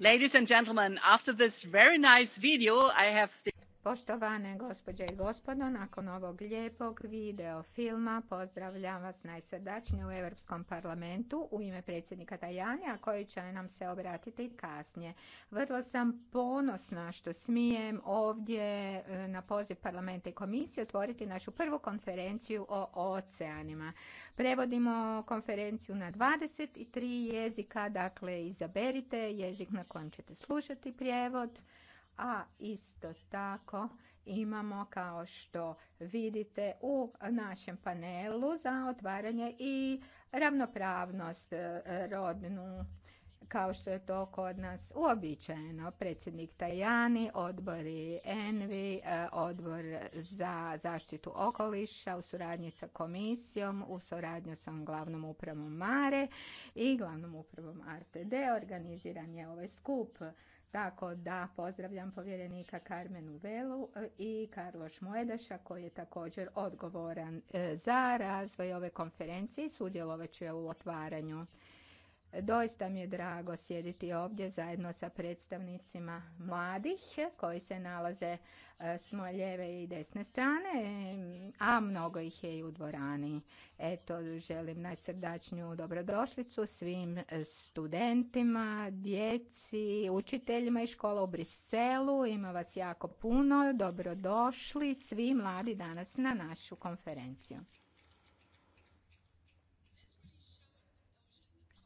ladies and gentlemen after this very nice video i have the Poštovane gospođe i gospodo, nakon ovog lijepog video filma pozdravljam vas najsrdačnije u Europskom parlamentu u ime predsjednika Tajanja, koji će nam se obratiti kasnije. Vrlo sam ponosna što smijem ovdje e, na poziv parlamenta i komisije otvoriti našu prvu konferenciju o oceanima. Prevodimo konferenciju na 23 jezika, dakle izaberite jezik na kojem ćete slušati prijevod a isto tako imamo kao što vidite u našem panelu za otvaranje i ravnopravnost e, rodnu kao što je to kod nas uobičajeno. Predsjednik Tajani, odbori Envi, e, odbor za zaštitu okoliša u suradnji sa komisijom, u suradnju sa glavnom upravom Mare i glavnom upravom RTD organiziran je ovaj skup tako da pozdravljam povjerenika Karmenu Velu e, i Karloš Mojedaša koji je također odgovoran e, za razvoj ove konferencije i sudjelovat će u otvaranju. Doista mi je drago sjediti ovdje zajedno sa predstavnicima mladih koji se nalaze e, s moje lijeve i desne strane, a mnogo ih je i u dvorani. Eto, želim najsrdačniju dobrodošlicu svim e, studentima, djeci, učiteljima i škola u Briselu. Ima vas jako puno. Dobrodošli svi mladi danas na našu konferenciju.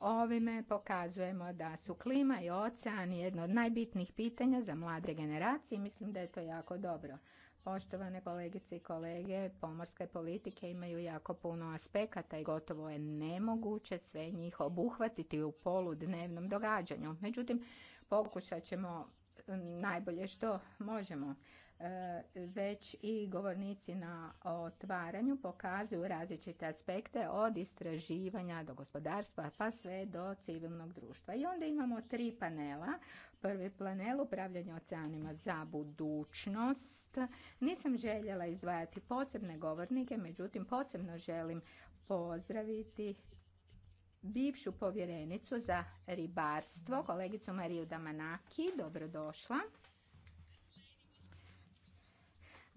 Ovime pokazujemo da su klima i oceani jedno od najbitnijih pitanja za mlade generacije i mislim da je to jako dobro. Poštovane kolegice i kolege, pomorske politike imaju jako puno aspekata i gotovo je nemoguće sve njih obuhvatiti u poludnevnom događanju. Međutim, pokušat ćemo najbolje što možemo već i govornici na otvaranju pokazuju različite aspekte od istraživanja do gospodarstva pa sve do civilnog društva. I onda imamo tri panela. Prvi panel upravljanje oceanima za budućnost. Nisam željela izdvajati posebne govornike, međutim posebno želim pozdraviti bivšu povjerenicu za ribarstvo, kolegicu Mariju Damanaki. Dobrodošla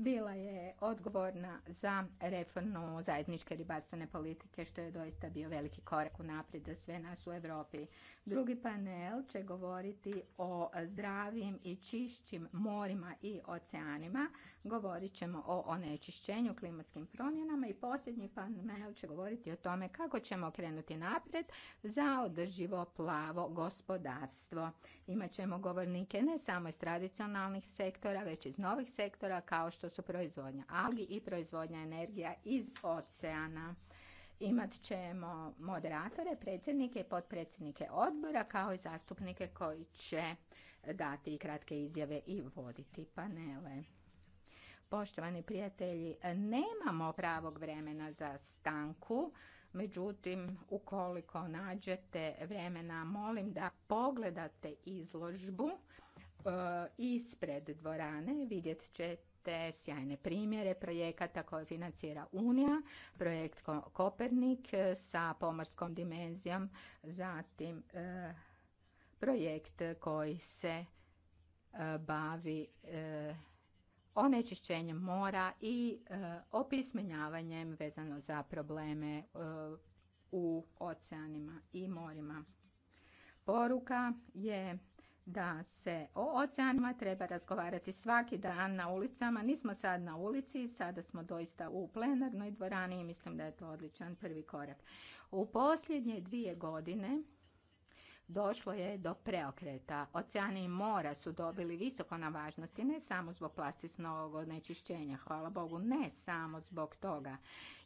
bila je odgovorna za reformu zajedničke ribarstvene politike, što je doista bio veliki korak u naprijed za sve nas u Europi. Drugi panel će govoriti o zdravim i čišćim morima i oceanima. Govorit ćemo o onečišćenju klimatskim promjenama i posljednji panel će govoriti o tome kako ćemo krenuti naprijed za održivo plavo gospodarstvo. Imaćemo govornike ne samo iz tradicionalnih sektora, već iz novih sektora kao što su proizvodnja algi i proizvodnja energija iz oceana. Imat ćemo moderatore, predsjednike i potpredsjednike odbora kao i zastupnike koji će dati kratke izjave i voditi panele. Poštovani prijatelji, nemamo pravog vremena za stanku. Međutim, ukoliko nađete vremena, molim da pogledate izložbu e, ispred dvorane. Vidjet ćete te sjajne primjere projekata koje financira Unija, projekt Kopernik e, sa pomorskom dimenzijom, zatim e, projekt koji se e, bavi onečišćenjem mora i opismenjavanjem vezano za probleme u oceanima i morima. Poruka je da se o oceanima treba razgovarati svaki dan na ulicama. Nismo sad na ulici, sada smo doista u plenarnoj dvorani i mislim da je to odličan prvi korak. U posljednje dvije godine došlo je do preokreta. Oceani i mora su dobili visoko na važnosti, ne samo zbog plastičnog onečišćenja, hvala Bogu, ne samo zbog toga.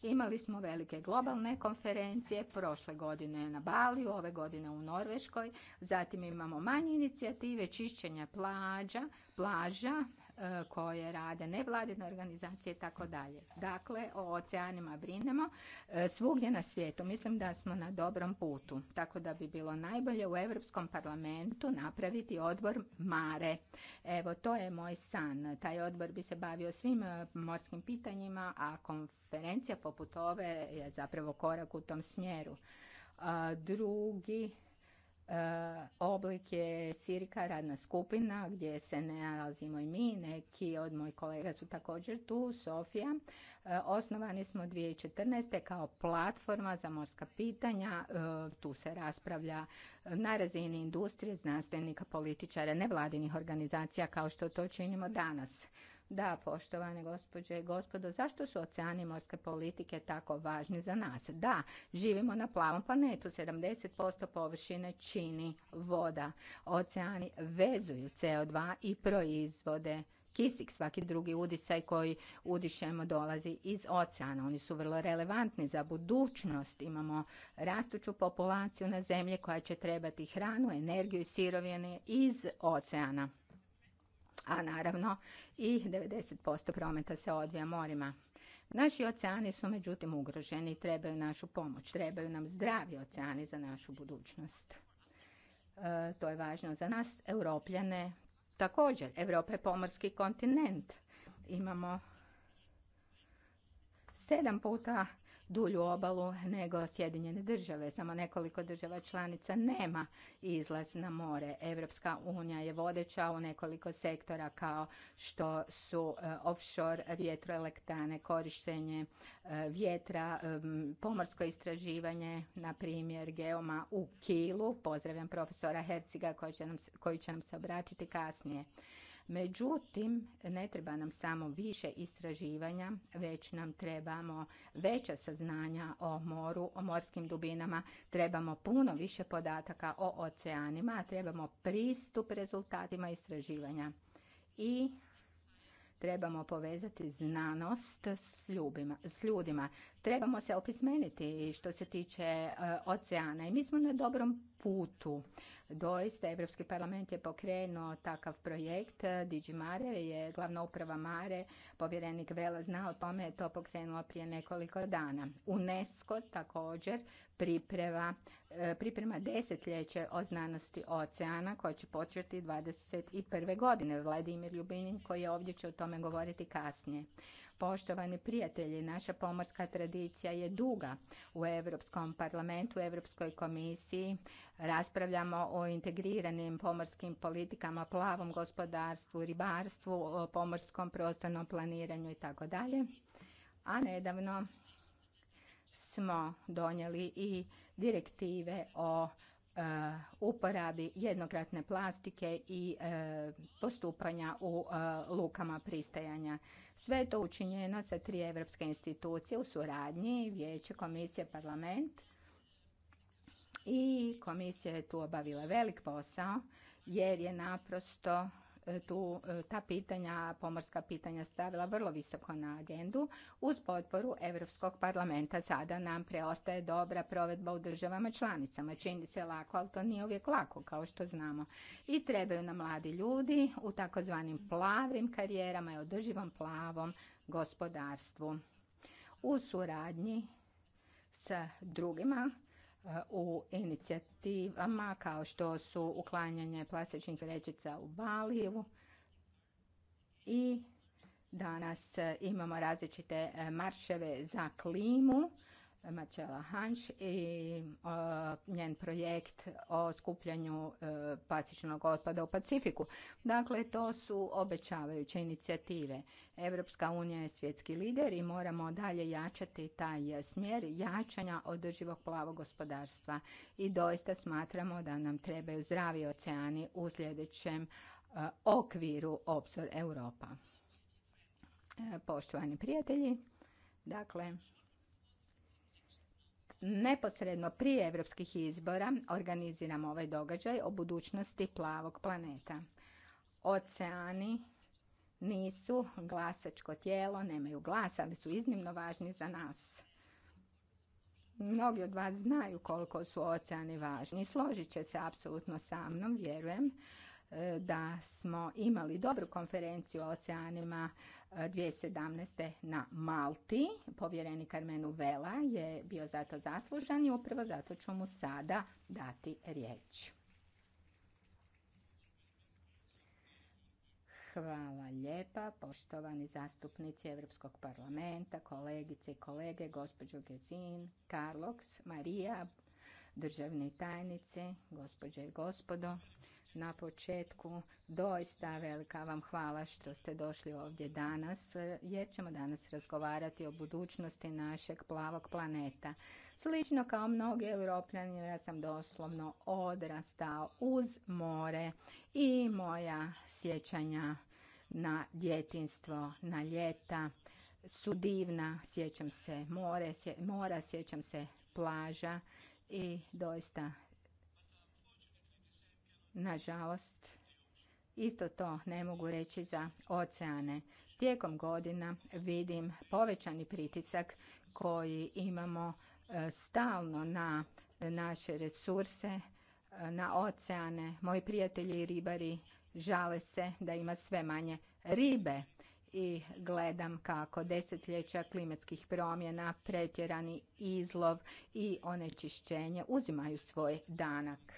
Imali smo velike globalne konferencije, prošle godine na Bali, ove godine u Norveškoj, zatim imamo manje inicijative čišćenja plaža, plaža E, koje rade nevladine organizacije i tako dalje. Dakle, o oceanima brinemo e, svugdje na svijetu. Mislim da smo na dobrom putu. Tako da bi bilo najbolje u Europskom parlamentu napraviti odbor Mare. Evo, to je moj san. Taj odbor bi se bavio svim e, morskim pitanjima, a konferencija poput ove je zapravo korak u tom smjeru. drugi E, oblik je Sirika radna skupina gdje se ne nalazimo i mi, neki od mojih kolega su također tu, Sofija. E, osnovani smo 2014. kao platforma za morska pitanja, e, tu se raspravlja na razini industrije, znanstvenika, političara, nevladinih organizacija kao što to činimo danas. Da, poštovane gospođe i gospodo, zašto su oceani morske politike tako važni za nas? Da, živimo na plavom planetu, 70% površine čini voda. Oceani vezuju CO2 i proizvode kisik, svaki drugi udisaj koji udišemo dolazi iz oceana. Oni su vrlo relevantni za budućnost. Imamo rastuću populaciju na zemlji koja će trebati hranu, energiju i sirovine iz oceana a naravno i 90% prometa se odvija morima. Naši oceani su međutim ugroženi i trebaju našu pomoć, trebaju nam zdravi oceani za našu budućnost. E, to je važno za nas, europljane također. Europa je pomorski kontinent. Imamo sedam puta dulju obalu nego Sjedinjene države. Samo nekoliko država članica nema izlaz na more. Evropska unija je vodeća u nekoliko sektora kao što su e, offshore vjetroelektrane, korištenje e, vjetra, e, pomorsko istraživanje, na primjer Geoma u Kilu. Pozdravljam profesora Herciga koji će nam, koji će nam se obratiti kasnije. Međutim, ne treba nam samo više istraživanja, već nam trebamo veća saznanja o moru, o morskim dubinama, trebamo puno više podataka o oceanima, trebamo pristup rezultatima istraživanja i trebamo povezati znanost s, s ljudima. Trebamo se opismeniti što se tiče e, oceana i mi smo na dobrom putu. Doista, Europski parlament je pokrenuo takav projekt. Digi Mare je glavna uprava Mare, povjerenik Vela zna o tome je to pokrenuo prije nekoliko dana. UNESCO također priprema, e, priprema desetljeće o znanosti oceana koje će početi 21. godine. Vladimir Ljubinin koji je ovdje će o tome govoriti kasnije. Poštovani prijatelji, naša pomorska tradicija je duga. U Europskom parlamentu, u Europskoj komisiji raspravljamo o integriranim pomorskim politikama, plavom gospodarstvu, ribarstvu, pomorskom prostornom planiranju i tako dalje. A nedavno smo donijeli i direktive o Eh, uporabi jednokratne plastike i eh, postupanja u eh, lukama pristajanja. Sve je to učinjeno sa tri evropske institucije u suradnji, Vijeće, Komisije, Parlament. I komisija je tu obavila velik posao jer je naprosto tu e, ta pitanja, pomorska pitanja stavila vrlo visoko na agendu uz potporu Europskog parlamenta. Sada nam preostaje dobra provedba u državama članicama. Čini se lako, ali to nije uvijek lako, kao što znamo. I trebaju nam mladi ljudi u takozvanim plavim karijerama i održivom plavom gospodarstvu. U suradnji s drugima u inicijativama kao što su uklanjanje plastičnih vrećica u Baliju i danas imamo različite marševe za klimu Marcella Hanš i njen projekt o skupljanju e, plastičnog otpada u Pacifiku. Dakle, to su obećavajuće inicijative. Europska unija je svjetski lider i moramo dalje jačati taj smjer jačanja održivog plavog gospodarstva i doista smatramo da nam trebaju zdravi oceani u sljedećem e, okviru Obzor Europa. E, poštovani prijatelji, dakle, neposredno prije europskih izbora organiziram ovaj događaj o budućnosti plavog planeta. Oceani nisu glasačko tijelo, nemaju glas, ali su iznimno važni za nas. Mnogi od vas znaju koliko su oceani važni. Složit će se apsolutno sa mnom, vjerujem e, da smo imali dobru konferenciju o oceanima 2017. na Malti. povjereni Karmenu Vela je bio zato zaslužan i upravo zato ću mu sada dati riječ. Hvala lijepa, poštovani zastupnici Europskog parlamenta, kolegice i kolege, gospođo Gezin, Karloks, Marija, državni tajnici, gospođe i gospodo na početku doista velika vam hvala što ste došli ovdje danas jer ćemo danas razgovarati o budućnosti našeg plavog planeta. Slično kao mnogi europljani, ja sam doslovno odrastao uz more i moja sjećanja na djetinstvo, na ljeta su divna. Sjećam se more, mora, sjećam se plaža i doista Nažalost, isto to ne mogu reći za oceane. Tijekom godina vidim povećani pritisak koji imamo e, stalno na naše resurse, e, na oceane. Moji prijatelji i ribari žale se da ima sve manje ribe i gledam kako desetljeća klimatskih promjena, pretjerani izlov i onečišćenje uzimaju svoj danak.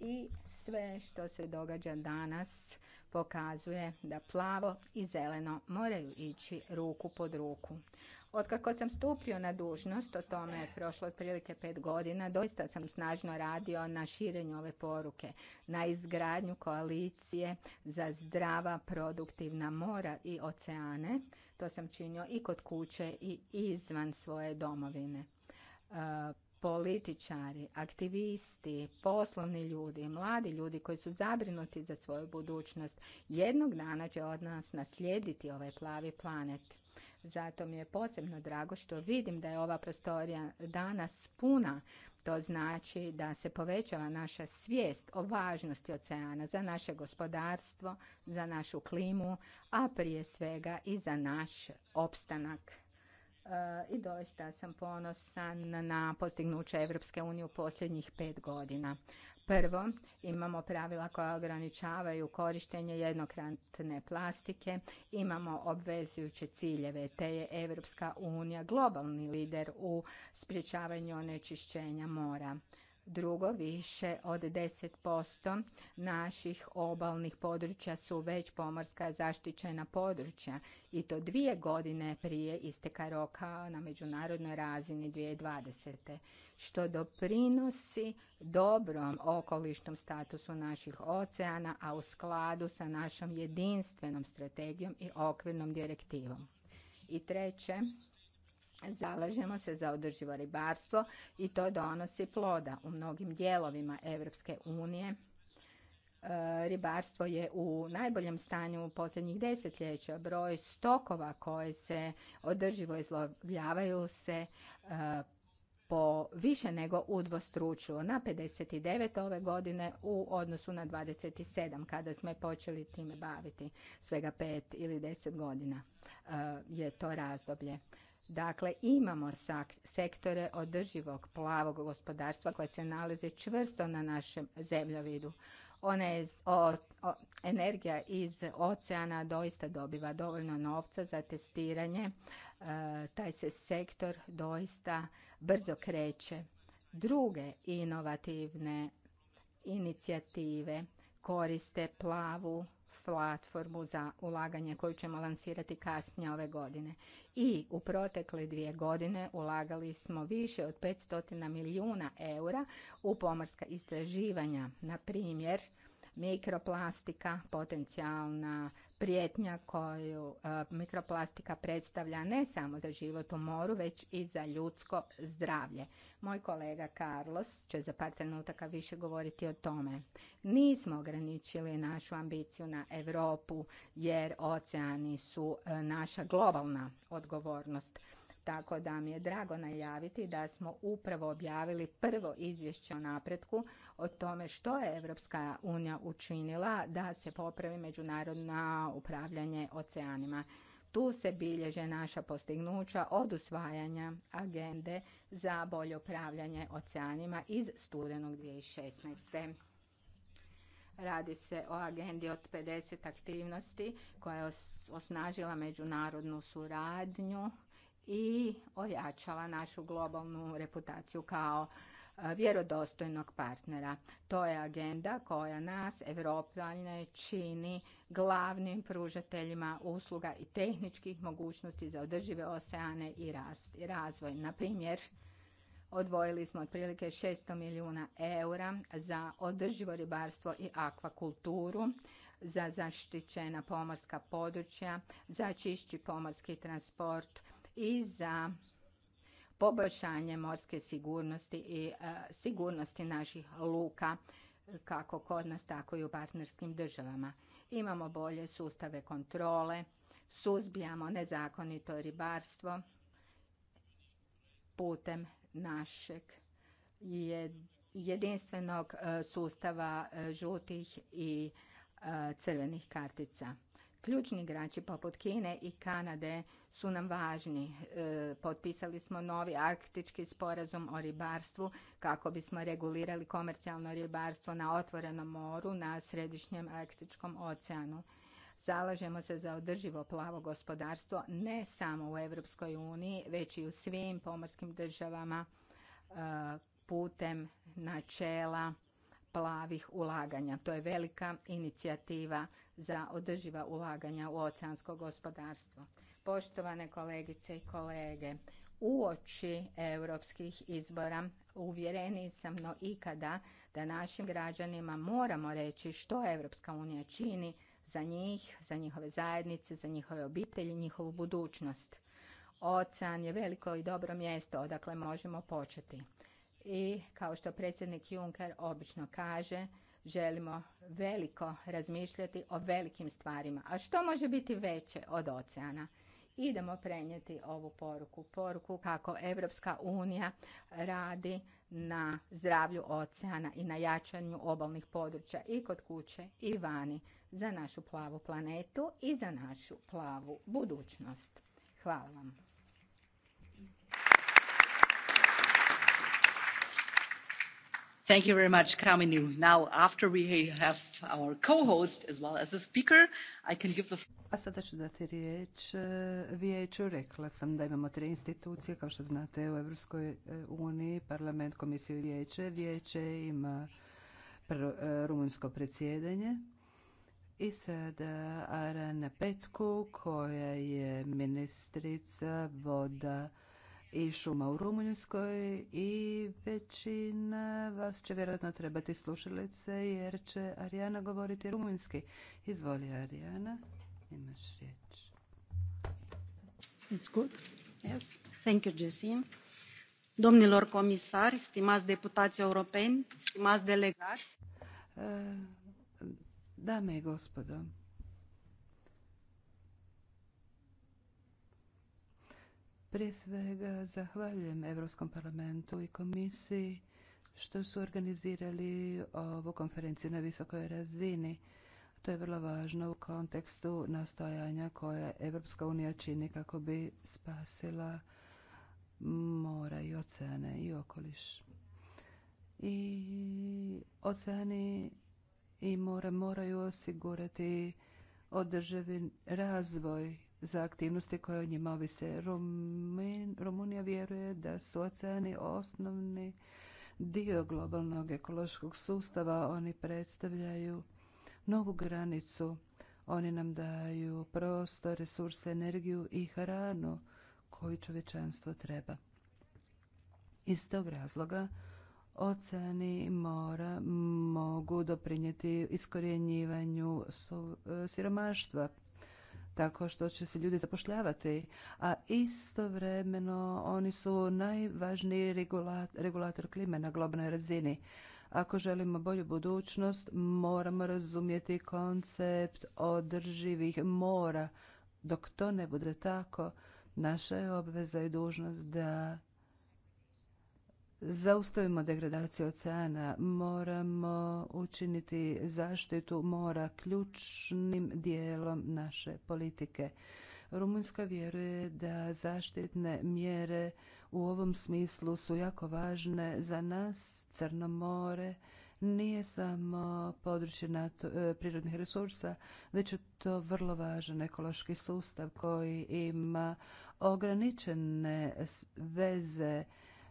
I sve što se događa danas pokazuje da plavo i zeleno moraju ići ruku pod ruku. kako sam stupio na dužnost, o tome je prošlo otprilike pet godina, doista sam snažno radio na širenju ove poruke, na izgradnju koalicije za zdrava, produktivna mora i oceane. To sam činio i kod kuće i izvan svoje domovine političari, aktivisti, poslovni ljudi, mladi ljudi koji su zabrinuti za svoju budućnost, jednog dana će od nas naslijediti ovaj plavi planet. Zato mi je posebno drago što vidim da je ova prostorija danas puna. To znači da se povećava naša svijest o važnosti oceana za naše gospodarstvo, za našu klimu, a prije svega i za naš opstanak. E, i doista sam ponosan na postignuće Evropske unije u posljednjih pet godina. Prvo, imamo pravila koja ograničavaju korištenje jednokratne plastike, imamo obvezujuće ciljeve, te je Evropska unija globalni lider u sprječavanju onečišćenja mora. Drugo, više od 10% naših obalnih područja su već pomorska zaštićena područja i to dvije godine prije isteka roka na međunarodnoj razini 2020. što doprinosi dobrom okolišnom statusu naših oceana, a u skladu sa našom jedinstvenom strategijom i okvirnom direktivom. I treće, Zalažemo se za održivo ribarstvo i to donosi ploda u mnogim dijelovima Europske unije. E, ribarstvo je u najboljem stanju u posljednjih desetljeća. Broj stokova koje se održivo izlovljavaju se e, po više nego udvostručilo na 59 ove godine u odnosu na 27 kada smo počeli time baviti svega 5 ili 10 godina e, je to razdoblje. Dakle, imamo sektore održivog plavog gospodarstva koje se nalaze čvrsto na našem zemljovidu. Ona je energija iz oceana doista dobiva dovoljno novca za testiranje. E, taj se sektor doista brzo kreće. Druge inovativne inicijative koriste plavu platformu za ulaganje koju ćemo lansirati kasnije ove godine. I u protekle dvije godine ulagali smo više od 500 milijuna eura u pomorska istraživanja. Na primjer, mikroplastika potencijalna prijetnja koju e, mikroplastika predstavlja ne samo za život u moru, već i za ljudsko zdravlje. Moj kolega Carlos će za par trenutaka više govoriti o tome. Nismo ograničili našu ambiciju na Europu jer oceani su e, naša globalna odgovornost. Tako da mi je drago najaviti da smo upravo objavili prvo izvješće o napretku o tome što je Europska unija učinila da se popravi međunarodno upravljanje oceanima. Tu se bilježe naša postignuća od usvajanja agende za bolje upravljanje oceanima iz studenog 2016. Radi se o agendi od 50 aktivnosti koja je osnažila međunarodnu suradnju i ojačala našu globalnu reputaciju kao e, vjerodostojnog partnera. To je agenda koja nas, evropljanje, čini glavnim pružateljima usluga i tehničkih mogućnosti za održive oceane i razvoj. Na primjer, odvojili smo otprilike 600 milijuna eura za održivo ribarstvo i akvakulturu, za zaštićena pomorska područja, za čišći pomorski transport, i za poboljšanje morske sigurnosti i e, sigurnosti naših luka kako kod nas tako i u partnerskim državama. Imamo bolje sustave kontrole, suzbijamo nezakonito ribarstvo putem našeg jedinstvenog e, sustava e, žutih i crvenih kartica. Ključni igrači poput Kine i Kanade su nam važni. E, potpisali smo novi arktički sporazum o ribarstvu kako bismo regulirali komercijalno ribarstvo na otvorenom moru na središnjem arktičkom oceanu. Zalažemo se za održivo plavo gospodarstvo ne samo u Europskoj uniji, već i u svim pomorskim državama e, putem načela plavih ulaganja. To je velika inicijativa za održiva ulaganja u oceansko gospodarstvo. Poštovane kolegice i kolege, uoči europskih izbora uvjereni sam no ikada da našim građanima moramo reći što Europska unija čini za njih, za njihove zajednice, za njihove obitelji, njihovu budućnost. Ocean je veliko i dobro mjesto odakle možemo početi. I kao što predsjednik Juncker obično kaže, želimo veliko razmišljati o velikim stvarima. A što može biti veće od oceana? Idemo prenijeti ovu poruku. Poruku kako Evropska unija radi na zdravlju oceana i na jačanju obalnih područja i kod kuće i vani za našu plavu planetu i za našu plavu budućnost. Hvala vam. thank you very much Kamini. Now, after we have our co-host as well as a speaker, I can give the... A sada ću dati riječ e, vijeću. Rekla sam da imamo tri institucije, kao što znate, u Europskoj e, uniji, parlament, komisiju i vijeće. Vijeće ima e, rumunjsko predsjedanje. I sada Arana Petku, koja je ministrica voda i šuma u Rumunjskoj i većina vas će vjerojatno trebati slušalice jer će Arijana govoriti rumunjski. Izvoli Arijana, imaš riječ. It's good. Yes. Thank you, Jessie. Domnilor comisari, stimați deputați europeni, stimați delegați. Eh, dame i gospodo, Prije svega zahvaljujem Europskom parlamentu i komisiji što su organizirali ovu konferenciju na visokoj razini. To je vrlo važno u kontekstu nastojanja koje Evropska unija čini kako bi spasila mora i oceane i okoliš. I oceani i mora moraju osigurati održivi razvoj za aktivnosti koje o njima ovise. Rumunija vjeruje da su oceani osnovni dio globalnog ekološkog sustava. Oni predstavljaju novu granicu. Oni nam daju prostor, resurse, energiju i hranu koju čovječanstvo treba. Iz tog razloga oceani mora mogu doprinijeti iskorjenjivanju e, siromaštva, tako što će se ljudi zapošljavati, a istovremeno oni su najvažniji regulator klime na globalnoj razini. Ako želimo bolju budućnost, moramo razumjeti koncept održivih mora. Dok to ne bude tako, naša je obveza i dužnost da zaustavimo degradaciju oceana, moramo učiniti zaštitu mora ključnim dijelom naše politike. Rumunjska vjeruje da zaštitne mjere u ovom smislu su jako važne za nas. Crno more nije samo područje e, prirodnih resursa, već je to vrlo važan ekološki sustav koji ima ograničene veze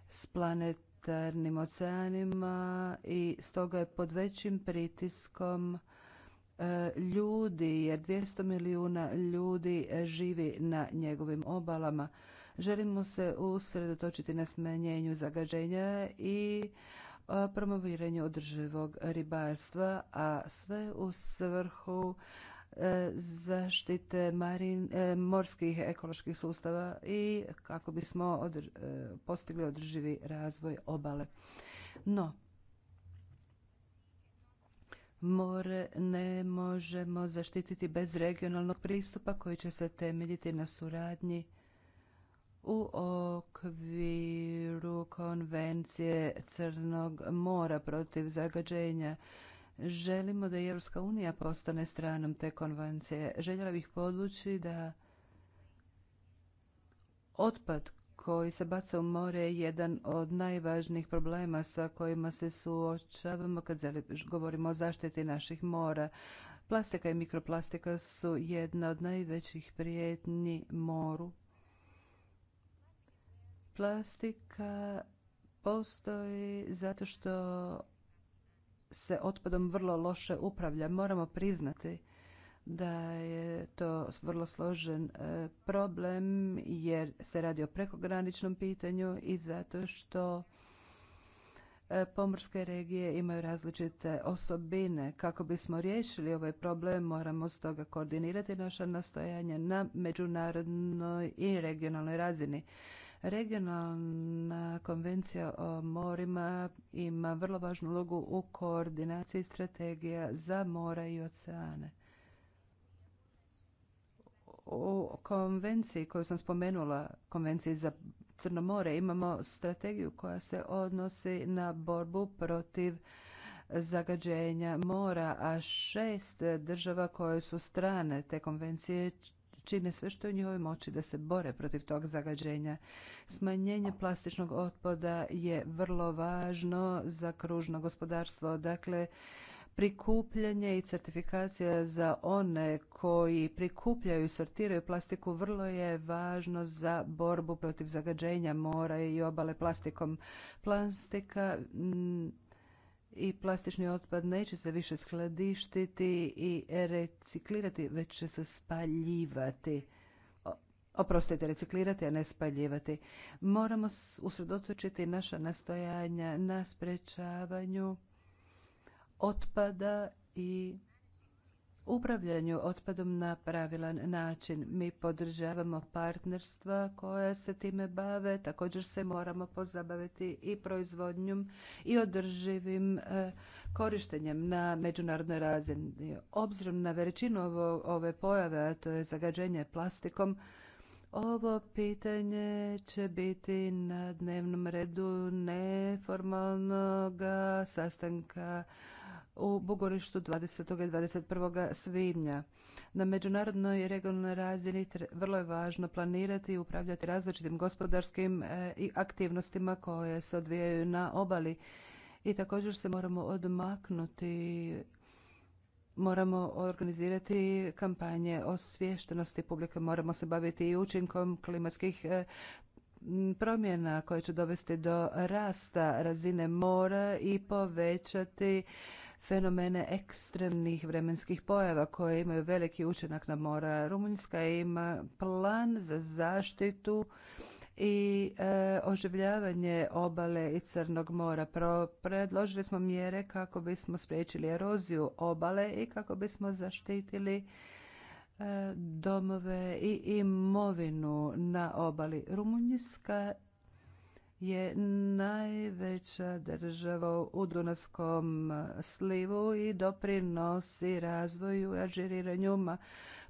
s planetarnim oceanima i stoga je pod većim pritiskom e, ljudi, jer 200 milijuna ljudi živi na njegovim obalama. Želimo se usredotočiti na smanjenju zagađenja i e, promoviranju održivog ribarstva, a sve u svrhu E, zaštite marin, e, morskih ekoloških sustava i kako bismo e, postigli održivi razvoj obale. No, more ne možemo zaštititi bez regionalnog pristupa koji će se temeljiti na suradnji u okviru konvencije Crnog mora protiv zagađenja Želimo da i Europska unija postane stranom te konvencije. Željela bih podvući da otpad koji se baca u more je jedan od najvažnijih problema sa kojima se suočavamo kad govorimo o zaštiti naših mora. Plastika i mikroplastika su jedna od najvećih prijetnji moru. Plastika postoji zato što se otpadom vrlo loše upravlja. Moramo priznati da je to vrlo složen e, problem jer se radi o prekograničnom pitanju i zato što e, pomorske regije imaju različite osobine. Kako bismo riješili ovaj problem moramo stoga koordinirati naša nastojanja na međunarodnoj i regionalnoj razini. Regionalna konvencija o morima ima vrlo važnu ulogu u koordinaciji strategija za mora i oceane. U konvenciji koju sam spomenula, konvenciji za Crno more, imamo strategiju koja se odnosi na borbu protiv zagađenja mora, a šest država koje su strane te konvencije čine sve što je u njihovoj moći da se bore protiv tog zagađenja. Smanjenje plastičnog otpada je vrlo važno za kružno gospodarstvo. Dakle, prikupljanje i certifikacija za one koji prikupljaju i sortiraju plastiku vrlo je važno za borbu protiv zagađenja mora i obale plastikom. Plastika i plastični otpad neće se više skladištiti i reciklirati, već će se spaljivati. Oprostite, reciklirati, a ne spaljivati. Moramo usredotočiti naša nastojanja na sprečavanju otpada i upravljanju otpadom na pravilan način. Mi podržavamo partnerstva koja se time bave, također se moramo pozabaviti i proizvodnjom i održivim e, korištenjem na međunarodnoj razini. Obzirom na veličinu ove pojave, a to je zagađenje plastikom, ovo pitanje će biti na dnevnom redu neformalnog sastanka u Bugorištu 20. i 21. svibnja. Na međunarodnoj i regionalnoj razini vrlo je važno planirati i upravljati različitim gospodarskim e, i aktivnostima koje se odvijaju na obali. I također se moramo odmaknuti moramo organizirati kampanje osviještenosti publike, moramo se baviti i učinkom klimatskih e, promjena koje će dovesti do rasta razine mora i povećati fenomene ekstremnih vremenskih pojava koje imaju veliki učinak na mora. Rumunjska ima plan za zaštitu i e, oživljavanje obale i Crnog mora. Pro, predložili smo mjere kako bismo spriječili eroziju obale i kako bismo zaštitili e, domove i imovinu na obali. Rumunjska je najveća država u Dunavskom slivu i doprinosi razvoju i ažiriranju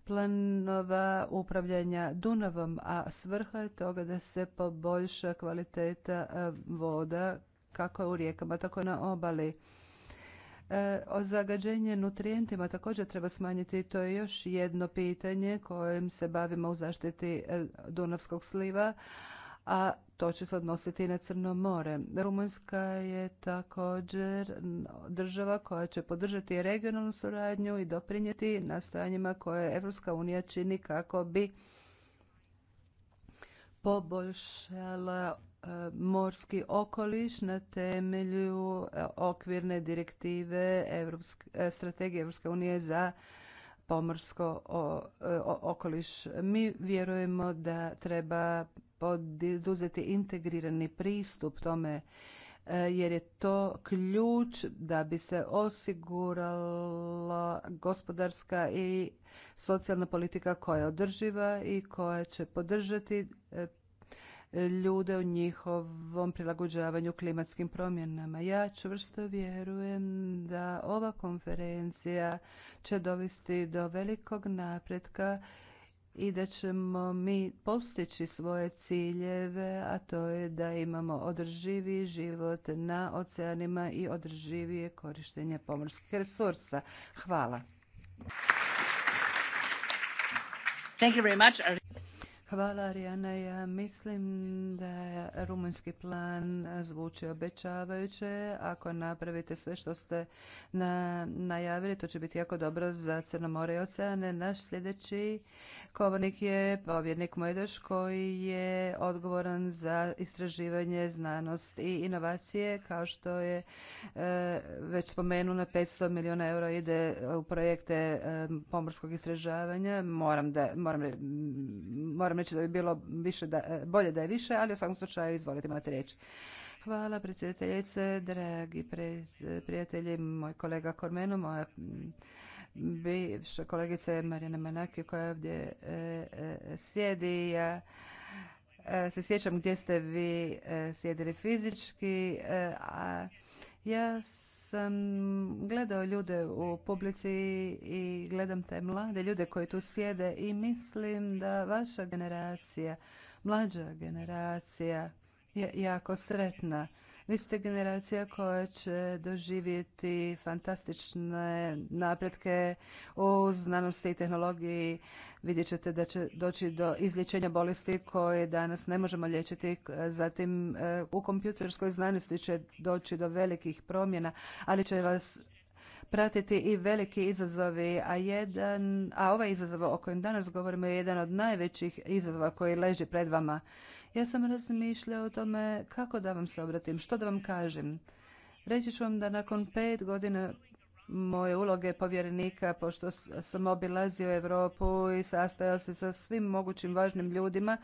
planova upravljanja Dunavom, a svrha je toga da se poboljša kvaliteta e, voda kako u rijekama, tako na obali. E, o zagađenje nutrijentima također treba smanjiti. To je još jedno pitanje kojim se bavimo u zaštiti e, Dunavskog sliva, a to će se odnositi i na Crno more. Rumunjska je također država koja će podržati regionalnu suradnju i doprinijeti nastojanjima koje Evropska unija čini kako bi poboljšala e, morski okoliš na temelju e, okvirne direktive e, strategije Evropske unije za pomorsko okoliš. Mi vjerujemo da treba poduzeti integrirani pristup tome e, jer je to ključ da bi se osigurala gospodarska i socijalna politika koja je održiva i koja će podržati e, ljude u njihovom prilagođavanju klimatskim promjenama. Ja čvrsto vjerujem da ova konferencija će dovesti do velikog napretka i da ćemo mi postići svoje ciljeve, a to je da imamo održivi život na oceanima i održivije korištenje pomorskih resursa. Hvala. Hvala Arijana. Ja mislim da je rumunjski plan zvuči obećavajuće. Ako napravite sve što ste na, najavili, to će biti jako dobro za Crno more i oceane. Naš sljedeći kovornik je povjednik Mojdeš koji je odgovoran za istraživanje, znanost i inovacije. Kao što je e, već spomenuo, na 500 milijuna eura ide u projekte e, pomorskog istražavanja. Moram da, moram reći da bi bilo više da, e, bolje da je više, ali u svakom slučaju izvolite imate riječ. Hvala predsjedateljice, dragi prijatelji, moj kolega Kormenu, moja bivša kolegica Marijana Manaki koja ovdje e, e, sjedi. Ja se sjećam gdje ste vi sjedili fizički, a ja sam gledao ljude u publici i gledam te mlade ljude koji tu sjede i mislim da vaša generacija, mlađa generacija je jako sretna vi ste generacija koja će doživjeti fantastične napretke u znanosti i tehnologiji. Vidjet ćete da će doći do izlječenja bolesti koje danas ne možemo liječiti. Zatim e, u kompjuterskoj znanosti će doći do velikih promjena, ali će vas pratiti i veliki izazovi, a, jedan, a ovaj izazov o kojem danas govorimo je jedan od najvećih izazova koji leži pred vama. Ja sam razmišljao o tome kako da vam se obratim, što da vam kažem. Reći ću vam da nakon pet godina moje uloge povjerenika, pošto sam obilazio Europu i sastajao se sa svim mogućim važnim ljudima,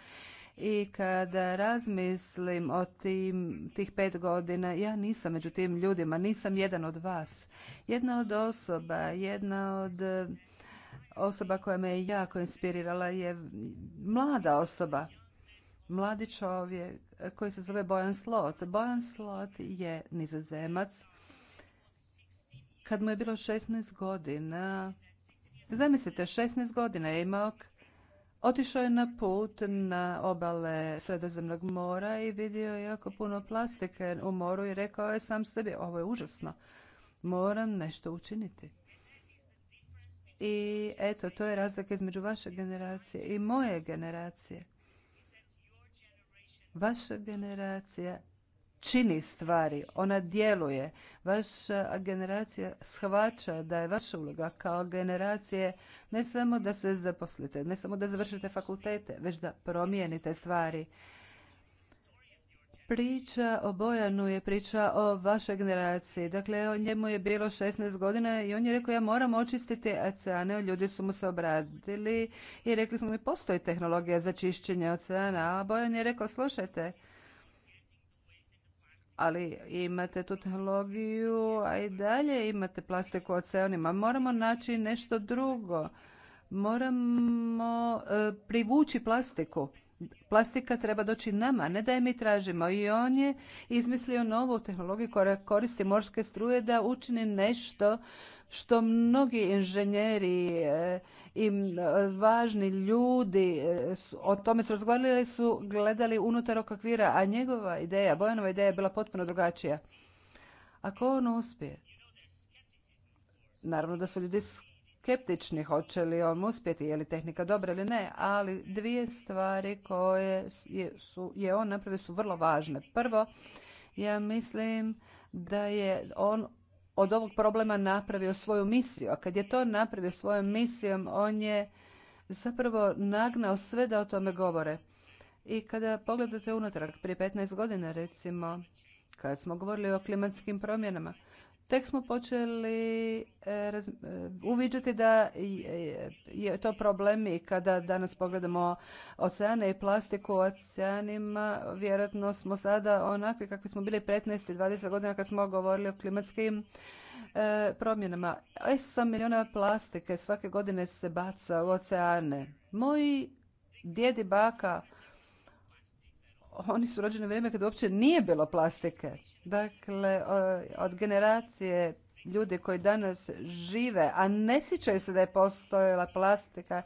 i kada razmislim o tim, tih pet godina, ja nisam među tim ljudima, nisam jedan od vas. Jedna od osoba, jedna od e, osoba koja me je jako inspirirala je mlada osoba mladi čovjek koji se zove Bojan Slot. Bojan Slot je nizozemac. Kad mu je bilo 16 godina, zamislite, 16 godina je imao, otišao je na put na obale Sredozemnog mora i vidio je jako puno plastike u moru i rekao je sam sebi, ovo je užasno, moram nešto učiniti. I eto, to je razlika između vaše generacije i moje generacije. Vaša generacija čini stvari, ona djeluje. Vaša generacija shvaća da je vaša uloga kao generacije ne samo da se zaposlite, ne samo da završite fakultete, već da promijenite stvari. Priča o Bojanu je priča o vašoj generaciji. Dakle, o njemu je bilo 16 godina i on je rekao ja moram očistiti oceane. Ljudi su mu se obradili i rekli su mu postoji tehnologija za čišćenje oceana. A Bojan je rekao slušajte, ali imate tu tehnologiju, a i dalje imate plastiku u oceanima. Moramo naći nešto drugo. Moramo e, privući plastiku plastika treba doći nama, ne da je mi tražimo. I on je izmislio novu tehnologiju koja koristi morske struje da učini nešto što mnogi inženjeri eh, i eh, važni ljudi eh, o tome su razgovarali su gledali unutar okvira, a njegova ideja, Bojanova ideja je bila potpuno drugačija. Ako on uspije, naravno da su ljudi skeptični hoće li on uspjeti, je li tehnika dobra ili ne, ali dvije stvari koje je, su, je on napravio su vrlo važne. Prvo, ja mislim da je on od ovog problema napravio svoju misiju, a kad je to napravio svojom misijom, on je zapravo nagnao sve da o tome govore. I kada pogledate unatrag, prije 15 godina recimo, kad smo govorili o klimatskim promjenama, tek smo počeli e, e, uviđati da je to problem i kada danas pogledamo oceane i plastiku u oceanima, vjerojatno smo sada onakvi kakvi smo bili 15 i 20 godina kad smo govorili o klimatskim e, promjenama. 8 milijuna plastike svake godine se baca u oceane. Moji djedi, baka oni su rođeni u vrijeme kad uopće nije bilo plastike. Dakle, od generacije ljudi koji danas žive, a ne sjećaju se da je postojala plastika,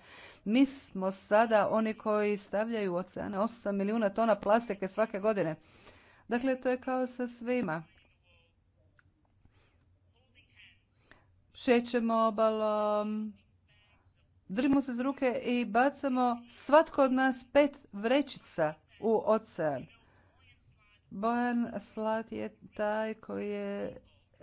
mi smo sada oni koji stavljaju u oceane 8 milijuna tona plastike svake godine. Dakle, to je kao sa svima. Šećemo obalom, držimo se zruke ruke i bacamo svatko od nas pet vrećica u ocean. Bojan Slat je taj koji je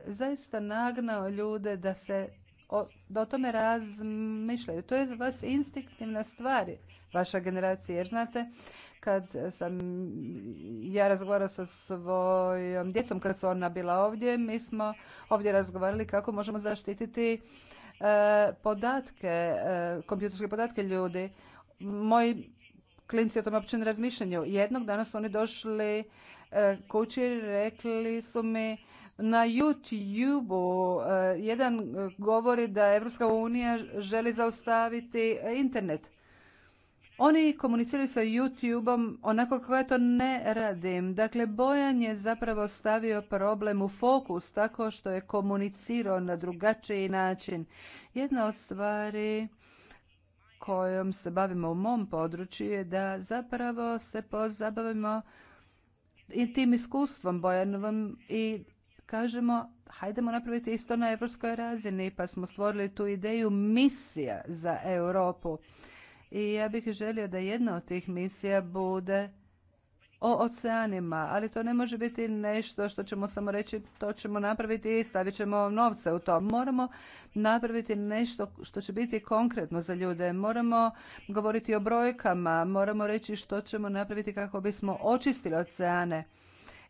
zaista nagnao ljude da se o, tome razmišljaju. To je za vas instinktivna stvar vaša generacija. Jer znate, kad sam ja razgovarao sa svojom djecom, kad su ona bila ovdje, mi smo ovdje razgovarali kako možemo zaštititi e, podatke, e, kompjuterske podatke ljudi. Moj klinci o tom uopće ne Jednog dana su oni došli e, kući i rekli su mi na YouTube-u e, jedan govori da Evropska unija želi zaustaviti e, internet. Oni komuniciraju sa YouTube-om onako kako ja to ne radim. Dakle, Bojan je zapravo stavio problem u fokus tako što je komunicirao na drugačiji način. Jedna od stvari kojom se bavimo u mom području je da zapravo se pozabavimo i tim iskustvom Bojanovom i kažemo hajdemo napraviti isto na evropskoj razini pa smo stvorili tu ideju misija za Europu. I ja bih želio da jedna od tih misija bude o oceanima, ali to ne može biti nešto što ćemo samo reći to ćemo napraviti i stavit ćemo novce u to. Moramo napraviti nešto što će biti konkretno za ljude. Moramo govoriti o brojkama, moramo reći što ćemo napraviti kako bismo očistili oceane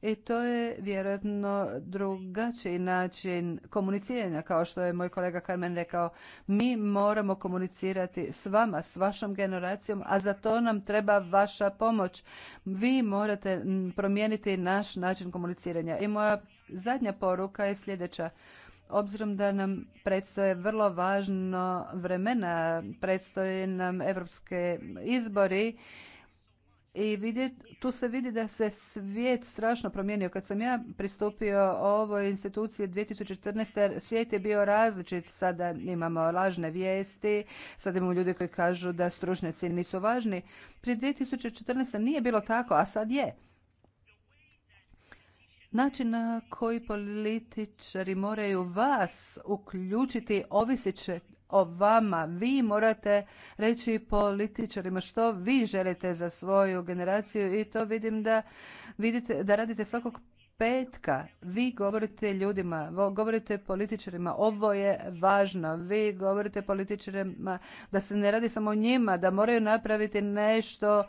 i to je vjerojatno drugačiji način komuniciranja kao što je moj kolega Carmen rekao. Mi moramo komunicirati s vama, s vašom generacijom, a za to nam treba vaša pomoć. Vi morate promijeniti naš način komuniciranja. I moja zadnja poruka je sljedeća obzirom da nam predstoje vrlo važno vremena, predstoje nam evropske izbori i vidjet, tu se vidi da se svijet strašno promijenio. Kad sam ja pristupio ovoj instituciji 2014. svijet je bio različit. Sada imamo lažne vijesti, sada imamo ljudi koji kažu da stručnjaci nisu važni. Prije 2014. nije bilo tako, a sad je. Način na koji političari moraju vas uključiti ovisit će o vama. Vi morate reći političarima što vi želite za svoju generaciju i to vidim da, vidite, da radite svakog petka vi govorite ljudima, govorite političarima, ovo je važno, vi govorite političarima da se ne radi samo o njima, da moraju napraviti nešto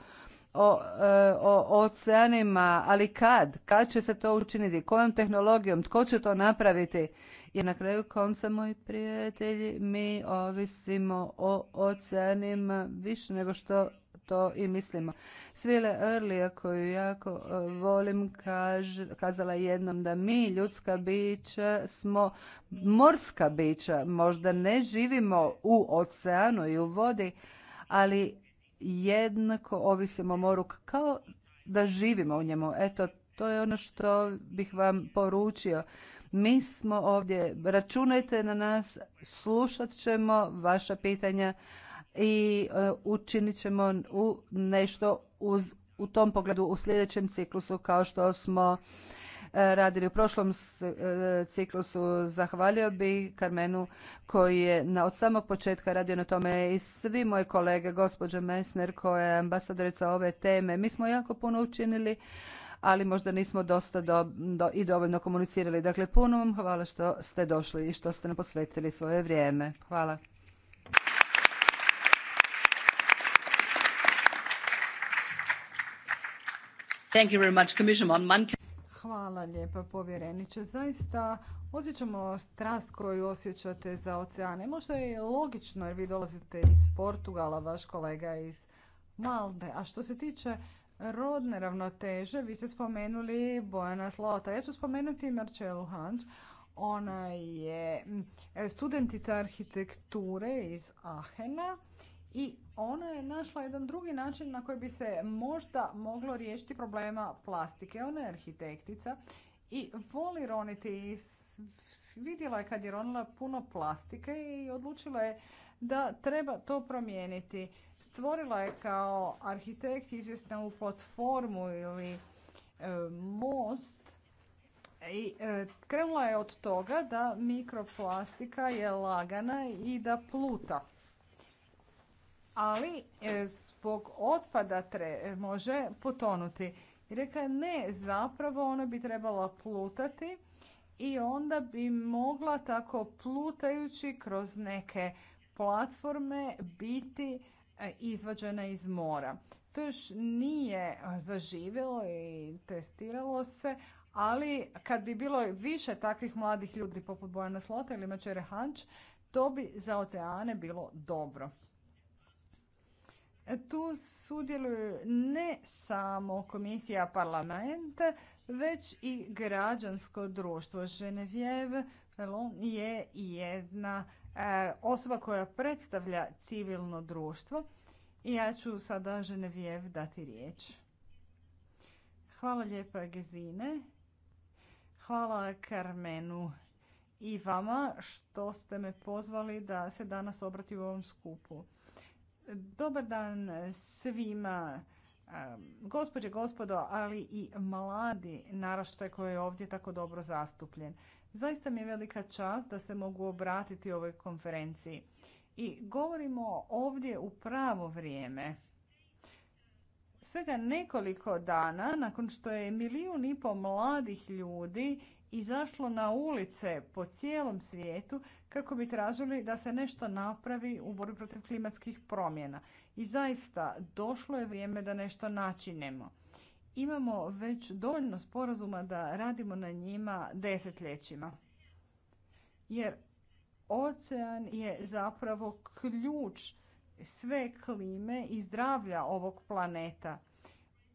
o, e, o oceanima, ali kad? Kad će se to učiniti? Kojom tehnologijom? Tko će to napraviti? Jer na kraju konca, moji prijatelji, mi ovisimo o oceanima više nego što to i mislimo. Svile Early, koju jako e, volim, kaž, kazala jednom da mi, ljudska bića, smo morska bića. Možda ne živimo u oceanu i u vodi, ali jednako ovisimo moru kao da živimo u njemu. Eto, to je ono što bih vam poručio. Mi smo ovdje, računajte na nas, slušat ćemo vaša pitanja i e, učinit ćemo u nešto u tom pogledu u sljedećem ciklusu kao što smo e, radili u prošlom e, ciklusu. Zahvalio bi Karmenu koji je na, od samog početka radio na tome i svi moji kolege, gospođa Mesner koja je ambasadorica ove teme. Mi smo jako puno učinili ali možda nismo dosta do, do, i dovoljno komunicirali. Dakle, puno vam hvala što ste došli i što ste nam posvetili svoje vrijeme. Hvala. Thank you very much, Hvala lijepa povjereniče. Zaista osjećamo strast koju osjećate za oceane. Možda je logično jer vi dolazite iz Portugala, vaš kolega iz Malde. A što se tiče rodne ravnoteže, vi ste spomenuli Bojana Slota. Ja ću spomenuti Marcelu Hanč. Ona je studentica arhitekture iz Ahena i ona je našla jedan drugi način na koji bi se možda moglo riješiti problema plastike. Ona je arhitektica i voli roniti i vidjela je kad je ronila puno plastike i odlučila je da treba to promijeniti stvorila je kao arhitekt u platformu ili e, most i e, krenula je od toga da mikroplastika je lagana i da pluta. Ali e, zbog otpada tre, može potonuti. I reka ne, zapravo ona bi trebala plutati i onda bi mogla tako plutajući kroz neke platforme biti E, izvađena iz mora. To još nije e, zaživjelo i testiralo se, ali kad bi bilo više takvih mladih ljudi poput Bojana Slota ili Mačere Hanč, to bi za oceane bilo dobro. E, tu sudjeluju ne samo komisija parlamenta, već i građansko društvo. Ženevjev je jedna E, osoba koja predstavlja civilno društvo. I ja ću sada Ženevijev dati riječ. Hvala lijepa Gezine. Hvala Karmenu i vama što ste me pozvali da se danas obrati u ovom skupu. Dobar dan svima, e, gospođe, gospodo, ali i mladi naraštaj koji je ovdje tako dobro zastupljen. Zaista mi je velika čast da se mogu obratiti ovoj konferenciji. I govorimo ovdje u pravo vrijeme. Svega nekoliko dana nakon što je milijun i pol mladih ljudi izašlo na ulice po cijelom svijetu kako bi tražili da se nešto napravi u borbi protiv klimatskih promjena. I zaista došlo je vrijeme da nešto načinemo imamo već dovoljno sporazuma da radimo na njima desetljećima. Jer ocean je zapravo ključ sve klime i zdravlja ovog planeta.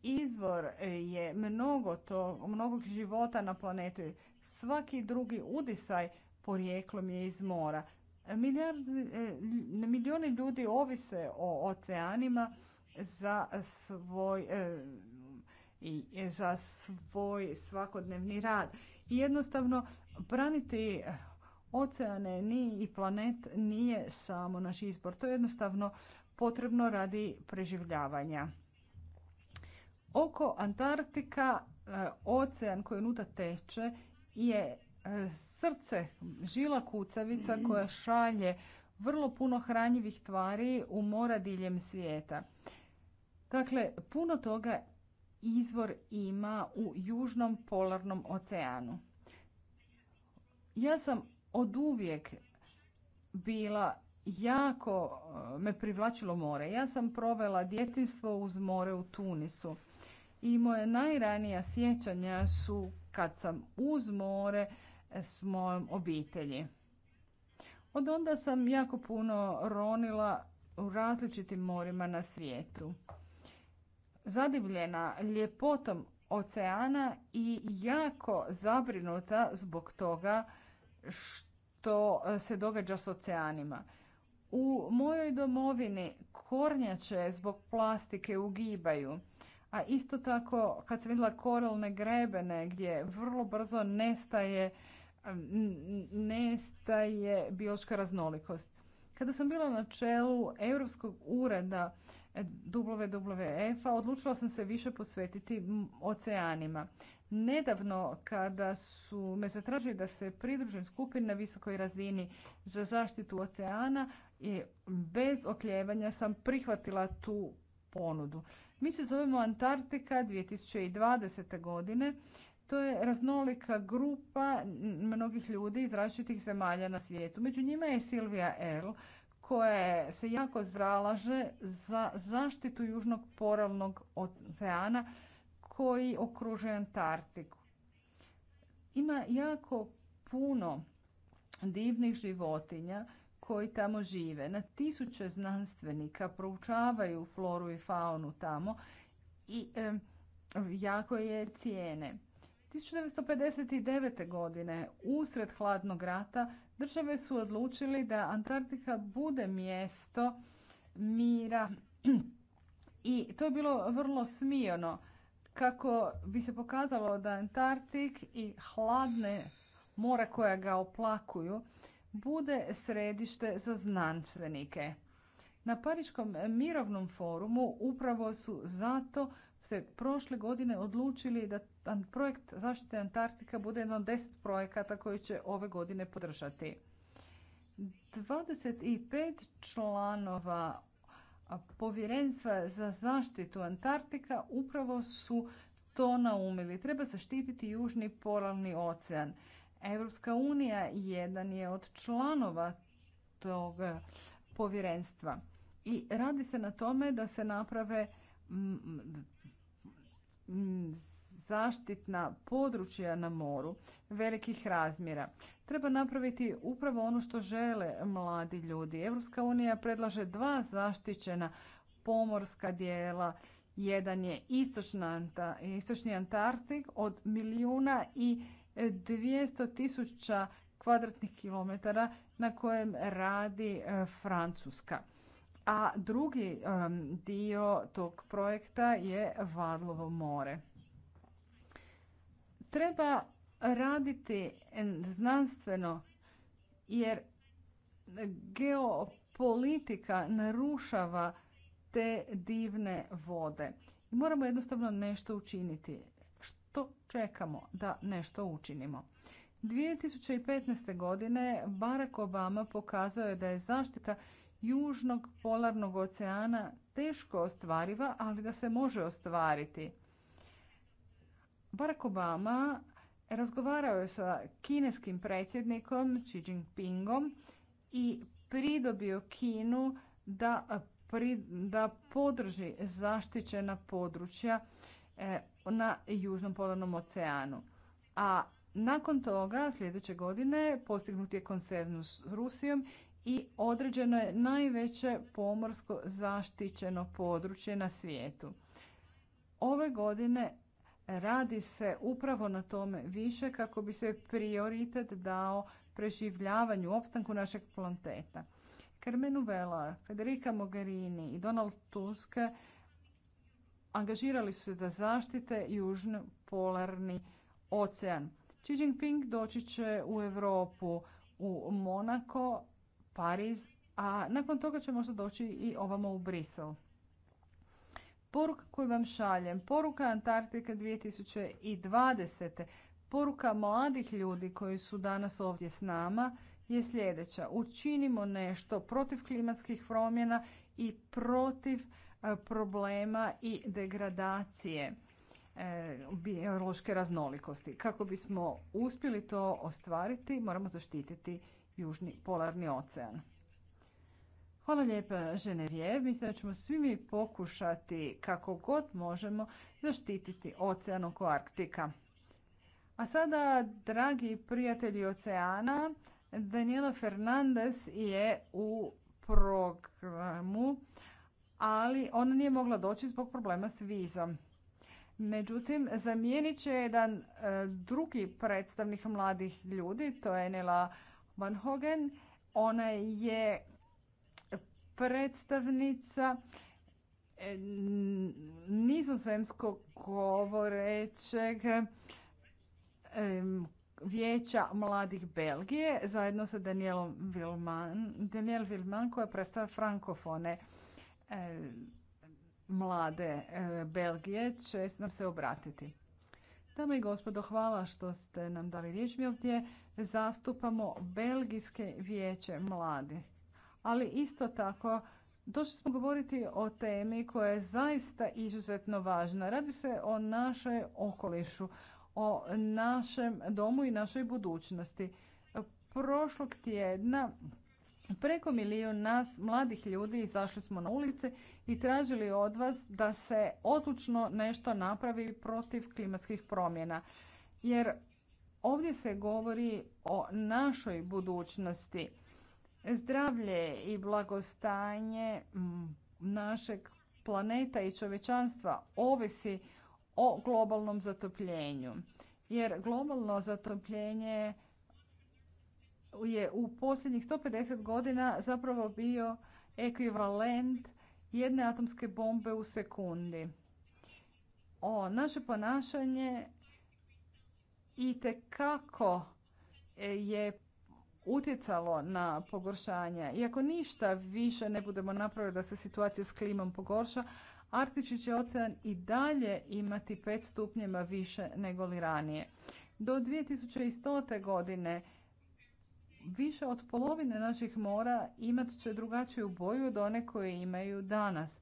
Izvor je mnogo to, mnogog života na planetu. Svaki drugi udisaj porijeklom je iz mora. Milijoni e, ljudi ovise o oceanima za svoj e, i za svoj svakodnevni rad. I jednostavno braniti oceane ni i planet nije samo naš izbor. To je jednostavno potrebno radi preživljavanja. Oko Antarktika eh, ocean koji unutra teče je eh, srce, žila kucavica koja šalje vrlo puno hranjivih tvari u mora diljem svijeta. Dakle, puno toga izvor ima u južnom polarnom oceanu. Ja sam od uvijek bila jako eh, me privlačilo more. Ja sam provela djetinstvo uz more u Tunisu. I moje najranija sjećanja su kad sam uz more eh, s mojom obitelji. Od onda sam jako puno ronila u različitim morima na svijetu zadivljena ljepotom oceana i jako zabrinuta zbog toga što se događa s oceanima. U mojoj domovini kornjače zbog plastike ugibaju, a isto tako kad sam vidjela koralne grebene gdje vrlo brzo nestaje, nestaje biološka raznolikost. Kada sam bila na čelu Europskog ureda WWF-a odlučila sam se više posvetiti oceanima. Nedavno kada su me zatražili da se pridružim skupini na visokoj razini za zaštitu oceana i bez okljevanja sam prihvatila tu ponudu. Mi se zovemo Antarktika 2020. godine. To je raznolika grupa mnogih ljudi iz različitih zemalja na svijetu. Među njima je Silvija Erl koje se jako zalaže za zaštitu Južnog poravnog oceana koji okružuje Antarktiku. Ima jako puno divnih životinja koji tamo žive. Na tisuće znanstvenika proučavaju floru i faunu tamo i jako je cijene. 1959. godine usred hladnog rata Države su odlučili da Antarktika bude mjesto mira i to je bilo vrlo smijeno kako bi se pokazalo da Antarktik i hladne more koja ga oplakuju bude središte za znanstvenike. Na Pariškom mirovnom forumu upravo su zato se prošle godine odlučili da projekt zaštite Antarktika bude jedan od deset projekata koji će ove godine podržati. 25 članova povjerenstva za zaštitu Antarktika upravo su to naumili. Treba zaštititi južni polarni ocean. Europska unija jedan je od članova tog e, povjerenstva. I radi se na tome da se naprave zaštitna područja na moru velikih razmjera. Treba napraviti upravo ono što žele mladi ljudi. Europska unija predlaže dva zaštićena pomorska dijela. Jedan je istočni Antarktik od milijuna i dvjesto tisuća kvadratnih kilometara na kojem radi e, Francuska a drugi dio tog projekta je Vadlovo more. Treba raditi znanstveno jer geopolitika narušava te divne vode. Moramo jednostavno nešto učiniti. Što čekamo da nešto učinimo? 2015. godine Barack Obama pokazao je da je zaštita južnog polarnog oceana teško ostvariva, ali da se može ostvariti. Barack Obama razgovarao je sa kineskim predsjednikom Xi Jinpingom i pridobio Kinu da, da podrži zaštićena područja eh, na Južnom polarnom oceanu. A nakon toga, sljedeće godine, postignut je konsenzus s Rusijom i određeno je najveće pomorsko zaštićeno područje na svijetu. Ove godine radi se upravo na tome više kako bi se prioritet dao preživljavanju, opstanku našeg planteta. Carmenu Vela, Federica Mogherini i Donald Tusk angažirali su se da zaštite južni polarni ocean. Xi Jinping doći će u Europu u Monako Pariz, a nakon toga ćemo možda doći i ovamo u Brisel. Poruka koju vam šaljem, poruka Antarktika 2020. Poruka mladih ljudi koji su danas ovdje s nama je sljedeća. Učinimo nešto protiv klimatskih promjena i protiv e, problema i degradacije e, biološke raznolikosti. Kako bismo uspjeli to ostvariti, moramo zaštititi Južni polarni ocean. Hvala lijepa Ženevijev. Mislim da ćemo svi mi pokušati kako god možemo zaštititi ocean oko Arktika. A sada, dragi prijatelji oceana, Daniela Fernandez je u programu, ali ona nije mogla doći zbog problema s vizom. Međutim, zamijenit će jedan e, drugi predstavnik mladih ljudi, to je Nela Van Hogen. Ona je predstavnica eh, nizozemskog govorećeg vijeća mladih Belgije zajedno sa Danielom Daniel Vilman koja predstavlja frankofone eh, mlade eh, Belgije će nam se obratiti. Dame i gospodo, hvala što ste nam dali riječ. Mi ovdje zastupamo Belgijske vijeće mladih. Ali isto tako došli smo govoriti o temi koja je zaista izuzetno važna. Radi se o našoj okolišu, o našem domu i našoj budućnosti. Prošlog tjedna preko milijun nas mladih ljudi izašli smo na ulice i tražili od vas da se odlučno nešto napravi protiv klimatskih promjena. Jer Ovdje se govori o našoj budućnosti. Zdravlje i blagostanje našeg planeta i čovečanstva ovisi o globalnom zatopljenju. Jer globalno zatopljenje je u posljednjih 150 godina zapravo bio ekvivalent jedne atomske bombe u sekundi. O, naše ponašanje i kako e, je utjecalo na pogoršanje. Iako ništa više ne budemo napravili da se situacija s klimom pogorša, Artiči će ocean i dalje imati 5 stupnjeva više nego li ranije. Do 2100. godine više od polovine naših mora imat će drugačiju boju od one koje imaju danas.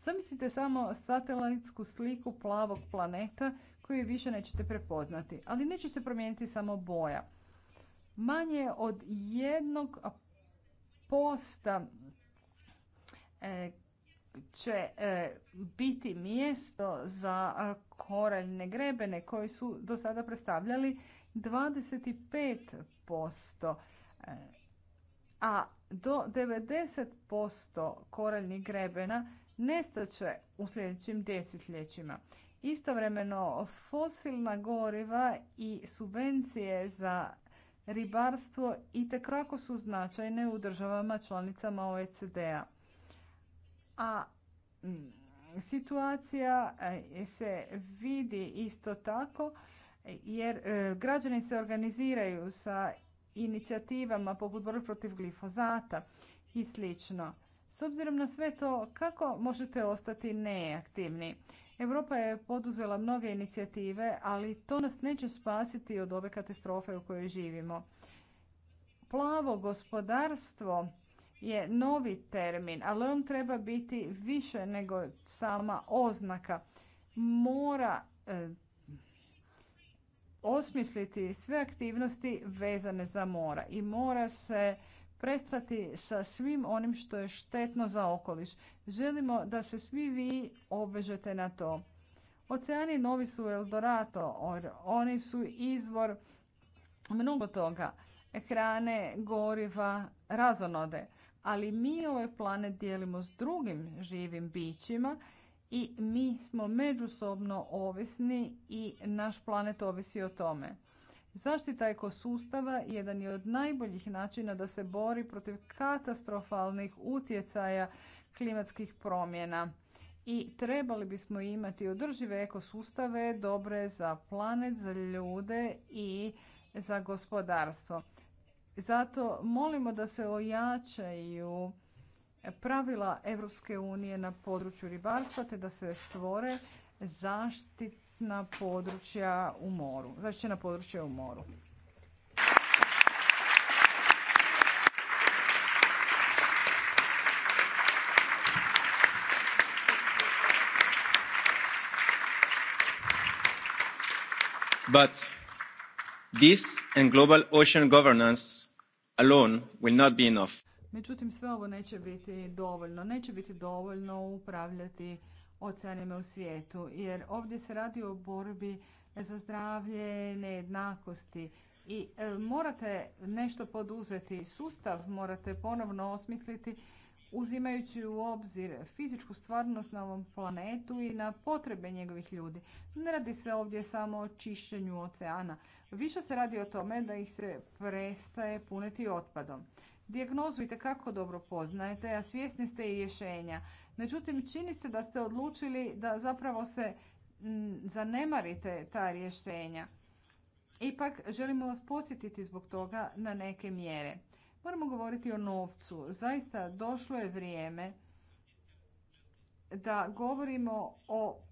Zamislite samo satelitsku sliku plavog planeta koju više nećete prepoznati. Ali neće se promijeniti samo boja. Manje od jednog posta e, će e, biti mjesto za koraljne grebene koji su do sada predstavljali 25%, e, a do 90% koraljnih grebena nestaće u sljedećim desetljećima. Istovremeno fosilna goriva i subvencije za ribarstvo itekako su značajne u državama članicama OECD-a. A mm, situacija e, se vidi isto tako jer e, građani se organiziraju sa inicijativama poput borbe protiv glifozata i slično. S obzirom na sve to, kako možete ostati neaktivni? Europa je poduzela mnoge inicijative, ali to nas neće spasiti od ove katastrofe u kojoj živimo. Plavo gospodarstvo je novi termin, ali on treba biti više nego sama oznaka. Mora e, osmisliti sve aktivnosti vezane za mora i mora se prestati sa svim onim što je štetno za okoliš. Želimo da se svi vi obvežete na to. Oceani novi su Eldorato, oni su izvor mnogo toga, hrane, goriva, razonode. Ali mi ovaj planet dijelimo s drugim živim bićima i mi smo međusobno ovisni i naš planet ovisi o tome. Zaštita ekosustava jedan je od najboljih načina da se bori protiv katastrofalnih utjecaja klimatskih promjena. I trebali bismo imati održive ekosustave dobre za planet, za ljude i za gospodarstvo. Zato molimo da se ojačaju pravila Europske unije na području ribarstva te da se stvore zaštite na područja u moru. na područja u moru. But this and global ocean governance alone will not be enough. Međutim, sve ovo neće biti dovoljno. Neće biti dovoljno upravljati oceanima u svijetu. Jer ovdje se radi o borbi za zdravlje, nejednakosti i e, morate nešto poduzeti. Sustav morate ponovno osmisliti uzimajući u obzir fizičku stvarnost na ovom planetu i na potrebe njegovih ljudi. Ne radi se ovdje samo o čišćenju oceana. Više se radi o tome da ih se prestaje puniti otpadom. Dijagnozu i kako dobro poznajete, a svjesni ste i rješenja. Međutim, čini se da ste odlučili da zapravo se zanemarite ta rješenja. Ipak želimo vas posjetiti zbog toga na neke mjere. Moramo govoriti o novcu. Zaista došlo je vrijeme da govorimo o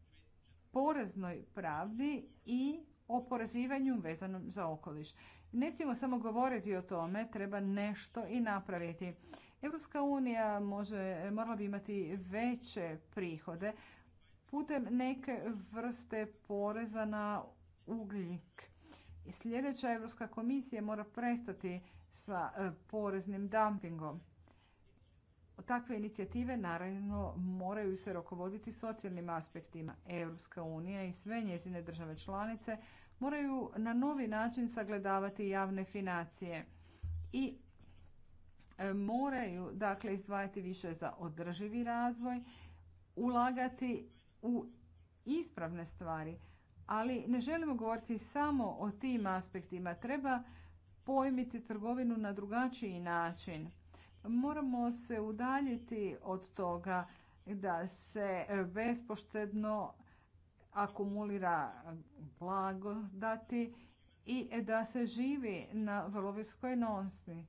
poreznoj pravdi i porezivanju vezanom za okoliš. Ne smijemo samo govoriti o tome, treba nešto i napraviti. Europska unija može, morala bi imati veće prihode putem neke vrste poreza na ugljik. Sljedeća Europska komisija mora prestati sa e, poreznim dumpingom. Takve inicijative naravno moraju se rokovoditi socijalnim aspektima. Europska unija i sve njezine države članice moraju na novi način sagledavati javne financije i e, moraju dakle izdvajati više za održivi razvoj, ulagati u ispravne stvari, ali ne želimo govoriti samo o tim aspektima. Treba pojmiti trgovinu na drugačiji način. Moramo se udaljiti od toga da se e, bespoštedno akumulira blagodati i da se živi na vrlo viskoj nosni.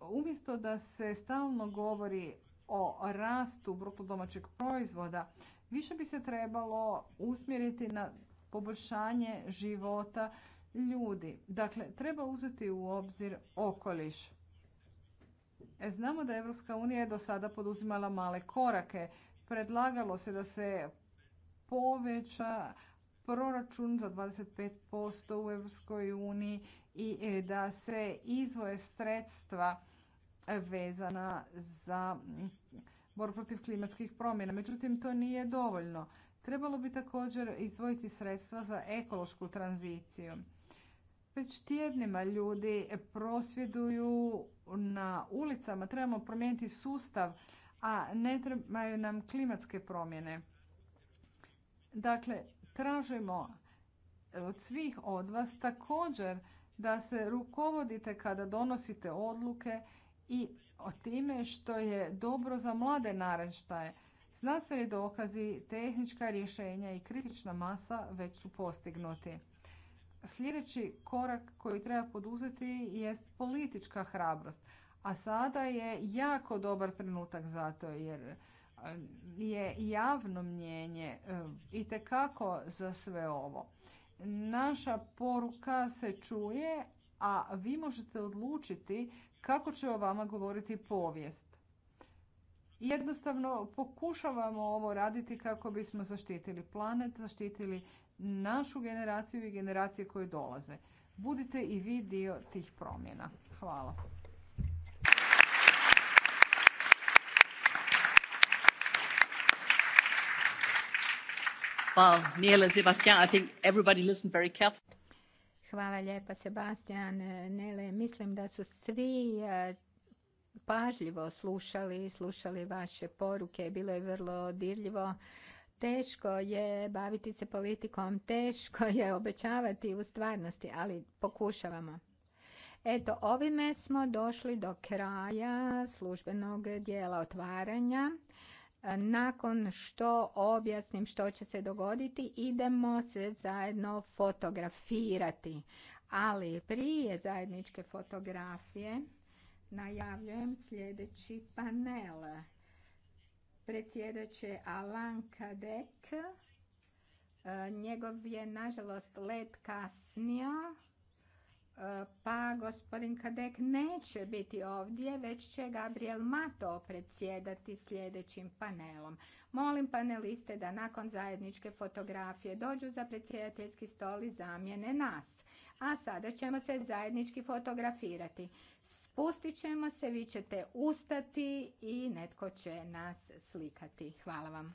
Umjesto da se stalno govori o rastu bruto domaćeg proizvoda, više bi se trebalo usmjeriti na poboljšanje života ljudi. Dakle, treba uzeti u obzir okoliš. E, znamo da Evropska unija je do sada poduzimala male korake. Predlagalo se da se poveća proračun za 25% u EU uniji i e, da se izvoje sredstva vezana za mm, borbu protiv klimatskih promjena. Međutim, to nije dovoljno. Trebalo bi također izvojiti sredstva za ekološku tranziciju. Već tjednima ljudi prosvjeduju na ulicama. Trebamo promijeniti sustav, a ne trebaju nam klimatske promjene. Dakle, tražimo od svih od vas također da se rukovodite kada donosite odluke i o time što je dobro za mlade naraštaje. Znanstveni dokazi, tehnička rješenja i kritična masa već su postignuti. Sljedeći korak koji treba poduzeti jest politička hrabrost. A sada je jako dobar trenutak za to jer je javno mnjenje e, i tekako za sve ovo. Naša poruka se čuje, a vi možete odlučiti kako će o vama govoriti povijest. Jednostavno pokušavamo ovo raditi kako bismo zaštitili planet, zaštitili našu generaciju i generacije koje dolaze. Budite i vi dio tih promjena. Hvala. Hvala lijepa Sebastian e, Nele. Mislim da su svi e, pažljivo slušali, slušali vaše poruke. Bilo je vrlo dirljivo. Teško je baviti se politikom, teško je obećavati u stvarnosti, ali pokušavamo. Eto, ovime smo došli do kraja službenog dijela otvaranja. Nakon što objasnim što će se dogoditi, idemo se zajedno fotografirati. Ali prije zajedničke fotografije najavljujem sljedeći panel. Predsjedat će Alan Kadek. E, njegov je, nažalost, let kasnio pa gospodin Kadek neće biti ovdje, već će Gabriel Mato predsjedati sljedećim panelom. Molim paneliste da nakon zajedničke fotografije dođu za predsjedateljski stol i zamjene nas. A sada ćemo se zajednički fotografirati. Spustit ćemo se, vi ćete ustati i netko će nas slikati. Hvala vam.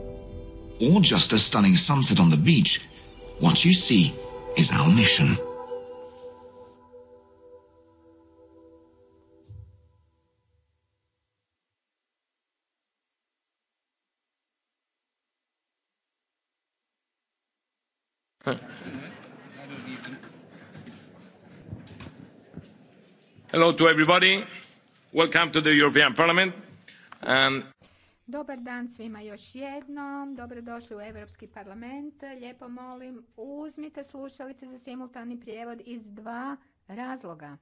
or just a stunning sunset on the beach, what you see is our mission. Hello to everybody. Welcome to the European Parliament. And Dobar dan svima još jednom. Dobrodošli u Europski parlament. Lijepo molim, uzmite slušalice za simultani prijevod iz dva razloga.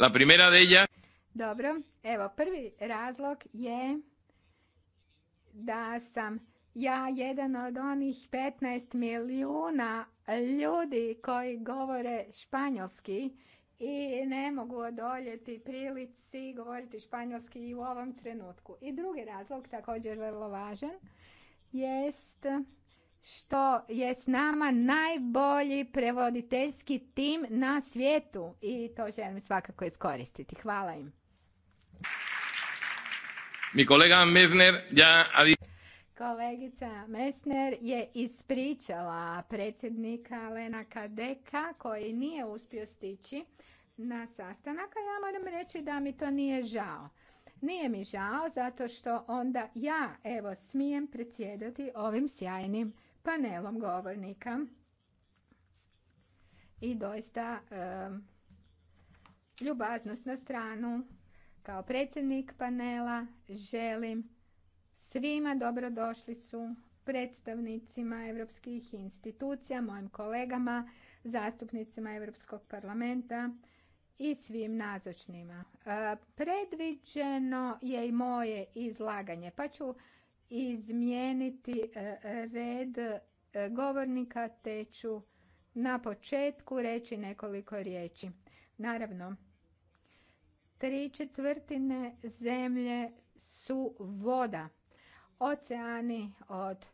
La primera de ella... Dobro, evo prvi razlog je da sam ja jedan od onih 15 milijuna ljudi koji govore španjolski i ne mogu odoljeti prilici govoriti španjolski i u ovom trenutku. I drugi razlog, također vrlo važan, jest što je s nama najbolji prevoditeljski tim na svijetu i to želim svakako iskoristiti. Hvala im. Mi kolega Mesner ja... Kolegica Mesner je ispričala predsjednika Lena Kadeka koji nije uspio stići na sastanak, a ja moram reći da mi to nije žao. Nije mi žao zato što onda ja evo smijem predsjedati ovim sjajnim panelom govornika. I doista ljubaznost na stranu. Kao predsjednik panela želim svima dobrodošlicu, predstavnicima europskih institucija, mojim kolegama, zastupnicima Europskog parlamenta, i svim nazočnima. E, predviđeno je i moje izlaganje, pa ću izmijeniti e, red e, govornika, te ću na početku reći nekoliko riječi. Naravno, tri četvrtine zemlje su voda. Oceani od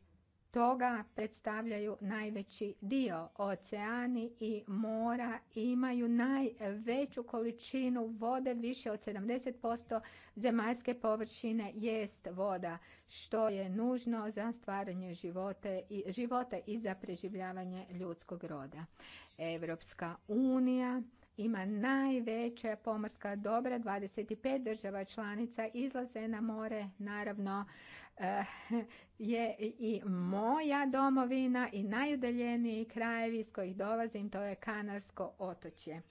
toga predstavljaju najveći dio. Oceani i mora imaju najveću količinu vode, više od 70% zemaljske površine jest voda, što je nužno za stvaranje i, života i za preživljavanje ljudskog roda. Evropska unija ima najveća pomorska dobra, 25 država članica izlaze na more, naravno Eh, je i moja domovina i najudaljeniji krajevi iz kojih dolazim, to je Kanarsko otočje.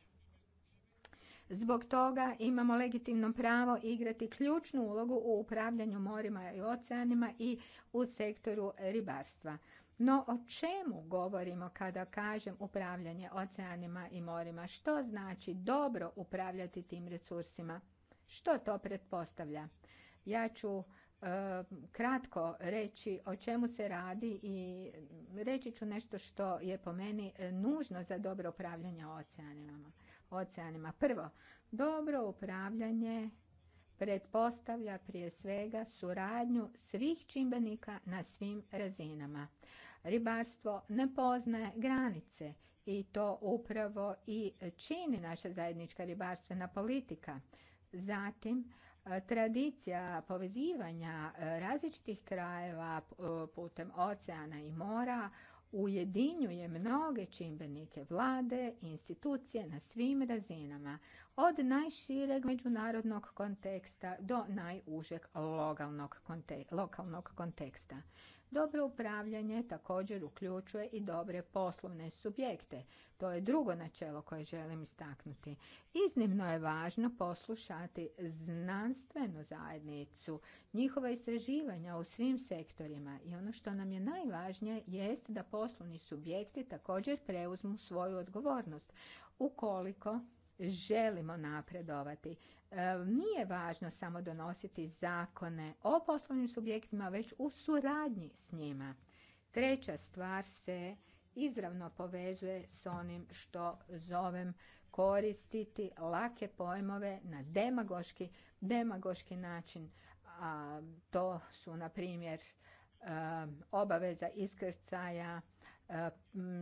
Zbog toga imamo legitimno pravo igrati ključnu ulogu u upravljanju morima i oceanima i u sektoru ribarstva. No o čemu govorimo kada kažem upravljanje oceanima i morima? Što znači dobro upravljati tim resursima? Što to pretpostavlja? Ja ću kratko reći o čemu se radi i reći ću nešto što je po meni e, nužno za dobro upravljanje oceanima. oceanima. Prvo, dobro upravljanje pretpostavlja prije svega suradnju svih čimbenika na svim razinama. Ribarstvo ne poznaje granice i to upravo i čini naša zajednička ribarstvena politika. Zatim, tradicija povezivanja e, različitih krajeva e, putem oceana i mora ujedinjuje mnoge čimbenike vlade i institucije na svim razinama, od najšireg međunarodnog konteksta do najužeg lokalnog konteksta. Dobro upravljanje također uključuje i dobre poslovne subjekte. To je drugo načelo koje želim istaknuti. Iznimno je važno poslušati znanstvenu zajednicu, njihova istraživanja u svim sektorima i ono što nam je najvažnije jest da poslovni subjekti također preuzmu svoju odgovornost. Ukoliko želimo napredovati. E, nije važno samo donositi zakone o poslovnim subjektima, već u suradnji s njima. Treća stvar se izravno povezuje s onim što zovem koristiti lake pojmove na demagoški, demagoški način. A to su, na primjer, e, obaveza iskrcaja E,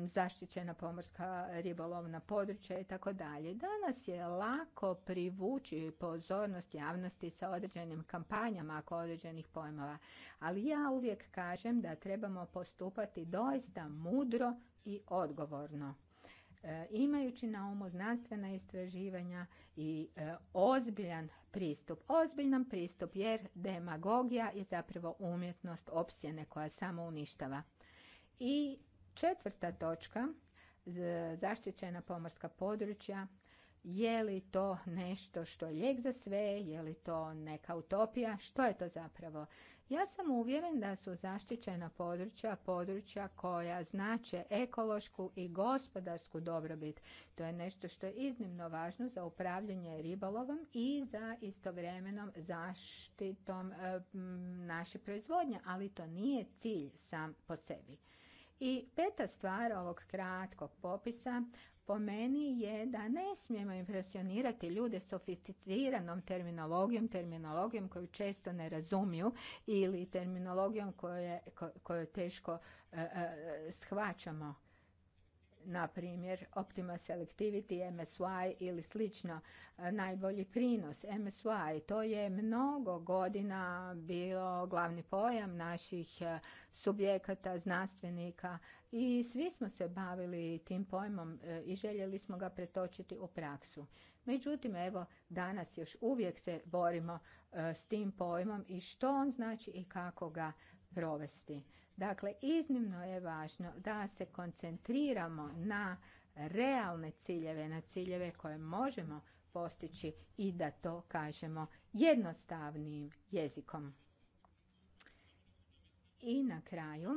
zaštićena pomorska ribolovna područja i tako dalje. Danas je lako privući pozornost javnosti sa određenim kampanjama ako određenih pojmova, ali ja uvijek kažem da trebamo postupati doista mudro i odgovorno. E, imajući na umu znanstvena istraživanja i e, ozbiljan pristup. Ozbiljan pristup jer demagogija je zapravo umjetnost opsjene koja samo uništava. I Četvrta točka, zaštićena pomorska područja, je li to nešto što je lijek za sve, je li to neka utopija, što je to zapravo? Ja sam uvjeren da su zaštićena područja, područja koja znače ekološku i gospodarsku dobrobit. To je nešto što je iznimno važno za upravljanje ribolovom i za istovremenom zaštitom eh, naše proizvodnje, ali to nije cilj sam po sebi. I peta stvar ovog kratkog popisa po meni je da ne smijemo impresionirati ljude sofisticiranom terminologijom, terminologijom koju često ne razumiju ili terminologijom koju teško e, e, shvaćamo na primjer Optima Selectivity, MSY ili slično, e, najbolji prinos MSY. To je mnogo godina bio glavni pojam naših e, subjekata, znanstvenika i svi smo se bavili tim pojmom e, i željeli smo ga pretočiti u praksu. Međutim, evo, danas još uvijek se borimo s tim pojmom i što on znači i kako ga provesti. Dakle, iznimno je važno da se koncentriramo na realne ciljeve, na ciljeve koje možemo postići i da to kažemo jednostavnim jezikom. I na kraju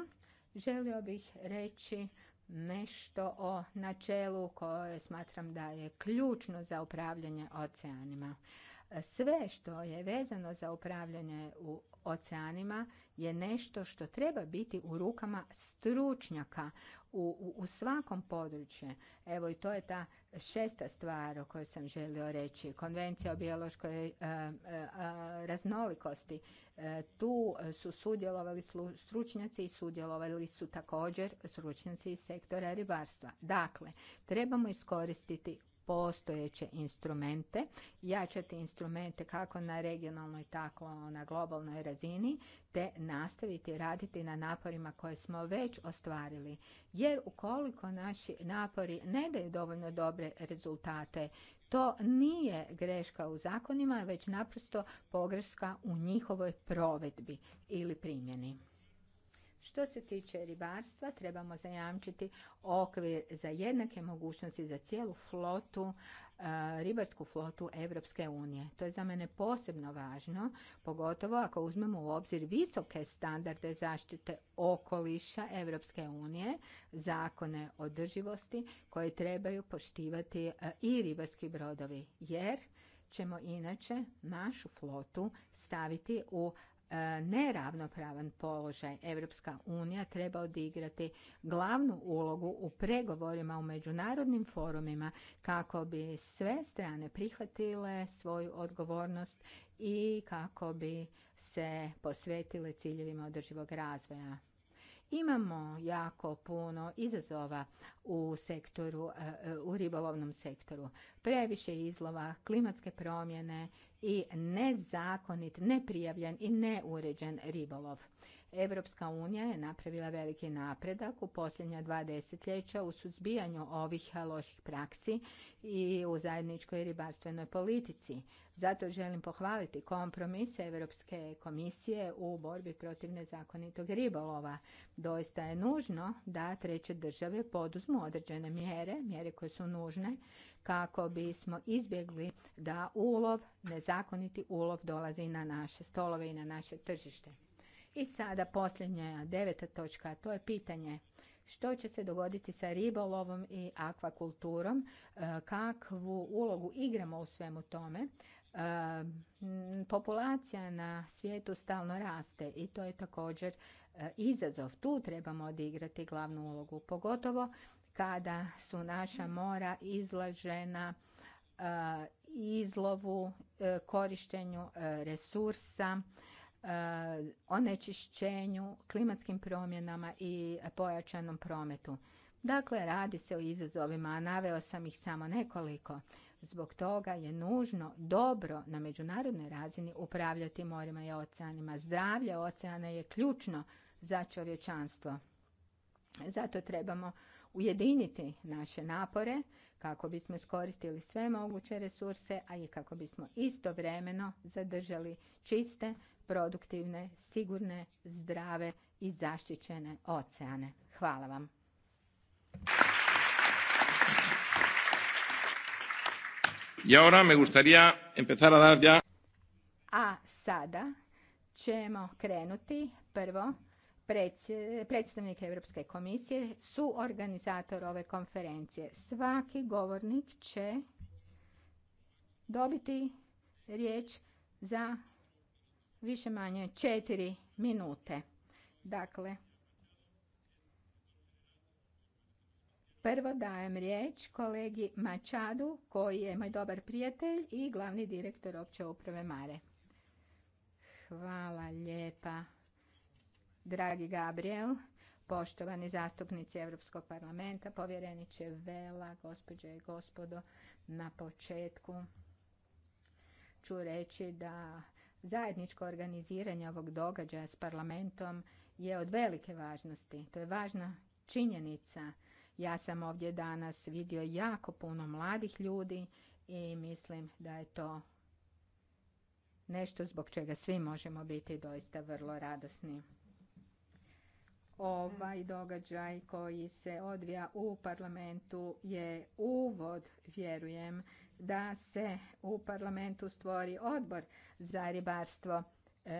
želio bih reći nešto o načelu koje smatram da je ključno za upravljanje oceanima. Sve što je vezano za upravljanje u oceanima je nešto što treba biti u rukama stručnjaka u, u, svakom području. Evo i to je ta šesta stvar o kojoj sam želio reći. Konvencija o biološkoj e, e, raznolikosti. E, tu su sudjelovali stručnjaci i sudjelovali su također stručnjaci iz sektora ribarstva. Dakle, trebamo iskoristiti postojeće instrumente, jačati instrumente kako na regionalnoj, tako na globalnoj razini, te nastaviti raditi na naporima koje smo već ostvarili. Jer ukoliko naši napori ne daju dovoljno dobre rezultate, to nije greška u zakonima, već naprosto pogreška u njihovoj provedbi ili primjeni. Što se tiče ribarstva, trebamo zajamčiti okvir za jednake mogućnosti za cijelu flotu, e, ribarsku flotu Europske unije. To je za mene posebno važno, pogotovo ako uzmemo u obzir visoke standarde zaštite okoliša Europske unije, zakone održivosti koje trebaju poštivati e, i ribarski brodovi, jer ćemo inače našu flotu staviti u E, neravnopravan položaj. Europska unija treba odigrati glavnu ulogu u pregovorima u međunarodnim forumima kako bi sve strane prihvatile svoju odgovornost i kako bi se posvetile ciljevima održivog razvoja. Imamo jako puno izazova u sektoru, e, e, u ribolovnom sektoru. Previše izlova, klimatske promjene i nezakonit, neprijavljen i neuređen ribolov. Evropska unija je napravila veliki napredak u posljednja dva desetljeća u suzbijanju ovih loših praksi i u zajedničkoj ribarstvenoj politici. Zato želim pohvaliti kompromise Europske komisije u borbi protiv nezakonitog ribolova. Doista je nužno da treće države poduzmu određene mjere, mjere koje su nužne kako bismo izbjegli da ulov, nezakoniti ulov dolazi na naše stolove i na naše tržište. I sada posljednja deveta točka, to je pitanje što će se dogoditi sa ribolovom i akvakulturom, e, kakvu ulogu igramo u svemu tome. E, populacija na svijetu stalno raste i to je također e, izazov. Tu trebamo odigrati glavnu ulogu, pogotovo kada su naša mora izlažena izlovu, korištenju resursa, E, onečišćenju, klimatskim promjenama i pojačanom prometu. Dakle, radi se o izazovima, a naveo sam ih samo nekoliko. Zbog toga je nužno dobro na međunarodnoj razini upravljati morima i oceanima. Zdravlje oceana je ključno za čovječanstvo. Zato trebamo ujediniti naše napore kako bismo iskoristili sve moguće resurse, a i kako bismo istovremeno zadržali čiste, produktivne, sigurne, zdrave i zaštićene oceane. Hvala vam. ahora me gustaría empezar a dar ya... A sada ćemo krenuti prvo predstavnik Europske komisije su organizator ove konferencije. Svaki govornik će dobiti riječ za više manje četiri minute. Dakle, Prvo dajem riječ kolegi Mačadu, koji je moj dobar prijatelj i glavni direktor opće uprave Mare. Hvala lijepa Dragi Gabriel, poštovani zastupnici Europskog parlamenta, povjereniče Vela, gospođe i gospodo, na početku ću reći da zajedničko organiziranje ovog događaja s parlamentom je od velike važnosti. To je važna činjenica. Ja sam ovdje danas vidio jako puno mladih ljudi i mislim da je to nešto zbog čega svi možemo biti doista vrlo radosni ovaj događaj koji se odvija u parlamentu je uvod, vjerujem, da se u parlamentu stvori odbor za ribarstvo e,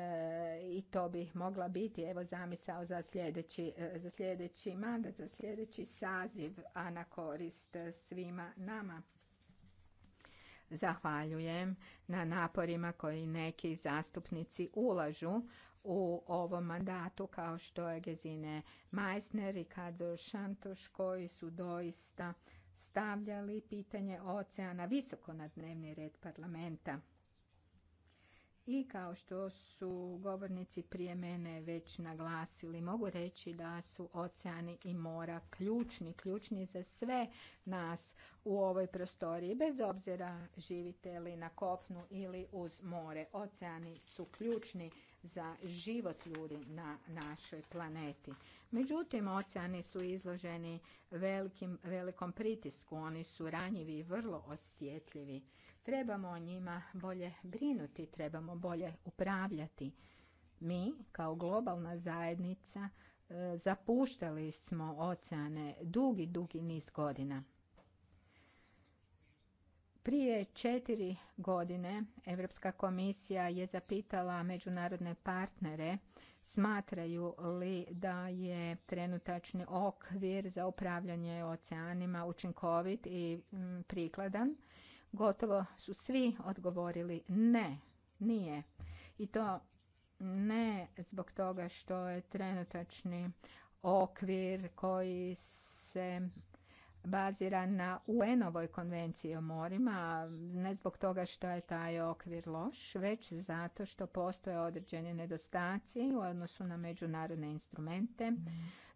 i to bi mogla biti evo zamisao za sljedeći, e, za sljedeći mandat, za sljedeći saziv, a na korist svima nama. Zahvaljujem na naporima koji neki zastupnici ulažu u ovom mandatu kao što je Gezine Meissner i Kardo Šantoš koji su doista stavljali pitanje oceana visoko na dnevni red parlamenta. I kao što su govornici prije mene već naglasili, mogu reći da su oceani i mora ključni, ključni za sve nas u ovoj prostoriji, bez obzira živite li na kopnu ili uz more. Oceani su ključni za život ljudi na našoj planeti. Međutim, oceani su izloženi velikim, velikom pritisku, oni su ranjivi i vrlo osjetljivi. Trebamo o njima bolje brinuti, trebamo bolje upravljati. Mi, kao globalna zajednica, e, zapuštali smo oceane dugi, dugi niz godina. Prije četiri godine Europska komisija je zapitala međunarodne partnere smatraju li da je trenutačni okvir za upravljanje oceanima učinkovit i mm, prikladan. Gotovo su svi odgovorili ne, nije. I to ne zbog toga što je trenutačni okvir koji se bazira na UN-ovoj konvenciji o morima, ne zbog toga što je taj okvir loš, već zato što postoje određeni nedostaci u odnosu na međunarodne instrumente,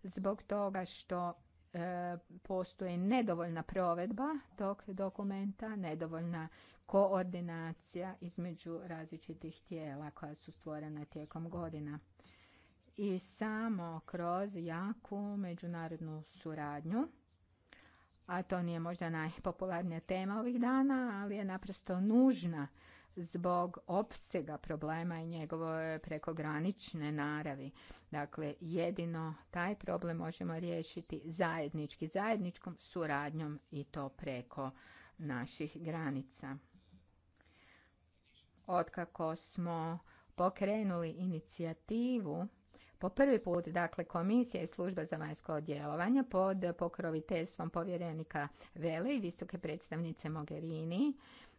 zbog toga što e, postoji nedovoljna provedba tog dokumenta, nedovoljna koordinacija između različitih tijela koja su stvorena tijekom godina. I samo kroz jaku međunarodnu suradnju a to nije možda najpopularnija tema ovih dana, ali je naprosto nužna zbog opsega problema i njegove prekogranične naravi. Dakle, jedino taj problem možemo riješiti zajednički, zajedničkom suradnjom i to preko naših granica. Otkako smo pokrenuli inicijativu po prvi put, dakle, komisija i služba za vanjsko djelovanje pod pokroviteljstvom povjerenika Vele i visoke predstavnice Mogherini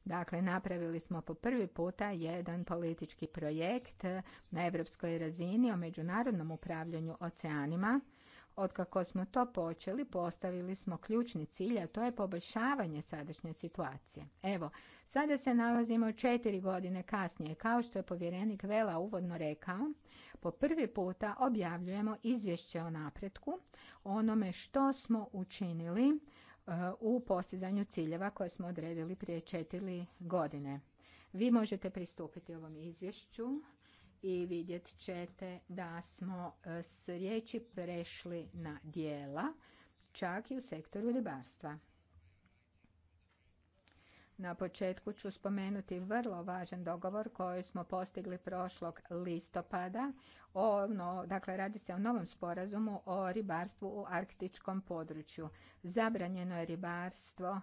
Dakle, napravili smo po prvi puta jedan politički projekt na europskoj razini o međunarodnom upravljanju oceanima Otkako smo to počeli, postavili smo ključni cilj, a to je poboljšavanje sadašnje situacije. Evo, sada se nalazimo četiri godine kasnije. Kao što je povjerenik Vela uvodno rekao, po prvi puta objavljujemo izvješće o napretku, onome što smo učinili e, u postizanju ciljeva koje smo odredili prije četiri godine. Vi možete pristupiti ovom izvješću i vidjet ćete da smo e, s riječi prešli na dijela, čak i u sektoru ribarstva. Na početku ću spomenuti vrlo važan dogovor koji smo postigli prošlog listopada. dakle, radi se o novom sporazumu o ribarstvu u arktičkom području. Zabranjeno je ribarstvo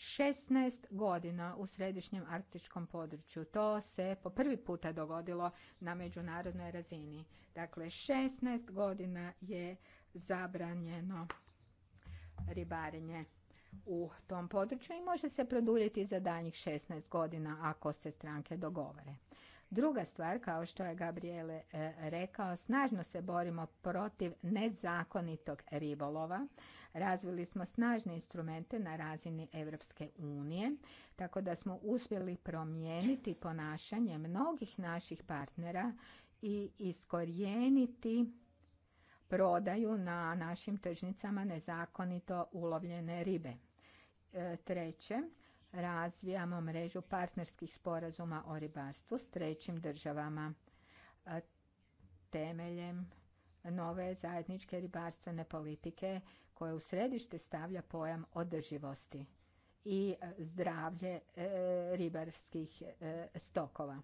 16 godina u središnjem arktičkom području. To se po prvi puta dogodilo na međunarodnoj razini. Dakle, 16 godina je zabranjeno ribarenje u tom području i može se produljiti za daljnjih 16 godina ako se stranke dogovore. Druga stvar, kao što je Gabriele e, rekao, snažno se borimo protiv nezakonitog ribolova. Razvili smo snažne instrumente na razini Europske unije, tako da smo uspjeli promijeniti ponašanje mnogih naših partnera i iskorijeniti prodaju na našim tržnicama nezakonito ulovljene ribe. E, treće, razvijamo mrežu partnerskih sporazuma o ribarstvu s trećim državama e, temeljem nove zajedničke ribarstvene politike koja u središte stavlja pojam održivosti i e, zdravlje e, ribarskih e, stokova.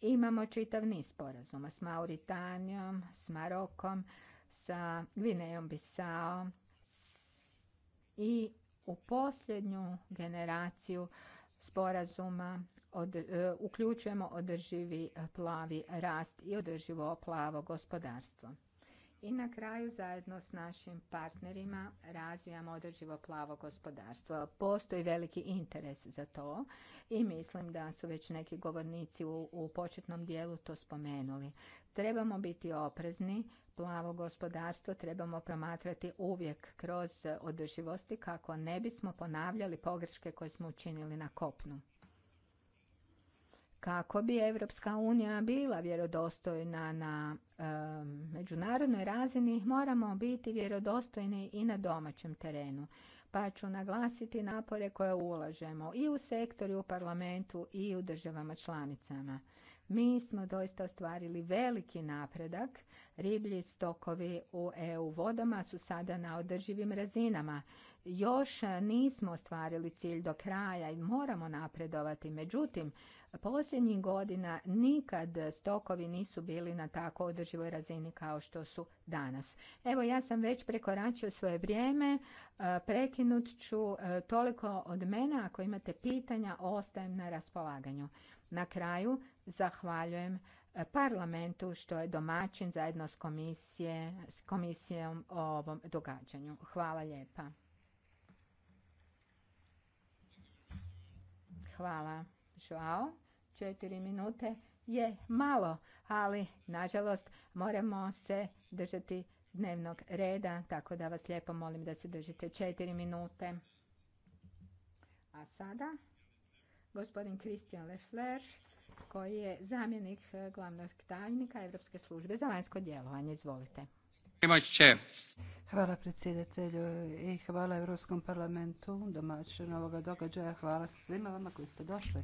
Imamo čitav niz sporazuma s Mauritanijom, s Marokom, sa Gvinejom Bisao i u posljednju generaciju sporazuma od, uključujemo održivi plavi rast i održivo plavo gospodarstvo. I na kraju zajedno s našim partnerima razvijamo održivo plavo gospodarstvo. Postoji veliki interes za to i mislim da su već neki govornici u, početnom dijelu to spomenuli. Trebamo biti oprezni, plavo gospodarstvo trebamo promatrati uvijek kroz održivosti kako ne bismo ponavljali pogreške koje smo učinili na kopnu kako bi Europska unija bila vjerodostojna na e, međunarodnoj razini, moramo biti vjerodostojni i na domaćem terenu. Pa ću naglasiti napore koje ulažemo i u sektoru, u parlamentu, i u državama članicama. Mi smo doista ostvarili veliki napredak. Riblji stokovi u EU vodama su sada na održivim razinama još nismo ostvarili cilj do kraja i moramo napredovati. Međutim, posljednjih godina nikad stokovi nisu bili na tako održivoj razini kao što su danas. Evo ja sam već prekoračio svoje vrijeme, e, prekinut ću e, toliko od mene. Ako imate pitanja, ostajem na raspolaganju. Na kraju zahvaljujem e, parlamentu što je domaćin zajedno s, komisije, s komisijom o ovom događanju. Hvala lijepa. Hvala, žao Četiri minute je malo, ali nažalost moramo se držati dnevnog reda, tako da vas lijepo molim da se držite četiri minute. A sada gospodin Christian Lefler, koji je zamjenik eh, glavnog tajnika Europske službe za vanjsko djelovanje. Izvolite. Hvala predsjedatelju i hvala Europskom parlamentu, domaćinu ovoga događaja. Hvala svima vama koji ste došli.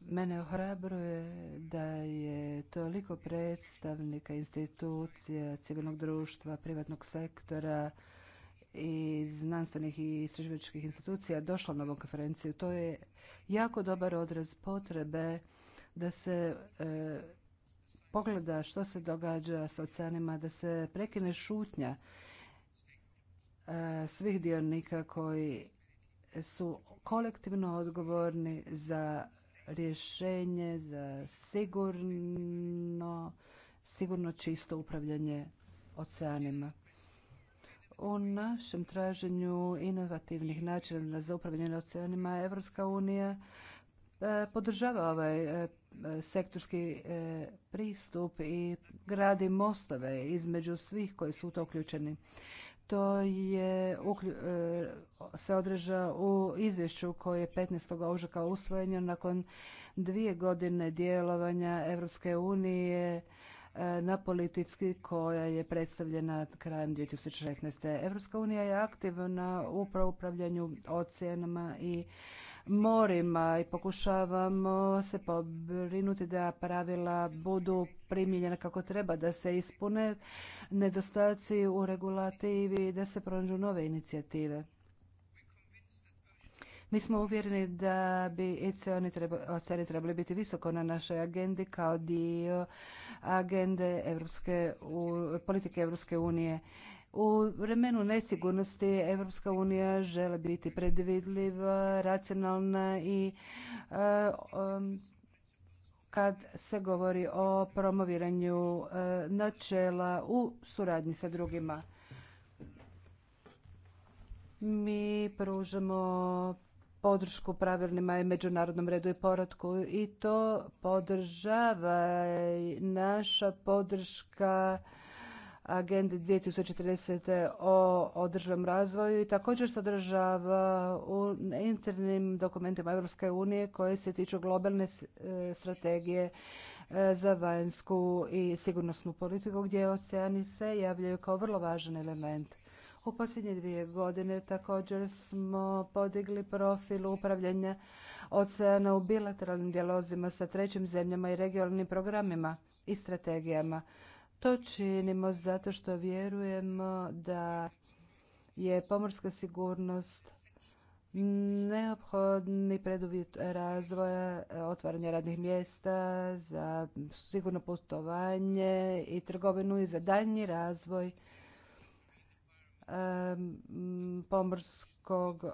Mene ohrabruje da je toliko predstavnika institucija, civilnog društva, privatnog sektora i znanstvenih i istraživačkih institucija došlo na ovu konferenciju. To je jako dobar odraz potrebe da se e, pogleda što se događa s oceanima, da se prekine šutnja e, svih dionika koji su kolektivno odgovorni za rješenje, za sigurno, sigurno čisto upravljanje oceanima. U našem traženju inovativnih načina za upravljanje oceanima Evropska unija E, podržava ovaj e, sektorski e, pristup i gradi mostove između svih koji su u to uključeni. To je, se odreža u izvješću koje je 15. ožujka usvojeno nakon dvije godine djelovanja Europske unije na politici koja je predstavljena krajem 2016. Europska unija je aktivna u upravljanju ocjenama i morima i pokušavamo se pobrinuti da pravila budu primijenjena kako treba, da se ispune nedostaci u regulativi i da se pronađu nove inicijative. Mi smo uvjereni da bi oceni treba, trebali biti visoko na našoj agendi kao dio agende Evropske, politike Evropske unije. U vremenu nesigurnosti Evropska unija žele biti predvidljiva, racionalna i e, um, kad se govori o promoviranju e, načela u suradnji sa drugima. Mi pružamo podršku pravilnima i međunarodnom redu i poradku i to podržava naša podrška agende 2040. o održivom razvoju i također održava u internim dokumentima Europske unije koje se tiču globalne e, strategije e, za vanjsku i sigurnosnu politiku gdje oceani se javljaju kao vrlo važan element. U posljednje dvije godine također smo podigli profil upravljanja oceana u bilateralnim dijalozima sa trećim zemljama i regionalnim programima i strategijama. To činimo zato što vjerujemo da je pomorska sigurnost neophodni preduvjet razvoja, otvaranja radnih mjesta, za sigurno putovanje i trgovinu i za daljnji razvoj pomorskog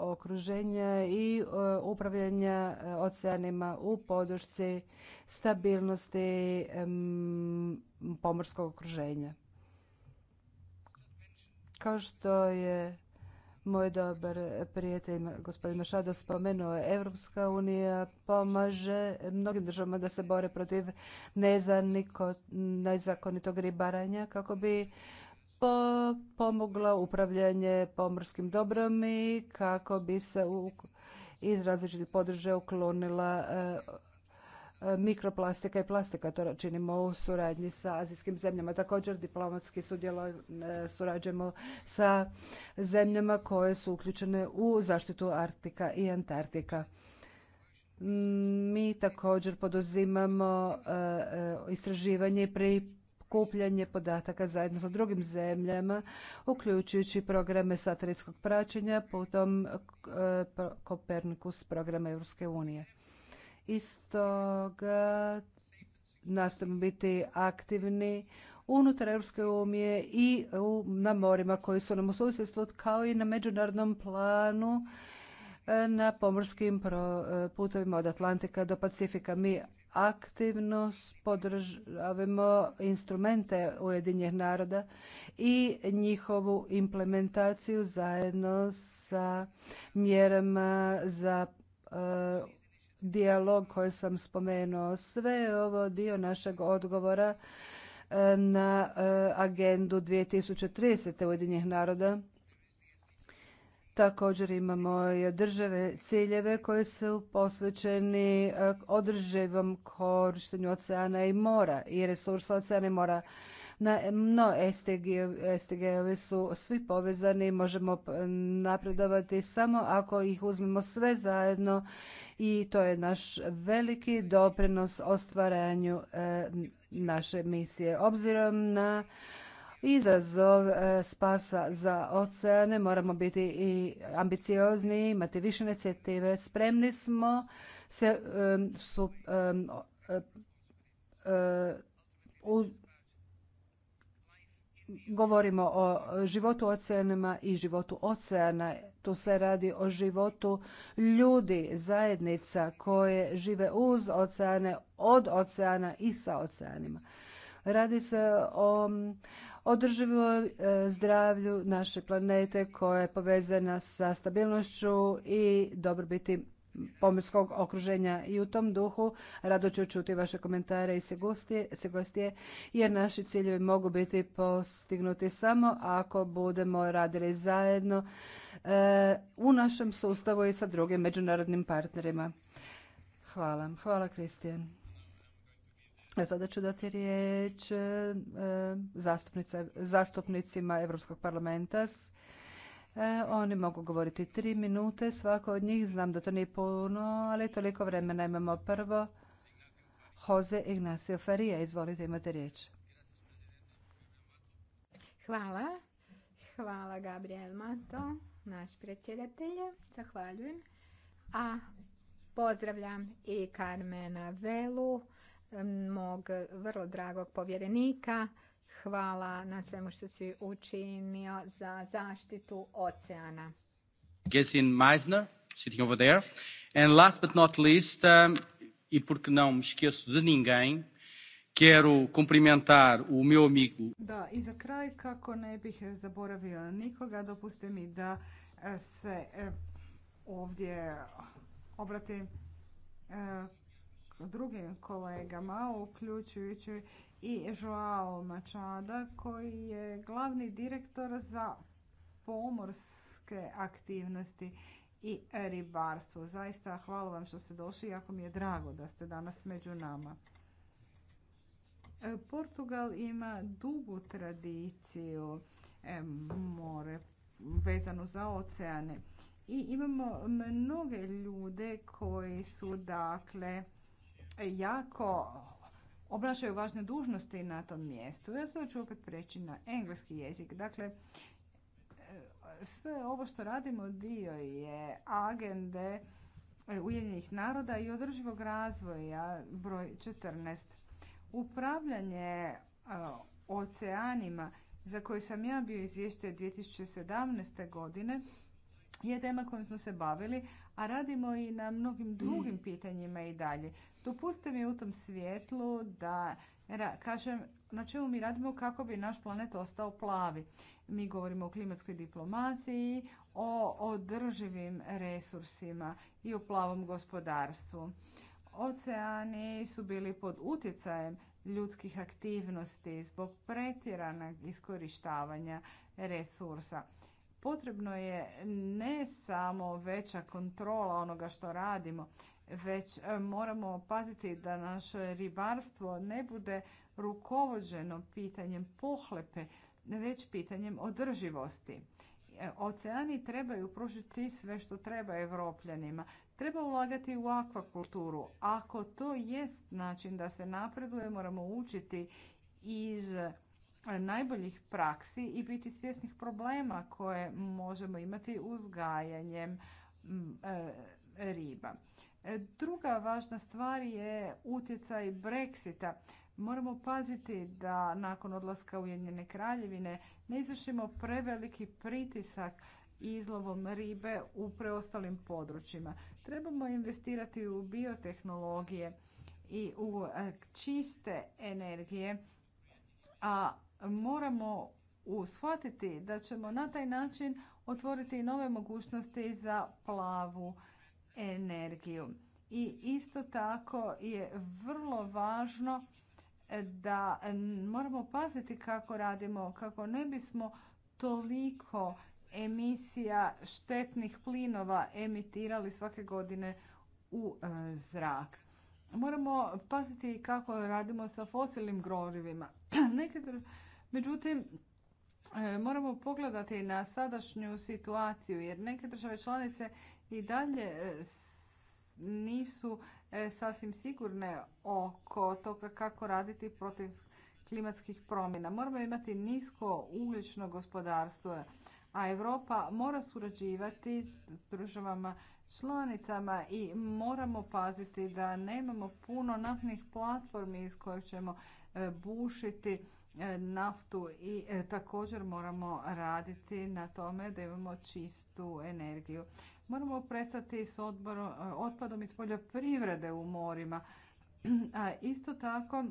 okruženja i e, upravljanja e, oceanima u podršci stabilnosti pomorskog okruženja. Kao što je moj dobar prijatelj gospodin Mašado spomenuo, Evropska unija pomaže mnogim državama da se bore protiv nezakonitog ribaranja kako bi pomoglo upravljanje pomorskim dobrom i kako bi se iz različitih podržaja uklonila e, mikroplastika i plastika. To činimo u suradnji sa azijskim zemljama. Također diplomatski e, surađujemo sa zemljama koje su uključene u zaštitu Arktika i Antarktika. Mi također poduzimamo e, istraživanje pri prikupljanje podataka zajedno sa drugim zemljama, uključujući programe satelitskog praćenja putom e, Kopernikus programa Europske unije. Istoga nastavimo biti aktivni unutar Europske unije i na morima koji su nam u susjedstvu, kao i na međunarodnom planu e, na pomorskim e, putovima od Atlantika do Pacifika. Mi aktivno podržavamo instrumente Ujedinjenih naroda i njihovu implementaciju zajedno sa mjerama za e, dijalog koje sam spomenuo. Sve je ovo dio našeg odgovora e, na e, agendu 2030. Ujedinjenih naroda Također imamo i države ciljeve koji su posvećeni e, održivom korištenju oceana i mora i resursa oceana i mora. No, STG-ovi su svi povezani možemo napredovati samo ako ih uzmemo sve zajedno i to je naš veliki doprinos ostvaranju e, naše misije. Obzirom na izazov e, spasa za oceane. Moramo biti i ambiciozni, imati više inicijative. Spremni smo se e, e, govorimo o životu oceanima i životu oceana. Tu se radi o životu ljudi, zajednica koje žive uz oceane, od oceana i sa oceanima. Radi se o održivo e, zdravlju naše planete koja je povezana sa stabilnošću i dobrobiti pomorskog okruženja i u tom duhu rado ću čuti vaše komentare i sugestije jer naši ciljevi mogu biti postignuti samo ako budemo radili zajedno e, u našem sustavu i sa drugim međunarodnim partnerima. Hvala. Hvala Kristijan. Sada ću dati riječ e, zastupnicima Europskog parlamenta. E, oni mogu govoriti tri minute, svako od njih. Znam da to nije puno, ali toliko vremena imamo prvo. Jose Ignacio Farija, izvolite, imate riječ. Hvala. Hvala Gabriel Mato, naš predsjedatelj. Zahvaljujem. A pozdravljam i Carmena Velu mog vrlo dragog povjerenika. Hvala na svemu što si učinio za zaštitu oceana. Gesin Meisner, sitting over there. And last but not least, i um, e porque não me esqueço de ninguém, quero cumprimentar o meu amigo. Da, i za kraj, kako ne bih zaboravio nikoga, dopuste mi da eh, se eh, ovdje obratim eh, drugim kolegama, uključujući i Joao Mačada, koji je glavni direktor za pomorske aktivnosti i ribarstvo. Zaista hvala vam što ste došli, jako mi je drago da ste danas među nama. Portugal ima dugu tradiciju e, more vezanu za oceane i imamo mnoge ljude koji su dakle jako obnašaju važne dužnosti na tom mjestu. Ja sad ću opet preći na engleski jezik. Dakle, e, sve ovo što radimo dio je agende e, Ujedinjenih naroda i održivog razvoja broj 14. Upravljanje e, oceanima za koje sam ja bio izvješten 2017. godine je tema kojom smo se bavili, a radimo i na mnogim drugim pitanjima i dalje. Dopustite mi u tom svjetlu da kažem na čemu mi radimo kako bi naš planet ostao plavi. Mi govorimo o klimatskoj diplomaciji, o održivim resursima i o plavom gospodarstvu. Oceani su bili pod utjecajem ljudskih aktivnosti zbog pretjeranog iskorištavanja resursa. Potrebno je ne samo veća kontrola onoga što radimo, već e, moramo paziti da naše ribarstvo ne bude rukovođeno pitanjem pohlepe, već pitanjem održivosti. E, oceani trebaju pružiti sve što treba evropljanima. Treba ulagati u akvakulturu. Ako to jest način da se napreduje, moramo učiti iz E, najboljih praksi i biti svjesnih problema koje možemo imati uzgajanjem e, riba. E, druga važna stvar je utjecaj Brexita. Moramo paziti da nakon odlaska Ujedinjene kraljevine ne izvršimo preveliki pritisak izlovom ribe u preostalim područjima. Trebamo investirati u biotehnologije i u čiste energije, a moramo shvatiti da ćemo na taj način otvoriti nove mogućnosti za plavu energiju. I isto tako je vrlo važno e, da moramo paziti kako radimo, kako ne bismo toliko emisija štetnih plinova emitirali svake godine u e, zrak. Moramo paziti kako radimo sa fosilnim gorivima. Neke Međutim, e, moramo pogledati na sadašnju situaciju jer neke države članice i dalje e, nisu e, sasvim sigurne oko toga kako raditi protiv klimatskih promjena. Moramo imati nisko ugljično gospodarstvo, a Europa mora surađivati s državama članicama i moramo paziti da nemamo puno naftnih platformi iz kojih ćemo bušiti E, naftu i e, također moramo raditi na tome da imamo čistu energiju. Moramo prestati s e, otpadom iz poljoprivrede u morima. A isto tako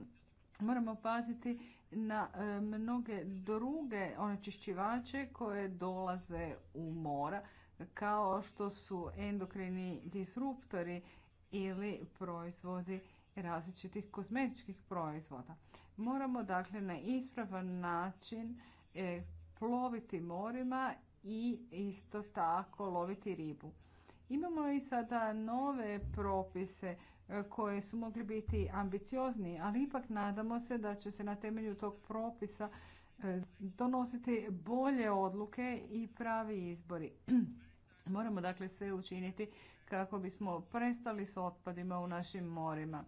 moramo paziti na mnoge druge onečišćivače koje dolaze u mora kao što su endokrini disruptori ili proizvodi različitih kozmetičkih proizvoda. Moramo dakle na ispravan način e, ploviti morima i isto tako loviti ribu. Imamo i sada nove propise e, koje su mogli biti ambiciozni, ali ipak nadamo se da će se na temelju tog propisa e, donositi bolje odluke i pravi izbori. Moramo dakle sve učiniti kako bismo prestali s otpadima u našim morima.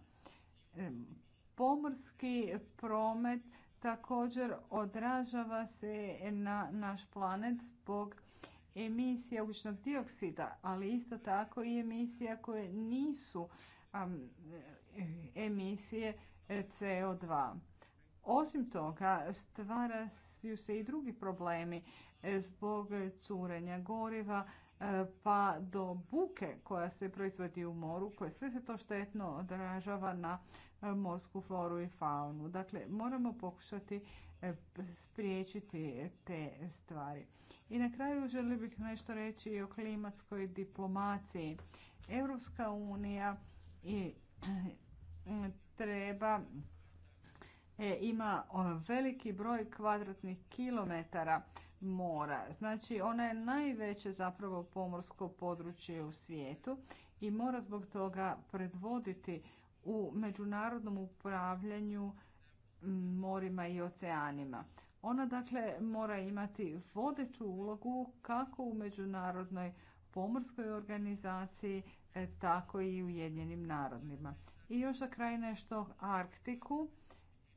Pomorski promet također odražava se na naš planet zbog emisija ugljičnog dioksida, ali isto tako i emisija koje nisu emisije e, CO2. Osim toga, stvaraju se i drugi problemi e, zbog curenja goriva, E, pa do buke koja se proizvodi u moru, koje sve se to štetno odražava na e, morsku floru i faunu. Dakle, moramo pokušati e, spriječiti te stvari. I na kraju želio bih nešto reći i o klimatskoj diplomaciji. Europska unija treba ima veliki broj kvadratnih kilometara mora. Znači ona je najveće zapravo pomorsko područje u svijetu i mora zbog toga predvoditi u međunarodnom upravljanju morima i oceanima. Ona dakle mora imati vodeću ulogu kako u međunarodnoj pomorskoj organizaciji, e, tako i u Ujedinjenim narodima. I još za kraj nešto Arktiku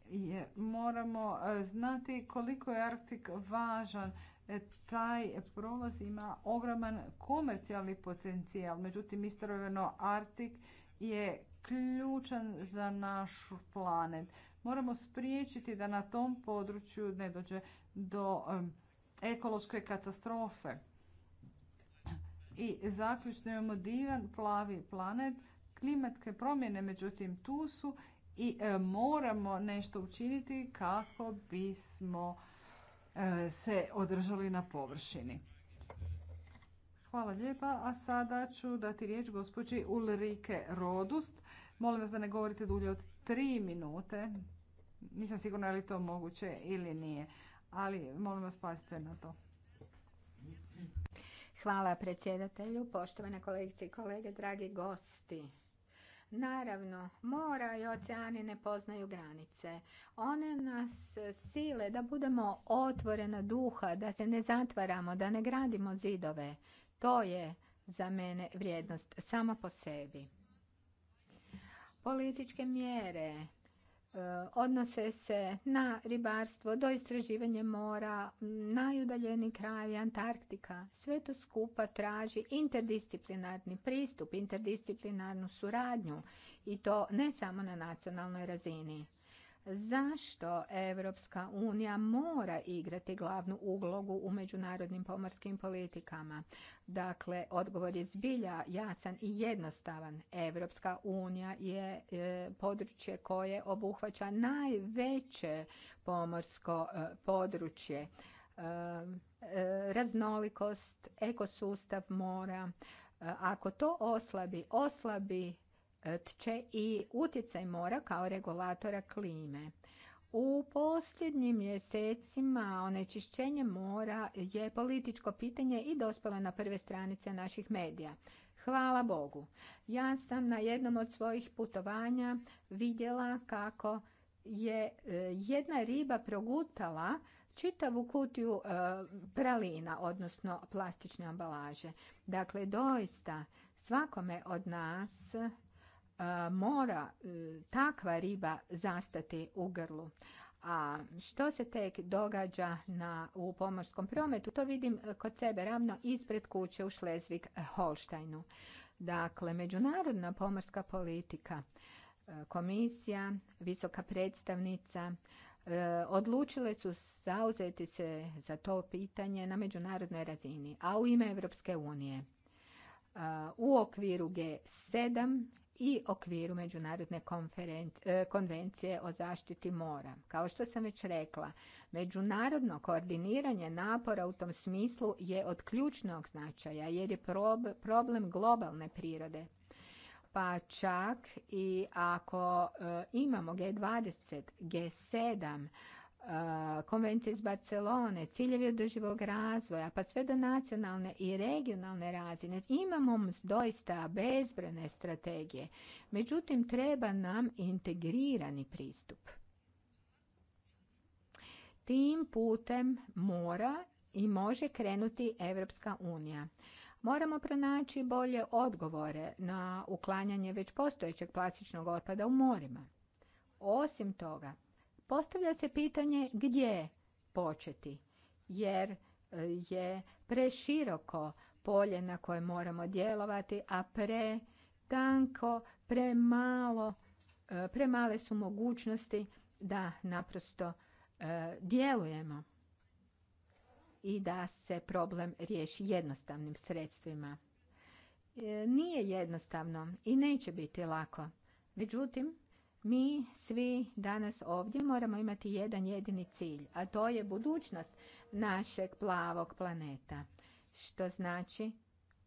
je, moramo e, znati koliko je Arktik važan. E, taj prolaz ima ogroman komercijalni potencijal. Međutim, istovremeno Arktik je ključan za naš planet. Moramo spriječiti da na tom području ne dođe do ekološke katastrofe. I zaključno imamo divan plavi planet. Klimatske promjene, međutim, tu su i e, moramo nešto učiniti kako bismo e, se održali na površini. Hvala lijepa, a sada ću dati riječ gospođi Ulrike Rodust. Molim vas da ne govorite dulje od tri minute. Nisam sigurna je li to moguće ili nije, ali molim vas pazite na to. Hvala predsjedatelju, poštovane kolegice i kolege, dragi gosti. Naravno, mora i oceani ne poznaju granice. One nas sile da budemo otvorena duha, da se ne zatvaramo, da ne gradimo zidove. To je za mene vrijednost sama po sebi. Političke mjere E, odnose se na ribarstvo, do istraživanja mora, najudaljeni krajevi, Antarktika. Sve to skupa traži interdisciplinarni pristup, interdisciplinarnu suradnju i to ne samo na nacionalnoj razini zašto Europska unija mora igrati glavnu ulogu u međunarodnim pomorskim politikama. Dakle, odgovor je zbilja jasan i jednostavan. Europska unija je e, područje koje obuhvaća najveće pomorsko e, područje. E, raznolikost, ekosustav mora, ako to oslabi, oslabi tče i utjecaj mora kao regulatora klime. U posljednjim mjesecima onečišćenje mora je političko pitanje i dospjelo na prve stranice naših medija. Hvala Bogu. Ja sam na jednom od svojih putovanja vidjela kako je e, jedna riba progutala čitavu kutiju e, pralina, odnosno plastične ambalaže. Dakle, doista svakome od nas E, mora e, takva riba zastati u grlu. A što se tek događa na, u pomorskom prometu, to vidim e, kod sebe ravno ispred kuće u Šlezvik Holštajnu. Dakle, međunarodna pomorska politika, komisija, visoka predstavnica, odlučile su zauzeti se za to pitanje na međunarodnoj razini, a u ime Europske unije. U okviru G7 i okviru Međunarodne e, konvencije o zaštiti mora. Kao što sam već rekla, međunarodno koordiniranje napora u tom smislu je od ključnog značaja jer je problem globalne prirode. Pa čak i ako e, imamo G20, G7, konvencije iz Barcelone, ciljevi održivog razvoja, pa sve do nacionalne i regionalne razine. Imamo doista bezbrojne strategije. Međutim, treba nam integrirani pristup. Tim putem mora i može krenuti Evropska unija. Moramo pronaći bolje odgovore na uklanjanje već postojećeg plastičnog otpada u morima. Osim toga, Postavlja se pitanje gdje početi, jer e, je preširoko polje na koje moramo djelovati, a pre tanko, premalo, e, premale su mogućnosti da naprosto e, djelujemo i da se problem riješi jednostavnim sredstvima. Nije jednostavno i neće biti lako. Međutim, mi svi danas ovdje moramo imati jedan jedini cilj, a to je budućnost našeg plavog planeta. Što znači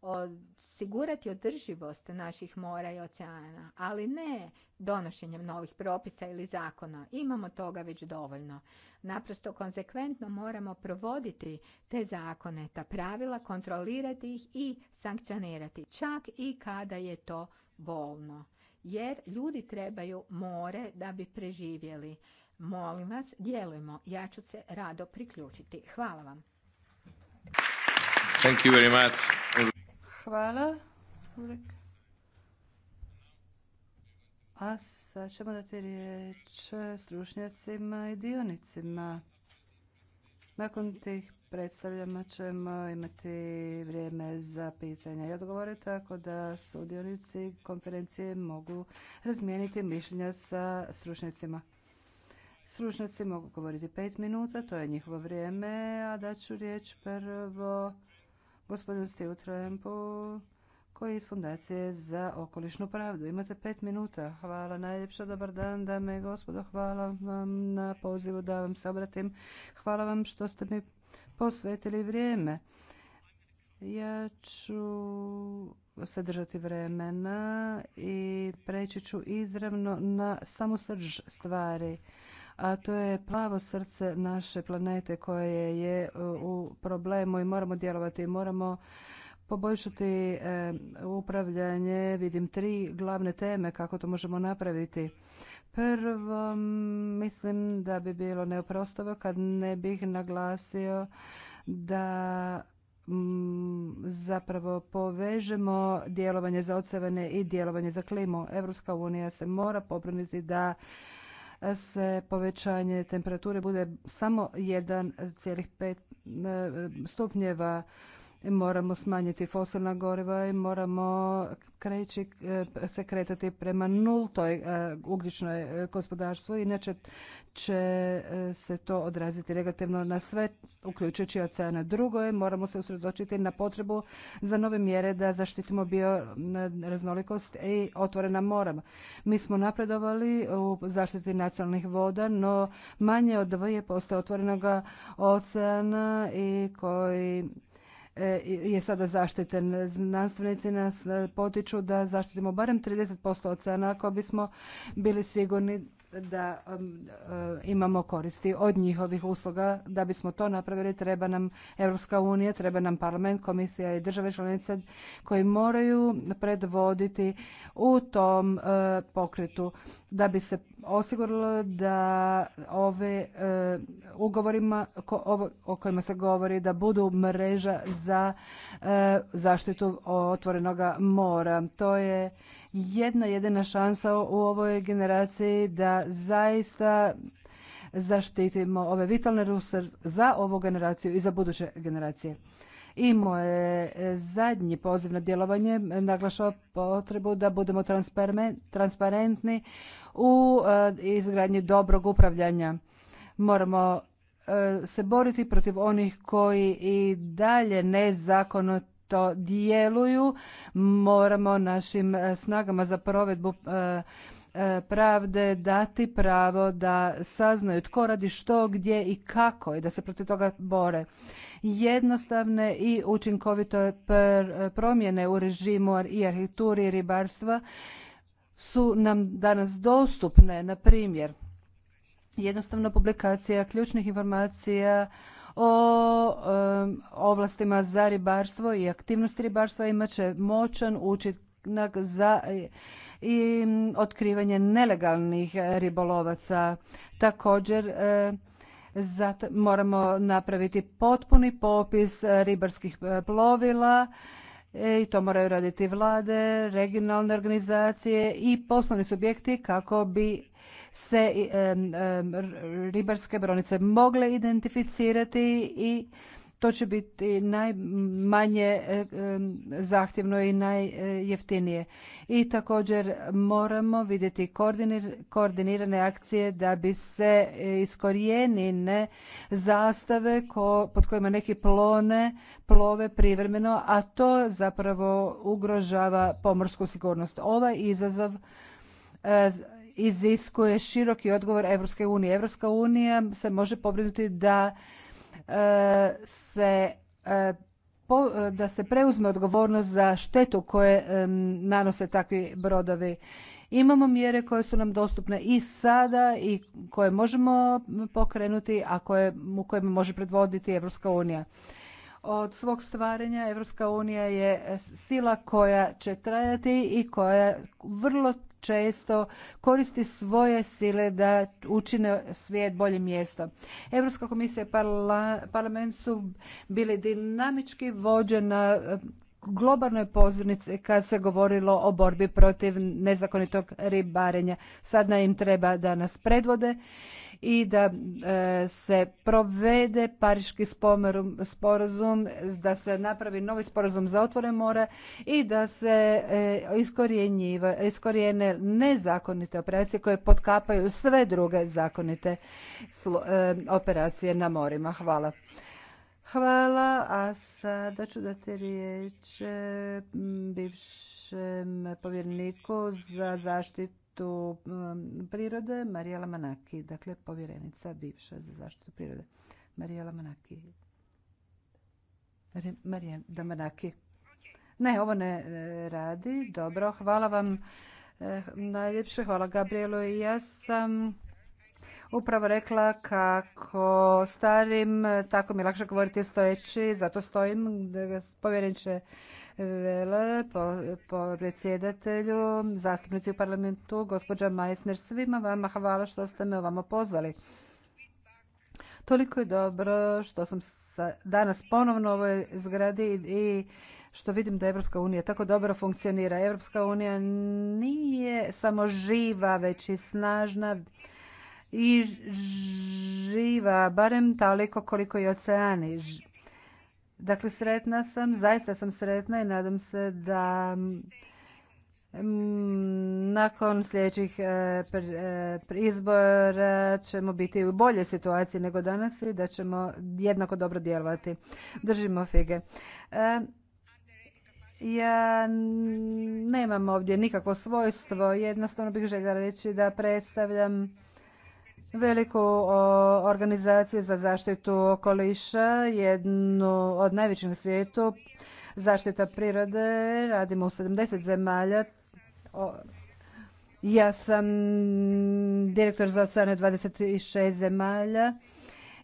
osigurati održivost naših mora i oceana, ali ne donošenjem novih propisa ili zakona. Imamo toga već dovoljno. Naprosto konsekventno moramo provoditi te zakone, ta pravila, kontrolirati ih i sankcionirati, čak i kada je to bolno jer ljudi trebaju more da bi preživjeli. Molim vas, djelujmo. Ja ću se rado priključiti. Hvala vam. Thank you very much. Hvala. A sad ćemo dati riječ stručnjacima i dionicima. Nakon tih predstavljama ćemo e, imati vrijeme za pitanja i odgovore, tako da sudionici konferencije mogu razmijeniti mišljenja sa stručnjacima. Stručnjaci mogu govoriti pet minuta, to je njihovo vrijeme, a daću riječ prvo gospodinu Stivu Trempu, koji je iz Fundacije za okolišnu pravdu. Imate pet minuta. Hvala najljepša, dobar dan, dame i gospodo. Hvala vam na pozivu da vam se obratim. Hvala vam što ste mi posvetili vrijeme. Ja ću sadržati vremena i preći ću izravno na samo srž stvari a to je plavo srce naše planete koje je e, u problemu i moramo djelovati, i moramo poboljšati e, upravljanje. Vidim tri glavne teme kako to možemo napraviti. Prvo, mislim da bi bilo neoprostovo kad ne bih naglasio da mm, zapravo povežemo djelovanje za ocevene i djelovanje za klimu. Evropska unija se mora pobrinuti da se povećanje temperature bude samo 1,5 e, stupnjeva moramo smanjiti fosilna goriva i moramo kreći, eh, se kretati prema nultoj eh, ugljičnoj eh, gospodarstvu, inače će se to odraziti negativno na sve, uključujući oceana. Drugo je, moramo se usredočiti na potrebu za nove mjere da zaštitimo bioraznolikost i otvorena mora. Mi smo napredovali u zaštiti nacionalnih voda, no manje od 2% otvorenog oceana i koji E, je sada zaštiten. Znanstvenici nas e, potiču da zaštitimo barem 30% oceana ako bismo bili sigurni da um, uh, imamo koristi od njihovih usluga. Da bismo to napravili treba nam Europska unija, treba nam parlament, komisija i države članice koji moraju predvoditi u tom uh, pokretu da bi se osiguralo da ove uh, ugovorima o kojima se govori da budu mreža za zaštitu otvorenoga mora. To je jedna jedina šansa u ovoj generaciji da zaista zaštitimo ove vitalne ruse za ovu generaciju i za buduće generacije. I moje zadnji poziv na djelovanje naglašava potrebu da budemo transparentni u eh, izgradnji dobrog upravljanja. Moramo eh, se boriti protiv onih koji i dalje nezakonito to djeluju. Moramo našim e, snagama za provedbu e, e, pravde dati pravo da saznaju tko radi što, gdje i kako i da se protiv toga bore. Jednostavne i učinkovite promjene u režimu i arhitekturi ribarstva su nam danas dostupne, na primjer, jednostavna publikacija ključnih informacija o ovlastima za ribarstvo i aktivnosti ribarstva imat će moćan učinak za i otkrivanje nelegalnih ribolovaca. Također zato moramo napraviti potpuni popis ribarskih e, plovila e, i to moraju raditi vlade, regionalne organizacije i poslovni subjekti kako bi se ribarske bronice mogle identificirati i to će biti najmanje zahtjevno i najjeftinije. I također moramo vidjeti koordinirane akcije da bi se iskorijenine zastave pod kojima neki plone plove privremeno, a to zapravo ugrožava pomorsku sigurnost. Ovaj izazov e, iziskuje široki odgovor Evropske unije. Evropska unija se može pobrinuti da e, se e, da se preuzme odgovornost za štetu koje e, nanose takvi brodovi. Imamo mjere koje su nam dostupne i sada i koje možemo pokrenuti, a koje, u može predvoditi Evropska unija. Od svog stvaranja Evropska unija je sila koja će trajati i koja vrlo često koristi svoje sile da učine svijet boljim mjestom. Europska komisija i parlament su bili dinamički vođena eh, globalnoj pozornici kad se govorilo o borbi protiv nezakonitog ribarenja. Sad nam im treba da nas predvode i da e, se provede Pariški sporazum, da se napravi novi sporazum za otvore more i da se e, iskorijene nezakonite operacije koje potkapaju sve druge zakonite e, operacije na morima. Hvala. Hvala, a sada ću dati riječ bivšem povjerniku za zaštitu zaštitu um, prirode Marijela Manaki, dakle povjerenica bivša za zaštitu prirode. Marijela Manaki. Marijela Manaki. Ne, ovo ne e, radi. Dobro, hvala vam. E, najljepše hvala Gabrielu. Ja sam upravo rekla kako starim, tako mi je lakše govoriti stojeći, zato stojim, povjerenče, Vele, po, po predsjedatelju, zastupnici u parlamentu, gospođa Majsner, svima vama hvala što ste me ovamo pozvali. Toliko je dobro što sam sa, danas ponovno u ovoj zgradi i što vidim da Evropska unija tako dobro funkcionira. Evropska unija nije samo živa, već i snažna i živa, barem toliko koliko i oceani Dakle, sretna sam, zaista sam sretna i nadam se da nakon sljedećih e, e, izbora ćemo biti u boljoj situaciji nego danas i da ćemo jednako dobro djelovati. Držimo fige. E, ja nemam ovdje nikakvo svojstvo, jednostavno bih željela reći da predstavljam veliku organizaciju za zaštitu okoliša, jednu od najvećih na svijetu, zaštita prirode, radimo u 70 zemalja. Ja sam direktor za oceane 26 zemalja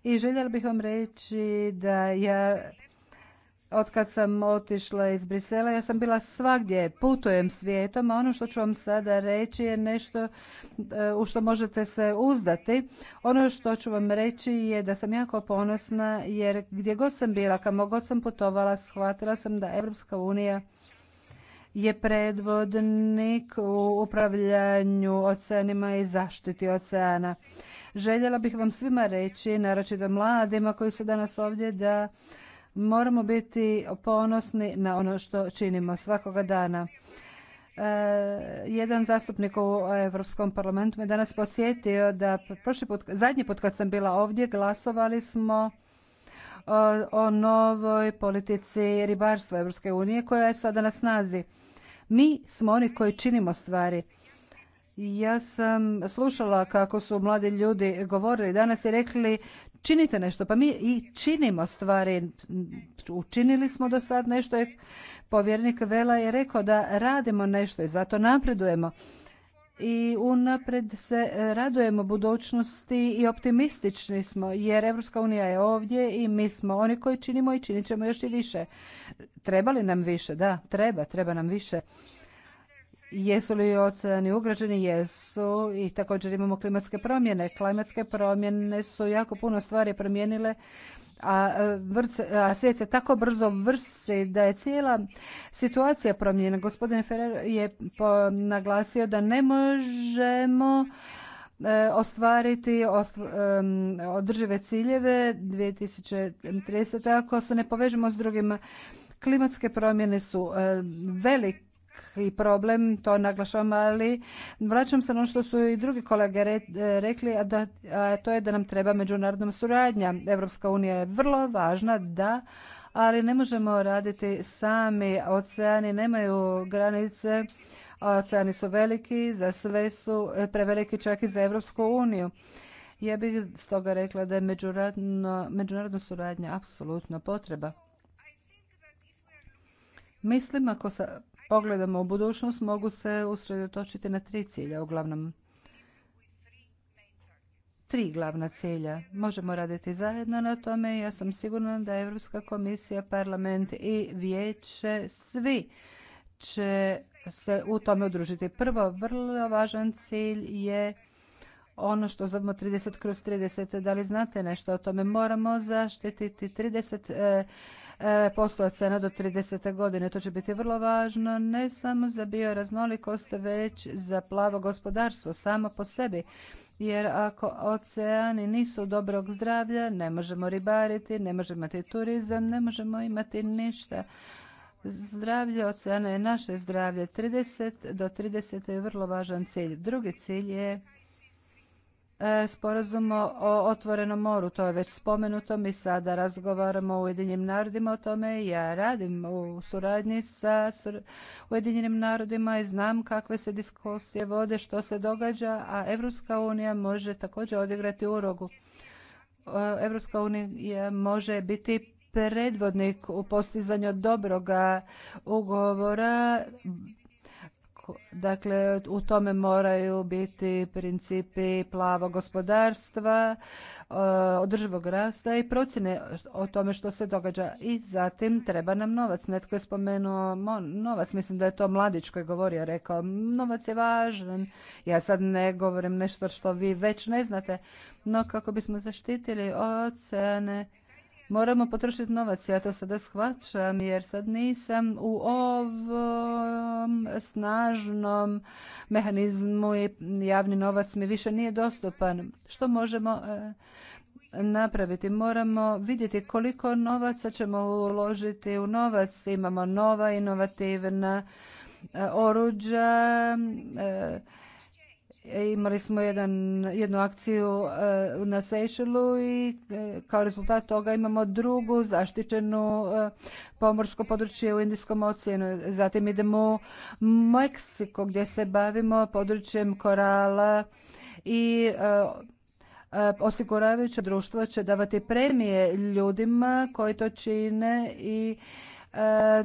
i željela bih vam reći da ja Otkad sam otišla iz Brisela, ja sam bila svagdje, putujem svijetom, a ono što ću vam sada reći je nešto e, u što možete se uzdati. Ono što ću vam reći je da sam jako ponosna jer gdje god sam bila, kamo god sam putovala, shvatila sam da Europska unija je predvodnik u upravljanju oceanima i zaštiti oceana. Željela bih vam svima reći, naročito mladima koji su danas ovdje, da Moramo biti ponosni na ono što činimo svakoga dana. E, jedan zastupnik u Europskom parlamentu me danas podsjetio da prošli put, zadnji put kad sam bila ovdje glasovali smo e, o novoj politici ribarstva Europske unije koja je sada na snazi. Mi smo oni koji činimo stvari. Ja sam slušala kako su mladi ljudi govorili danas i rekli činite nešto. Pa mi i činimo stvari. Učinili smo do sad nešto. Povjernik Vela je rekao da radimo nešto i zato napredujemo i unapred se radujemo budućnosti i optimistični smo jer Evropska unija je ovdje i mi smo oni koji činimo i činit ćemo još i više. Treba li nam više? Da, treba, treba nam više. Jesu li oceani ugrađeni? Jesu. I također imamo klimatske promjene. Klimatske promjene su jako puno stvari promijenile a, a svijet se tako brzo vrsi da je cijela situacija promijenjena. Gospodin Ferrer je naglasio da ne možemo e, ostvariti ostv, ciljeve održive ciljeve 2030. ako se ne povežemo s drugima, klimatske promjene su e, velike i problem, to naglašavam, ali vraćam se na ono što su i drugi kolege rekli, a, da, to je da nam treba međunarodna suradnja. Evropska unija je vrlo važna da ali ne možemo raditi sami. Oceani nemaju granice, oceani su veliki, za sve su preveliki čak i za Evropsku uniju. Ja bih stoga rekla da je međunarodna suradnja apsolutno potreba. Mislim ako sa, pogledamo u budućnost mogu se usredotočiti na tri cilja uglavnom. Tri glavna cilja. Možemo raditi zajedno na tome ja sam sigurna da Europska komisija, parlament i vijeće svi će se u tome udružiti. Prvo, vrlo važan cilj je ono što zovemo 30 kroz 30. Da li znate nešto o tome? Moramo zaštititi 30 E, postoja cena do 30. godine. To će biti vrlo važno ne samo za bioraznolikost, već za plavo gospodarstvo samo po sebi. Jer ako oceani nisu dobrog zdravlja, ne možemo ribariti, ne možemo imati turizam, ne možemo imati ništa. Zdravlje oceana je naše zdravlje. 30 do 30 je vrlo važan cilj. Drugi cilj je E, sporazum o otvorenom moru, to je već spomenuto, mi sada razgovaramo u Ujedinjenim narodima o tome, ja radim u suradnji sa Ujedinjenim narodima i znam kakve se diskusije vode, što se događa, a Evropska unija može također odigrati urogu. E, Evropska unija može biti predvodnik u postizanju dobroga ugovora Dakle, u tome moraju biti principi plavo gospodarstva, e, održivog rasta i procjene o tome što se događa. I zatim treba nam novac. Netko je spomenuo novac, mislim da je to mladić koji je govorio, rekao novac je važan. Ja sad ne govorim nešto što vi već ne znate, no kako bismo zaštitili oceane, moramo potrošiti novac. Ja to sada shvaćam jer sad nisam u ovom snažnom mehanizmu i javni novac mi više nije dostupan. Što možemo e, napraviti. Moramo vidjeti koliko novaca ćemo uložiti u novac. Imamo nova inovativna e, oruđa, e, E, imali smo jedan, jednu akciju e, na Sejšelu i e, kao rezultat toga imamo drugu zaštićenu pomorsko područje u Indijskom ocijenu. Zatim idemo u Meksiko gdje se bavimo područjem korala i osiguravajuće društvo će davati premije ljudima koji to čine i E,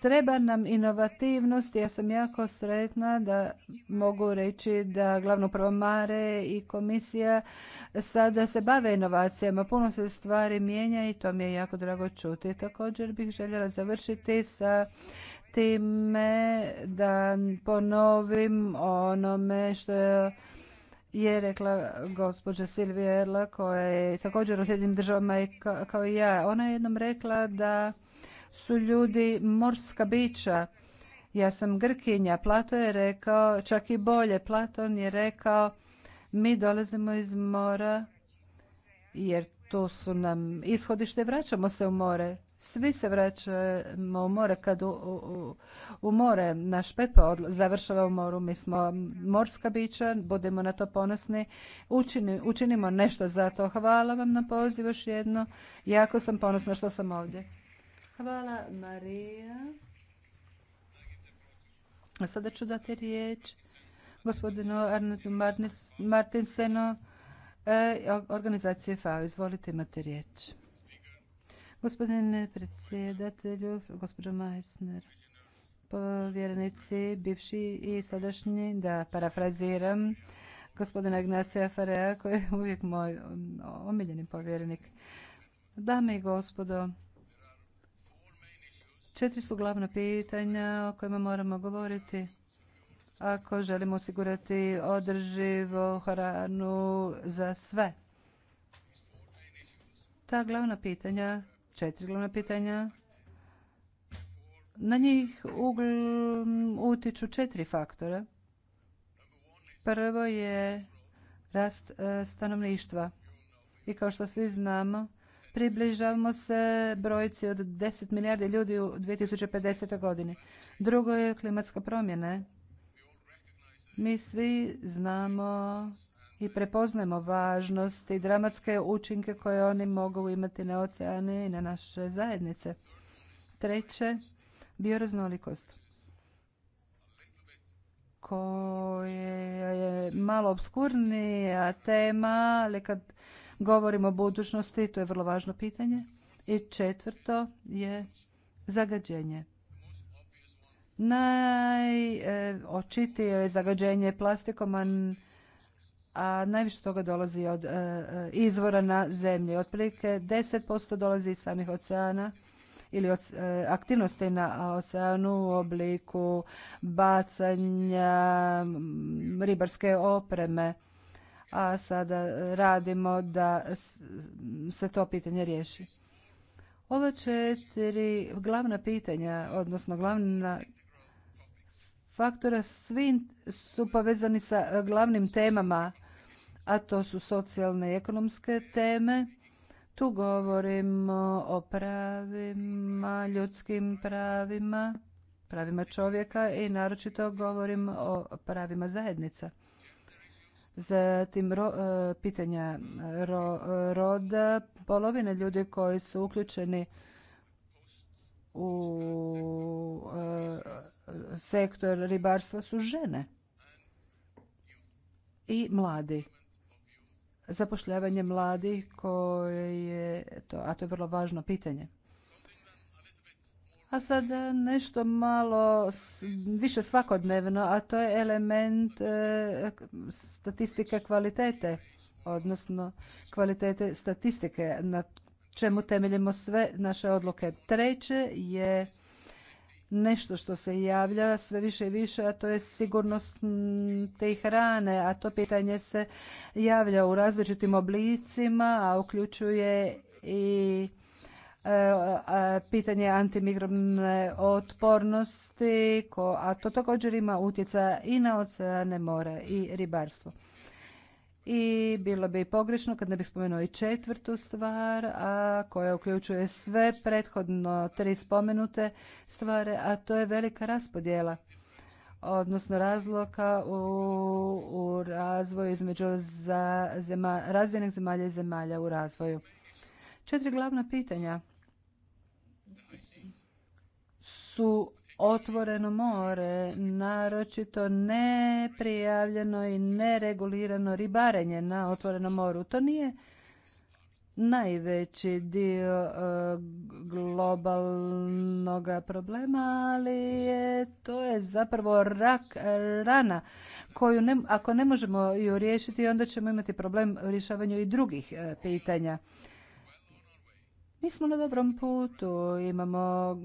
treba nam inovativnost. Ja sam jako sretna da mogu reći da glavno upravo Mare i komisija sada se bave inovacijama. Puno se stvari mijenja i to mi je jako drago čuti. Također bih željela završiti sa time da ponovim onome što je rekla gospođa Silvija Erla koja je također u srednjim državama kao i ja. Ona je jednom rekla da su ljudi morska bića. Ja sam Grkinja, Plato je rekao, čak i bolje, Platon je rekao, mi dolazimo iz mora jer tu su nam ishodište, vraćamo se u more. Svi se vraćamo u more kad u, more naš pepe završava u moru. Mi smo morska bića, budemo na to ponosni, Učini, učinimo nešto za to. Hvala vam na poziv još jedno. Jako sam ponosna što sam ovdje. Hvala Marija. A sada ću dati riječ gospodinu Arnetu Martinsenu, e, organizacije FAO. Izvolite, imate riječ. Gospodine predsjedatelju, gospođo Meissner, povjerenici, bivši i sadašnji, da parafraziram, gospodina Ignacija Farea, koji je uvijek moj omiljeni povjerenik. Dame i gospodo, Četiri su glavna pitanja o kojima moramo govoriti ako želimo osigurati održivo hranu za sve. Ta glavna pitanja, četiri glavna pitanja, na njih utiču četiri faktora. Prvo je rast e, stanovništva. I kao što svi znamo, približavamo se brojci od 10 milijardi ljudi u 2050. godini. Drugo je klimatska promjena. Mi svi znamo i prepoznajemo važnost i dramatske učinke koje oni mogu imati na oceane i na naše zajednice. Treće, bioraznolikost koja je malo obskurnija tema, ali kad govorimo o budućnosti, to je vrlo važno pitanje. I četvrto je zagađenje. Najočitije e, je zagađenje plastikom, a najviše toga dolazi od e, e, izvora na zemlji. Otprilike 10% dolazi iz samih oceana ili aktivnosti na oceanu u obliku bacanja ribarske opreme a sada radimo da se to pitanje riješi. Ova četiri glavna pitanja, odnosno glavna faktora, svi su povezani sa glavnim temama, a to su socijalne i ekonomske teme. Tu govorimo o pravima, ljudskim pravima, pravima čovjeka i naročito govorim o pravima zajednica. Zatim ro, e, pitanja roda. Polovina ljudi koji su uključeni u e, sektor ribarstva su žene i mladi. Zapošljavanje mladih koje je to, a to je vrlo važno pitanje. A sad e, nešto malo više svakodnevno, a to je element e, statistike kvalitete, odnosno kvalitete statistike na čemu temeljimo sve naše odluke. Treće je nešto što se javlja sve više i više, a to je sigurnost te hrane, a to pitanje se javlja u različitim oblicima, a uključuje i E, pitanje antimikrobne otpornosti, a to također ima utjeca i na oceane, more i ribarstvo. I bilo bi pogrešno kad ne bih spomenuo i četvrtu stvar, koja uključuje sve prethodno tri spomenute stvari, a to je velika raspodjela odnosno razloka u, razvoju između razvijenih zemalja i zemalja u razvoju. Četiri glavna pitanja su otvoreno more, naročito neprijavljeno i neregulirano ribarenje na otvorenom moru. To nije najveći dio e, globalnog problema, ali je, to je zapravo rak rana koju ne, ako ne možemo ju riješiti, onda ćemo imati problem u rješavanju i drugih e, pitanja. Mi smo na dobrom putu, imamo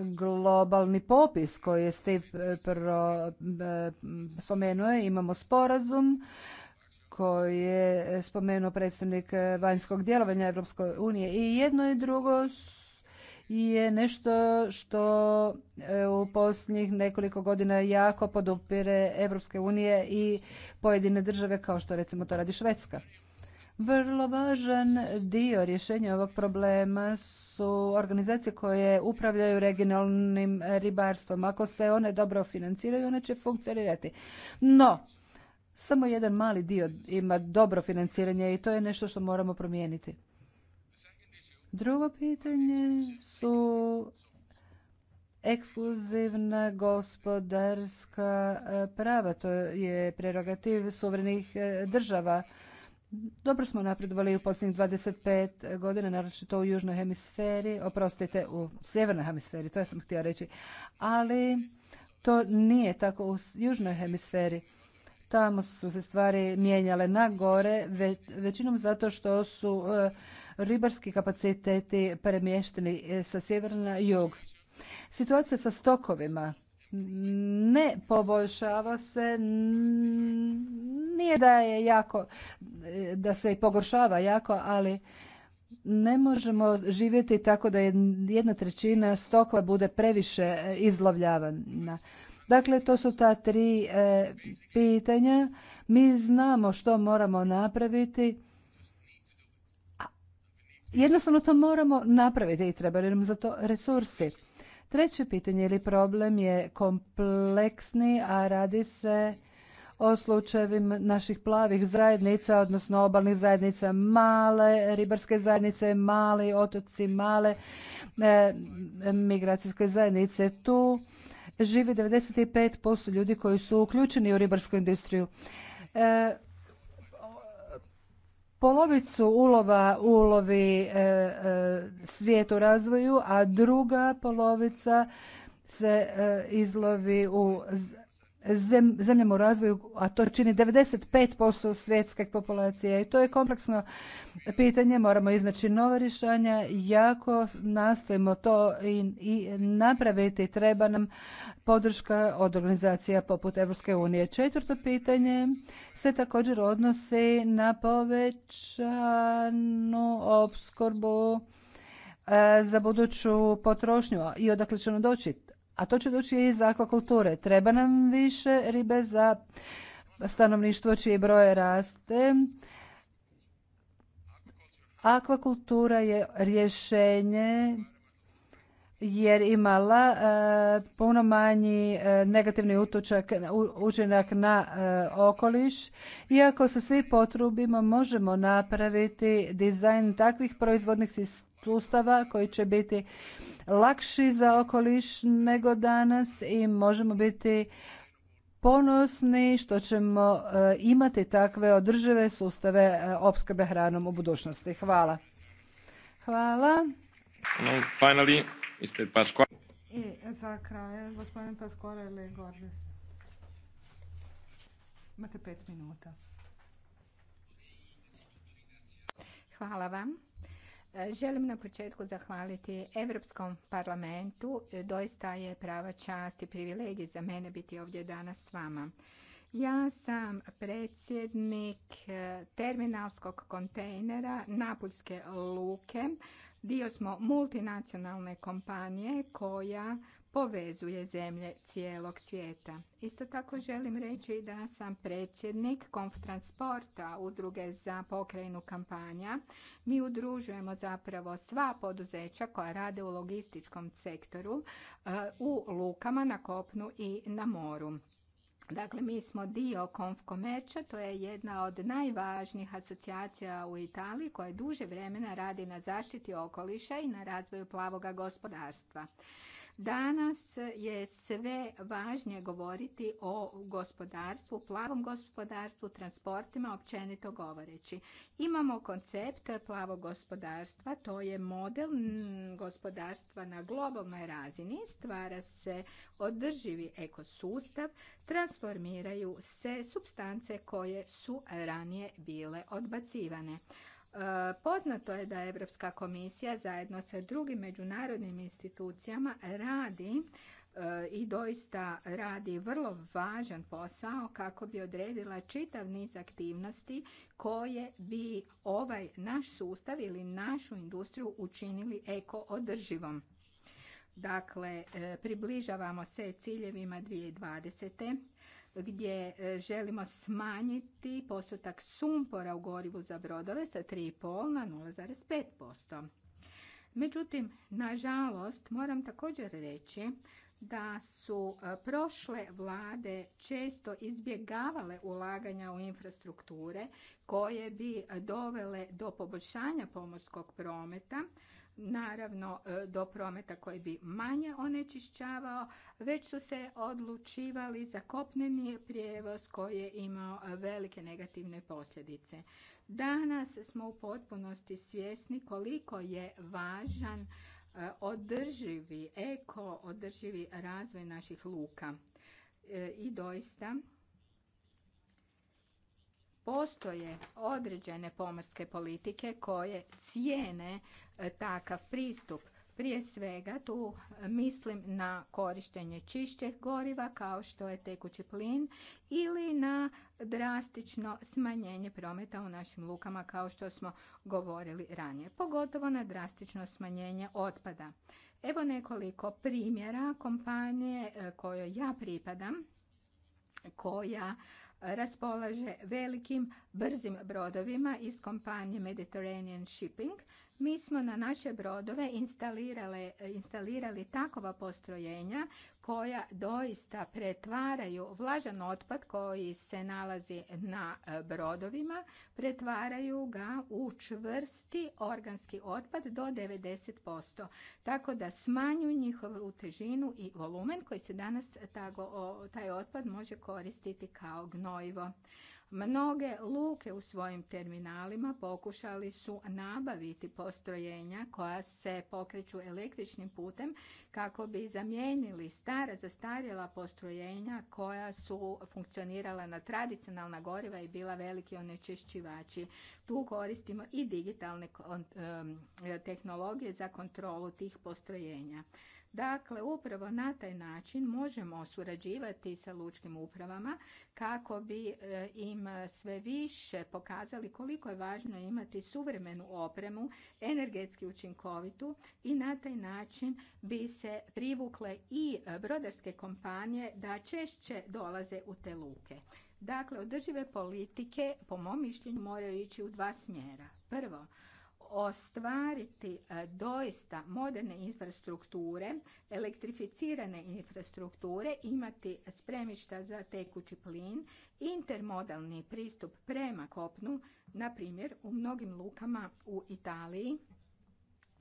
globalni popis koji je Steve eh, spomenuo. Imamo sporazum koji je spomenuo predstavnik vanjskog djelovanja Europske unije i jedno i drugo je nešto što eh, u posljednjih nekoliko godina jako podupire Europske unije i pojedine države kao što recimo to radi Švedska. Vrlo važan dio rješenja ovog problema su organizacije koje upravljaju regionalnim ribarstvom. Ako se one dobro financiraju, one će funkcionirati. No, samo jedan mali dio ima dobro financiranje i to je nešto što moramo promijeniti. Drugo pitanje su ekskluzivna gospodarska prava. To je prerogativ suverenih eh, država dobro smo napredovali u posljednjih 25 godina, naročito u južnoj hemisferi, oprostite, u sjevernoj hemisferi, to ja sam htio reći, ali to nije tako u južnoj hemisferi. Tamo su se stvari mijenjale na gore, većinom zato što su e, ribarski kapaciteti premješteni e, sa sjeverna jug. Situacija sa stokovima ne poboljšava se, nije da je jako, da se i pogoršava jako, ali ne možemo živjeti tako da jedna trećina stokova bude previše e, izlovljavana. Dakle, to su ta tri e, pitanja. Mi znamo što moramo napraviti. Jednostavno to moramo napraviti i treba nam za to resursi. Treće pitanje ili problem je kompleksni, a radi se o slučajevima naših plavih zajednica, odnosno obalnih zajednica, male ribarske zajednice, mali otoci, male e, migracijske zajednice. Tu živi 95% ljudi koji su uključeni u ribarsku industriju. E, polovicu ulova ulovi e, e, svijet u razvoju, a druga polovica se e, izlovi u zemljama u razvoju, a to čini 95% svjetske populacije i to je kompleksno pitanje, moramo iznaći nova rješenja jako nastojimo to i, i napraviti, treba nam podrška od organizacija poput Europske unije. Četvrto pitanje se također odnosi na povećanu opskorbu e, za buduću potrošnju i odakle će doći a to će doći iz akvakulture. Treba nam više ribe za stanovništvo čije broje raste. Akvakultura je rješenje jer imala e, puno manji e, negativni učinak na e, okoliš. Iako se svi potrubimo, možemo napraviti dizajn takvih proizvodnih sistema sustava koji će biti lakši za okoliš nego danas i možemo biti ponosni što ćemo e, imati takve održive sustave e, opskrbe hranom u budućnosti. Hvala. Hvala. finally, I za kraj, gospodin Pasquale ili pet minuta. Hvala vam. Želim na početku zahvaliti Europskom parlamentu. Doista je prava čast i privilegij za mene biti ovdje danas s vama. Ja sam predsjednik e, terminalskog kontejnera Napuljske luke. Dio smo multinacionalne kompanije koja povezuje zemlje cijelog svijeta. Isto tako želim reći da sam predsjednik Konftransporta udruge za pokrajinu kampanja. Mi udružujemo zapravo sva poduzeća koja rade u logističkom sektoru eh, u lukama na kopnu i na moru. Dakle, mi smo dio Konfkomerča, to je jedna od najvažnijih asocijacija u Italiji koja duže vremena radi na zaštiti okoliša i na razvoju plavoga gospodarstva. Danas je sve važnije govoriti o gospodarstvu, plavom gospodarstvu, transportima, općenito govoreći. Imamo koncept plavog gospodarstva, to je model gospodarstva na globalnoj razini, stvara se održivi ekosustav, transformiraju se substance koje su ranije bile odbacivane. E, poznato je da Europska komisija zajedno sa drugim međunarodnim institucijama radi e, i doista radi vrlo važan posao kako bi odredila čitav niz aktivnosti koje bi ovaj naš sustav ili našu industriju učinili eko održivom. Dakle, e, približavamo se ciljevima 2020 gdje e, želimo smanjiti postotak sumpora u gorivu za brodove sa 3,5 na 0,5%. Međutim, nažalost, moram također reći da su e, prošle vlade često izbjegavale ulaganja u infrastrukture koje bi dovele do poboljšanja pomorskog prometa, naravno e, do prometa koji bi manje onečišćavao, već su se odlučivali za kopneni prijevoz koji je imao e, velike negativne posljedice. Danas smo u potpunosti svjesni koliko je važan e, održivi, eko održivi razvoj naših luka. I doista postoje određene pomorske politike koje cijene e, takav pristup. Prije svega tu e, mislim na korištenje čišćeg goriva kao što je tekući plin ili na drastično smanjenje prometa u našim lukama kao što smo govorili ranije, pogotovo na drastično smanjenje otpada. Evo nekoliko primjera kompanije e, kojoj ja pripadam koja raspolaže velikim brzim brodovima iz kompanije Mediterranean Shipping mi smo na naše brodove instalirali takova postrojenja koja doista pretvaraju vlažan otpad koji se nalazi na e, brodovima, pretvaraju ga u čvrsti organski otpad do 90%. Tako da smanju njihovu težinu i volumen koji se danas taj otpad može koristiti kao gnojivo. Mnoge luke u svojim terminalima pokušali su nabaviti postrojenja koja se pokreću električnim putem kako bi zamijenili stara zastarjela postrojenja koja su funkcionirala na tradicionalna goriva i bila veliki onečišćivači. Tu koristimo i digitalne tehnologije za kontrolu tih postrojenja. Dakle, upravo na taj način možemo surađivati sa lučkim upravama kako bi e, im sve više pokazali koliko je važno imati suvremenu opremu, energetski učinkovitu i na taj način bi se privukle i brodarske kompanije da češće dolaze u te luke. Dakle, održive politike, po mom mišljenju, moraju ići u dva smjera. Prvo, ostvariti e, doista moderne infrastrukture, elektrificirane infrastrukture, imati spremišta za tekući plin, intermodalni pristup prema kopnu, na primjer u mnogim lukama u Italiji,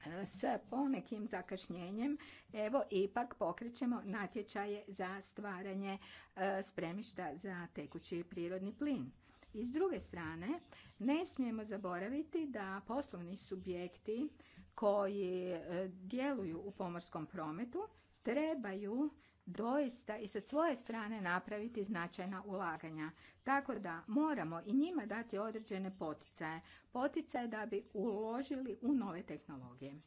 e, s ponekim zakašnjenjem, evo ipak pokrećemo natječaje za stvaranje e, spremišta za tekući prirodni plin. I s druge strane, ne smijemo zaboraviti da poslovni subjekti koji e, djeluju u pomorskom prometu trebaju doista i sa svoje strane napraviti značajna ulaganja. Tako da moramo i njima dati određene poticaje. Poticaje da bi uložili u nove tehnologije. E,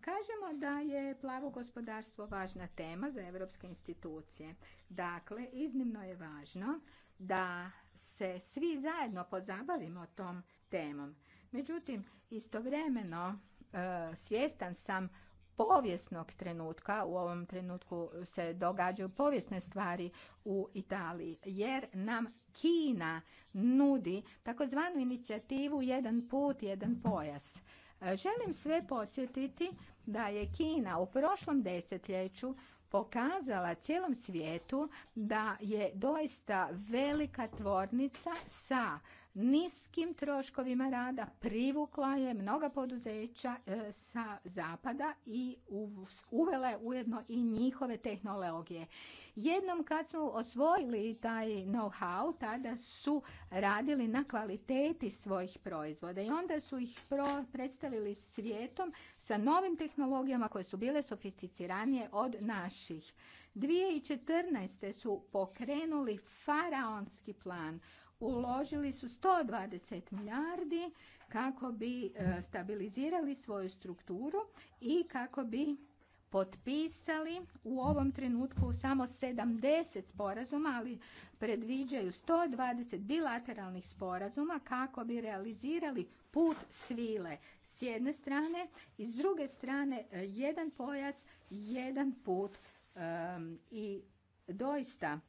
kažemo da je plavo gospodarstvo važna tema za evropske institucije. Dakle, iznimno je važno da se svi zajedno pozabavimo tom temom. Međutim, istovremeno e, svjestan sam povijesnog trenutka, u ovom trenutku se događaju povijesne stvari u Italiji, jer nam Kina nudi takozvanu inicijativu jedan put, jedan pojas. E, želim sve podsjetiti da je Kina u prošlom desetljeću pokazala cijelom svijetu da je doista velika tvornica sa niskim troškovima rada privukla je mnoga poduzeća e, sa zapada i uvela je ujedno i njihove tehnologije. Jednom kad smo osvojili taj know-how, tada su radili na kvaliteti svojih proizvoda i onda su ih predstavili svijetom sa novim tehnologijama koje su bile sofisticiranije od naših. 2014. su pokrenuli faraonski plan uložili su 120 milijardi kako bi e, stabilizirali svoju strukturu i kako bi potpisali u ovom trenutku samo 70 sporazuma, ali predviđaju 120 bilateralnih sporazuma kako bi realizirali put svile s jedne strane i s druge strane e, jedan pojas, jedan put e, i doista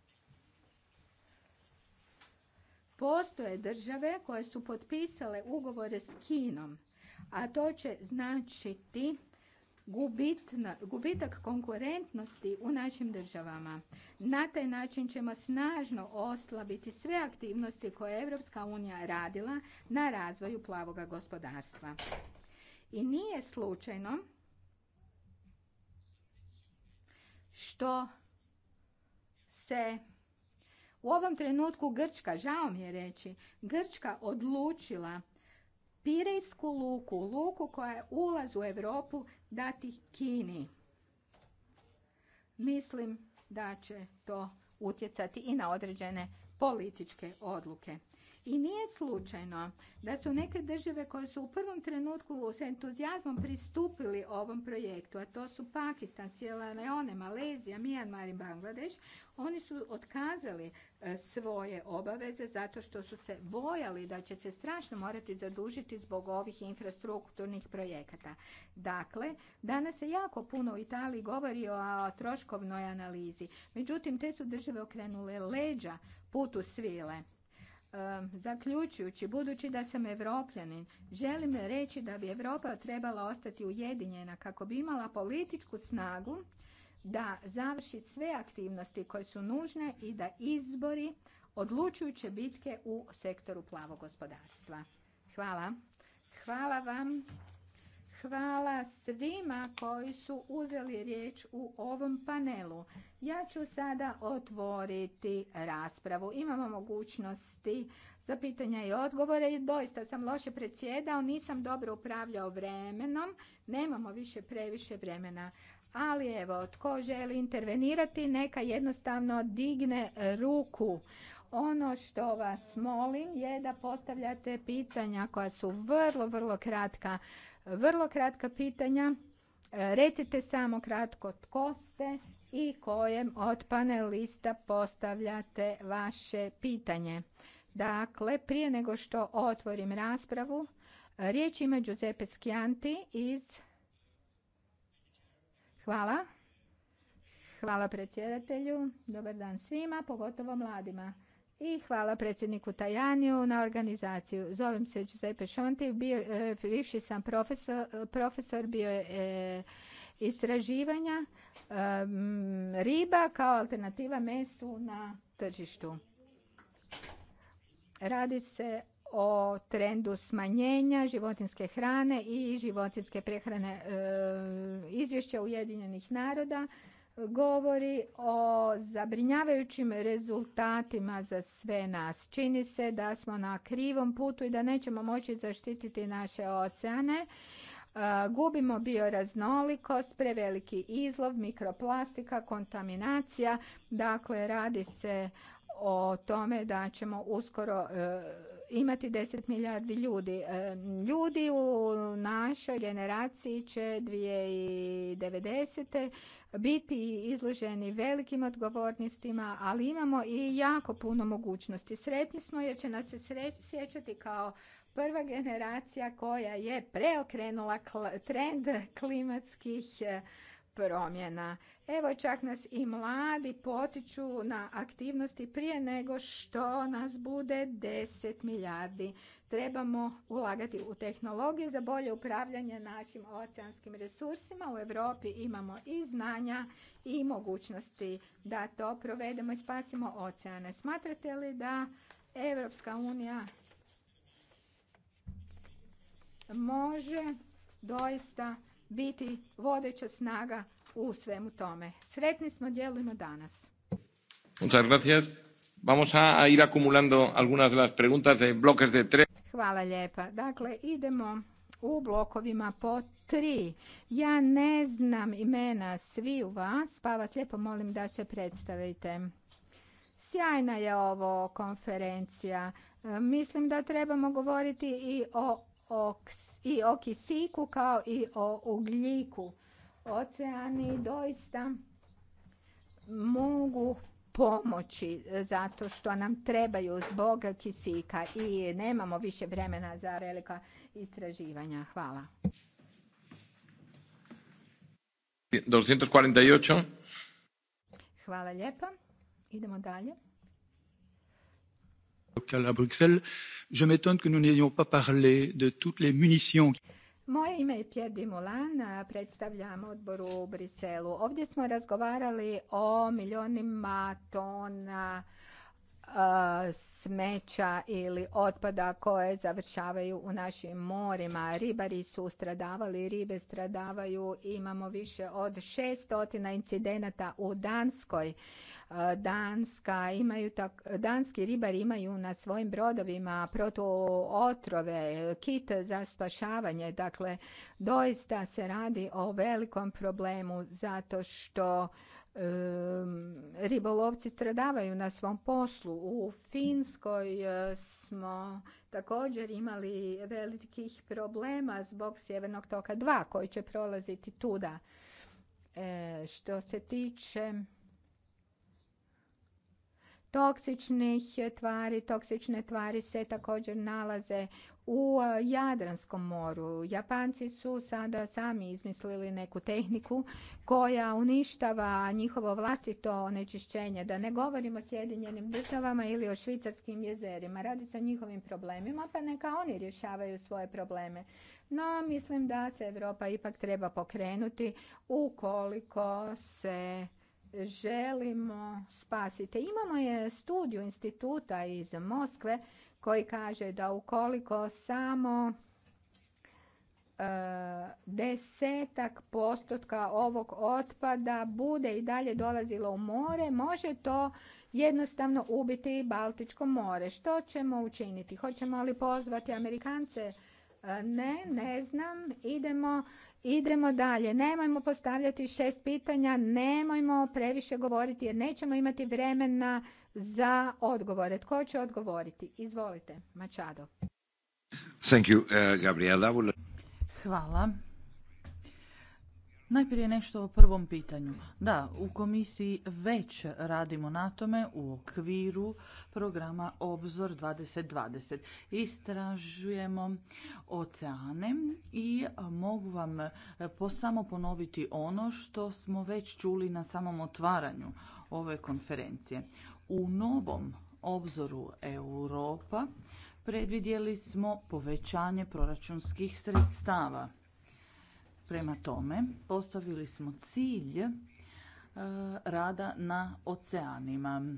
Postoje države koje su potpisale ugovore s Kinom, a to će značiti gubitak konkurentnosti u našim državama. Na taj način ćemo snažno oslabiti sve aktivnosti koje je Europska unija radila na razvoju plavoga gospodarstva. I nije slučajno što se u ovom trenutku Grčka, žao mi je reći, Grčka odlučila Pirejsku luku, luku koja je ulaz u Europu dati Kini. Mislim da će to utjecati i na određene političke odluke. I nije slučajno da su neke države koje su u prvom trenutku s entuzijazmom pristupili ovom projektu, a to su Pakistan, Sjela Leone, Malezija, Mijanmar i Bangladeš, oni su otkazali e, svoje obaveze zato što su se bojali da će se strašno morati zadužiti zbog ovih infrastrukturnih projekata. Dakle, danas se jako puno u Italiji govori o troškovnoj analizi. Međutim, te su države okrenule leđa putu svile. Zaključujući, budući da sam evropljanin, želim reći da bi Europa trebala ostati ujedinjena kako bi imala političku snagu da završi sve aktivnosti koje su nužne i da izbori odlučujuće bitke u sektoru plavog gospodarstva. Hvala. Hvala vam. Hvala svima koji su uzeli riječ u ovom panelu. Ja ću sada otvoriti raspravu. Imamo mogućnosti za pitanja i odgovore. Doista sam loše predsjedao, nisam dobro upravljao vremenom. Nemamo više previše vremena. Ali evo, tko želi intervenirati, neka jednostavno digne ruku. Ono što vas molim je da postavljate pitanja koja su vrlo, vrlo kratka vrlo kratka pitanja. E, recite samo kratko tko ste i kojem od panelista postavljate vaše pitanje. Dakle, prije nego što otvorim raspravu, e, riječ ima Giuseppe Schianti iz... Hvala. Hvala predsjedatelju. Dobar dan svima, pogotovo mladima i hvala predsjedniku Tajaniju na organizaciju. Zovem se Giuseppe Šonti, bio, bivši e, sam profesor, profesor bio je e, istraživanja e, riba kao alternativa mesu na tržištu. Radi se o trendu smanjenja životinske hrane i životinske prehrane izvješća Ujedinjenih naroda govori o zabrinjavajućim rezultatima za sve nas. Čini se da smo na krivom putu i da nećemo moći zaštititi naše oceane. E, gubimo bioraznolikost, preveliki izlov, mikroplastika, kontaminacija. Dakle, radi se o tome da ćemo uskoro e, imati 10 milijardi ljudi. E, ljudi u našoj generaciji će 2090. biti izloženi velikim odgovornostima, ali imamo i jako puno mogućnosti. Sretni smo jer će nas se sjećati kao prva generacija koja je preokrenula trend klimatskih e, promjena. Evo čak nas i mladi potiču na aktivnosti prije nego što nas bude 10 milijardi. Trebamo ulagati u tehnologije za bolje upravljanje našim oceanskim resursima. U Europi imamo i znanja i mogućnosti da to provedemo i spasimo oceane. Smatrate li da Europska unija može doista biti vodeća snaga u svemu tome. Sretni smo, djelujemo danas. Muchas gracias. Vamos a ir acumulando algunas de las preguntas de bloques de Hvala lijepa. Dakle, idemo u blokovima po tri. Ja ne znam imena svi u vas, pa vas lijepo molim da se predstavite. Sjajna je ovo konferencija. Mislim da trebamo govoriti i o i o kisiku kao i o ugljiku. Oceani doista mogu pomoći zato što nam trebaju zbog kisika i nemamo više vremena za velika istraživanja. Hvala. 248. Hvala lijepa. Idemo dalje locale à Bruxelles. Je m'étonne que nous n'ayons pas parlé de toutes les munitions. Moje ime je Pierre Bimulan, predstavljam odboru u Briselu. Ovdje smo razgovarali o milionima tona smeća ili otpada koje završavaju u našim morima. Ribari su stradavali, ribe stradavaju, imamo više od 600 incidenata u Danskoj. E, Danska imaju tak, danski ribari imaju na svojim brodovima protuotrove, kit za spašavanje. Dakle, doista se radi o velikom problemu zato što ribolovci stradavaju na svom poslu. U Finskoj eh, smo također imali velikih problema zbog Sjevernog toka 2 koji će prolaziti tuda. E, što se tiče toksičnih tvari, toksične tvari se također nalaze u e, Jadranskom moru. Japanci su sada sami izmislili neku tehniku koja uništava njihovo vlastito onečišćenje. Da ne govorimo o Sjedinjenim državama ili o švicarskim jezerima. Radi se o njihovim problemima, pa neka oni rješavaju svoje probleme. No, mislim da se Europa ipak treba pokrenuti ukoliko se želimo spasiti. Imamo je studiju instituta iz Moskve koji kaže da ukoliko samo e, desetak postotka ovog otpada bude i dalje dolazilo u more, može to jednostavno ubiti Baltičko more. Što ćemo učiniti? Hoćemo li pozvati Amerikance? E, ne, ne znam. Idemo, idemo dalje. Nemojmo postavljati šest pitanja, nemojmo previše govoriti jer nećemo imati vremena za odgovore. Tko će odgovoriti? Izvolite, Mačado. Thank you, eh, Gabriela. Hvala. Najprije nešto o prvom pitanju. Da, u komisiji već radimo na tome u okviru programa Obzor 2020. Istražujemo oceane i mogu vam posamo ponoviti ono što smo već čuli na samom otvaranju ove konferencije. U novom obzoru Europa predvidjeli smo povećanje proračunskih sredstava. Prema tome, postavili smo cilj e, rada na oceanima.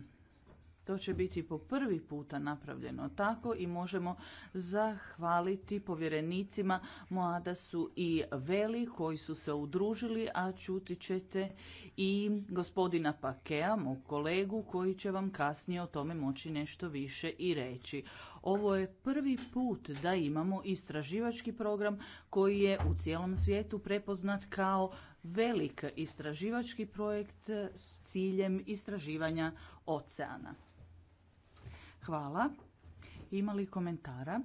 To će biti po prvi puta napravljeno tako i možemo zahvaliti povjerenicima Moadasu i Veli koji su se udružili, a čuti ćete i gospodina Pakea, mog kolegu, koji će vam kasnije o tome moći nešto više i reći. Ovo je prvi put da imamo istraživački program koji je u cijelom svijetu prepoznat kao velik istraživački projekt s ciljem istraživanja oceana. Hvala. Ima li komentara?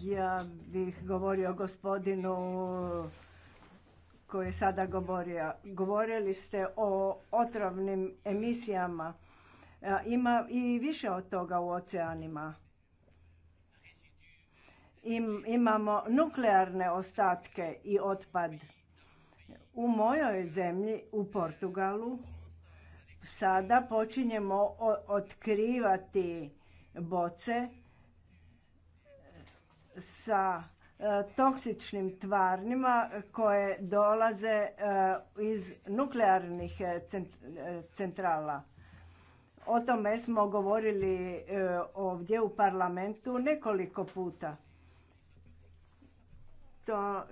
Ja bih govorio gospodinu koji je sada govorio. Govorili ste o otrovnim emisijama. E, ima i više od toga u oceanima. imamo nuklearne ostatke i otpad. U mojoj zemlji, u Portugalu, sada počinjemo otkrivati boce sa e, toksičnim tvarnima koje dolaze e, iz nuklearnih e, centrala. O tome smo govorili ovdje u parlamentu nekoliko puta to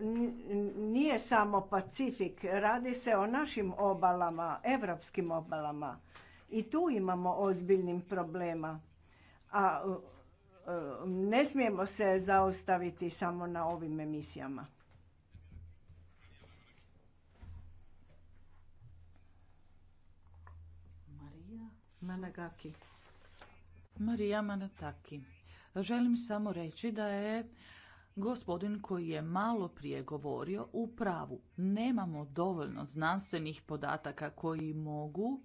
nije samo Pacifik, radi se o našim obalama, evropskim obalama. I tu imamo ozbiljnim problema. A e, ne smijemo se zaostaviti samo na ovim emisijama. Marija Manataki. Želim samo reći da je Gospodin koji je malo prije govorio u pravu. Nemamo dovoljno znanstvenih podataka koji mogu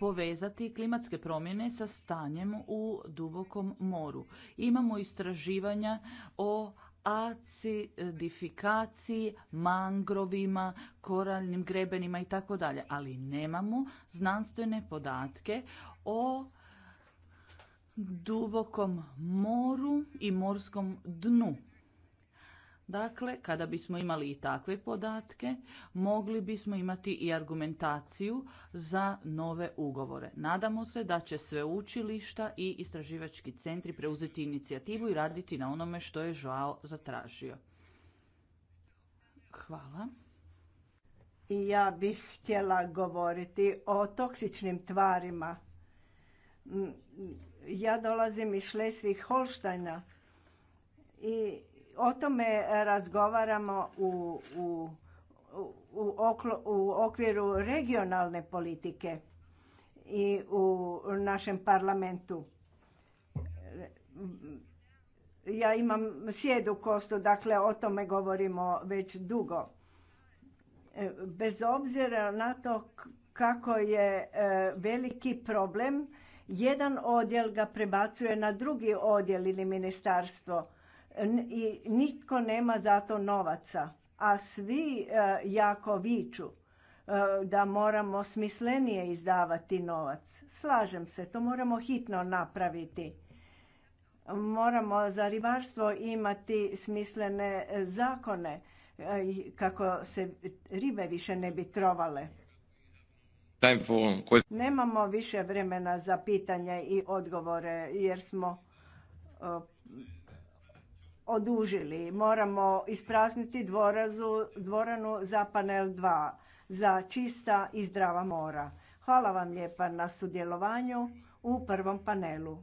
povezati klimatske promjene sa stanjem u dubokom moru. Imamo istraživanja o acidifikaciji, mangrovima, koralnim grebenima i tako dalje, ali nemamo znanstvene podatke o dubokom moru i morskom dnu. Dakle, kada bismo imali i takve podatke, mogli bismo imati i argumentaciju za nove ugovore. Nadamo se da će sve učilišta i istraživački centri preuzeti inicijativu i raditi na onome što je Joao zatražio. Hvala. I ja bih htjela govoriti o toksičnim tvarima ja dolazim iz Šlesvih Holštajna i o tome razgovaramo u, u, u, u okviru regionalne politike i u našem parlamentu. Ja imam sjedu kostu, dakle o tome govorimo već dugo. E, bez obzira na to kako je e, veliki problem jedan odjel ga prebacuje na drugi odjel ili ministarstvo i nitko nema za to novaca, a svi e, jako viču e, da moramo smislenije izdavati novac. Slažem se, to moramo hitno napraviti. Moramo za ribarstvo imati smislene e, zakone kako se ribe više ne bi trovale. Nemamo više vremena za pitanja i odgovore jer smo e, odužili. Moramo isprazniti dvoranu za panel 2 za čista i zdrava mora. Hvala vam lijepa na sudjelovanju u prvom panelu.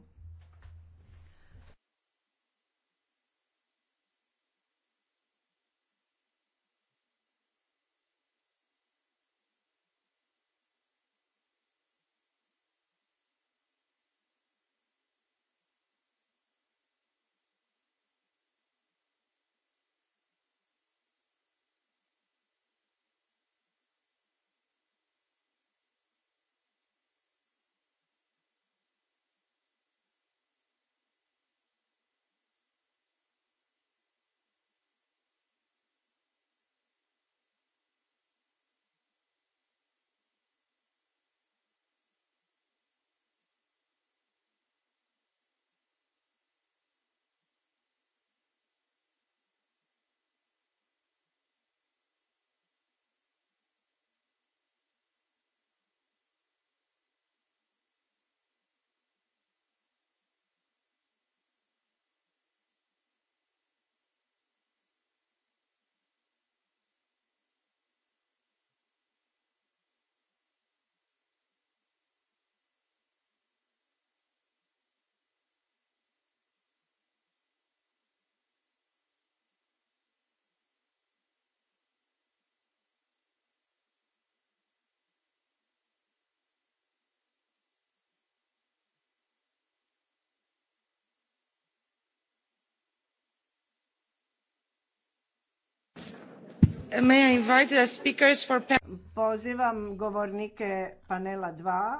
May I invite speakers for... Pa- Pozivam govornike panela 2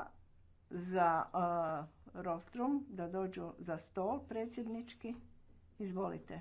za uh, rostrum da dođu za stol predsjednički. Izvolite.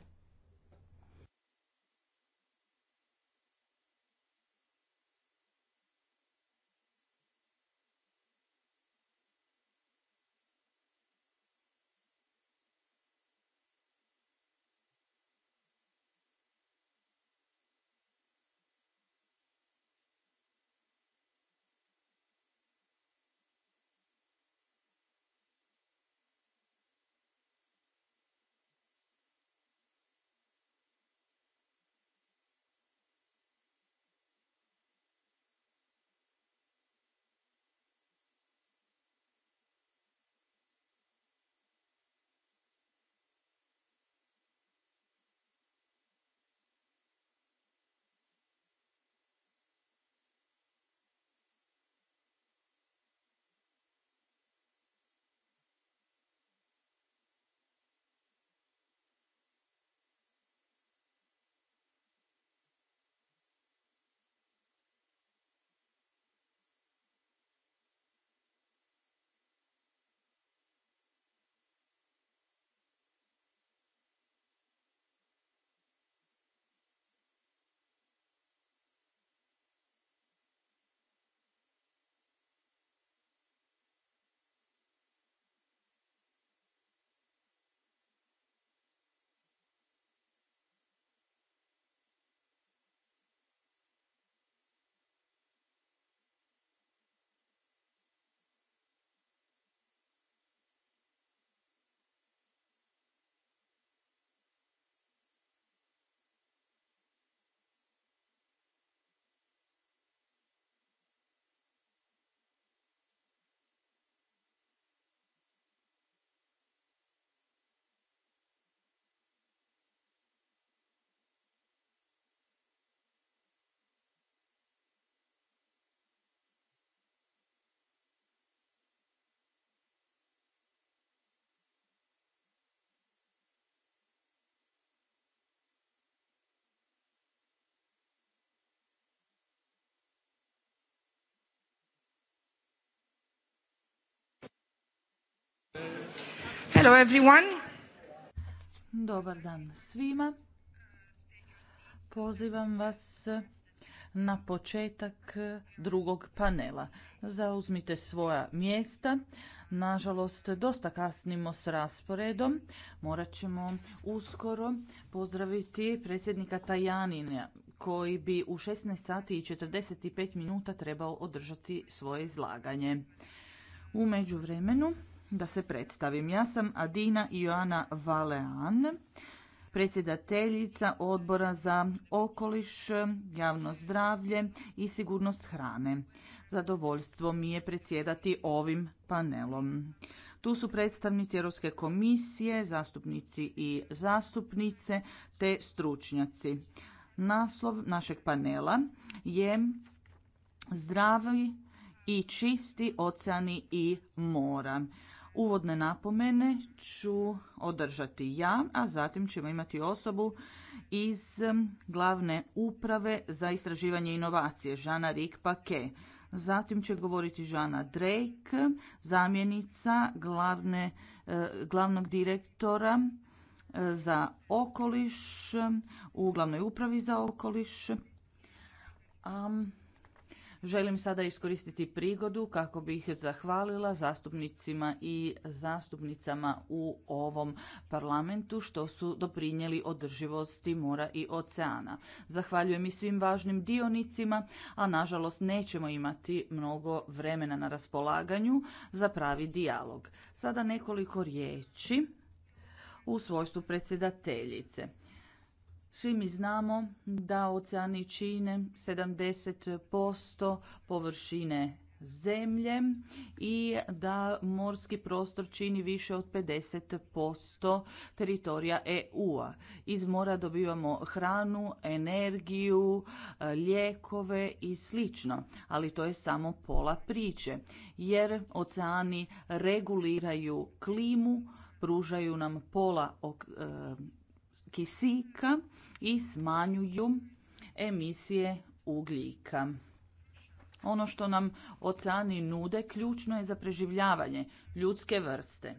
Hello everyone. Dobar dan svima. Pozivam vas na početak drugog panela. Zauzmite svoja mjesta. Nažalost, dosta kasnimo s rasporedom. Morat ćemo uskoro pozdraviti predsjednika Tajanina koji bi u 16 sati i 45 minuta trebao održati svoje izlaganje. U međuvremenu da se predstavim. Ja sam Adina Joana Valean, predsjedateljica odbora za okoliš, javno zdravlje i sigurnost hrane. Zadovoljstvo mi je predsjedati ovim panelom. Tu su predstavnici Europske komisije, zastupnici i zastupnice te stručnjaci. Naslov našeg panela je Zdravi i čisti oceani i mora. Uvodne napomene ću održati ja, a zatim ćemo imati osobu iz glavne uprave za istraživanje inovacije, Žana Rik Pake. Zatim će govoriti Žana Drake, zamjenica glavne, e, glavnog direktora e, za okoliš u glavnoj upravi za okoliš. Želim sada iskoristiti prigodu kako bih zahvalila zastupnicima i zastupnicama u ovom parlamentu što su doprinijeli održivosti mora i oceana. Zahvaljujem i svim važnim dionicima, a nažalost nećemo imati mnogo vremena na raspolaganju za pravi dijalog. Sada nekoliko riječi u svojstvu predsjedateljice. Svi mi znamo da oceani čine 70% površine zemlje i da morski prostor čini više od 50% teritorija EU-a. Iz mora dobivamo hranu, energiju, lijekove i slično, ali to je samo pola priče jer oceani reguliraju klimu, pružaju nam pola kisika i smanjuju emisije ugljika. Ono što nam oceani nude ključno je za preživljavanje ljudske vrste.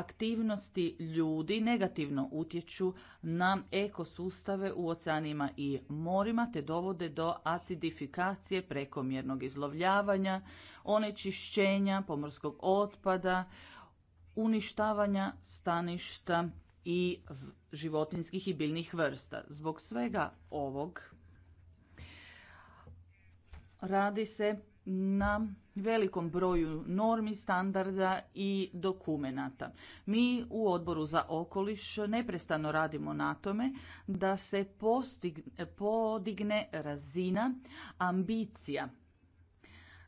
Aktivnosti ljudi negativno utječu na ekosustave u oceanima i morima te dovode do acidifikacije, prekomjernog izlovljavanja, onečišćenja pomorskog otpada, uništavanja staništa i životinskih i biljnih vrsta. Zbog svega ovog radi se na velikom broju normi, standarda i dokumenata. Mi u odboru za okoliš neprestano radimo na tome da se podigne razina ambicija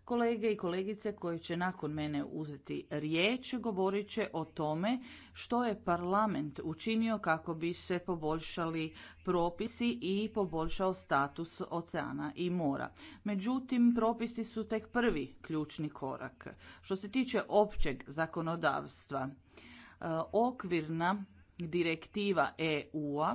Kolege i kolegice koji će nakon mene uzeti riječ govorit će o tome što je parlament učinio kako bi se poboljšali propisi i poboljšao status oceana i mora. Međutim, propisi su tek prvi ključni korak. Što se tiče općeg zakonodavstva, e, okvirna direktiva EU-a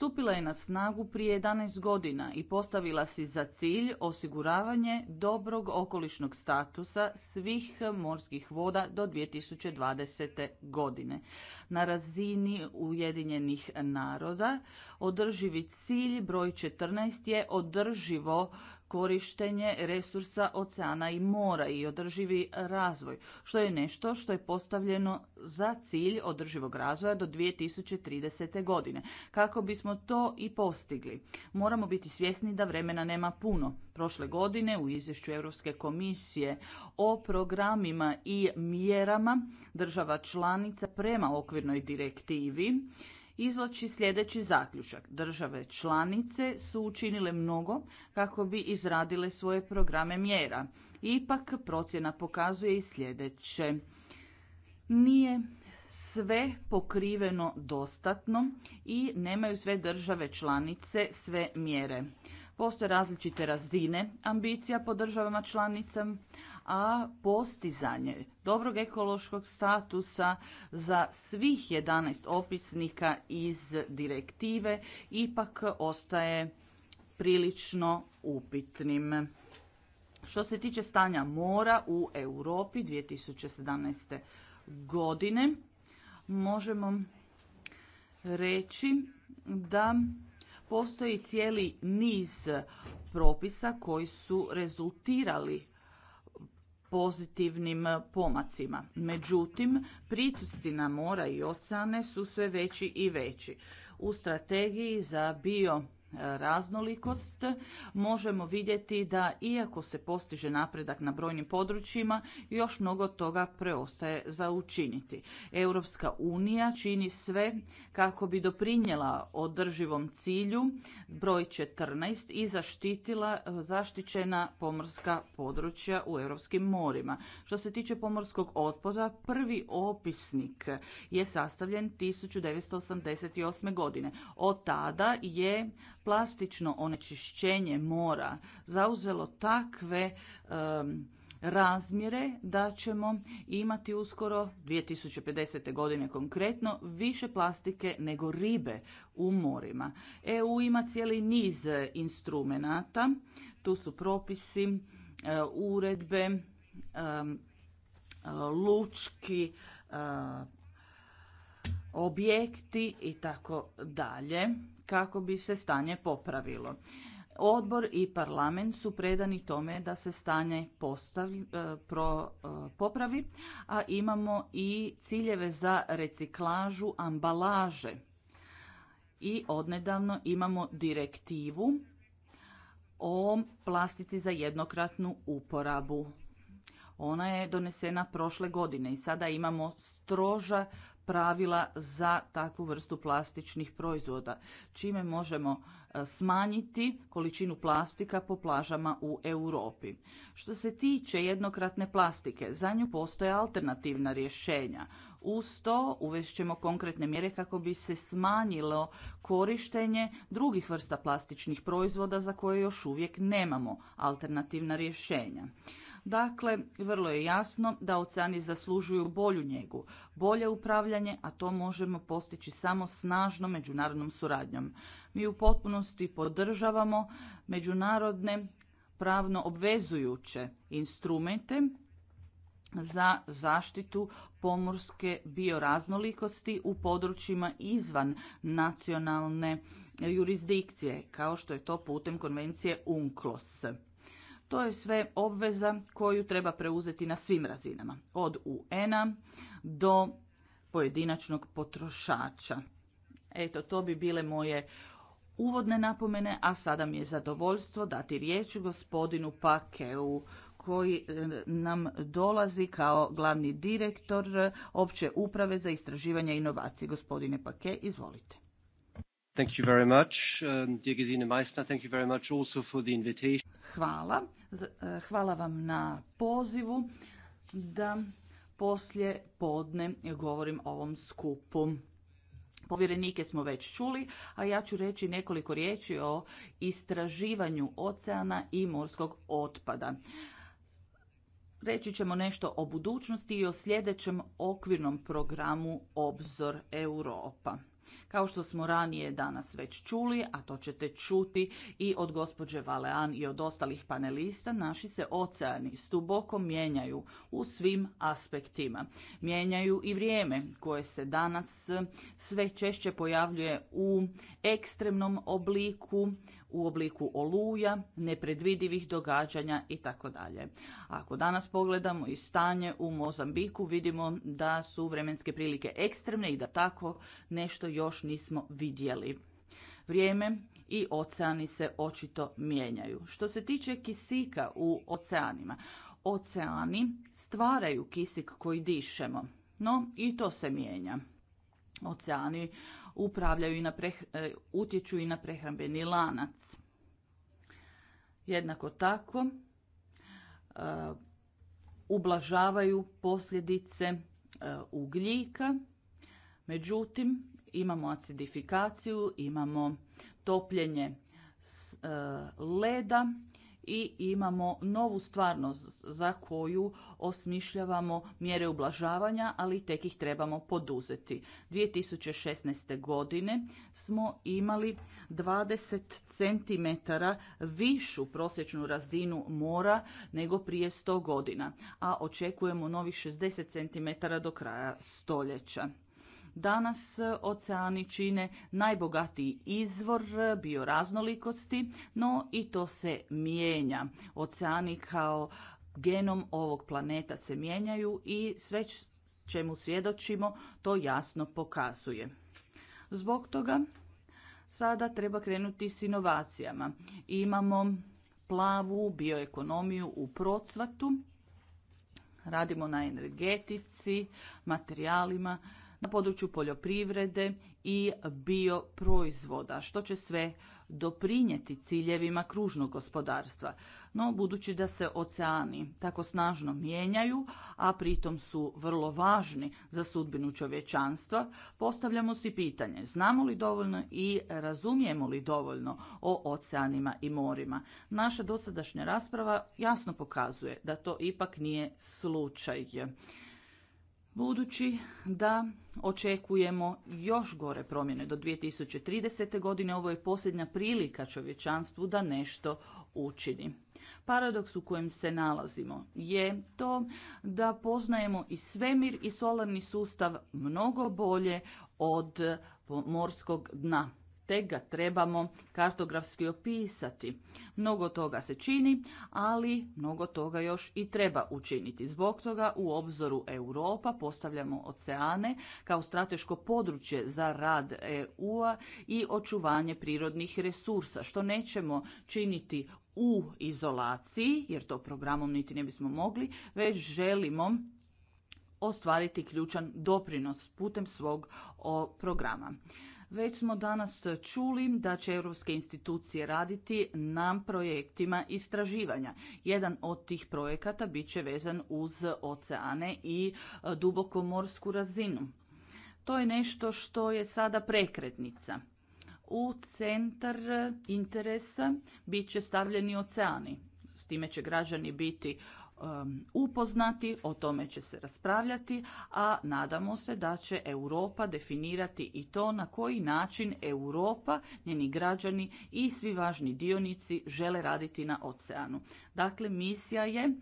stupila je na snagu prije 11 godina i postavila si za cilj osiguravanje dobrog okolišnog statusa svih morskih voda do 2020. godine. Na razini Ujedinjenih naroda održivi cilj broj 14 je održivo korištenje resursa oceana i mora i održivi razvoj, što je nešto što je postavljeno za cilj održivog razvoja do 2030. godine. Kako bismo to i postigli, moramo biti svjesni da vremena nema puno. Prošle godine u izvješću Europske komisije o programima i mjerama država članica prema okvirnoj direktivi izvlači sljedeći zaključak. Države članice su učinile mnogo kako bi izradile svoje programe mjera. Ipak procjena pokazuje i sljedeće. Nije sve pokriveno dostatno i nemaju sve države članice sve mjere. Postoje različite razine ambicija po državama članicama, a postizanje dobrog ekološkog statusa za svih 11 opisnika iz direktive ipak ostaje prilično upitnim. Što se tiče stanja mora u Europi 2017. godine, možemo reći da postoji cijeli niz propisa koji su rezultirali pozitivnim e, pomacima. Međutim, pritisci na mora i oceane su sve veći i veći. U strategiji za bio raznolikost, možemo vidjeti da iako se postiže napredak na brojnim područjima, još mnogo toga preostaje za učiniti. Europska unija čini sve kako bi doprinjela održivom cilju broj 14 i zaštitila zaštićena pomorska područja u europskim morima. Što se tiče pomorskog otpada, prvi opisnik je sastavljen 1988. godine. Od tada je plastično onečišćenje mora zauzelo takve um, razmjere da ćemo imati uskoro 2050. godine konkretno više plastike nego ribe u morima. EU ima cijeli niz e, instrumenata, tu su propisi, e, uredbe, e, lučki objekti i tako dalje kako bi se stanje popravilo. Odbor i parlament su predani tome da se stanje postavi, e, pro, e, popravi, a imamo i ciljeve za reciklažu ambalaže. I odnedavno imamo direktivu o plastici za jednokratnu uporabu. Ona je donesena prošle godine i sada imamo stroža pravila za takvu vrstu plastičnih proizvoda, čime možemo e, smanjiti količinu plastika po plažama u Europi. Što se tiče jednokratne plastike, za nju postoje alternativna rješenja. Uz to uvešćemo konkretne mjere kako bi se smanjilo korištenje drugih vrsta plastičnih proizvoda za koje još uvijek nemamo alternativna rješenja. Dakle, vrlo je jasno da oceani zaslužuju bolju njegu, bolje upravljanje, a to možemo postići samo snažnom međunarodnom suradnjom. Mi u potpunosti podržavamo međunarodne pravno obvezujuće instrumente za zaštitu pomorske bioraznolikosti u područjima izvan nacionalne jurisdikcije, kao što je to putem konvencije UNCLOS. To je sve obveza koju treba preuzeti na svim razinama, od UN-a do pojedinačnog potrošača. Eto, to bi bile moje uvodne napomene, a sada mi je zadovoljstvo dati riječ gospodinu Pakeu koji e, nam dolazi kao glavni direktor opće uprave za istraživanje inovacije. Gospodine Pake, izvolite. Thank you very much, um, dear Gesine Thank you very much also for the invitation hvala. E, hvala vam na pozivu da poslije podne govorim o ovom skupu. Povjerenike smo već čuli, a ja ću reći nekoliko riječi o istraživanju oceana i morskog otpada. Reći ćemo nešto o budućnosti i o sljedećem okvirnom programu Obzor Europa. Kao što smo ranije danas već čuli, a to ćete čuti i od gospođe Valean i od ostalih panelista, naši se oceani stuboko mijenjaju u svim aspektima. Mijenjaju i vrijeme koje se danas sve češće pojavljuje u ekstremnom obliku, u obliku oluja, nepredvidivih događanja i tako dalje. Ako danas pogledamo i stanje u Mozambiku, vidimo da su vremenske prilike ekstremne i da tako nešto još nismo vidjeli. Vrijeme i oceani se očito mijenjaju. Što se tiče kisika u oceanima, oceani stvaraju kisik koji dišemo, no i to se mijenja. Oceani upravljaju i na e, utječu i na prehrambeni lanac. Jednako tako e, ublažavaju posljedice e, ugljika. Međutim, imamo acidifikaciju, imamo topljenje leda i imamo novu stvarnost za koju osmišljavamo mjere ublažavanja, ali tek ih trebamo poduzeti. 2016. godine smo imali 20 cm višu prosječnu razinu mora nego prije 100 godina, a očekujemo novih 60 cm do kraja stoljeća. Danas e, oceani čine najbogatiji izvor e, bioraznolikosti, no i to se mijenja. Oceani kao genom ovog planeta se mijenjaju i sve čemu svjedočimo to jasno pokazuje. Zbog toga sada treba krenuti s inovacijama. Imamo plavu bioekonomiju u procvatu, radimo na energetici, materijalima na području poljoprivrede i bioproizvoda, što će sve doprinijeti ciljevima kružnog gospodarstva. No, budući da se oceani tako snažno mijenjaju, a pritom su vrlo važni za sudbinu čovječanstva, postavljamo si pitanje znamo li dovoljno i razumijemo li dovoljno o oceanima i morima. Naša dosadašnja rasprava jasno pokazuje da to ipak nije slučaj budući da očekujemo još gore promjene do 2030. godine. Ovo je posljednja prilika čovječanstvu da nešto učini. Paradoks u kojem se nalazimo je to da poznajemo i svemir i solarni sustav mnogo bolje od morskog dna te ga trebamo kartografski opisati. Mnogo toga se čini, ali mnogo toga još i treba učiniti. Zbog toga u obzoru Europa postavljamo oceane kao strateško područje za rad EU-a i očuvanje prirodnih resursa, što nećemo činiti u izolaciji, jer to programom niti ne bismo mogli, već želimo ostvariti ključan doprinos putem svog programa. Već smo danas čuli da će europske institucije raditi na projektima istraživanja. Jedan od tih projekata bit će vezan uz oceane i e, morsku razinu. To je nešto što je sada prekretnica. U centar interesa bit će stavljeni oceani. S time će građani biti um, upoznati, o tome će se raspravljati, a nadamo se da će Europa definirati i to na koji način Europa, njeni građani i svi važni dionici žele raditi na oceanu. Dakle, misija je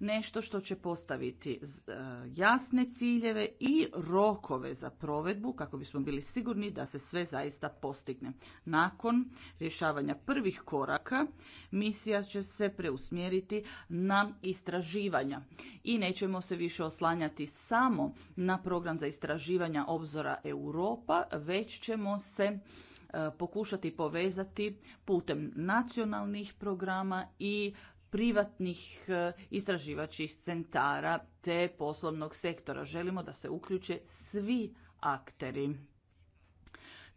nešto što će postaviti e, jasne ciljeve i rokove za provedbu kako bismo bili sigurni da se sve zaista postigne. Nakon rješavanja prvih koraka misija će se preusmjeriti na istraživanja i nećemo se više oslanjati samo na program za istraživanja obzora Europa, već ćemo se e, pokušati povezati putem nacionalnih programa i privatnih e, istraživačih centara te poslovnog sektora. Želimo da se uključe svi akteri.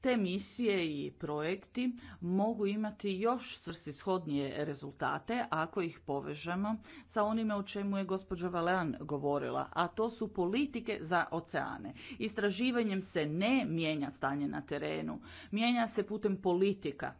Te misije i projekti mogu imati još svrsishodnije rezultate ako ih povežemo sa onime o čemu je gospođa Valean govorila, a to su politike za oceane. Istraživanjem se ne mijenja stanje na terenu, mijenja se putem politika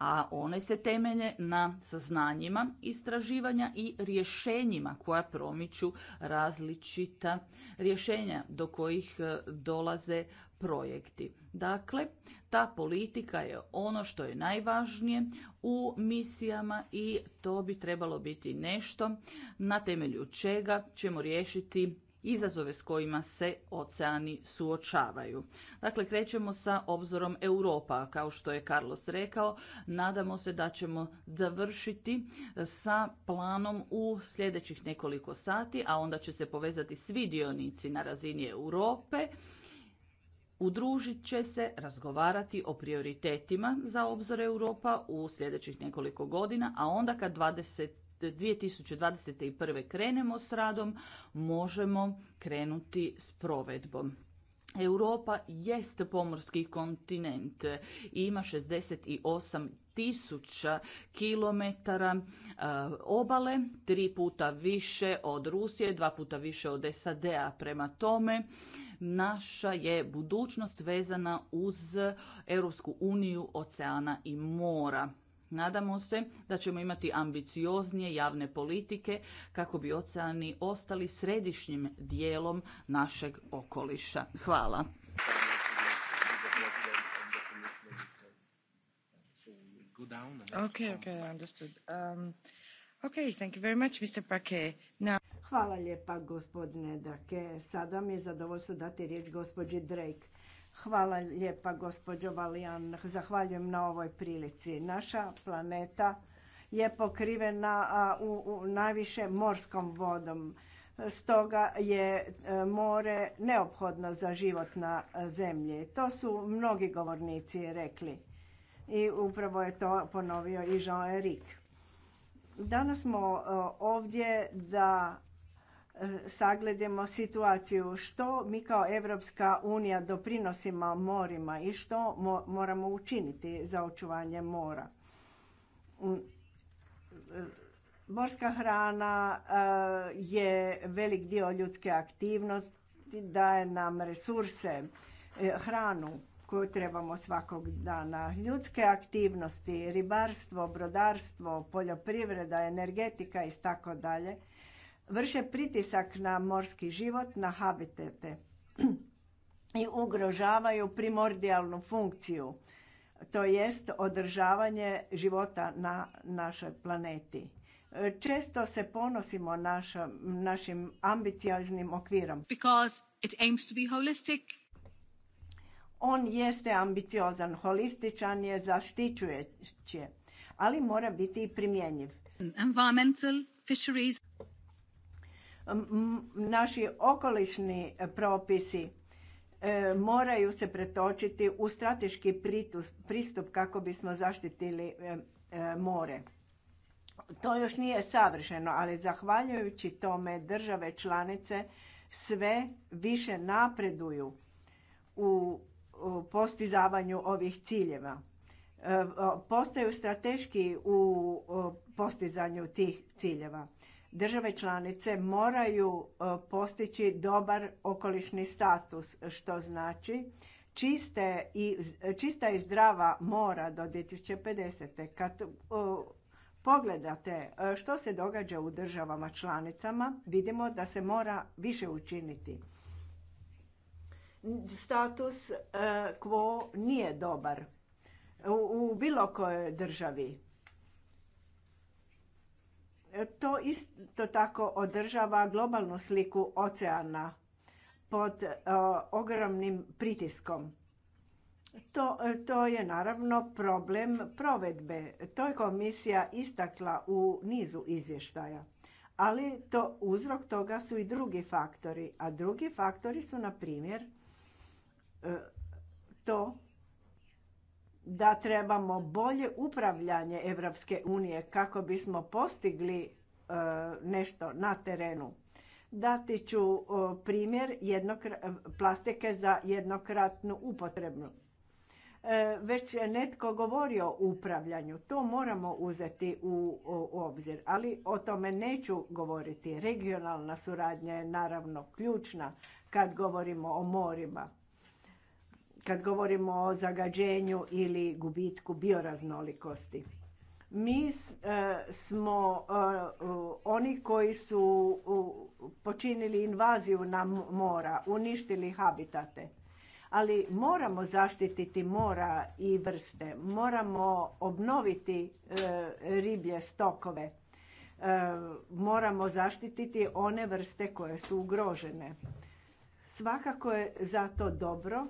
a one se temelje na saznanjima istraživanja i rješenjima koja promiču različita rješenja do kojih e, dolaze projekti. Dakle, ta politika je ono što je najvažnije u misijama i to bi trebalo biti nešto na temelju čega ćemo riješiti izazove s kojima se oceani suočavaju. Dakle, krećemo sa obzorom Europa. Kao što je Carlos rekao, nadamo se da ćemo završiti sa planom u sljedećih nekoliko sati, a onda će se povezati svi dionici na razini Europe udružit će se razgovarati o prioritetima za obzor Europa u sljedećih nekoliko godina, a onda kad 2021. krenemo s radom, možemo krenuti s provedbom. Europa jest pomorski kontinent i ima 68 tisuća e, obale, tri puta više od Rusije, dva puta više od SAD-a. Prema tome, naša je budućnost vezana uz Europsku uniju oceana i mora. Nadamo se da ćemo imati ambicioznije javne politike kako bi oceani ostali središnjim dijelom našeg okoliša. Hvala. Okay, okay, understood. Um, okay, thank you very much, Hvala lijepa, gospodine Drake. Sada mi je zadovoljstvo dati riječ gospođi Drake Hvala lijepa gospođo Valijan, zahvaljujem na ovoj prilici. Naša planeta je pokrivena u, najviše morskom vodom. Stoga je e, more neophodno za život na e, zemlji. To su mnogi govornici rekli. I upravo je to ponovio i Jean-Éric. Danas smo e, ovdje da sagledamo situaciju što mi kao Evropska unija doprinosimo morima i što moramo učiniti za očuvanje mora. Mm, morska hrana e, je velik dio ljudske aktivnosti, daje nam resurse, e, hranu koju trebamo svakog dana. Ljudske aktivnosti, ribarstvo, brodarstvo, poljoprivreda, energetika i tako dalje vrše pritisak na morski život, na habitete i ugrožavaju primordijalnu funkciju, to jest održavanje života na našoj planeti. Često se ponosimo našim ambicioznim okvirom. On jeste ambiciozan, holističan je, zaštićuje, ali mora biti i primjenjiv naši okolišni propisi e, moraju se pretočiti u strateški pristup kako bismo zaštitili e, e, more. To još nije savršeno, ali zahvaljujući tome države članice sve više napreduju u postizavanju ovih ciljeva. Postaju strateški u postizanju tih ciljeva. Države članice moraju e, postići dobar okolišni status, što znači i, čista i zdrava mora do 2050. Kad e, pogledate e, što se događa u državama članicama, vidimo da se mora više učiniti. Status quo nije dobar u bilo kojoj državi to isto tako održava globalnu sliku oceana pod e, ogromnim pritiskom. To, to je naravno problem provedbe. To je komisija istakla u nizu izvještaja. Ali to uzrok toga su i drugi faktori. A drugi faktori su, na primjer, e, to da trebamo bolje upravljanje Evropske unije kako bismo postigli e, nešto na terenu. Dati ću primjer plastike za jednokratnu upotrebnu. E, već je netko govorio o upravljanju. To moramo uzeti u, u obzir, ali o tome neću govoriti. Regionalna suradnja je naravno ključna kad govorimo o morima kad govorimo o zagađenju ili gubitku bioraznolikosti. Mi e, smo e, oni koji su počinili invaziju na mora, uništili habitate. Ali moramo zaštititi mora i vrste, moramo obnoviti e, riblje stokove, moramo zaštititi one vrste koje su ugrožene. Svakako je zato dobro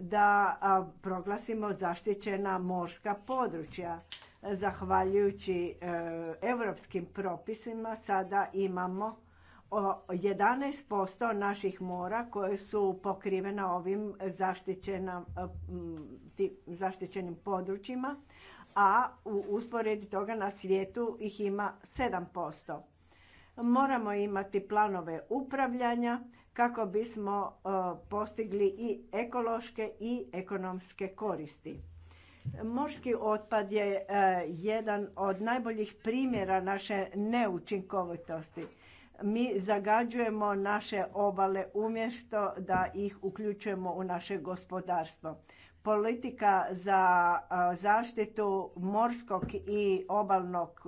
da proglasimo zaštićena morska područja. Zahvaljujući europskim propisima sada imamo 11% naših mora koje su pokrivena ovim e, zaštićenim područjima, a u usporedi toga na svijetu ih ima 7%. Moramo imati planove upravljanja kako bismo e, postigli i ekološke i ekonomske koristi. Morski otpad je e, jedan od najboljih primjera naše neučinkovitosti. Mi zagađujemo naše obale umjesto da ih uključujemo u naše gospodarstvo. Politika za e, zaštitu morskog i obalnog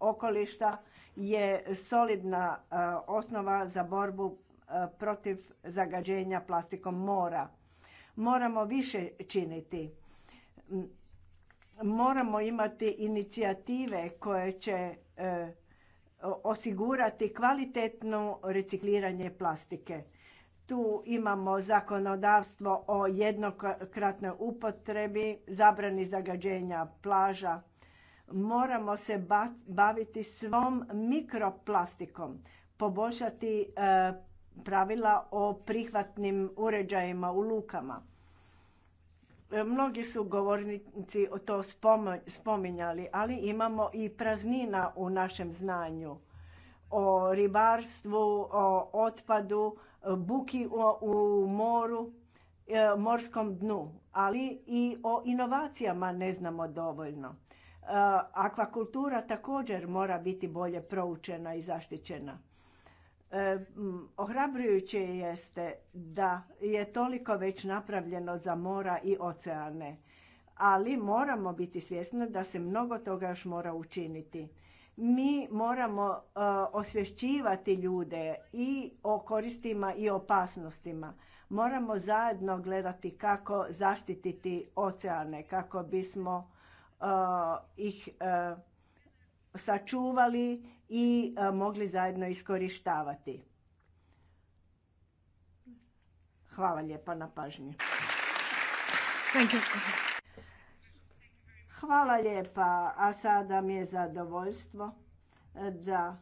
okolišta je solidna e, osnova za borbu e, protiv zagađenja plastikom mora. Moramo više činiti. Moramo imati inicijative koje će e, osigurati kvalitetno recikliranje plastike. Tu imamo zakonodavstvo o jednokratnoj upotrebi, zabrani zagađenja plaža, Moramo se baviti svom mikroplastikom, poboljšati e, pravila o prihvatnim uređajima u lukama. E, mnogi su govornici to spominjali, ali imamo i praznina u našem znanju o ribarstvu, o otpadu, buki u moru, e, morskom dnu, ali i o inovacijama ne znamo dovoljno. Eh, akvakultura također mora biti bolje proučena i zaštićena. Eh, ohrabrujuće jeste da je toliko već napravljeno za mora i oceane, ali moramo biti svjesni da se mnogo toga još mora učiniti. Mi moramo eh, osvješćivati ljude i o koristima i opasnostima. Moramo zajedno gledati kako zaštititi oceane, kako bismo ih sačuvali i mogli zajedno iskorištavati. Hvala lijepa na pažnji. Hvala lijepa, a sada mi je zadovoljstvo e, da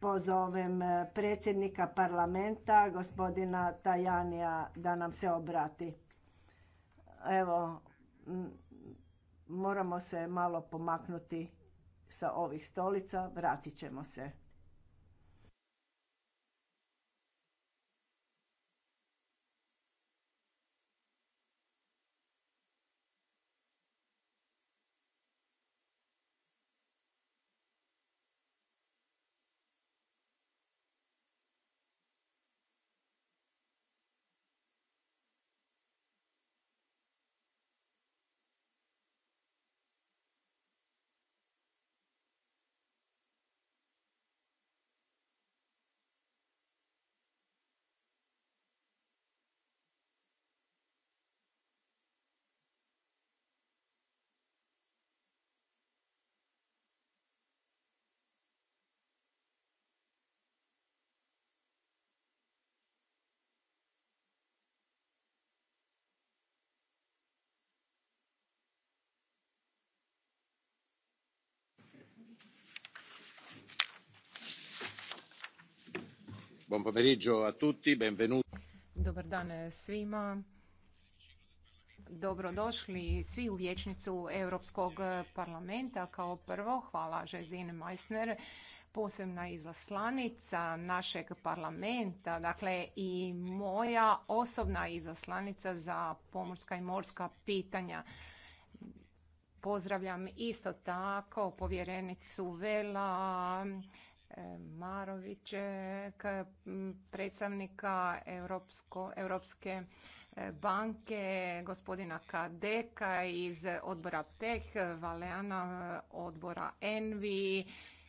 pozovem e, predsjednika parlamenta, gospodina Tajanija, da nam se obrati. Evo, Moramo se malo pomaknuti sa ovih stolica, vratit ćemo se. pomeriggio Dobar dan svima. Dobrodošli svi u vječnicu Europskog parlamenta. Kao prvo, hvala Žezin Meissner, posebna izaslanica našeg parlamenta, dakle i moja osobna izaslanica za pomorska i morska pitanja. Pozdravljam isto tako povjerenicu Vela, E, Marović, predstavnika Europsko, Europske e, banke, gospodina Kadeka iz odbora PEH, Valeana e, odbora Envi,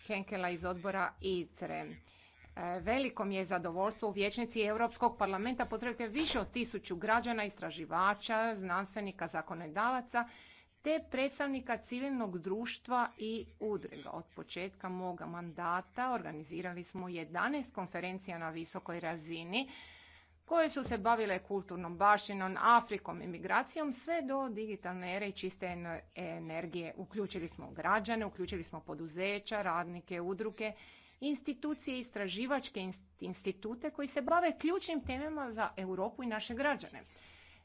Henkela iz odbora ITRE. Veliko mi je zadovoljstvo u vječnici Europskog parlamenta pozdraviti više od tisuću građana, istraživača, znanstvenika, zakonodavaca te predstavnika civilnog društva i udruga. Od početka moga mandata organizirali smo 11 konferencija na visokoj razini koje su se bavile kulturnom baštinom, Afrikom i migracijom, sve do digitalne ere i čiste energije. Uključili smo građane, uključili smo poduzeća, radnike, udruge, institucije, istraživačke institute koji se bave ključnim temama za Europu i naše građane.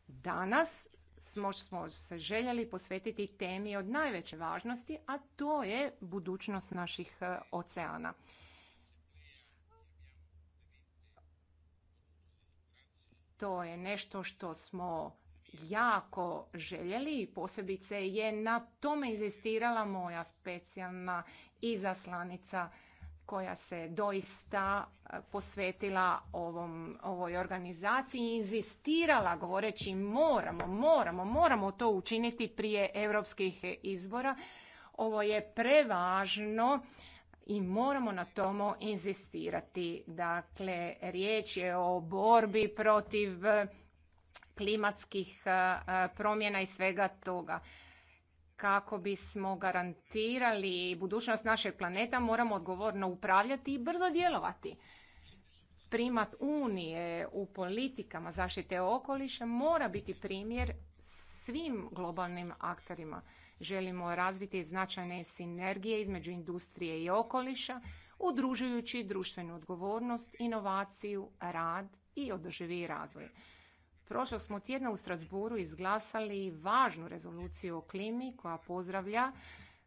Danas smo, smo se željeli posvetiti temi od najveće važnosti, a to je budućnost naših e, oceana. To je nešto što smo jako željeli i posebice je na tome inzistirala moja specijalna izaslanica koja se doista e, posvetila ovom, ovoj organizaciji i inzistirala govoreći moramo, moramo, moramo to učiniti prije europskih izbora. Ovo je prevažno i moramo na tomo inzistirati. Dakle, riječ je o borbi protiv klimatskih e, e, promjena i svega toga kako bismo garantirali budućnost našeg planeta moramo odgovorno upravljati i brzo djelovati. Primat Unije u politikama zaštite okoliša mora biti primjer svim globalnim akterima. Želimo razviti značajne sinergije između industrije i okoliša, udružujući društvenu odgovornost, inovaciju, rad i održivi razvoj. Prošlo smo tjedna u Strasburu izglasali važnu rezoluciju o klimi koja pozdravlja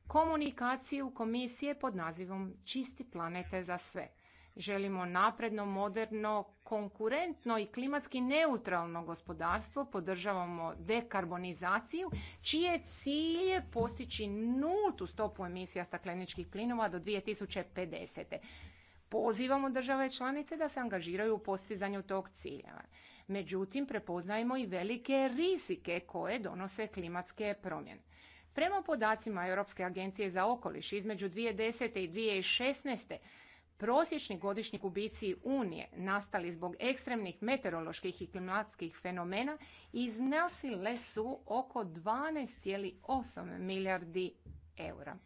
komunikaciju komisije pod nazivom Čisti planete za sve. Želimo napredno, moderno, konkurentno i klimatski neutralno gospodarstvo, podržavamo dekarbonizaciju, čije cilj je postići nultu stopu emisija stakleničkih plinova do 2050 pozivamo države članice da se angažiraju u postizanju tog cilja. Međutim, prepoznajemo i velike rizike koje donose klimatske promjene. Prema podacima Europske agencije za okoliš između 2010. i 2016. prosječni godišnji kubici Unije nastali zbog ekstremnih meteoroloških i klimatskih fenomena iznosile su oko 12,8 milijardi eura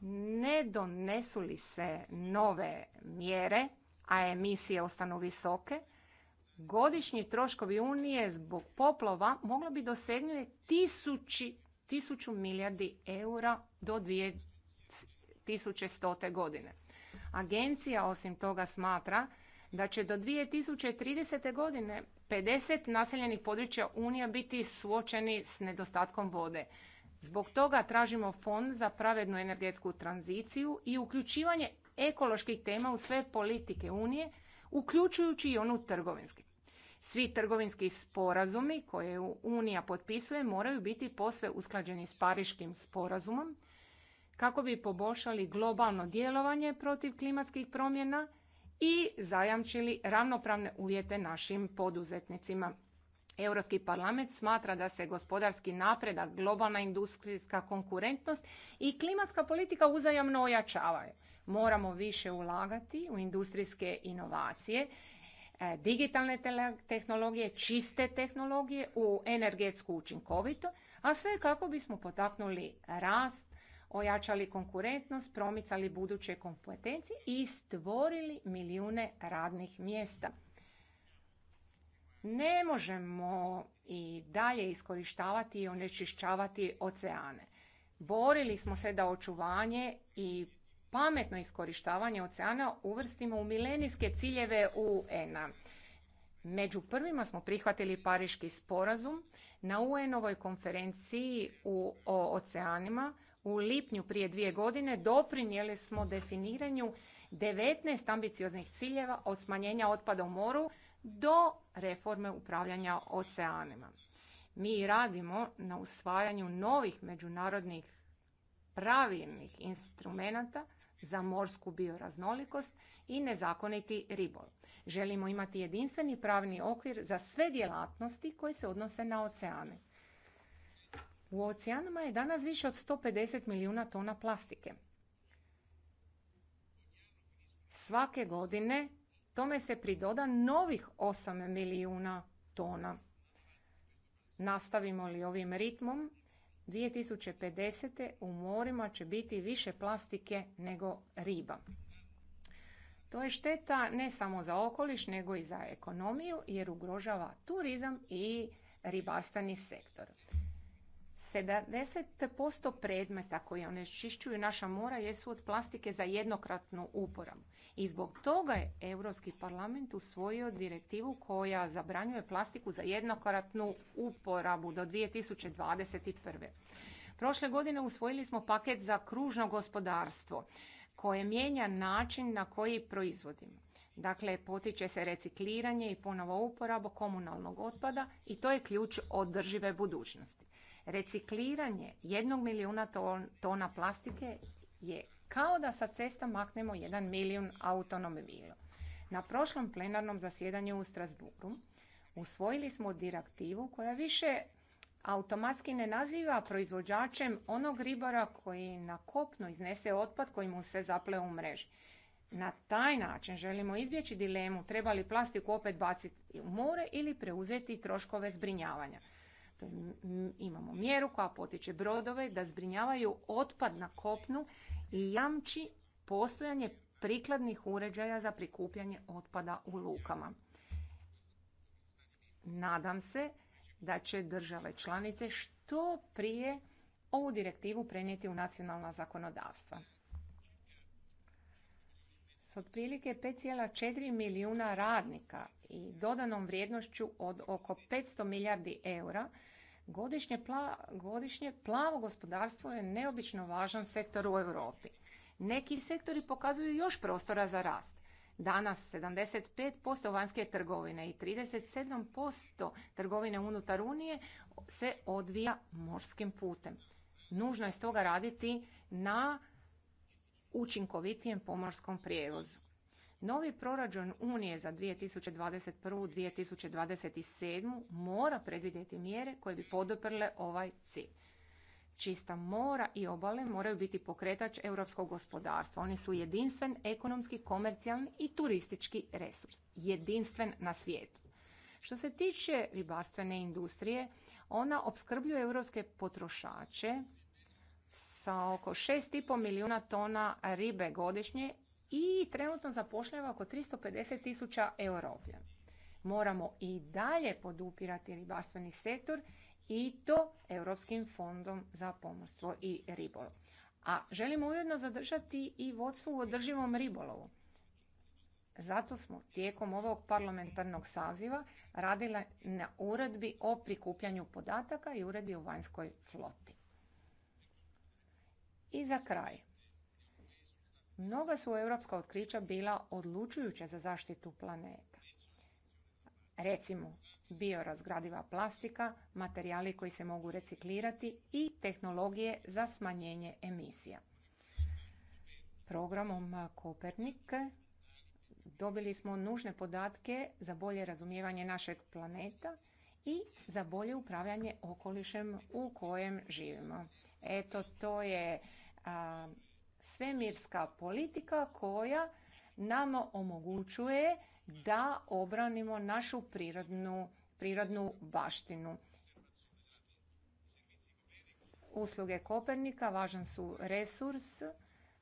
ne donesu li se nove mjere, a emisije ostanu visoke, godišnji troškovi Unije zbog poplova moglo bi dosegnuti tisuću milijardi eura do 2100. godine. Agencija osim toga smatra da će do 2030. godine 50 naseljenih područja Unija biti suočeni s nedostatkom vode. Zbog toga tražimo fond za pravednu energetsku tranziciju i uključivanje ekoloških tema u sve politike Unije, uključujući i onu trgovinski. Svi trgovinski sporazumi koje Unija potpisuje moraju biti posve usklađeni s Pariškim sporazumom kako bi poboljšali globalno djelovanje protiv klimatskih promjena i zajamčili ravnopravne uvjete našim poduzetnicima. Europski parlament smatra da se gospodarski napredak, globalna industrijska konkurentnost i klimatska politika uzajamno ojačavaju. Moramo više ulagati u industrijske inovacije, e, digitalne tehnologije, čiste tehnologije, u energetsku učinkovito, a sve kako bismo potaknuli rast, ojačali konkurentnost, promicali buduće kompetencije i stvorili milijune radnih mjesta ne možemo i dalje iskorištavati i onečišćavati oceane. Borili smo se da očuvanje i pametno iskorištavanje oceana uvrstimo u milenijske ciljeve UN-a. Među prvima smo prihvatili Pariški sporazum na UN-ovoj konferenciji u, o oceanima u lipnju prije dvije godine doprinijeli smo definiranju 19 ambicioznih ciljeva od smanjenja otpada u moru do reforme upravljanja oceanima. Mi radimo na usvajanju novih međunarodnih pravilnih instrumenata za morsku bioraznolikost i nezakoniti ribol. Želimo imati jedinstveni pravni okvir za sve djelatnosti koje se odnose na oceane. U oceanima je danas više od 150 milijuna tona plastike. Svake godine tome se pridoda novih 8 milijuna tona. Nastavimo li ovim ritmom, 2050. u morima će biti više plastike nego riba. To je šteta ne samo za okoliš, nego i za ekonomiju jer ugrožava turizam i ribarstveni sektor. 70% predmeta koji onečišćuju naša mora jesu od plastike za jednokratnu uporabu. I zbog toga je Europski parlament usvojio direktivu koja zabranjuje plastiku za jednokratnu uporabu do 2021. Prošle godine usvojili smo paket za kružno gospodarstvo koje mijenja način na koji proizvodimo. Dakle, potiče se recikliranje i ponovo uporabo komunalnog otpada i to je ključ održive budućnosti. Recikliranje jednog milijuna tona plastike je kao da sa cesta maknemo jedan milijun automobila. Na prošlom plenarnom zasjedanju u Strasburu usvojili smo direktivu koja više automatski ne naziva proizvođačem onog ribara koji na kopno iznese otpad koji mu se zapleo u mreži. Na taj način želimo izbjeći dilemu treba li plastiku opet baciti u more ili preuzeti troškove zbrinjavanja imamo mjeru koja potiče brodove da zbrinjavaju otpad na kopnu i jamči postojanje prikladnih uređaja za prikupljanje otpada u lukama. Nadam se da će države članice što prije ovu direktivu prenijeti u nacionalna zakonodavstva s otprilike 5,4 milijuna radnika i dodanom vrijednošću od oko 500 milijardi eura, godišnje, plavo gospodarstvo je neobično važan sektor u Europi. Neki sektori pokazuju još prostora za rast. Danas 75% vanjske trgovine i 37% trgovine unutar Unije se odvija morskim putem. Nužno je stoga raditi na učinkovitijem pomorskom prijevozu. Novi proračun Unije za 2021. 2027. mora predvidjeti mjere koje bi podoprle ovaj cilj. Čista mora i obale moraju biti pokretač europskog gospodarstva. Oni su jedinstven ekonomski, komercijalni i turistički resurs. Jedinstven na svijetu. Što se tiče ribarstvene industrije, ona opskrbljuje europske potrošače sa oko 6,5 milijuna tona ribe godišnje i trenutno zapošljava oko 350 tisuća europlja. Moramo i dalje podupirati ribarstveni sektor i to Europskim fondom za pomorstvo i ribolov. A želimo ujedno zadržati i vodstvo u održivom ribolovu. Zato smo tijekom ovog parlamentarnog saziva radili na uredbi o prikupljanju podataka i uredbi o vanjskoj floti. I za kraj. Mnoga su europska otkrića bila odlučujuća za zaštitu planeta. Recimo, biorazgradiva plastika, materijali koji se mogu reciklirati i tehnologije za smanjenje emisija. Programom Kopernik dobili smo nužne podatke za bolje razumijevanje našeg planeta i za bolje upravljanje okolišem u kojem živimo. Eto, to je svemirska politika koja nam omogućuje da obranimo našu prirodnu, prirodnu baštinu. Usluge Kopernika važan su resurs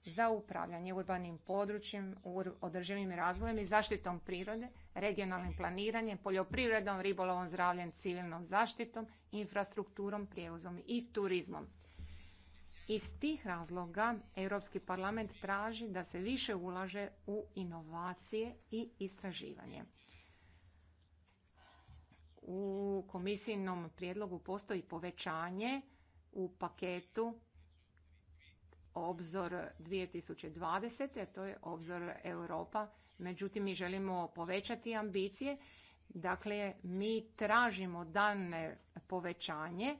za upravljanje urbanim područjem, održivim razvojem i zaštitom prirode, regionalnim planiranjem, poljoprivredom, ribolovom, zdravljem, civilnom zaštitom, infrastrukturom, prijevozom i turizmom. Iz tih razloga Europski parlament traži da se više ulaže u inovacije i istraživanje. U komisijnom prijedlogu postoji povećanje u paketu obzor 2020, a to je obzor Europa. Međutim, mi želimo povećati ambicije. Dakle, mi tražimo dane povećanje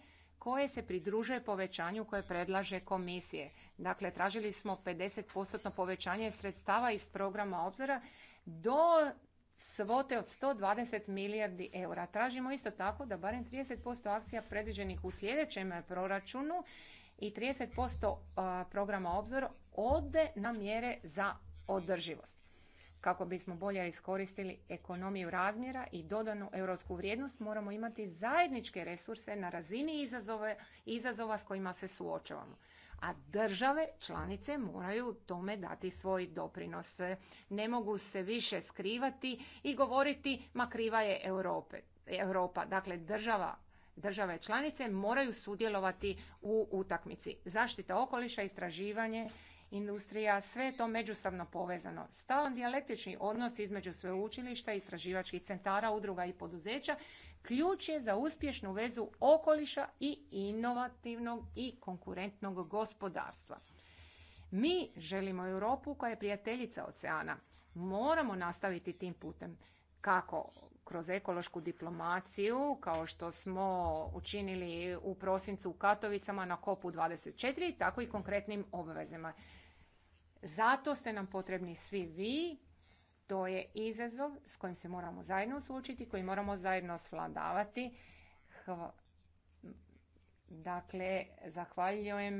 koje se pridružuje povećanju koje predlaže komisije. Dakle, tražili smo 50% povećanje sredstava iz programa obzora do svote od 120 milijardi eura. Tražimo isto tako da barem 30% akcija predviđenih u sljedećem proračunu i 30% programa obzor ode na mjere za održivost kako bismo bolje iskoristili ekonomiju razmjera i dodanu europsku vrijednost, moramo imati zajedničke resurse na razini izazova s kojima se suočavamo. A države članice moraju tome dati svoj doprinos. Ne mogu se više skrivati i govoriti ma kriva je Europa. Dakle, država države članice moraju sudjelovati u utakmici. Zaštita okoliša, istraživanje, industrija, sve je to međusobno povezano. Stalan dijalektični odnos između sveučilišta, istraživačkih centara, udruga i poduzeća ključ je za uspješnu vezu okoliša i inovativnog i konkurentnog gospodarstva. Mi želimo Europu koja je prijateljica oceana. Moramo nastaviti tim putem. Kako? kroz ekološku diplomaciju, kao što smo učinili u prosincu u Katovicama na kopu 24, tako i konkretnim obvezama. Zato ste nam potrebni svi vi, to je izazov s kojim se moramo zajedno suočiti, koji moramo zajedno svladavati. Dakle, zahvaljujem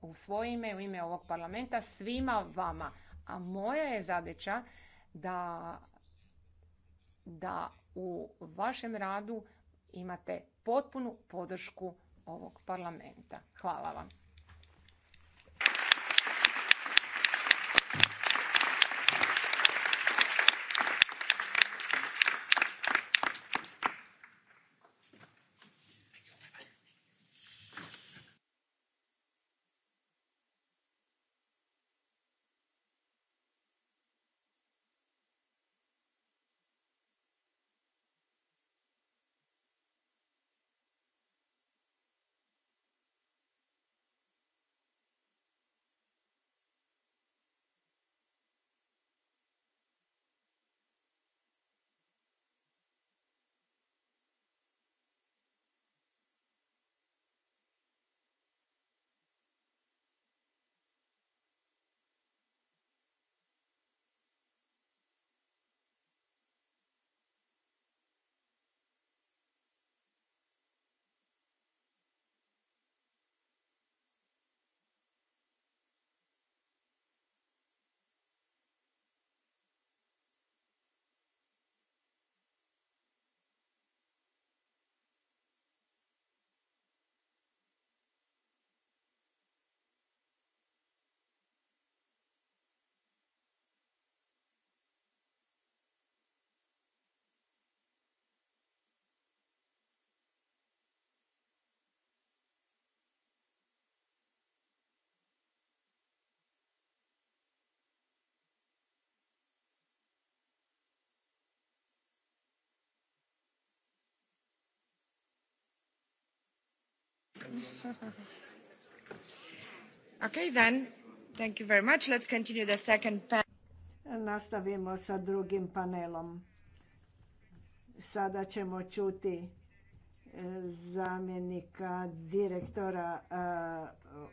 u svoje ime, u ime ovog parlamenta, svima vama. A moja je zadeća da da u vašem radu imate potpunu podršku ovog parlamenta. Hvala vam. Okay, then. Pa- Nastavimo sa drugim panelom. Sada ćemo čuti e, zamjenika direktora e,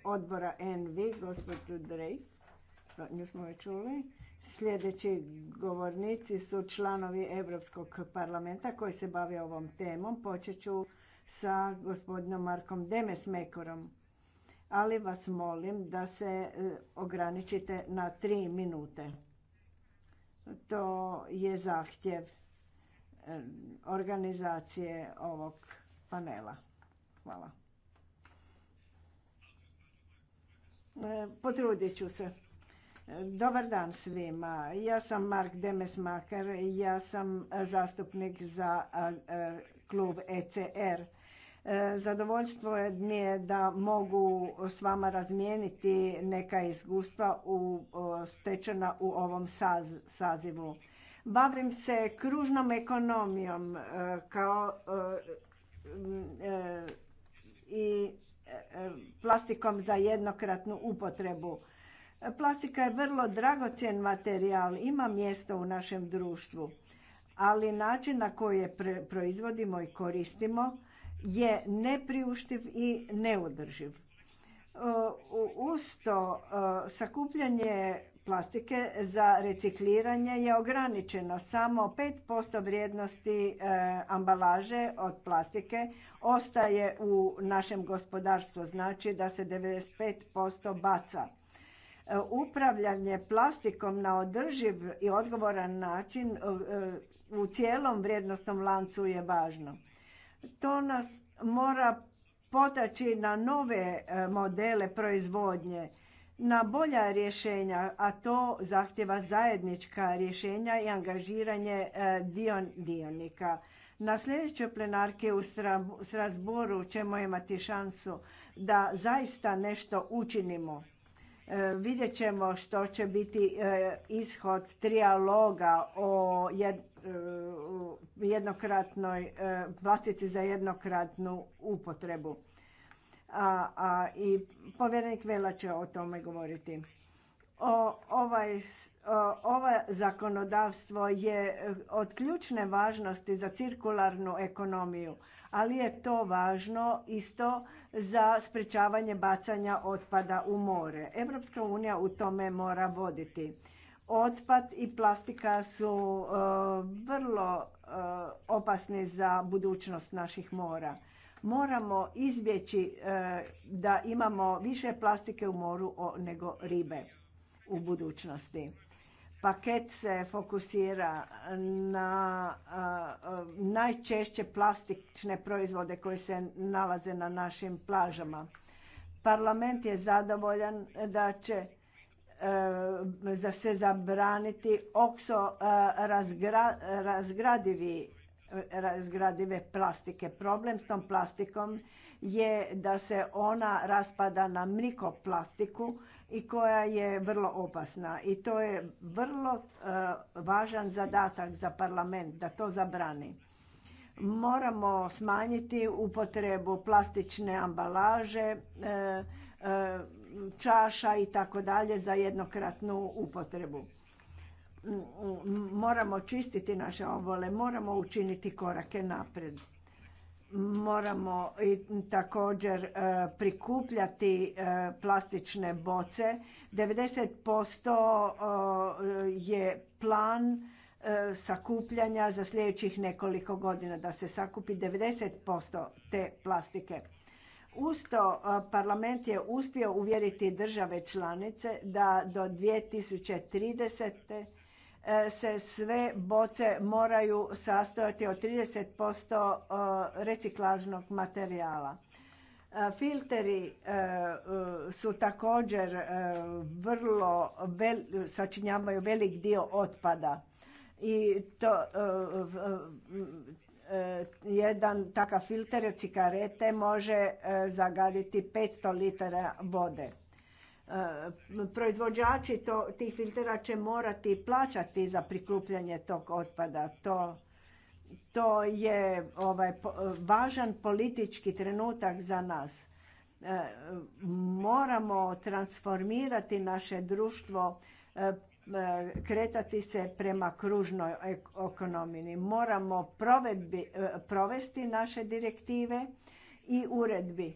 odbora NV, gospođu Drej. Nju smo joj čuli. Sljedeći govornici su članovi Europskog parlamenta koji se bave ovom temom. Počet ću sa gospodinom Markom Demesmekorom. Ali vas molim da se e, ograničite na tri minute. To je zahtjev e, organizacije ovog panela. Hvala. E, potrudit ću se. Dobar dan svima. Ja sam Mark Demesmaker, ja sam zastupnik za klub ECR. Zadovoljstvo je da mogu s vama razmijeniti neka iskustva u, stečena u ovom sazivu. Bavim se kružnom ekonomijom e, kao e, e, i plastikom za jednokratnu upotrebu. Plastika je vrlo dragocjen materijal, ima mjesto u našem društvu, ali način na koji je proizvodimo i koristimo je nepriuštiv i neodrživ. E, Usto, to e, sakupljanje plastike za recikliranje je ograničeno samo 5% vrijednosti e, ambalaže od plastike ostaje u našem gospodarstvu znači da se 95% baca upravljanje plastikom na održiv i odgovoran način u cijelom vrijednosnom lancu je važno to nas mora potaći na nove e, modele proizvodnje, na bolja rješenja, a to zahtjeva zajednička rješenja i angažiranje e, dion, dionika. Na sljedećoj plenarki u Strasboru ćemo imati šansu da zaista nešto učinimo. E, vidjet ćemo što će biti ishod trijaloga o jednom, jednokratnoj, platiti e, za jednokratnu upotrebu. A, a i povjerenik Vela će o tome govoriti. O, ovaj, ovo zakonodavstvo je e, od ključne važnosti za cirkularnu ekonomiju, ali je to važno isto za sprječavanje bacanja otpada u more. Europska unija u tome mora voditi. Otpad i plastika su e, vrlo e, opasni za budućnost naših mora. Moramo izbjeći e, da imamo više plastike u moru nego ribe u budućnosti. Paket se fokusira na najčešće plastične proizvode koji se nalaze na našim plažama. Parlament je zadovoljan da će Eh, za se zabraniti okso eh, eh, razgradive plastike. Problem s tom plastikom je da se ona raspada na mikroplastiku i koja je vrlo opasna. I to je vrlo važan zadatak za parlament da to zabrani. Moramo smanjiti upotrebu plastične ambalaže, čaša i tako dalje za jednokratnu upotrebu. Moramo čistiti naše obole, moramo učiniti korake napred. Moramo i također e, prikupljati e, plastične boce. 90% je plan e, sakupljanja za sljedećih nekoliko godina da se sakupi 90% te plastike Usto e, parlament je uspio uvjeriti države članice da do 2030. E, se sve boce moraju sastojati od 30% e, reciklažnog materijala. Filteri su također vrlo, sačinjavaju velik dio otpada i to Eh, jedan takav filter cigarete može eh, zagaditi 500 litara vode. Eh, proizvođači to, tih filtera će morati plaćati za prikupljanje tog otpada. To, to je ovaj, važan politički trenutak za nas. Moramo transformirati naše društvo E, kretati se prema kružnoj ekonomiji. Moramo e, provesti naše direktive i uredbi.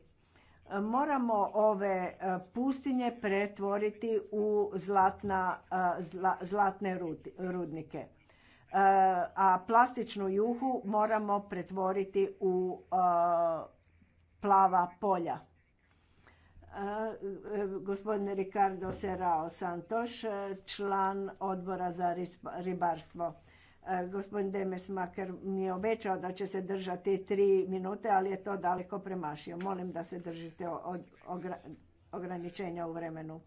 E, moramo ove pustinje pretvoriti u zlatne rudnike. A plastičnu juhu moramo pretvoriti u plava polja. E, gospodin Ricardo serao Santoš, e, član odbora za ribarstvo. E, gospodin Demes Makar mi je obećao da će se držati tri minute, ali je to daleko premašio. Molim da se držite ograničenja u vremenu.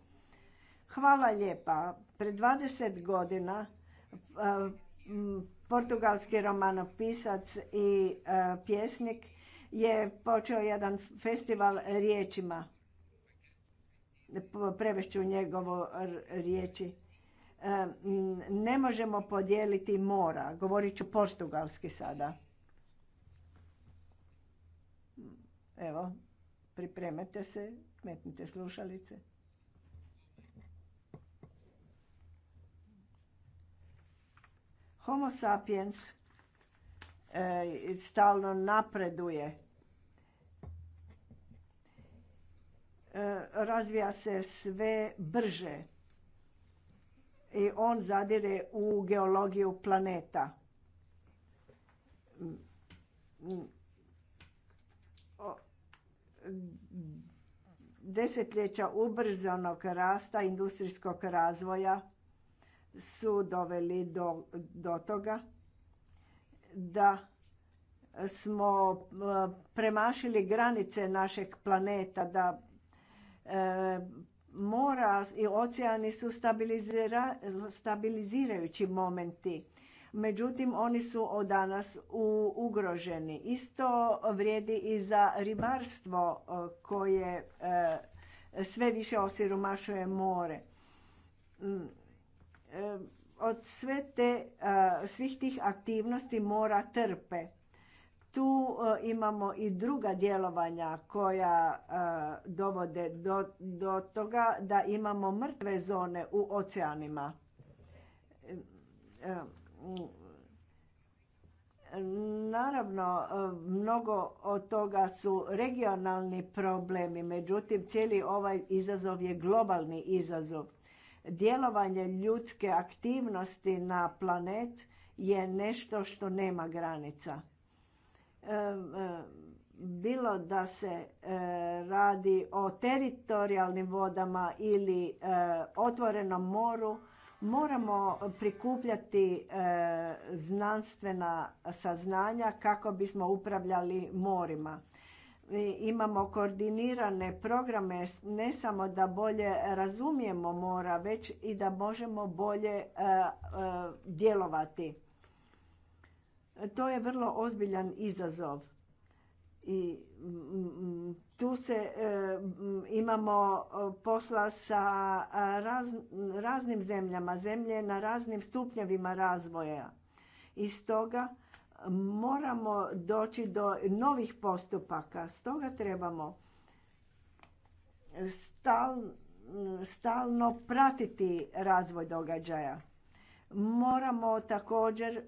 Hvala lijepa. Pred 20 godina portugalski romanopisac i pjesnik je počeo jedan festival riječima prevešću njegovo riječi. Ne možemo podijeliti mora. Govorit ću portugalski sada. Evo, pripremite se, metnite slušalice. Homo sapiens e, stalno napreduje Eh, razvija se sve brže i on zadire u geologiju planeta. Desetljeća ubrzanog rasta industrijskog razvoja su doveli do, do toga da smo eh, premašili granice našeg planeta, da E, mora i oceani su stabilizirajući momenti. Međutim, oni su od danas ugroženi. Isto vrijedi i za ribarstvo e, koje e, sve više osiromašuje more. Mm, od sve te, svih tih aktivnosti mora trpe tu e, imamo i druga djelovanja koja e, dovode do, toga da imamo mrtve zone u oceanima e, mm, naravno mnogo od toga su regionalni problemi međutim cijeli ovaj izazov je globalni izazov djelovanje ljudske aktivnosti na planet je nešto što nema granica bilo da se e, radi o teritorijalnim vodama ili e, otvorenom moru, moramo prikupljati e, znanstvena saznanja kako bismo upravljali morima. Imamo koordinirane programe ne samo da bolje razumijemo mora, već i da možemo bolje djelovati. To je vrlo ozbiljan izazov. I tu se e, imamo e, posla sa e, raznim zemljama, zemlje na raznim stupnjevima razvoja. I stoga moramo doći do novih postupaka. Stoga trebamo stalno pratiti razvoj događaja. Moramo također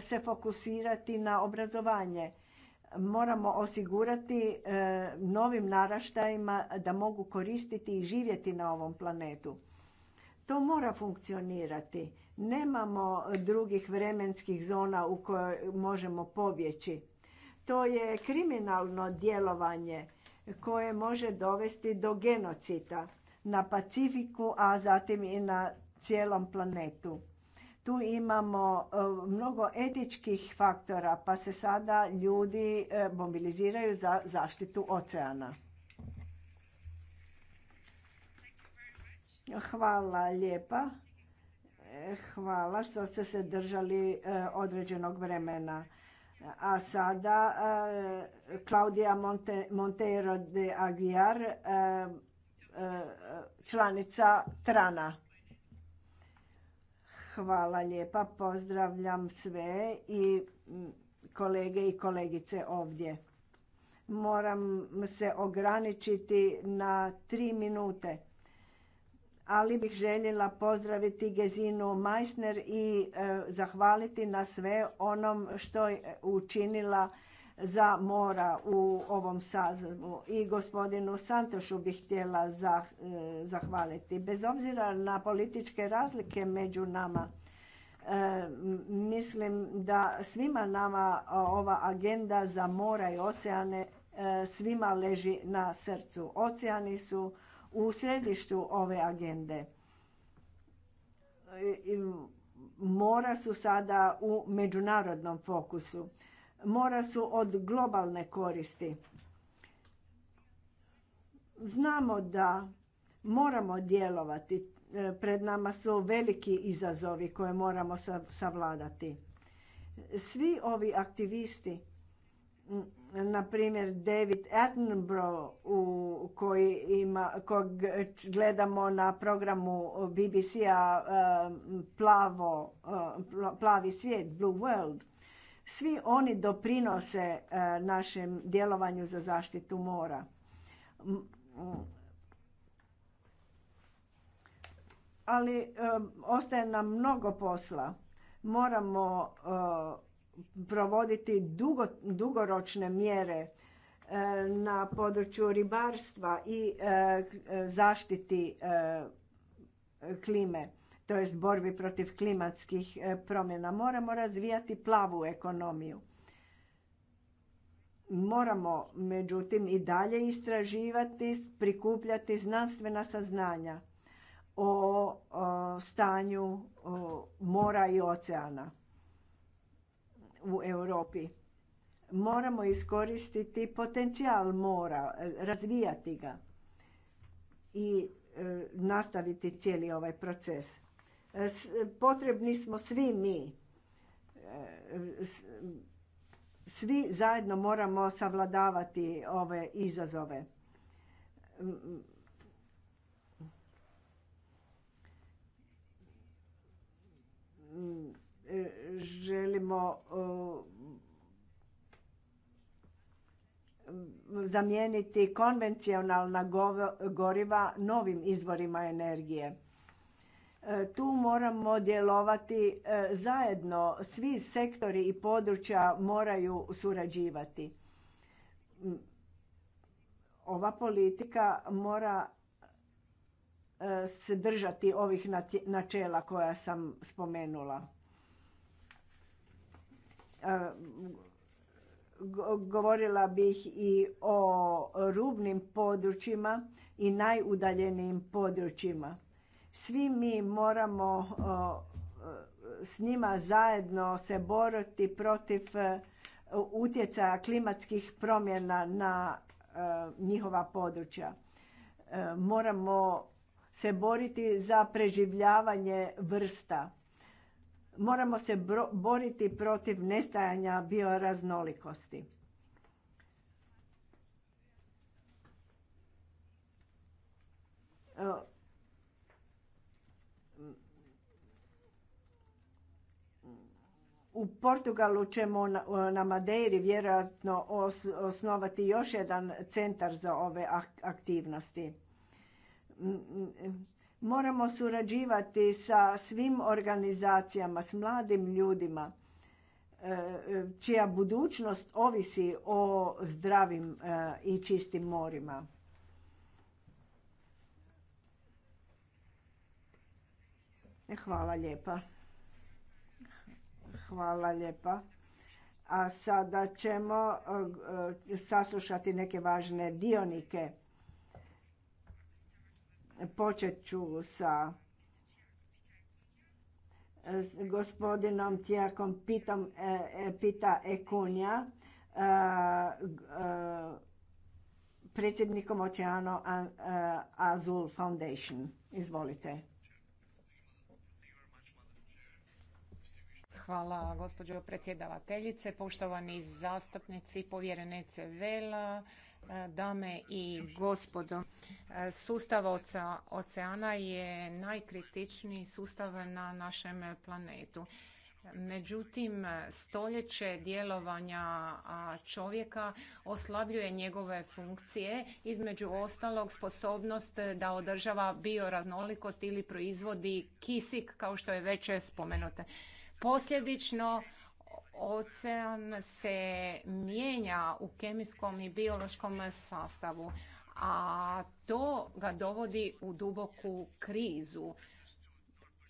se fokusirati na obrazovanje. Moramo osigurati e, novim naraštajima da mogu koristiti i živjeti na ovom planetu. To mora funkcionirati. Nemamo drugih vremenskih zona u koje možemo pobjeći. To je kriminalno djelovanje koje može dovesti do genocida na Pacifiku, a zatim i na cijelom planetu tu imamo e, mnogo etičkih faktora, pa se sada ljudi e, mobiliziraju za zaštitu oceana. Hvala lijepa. E, hvala što ste se držali određenog vremena. A sada Klaudija Monteiro de Aguiar, članica Trana. Hvala lijepa, pozdravljam sve i mm, kolege i kolegice ovdje. Moram se ograničiti na tri minute, ali bih željela pozdraviti Gezinu Meissner i e, zahvaliti na sve onom što je učinila za mora u ovom sazivu i gospodinu Santošu bih htjela e, zahvaliti. Bez obzira na političke razlike među nama, e, mislim da svima nama ova agenda za mora i oceane e, svima leži na srcu. Oceani su u središtu ove agende. Mora su sada u međunarodnom fokusu mora su od globalne koristi. Znamo da moramo djelovati. E, pred nama su veliki izazovi koje moramo savladati. Svi ovi aktivisti, na primjer David Attenborough u koji kog gledamo na programu BBC-a e, Plavo, e, Plavi svijet, Blue World, svi oni doprinose e, našem djelovanju za zaštitu mora. Ali e, ostaje nam mnogo posla. Moramo e, provoditi dugoročne mjere na području ribarstva i zaštiti klime to jest borbi protiv klimatskih e, promjena. Moramo razvijati plavu ekonomiju. Moramo, međutim, i dalje istraživati, prikupljati znanstvena saznanja o, stanju mora i oceana u Europi. Moramo iskoristiti potencijal mora, razvijati ga i e, nastaviti cijeli ovaj proces. Potrebni smo svi mi. E, svi zajedno moramo savladavati ove izazove. E, želimo zamijeniti konvencionalna goriva novim izvorima energije. Tu moramo djelovati e, zajedno, svi sektori i područja moraju surađivati. Ova politika mora e, se držati ovih načela koja sam spomenula. E, govorila bih i o rubnim područjima i najudaljenijim područjima svi mi moramo s njima zajedno se boriti protiv e, utjecaja klimatskih promjena na e, njihova područja. E, moramo se boriti za preživljavanje vrsta. Moramo se boriti protiv nestajanja bioraznolikosti. U Portugalu ćemo na Maderi vjerojatno osnovati još jedan centar za ove aktivnosti. Moramo surađivati sa svim organizacijama, s mladim ljudima e, e, čija budućnost ovisi o zdravim e, i čistim morima. Hvala lijepa. Hvala lijepa. A sada ćemo eh, saslušati neke važne dionike. Počet ću sa eh, gospodinom Tijakom eh, Pita Ekunja, predsjednikom Oceano Azul Foundation. Izvolite. Hvala gospođo predsjedavateljice, poštovani zastupnici, povjerenice Vela, e, dame i gospodo. E, sustav oceana je najkritičniji sustav na našem planetu. Međutim, stoljeće djelovanja čovjeka oslabljuje njegove funkcije, između ostalog sposobnost da održava bioraznolikost ili proizvodi kisik, kao što je već spomenuto. Posljedično, ocean se mijenja u kemijskom i biološkom sastavu, a to ga dovodi u duboku krizu.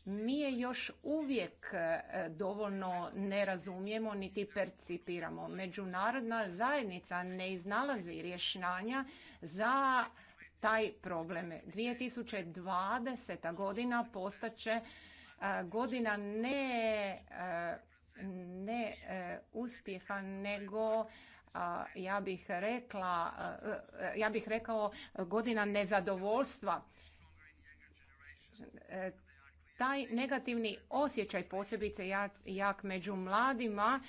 Mi je još uvijek e, dovoljno ne razumijemo niti percipiramo. Međunarodna zajednica ne iznalazi rješenja za taj problem. 2020. godina postaće godina ne, ne e, uspjeha, nego ja bih, rekla, e, e, ja bih rekao godina nezadovoljstva. Taj negativni osjećaj posebice jak među mladima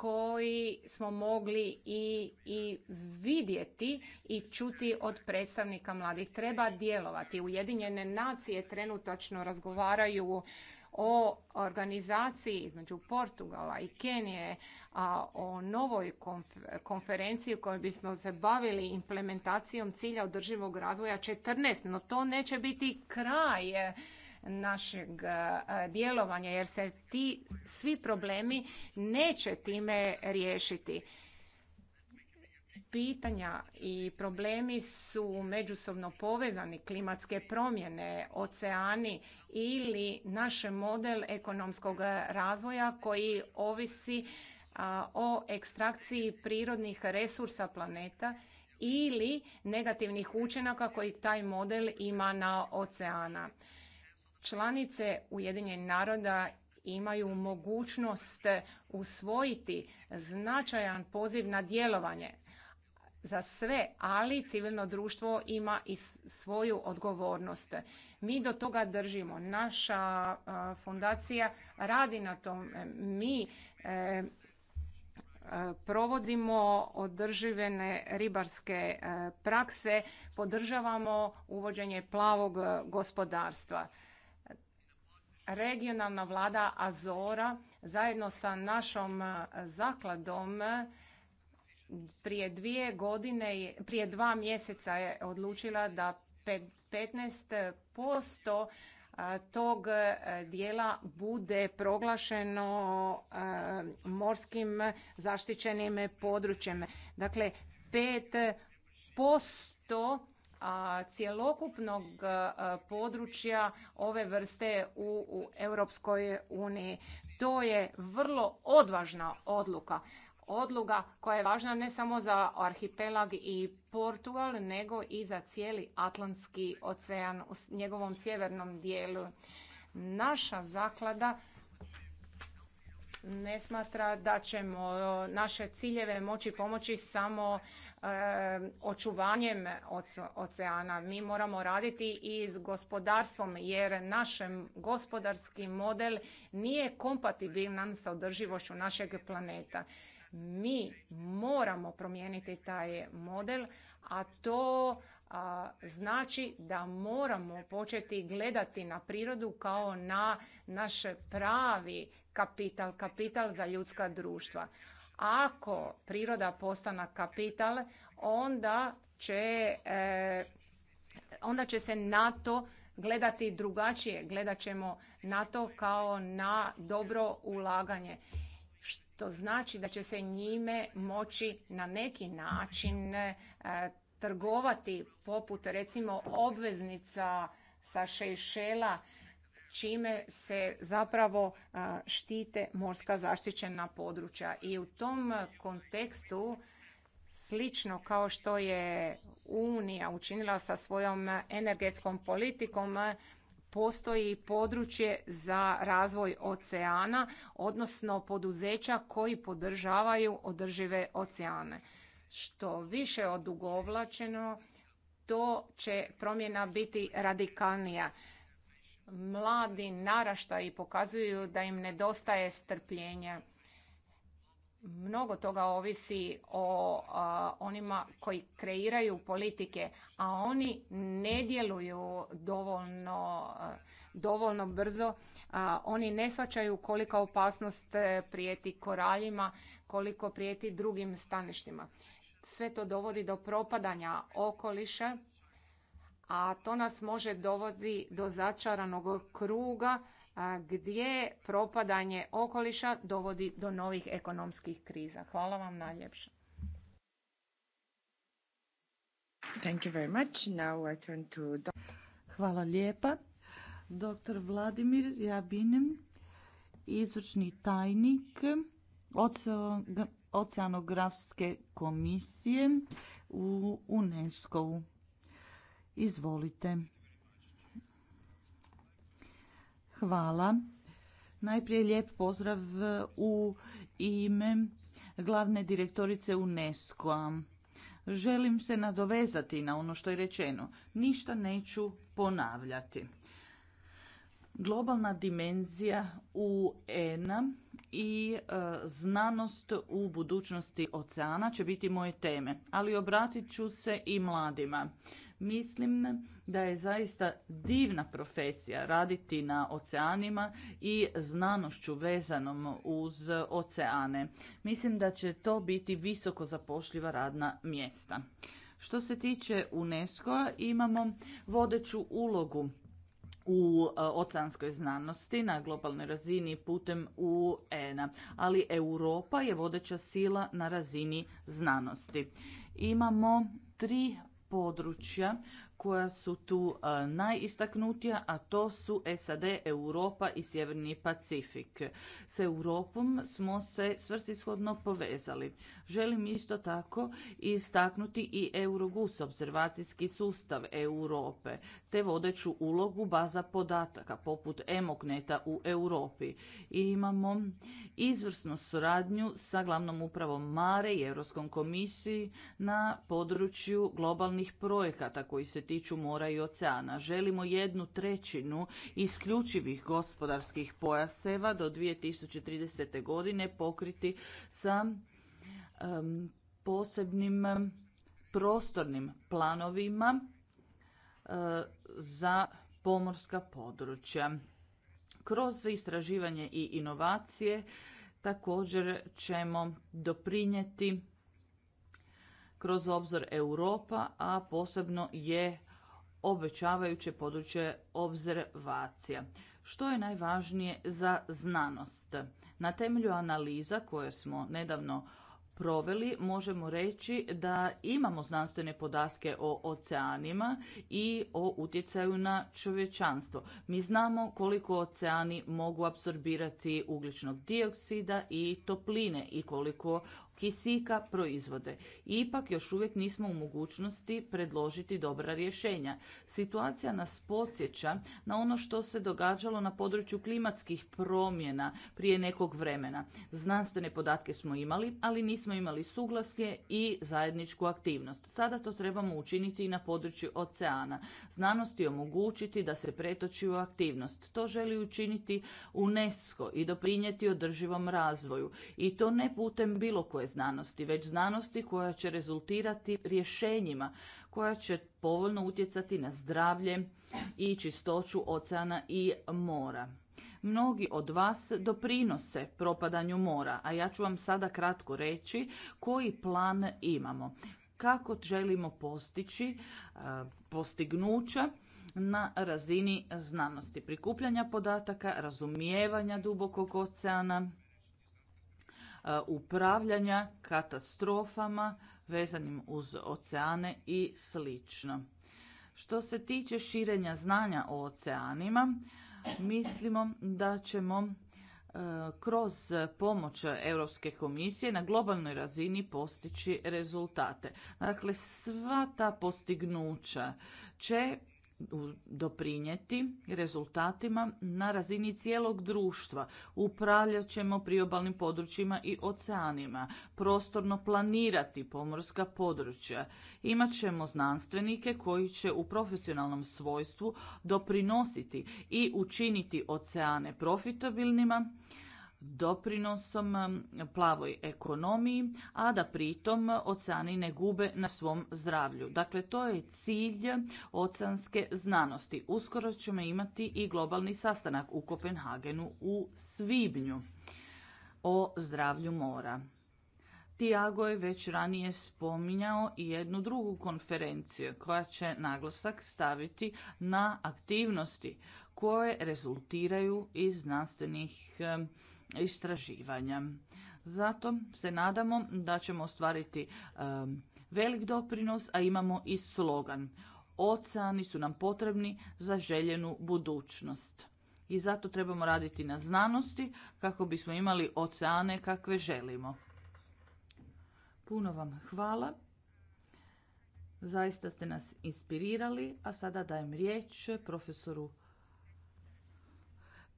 koji smo mogli i, i vidjeti i čuti od predstavnika mladih. Treba djelovati. Ujedinjene nacije trenutačno razgovaraju o organizaciji između Portugala i Kenije, a o novoj konferenciji u kojoj bismo se bavili implementacijom cilja održivog razvoja 14. No to neće biti kraj našeg e, djelovanja jer se ti svi problemi neće time riješiti. Pitanja i problemi su međusobno povezani, klimatske promjene, oceani ili naš model ekonomskog razvoja koji ovisi o ekstrakciji prirodnih resursa planeta ili negativnih učinaka koji taj model ima na oceana članice Ujedinjenih naroda imaju mogućnost usvojiti značajan poziv na djelovanje za sve, ali civilno društvo ima i svoju odgovornost. Mi do toga držimo. Naša fundacija radi na tom. Mi e, provodimo održivene ribarske e, prakse, podržavamo uvođenje plavog gospodarstva regionalna vlada Azora zajedno sa našom e, zakladom e, prije dvije godine, prije dva mjeseca je odlučila da 15% e, tog dijela bude proglašeno morskim zaštićenim područjem. Dakle, 5% cjelokupnog područja ove vrste u, u Europskoj uniji. To je vrlo odvažna odluka. Odluka koja je važna ne samo za arhipelag i Portugal, nego i za cijeli Atlantski ocean u njegovom sjevernom dijelu. Naša zaklada ne smatra da ćemo naše ciljeve moći pomoći samo očuvanjem oceana. Mi moramo raditi i s gospodarstvom jer naš gospodarski model nije kompatibilan sa održivošću našeg planeta. Mi moramo promijeniti taj model, a to znači da moramo početi gledati na prirodu kao na naš pravi kapital, kapital za ljudska društva. Ako priroda postana kapital, onda će, e, će se na to gledati drugačije. Gledat ćemo na to kao na dobro ulaganje. Što znači da će se njime moći na neki način e, trgovati poput recimo obveznica sa Šejšela čime se zapravo štite morska zaštićena područja. I u tom kontekstu slično kao što je Unija učinila sa svojom energetskom politikom, postoji područje za razvoj oceana, odnosno poduzeća koji podržavaju održive oceane. Što više odugovlačeno, to će promjena biti radikalnija mladi naraštaji pokazuju da im nedostaje strpljenja. Mnogo toga ovisi o onima koji kreiraju politike, a oni ne djeluju dovoljno, dovoljno brzo. oni ne svačaju kolika opasnost e, prijeti koraljima, koliko prijeti drugim staništima. Sve to dovodi do propadanja okoliša a to nas može dovodi do začaranog kruga gdje propadanje okoliša dovodi do novih ekonomskih kriza. Hvala vam najljepše. Thank you very much. Now I turn to... Hvala lijepa. Dr. Vladimir Jabinem, izvršni tajnik Oceanografske komisije u UNESCO-u. Izvolite. Hvala. Najprije lijep pozdrav u ime glavne direktorice UNESCO-a. Želim se nadovezati na ono što je rečeno. Ništa neću ponavljati. Globalna dimenzija UN-a i e, znanost u budućnosti oceana će biti moje teme, ali obratit ću se i mladima. Mislim da je zaista divna profesija raditi na oceanima i znanošću vezanom uz oceane. Mislim da će to biti visoko zapošljiva radna mjesta. Što se tiče UNESCO, imamo vodeću ulogu u e, oceanskoj znanosti na globalnoj razini putem UN-a, ali Europa je vodeća sila na razini znanosti. Imamo tri područja koja su tu najistaknutija, a to su SAD, Europa i Sjeverni Pacifik. S Europom smo se svrsishodno povezali. Želim isto tako istaknuti i Eurogus, observacijski sustav Europe, te vodeću ulogu baza podataka poput Emogneta u Europi. I imamo izvrsnu suradnju sa glavnom upravom Mare i Europskom komisiji na području globalnih projekata koji se tiču mora i oceana. Želimo jednu trećinu isključivih gospodarskih pojaseva do 2030. godine pokriti sa posebnim prostornim planovima e, za pomorska područja. Kroz istraživanje i inovacije također ćemo doprinijeti kroz obzor Europa, a posebno je obećavajuće područje obzervacija. Što je najvažnije za znanost? Na temelju analiza koje smo nedavno proveli možemo reći da imamo znanstvene podatke o oceanima i o utjecaju na čovječanstvo. Mi znamo koliko oceani mogu apsorbirati ugljičnog dioksida i topline i koliko kisika proizvode. Ipak još uvijek nismo u mogućnosti predložiti dobra rješenja. Situacija nas podsjeća na ono što se događalo na području klimatskih promjena prije nekog vremena. Znanstvene podatke smo imali, ali nismo imali suglasje i zajedničku aktivnost. Sada to trebamo učiniti i na području oceana. Znanosti omogućiti da se pretoči u aktivnost. To želi učiniti UNESCO i doprinijeti održivom razvoju. I to ne putem bilo koje znanosti, već znanosti koja će rezultirati rješenjima, koja će povoljno utjecati na zdravlje i čistoću oceana i mora. Mnogi od vas doprinose propadanju mora, a ja ću vam sada kratko reći koji plan imamo. Kako želimo postići e, postignuća na razini znanosti, prikupljanja podataka, razumijevanja dubokog oceana, E, upravljanja katastrofama vezanim uz oceane i slično. Što se tiče širenja znanja o oceanima, mislimo da ćemo e, kroz pomoć Europske komisije na globalnoj razini postići rezultate. Dakle, sva ta postignuća će doprinijeti rezultatima na razini cijelog društva. Upravljat ćemo priobalnim područjima i oceanima, prostorno planirati pomorska područja. Imat ćemo znanstvenike koji će u profesionalnom svojstvu doprinositi i učiniti oceane profitabilnima, doprinosom um, plavoj ekonomiji, a da pritom oceani ne gube na svom zdravlju. Dakle, to je cilj oceanske znanosti. Uskoro ćemo imati i globalni sastanak u Kopenhagenu u Svibnju o zdravlju mora. Tiago je već ranije spominjao i jednu drugu konferenciju koja će naglasak staviti na aktivnosti koje rezultiraju iz znanstvenih um, istraživanja. Zato se nadamo da ćemo ostvariti velik doprinos, a imamo i slogan. Oceani su nam potrebni za željenu budućnost. I zato trebamo raditi na znanosti kako bismo imali oceane kakve želimo. Puno vam hvala. Zaista ste nas inspirirali, a sada dajem riječ profesoru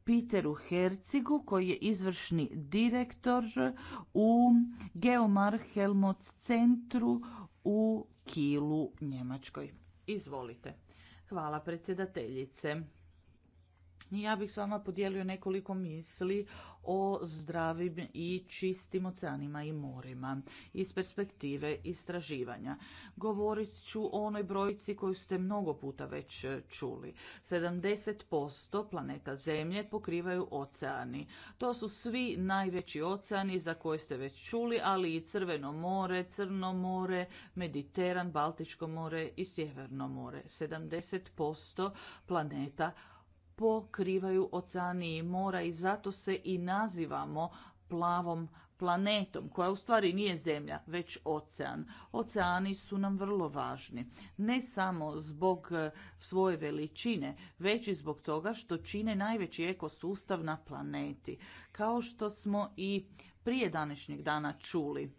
Peteru Hercigu koji je izvršni direktor u Geomar Helmut centru u Kilu, Njemačkoj. Izvolite. Hvala predsjedateljice. Ja bih s vama podijelio nekoliko misli o zdravim i čistim oceanima i morima iz perspektive istraživanja. Govorit ću o onoj brojci koju ste mnogo puta već čuli. 70% planeta Zemlje pokrivaju oceani. To su svi najveći oceani za koje ste već čuli, ali i Crveno more, Crno more, Mediteran, Baltičko more i Sjeverno more. 70% planeta pokrivaju oceani i mora i zato se i nazivamo plavom planetom, koja u stvari nije zemlja, već ocean. Oceani su nam vrlo važni, ne samo zbog e, svoje veličine, već i zbog toga što čine najveći ekosustav na planeti. Kao što smo i prije današnjeg dana čuli,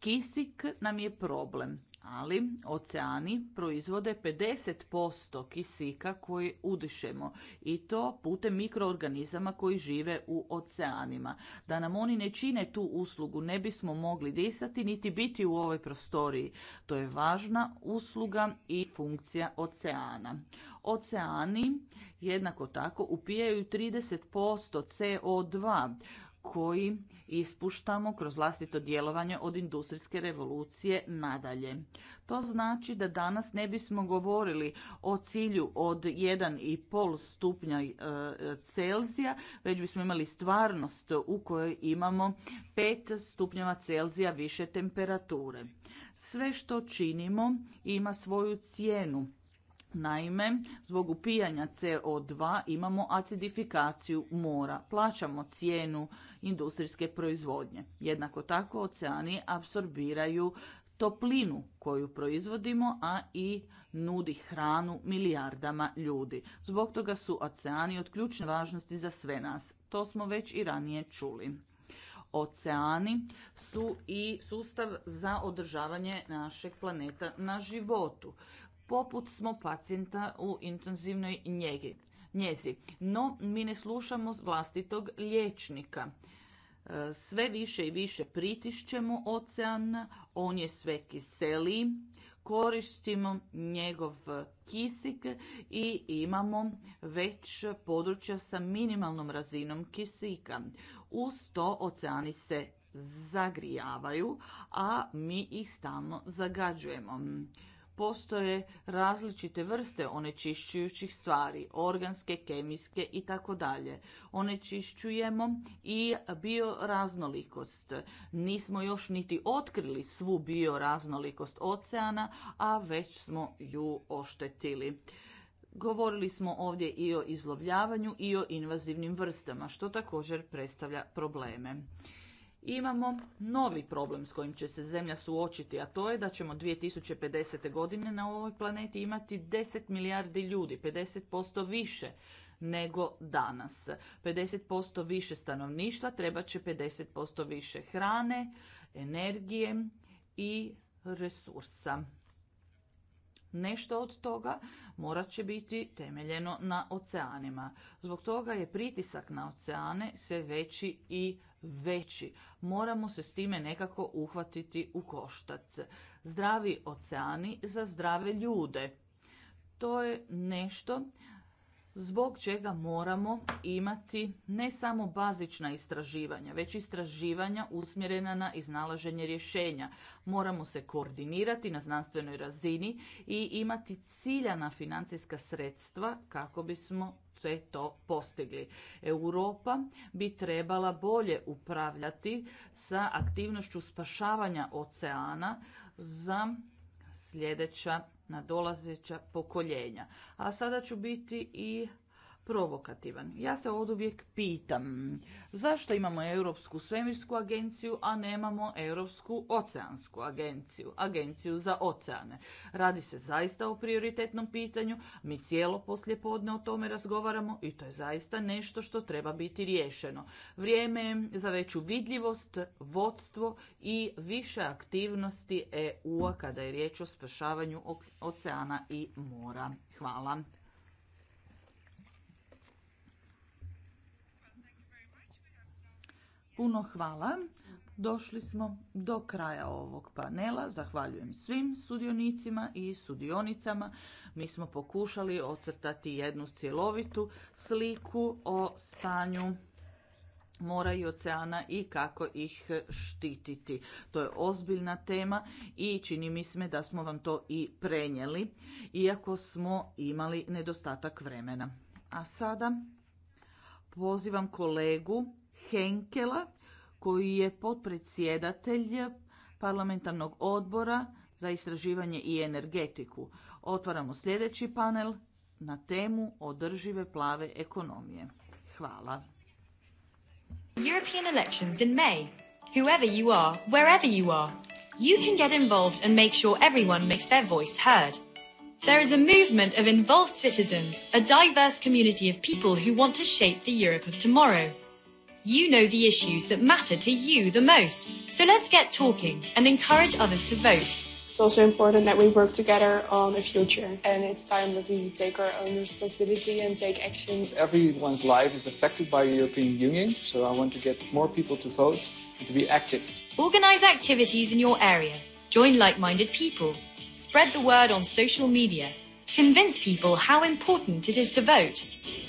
kisik nam je problem ali oceani proizvode 50% kisika koji udišemo i to putem mikroorganizama koji žive u oceanima. Da nam oni ne čine tu uslugu ne bismo mogli disati niti biti u ovoj prostoriji. To je važna usluga i funkcija oceana. Oceani jednako tako upijaju 30% CO2 koji ispuštamo kroz vlastito djelovanje od industrijske revolucije nadalje. To znači da danas ne bismo govorili o cilju od 1,5 stupnja e, Celzija, već bismo imali stvarnost u kojoj imamo 5 stupnjeva Celzija više temperature. Sve što činimo ima svoju cijenu Naime, zbog upijanja CO2 imamo acidifikaciju mora, plaćamo cijenu industrijske proizvodnje. Jednako tako oceani apsorbiraju toplinu koju proizvodimo, a i nudi hranu milijardama ljudi. Zbog toga su oceani od ključne važnosti za sve nas. To smo već i ranije čuli. Oceani su i sustav za održavanje našeg planeta na životu poput smo pacijenta u intenzivnoj njegi, njezi. No, mi ne slušamo vlastitog liječnika. E, sve više i više pritišćemo ocean, on je sve kiseliji, koristimo njegov kisik i imamo već područja sa minimalnom razinom kisika. Uz to oceani se zagrijavaju, a mi ih stalno zagađujemo postoje različite vrste onečišćujućih stvari, organske, kemijske i tako dalje. Onečišćujemo i bioraznolikost. Nismo još niti otkrili svu bioraznolikost oceana, a već smo ju oštetili. Govorili smo ovdje i o izlovljavanju i o invazivnim vrstama, što također predstavlja probleme imamo novi problem s kojim će se zemlja suočiti, a to je da ćemo 2050. godine na ovoj planeti imati 10 milijardi ljudi, 50% više nego danas. 50% više stanovništva, treba će 50% više hrane, energije i resursa. Nešto od toga morat će biti temeljeno na oceanima. Zbog toga je pritisak na oceane sve veći i veći. Moramo se s time nekako uhvatiti u koštac. Zdravi oceani za zdrave ljude. To je nešto zbog čega moramo imati ne samo bazična istraživanja, već istraživanja usmjerena na iznalaženje rješenja. Moramo se koordinirati na znanstvenoj razini i imati ciljana financijska sredstva kako bismo sve to postigli. Europa bi trebala bolje upravljati sa aktivnošću spašavanja oceana za sljedeća nadolazeća pokoljenja. A sada ću biti i provokativan. Ja se oduvijek uvijek pitam zašto imamo Europsku svemirsku agenciju, a nemamo Europsku oceansku agenciju, agenciju za oceane. Radi se zaista o prioritetnom pitanju, mi cijelo podne o tome razgovaramo i to je zaista nešto što treba biti riješeno. Vrijeme je za veću vidljivost, vodstvo i više aktivnosti EU-a kada je riječ o spašavanju oceana i mora. Hvala. Puno hvala. Došli smo do kraja ovog panela. Zahvaljujem svim sudionicima i sudionicama. Mi smo pokušali ocrtati jednu cjelovitu sliku o stanju mora i oceana i kako ih štititi. To je ozbiljna tema i čini mi se da smo vam to i prenijeli, iako smo imali nedostatak vremena. A sada pozivam kolegu Henkela koji je potpredsjedatelj parlamentarnog odbora za istraživanje i energetiku. Otvaramo sljedeći panel na temu održive plave ekonomije. Hvala. European elections in May. Whoever you are, wherever you are, you can get involved and make sure everyone makes their voice heard. There is a movement of involved citizens, a diverse community of people who want to shape the Europe of tomorrow. You know the issues that matter to you the most. So let's get talking and encourage others to vote. It's also important that we work together on the future, and it's time that we take our own responsibility and take actions. Everyone's life is affected by the European Union, so I want to get more people to vote and to be active. Organize activities in your area, join like minded people, spread the word on social media, convince people how important it is to vote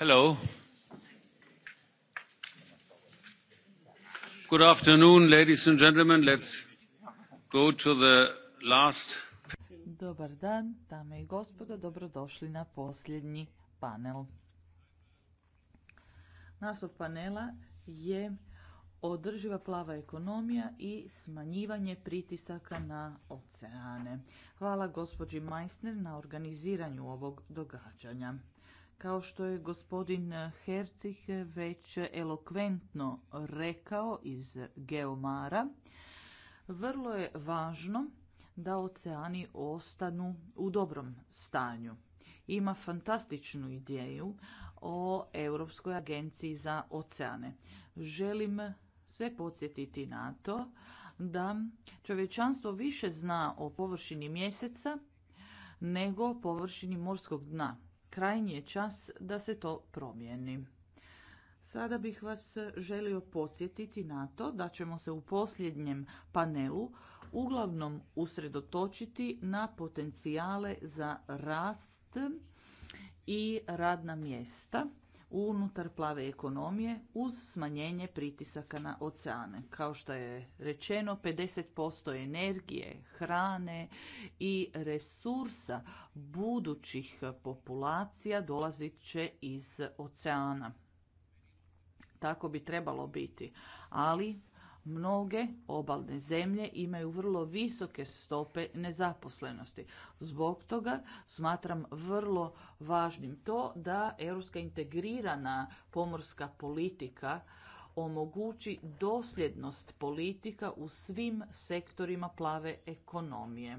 Hello. Good afternoon, ladies and gentlemen. Let's go to the last. Dobar dan, dame i gospodo, dobrodošli na posljednji panel. Naslov panela je održiva plava ekonomija i smanjivanje pritisaka na oceane. Hvala gospođi Meissner na organiziranju ovog događanja. Kao što je gospodin Hercih već elokventno rekao iz Geomara, vrlo je važno da oceani ostanu u dobrom stanju. Ima fantastičnu ideju o Europskoj agenciji za oceane. Želim sve podsjetiti na to da čovječanstvo više zna o površini mjeseca nego površini morskog dna krajnji je čas da se to promijeni. Sada bih vas želio podsjetiti na to da ćemo se u posljednjem panelu uglavnom usredotočiti na potencijale za rast i radna mjesta unutar plave ekonomije uz smanjenje pritisaka na oceane. Kao što je rečeno, 50% energije, hrane i resursa budućih populacija dolazit će iz oceana. Tako bi trebalo biti, ali Mnoge obalne zemlje imaju vrlo visoke stope nezaposlenosti. Zbog toga smatram vrlo važnim to da europska integrirana pomorska politika omogući dosljednost politika u svim sektorima plave ekonomije.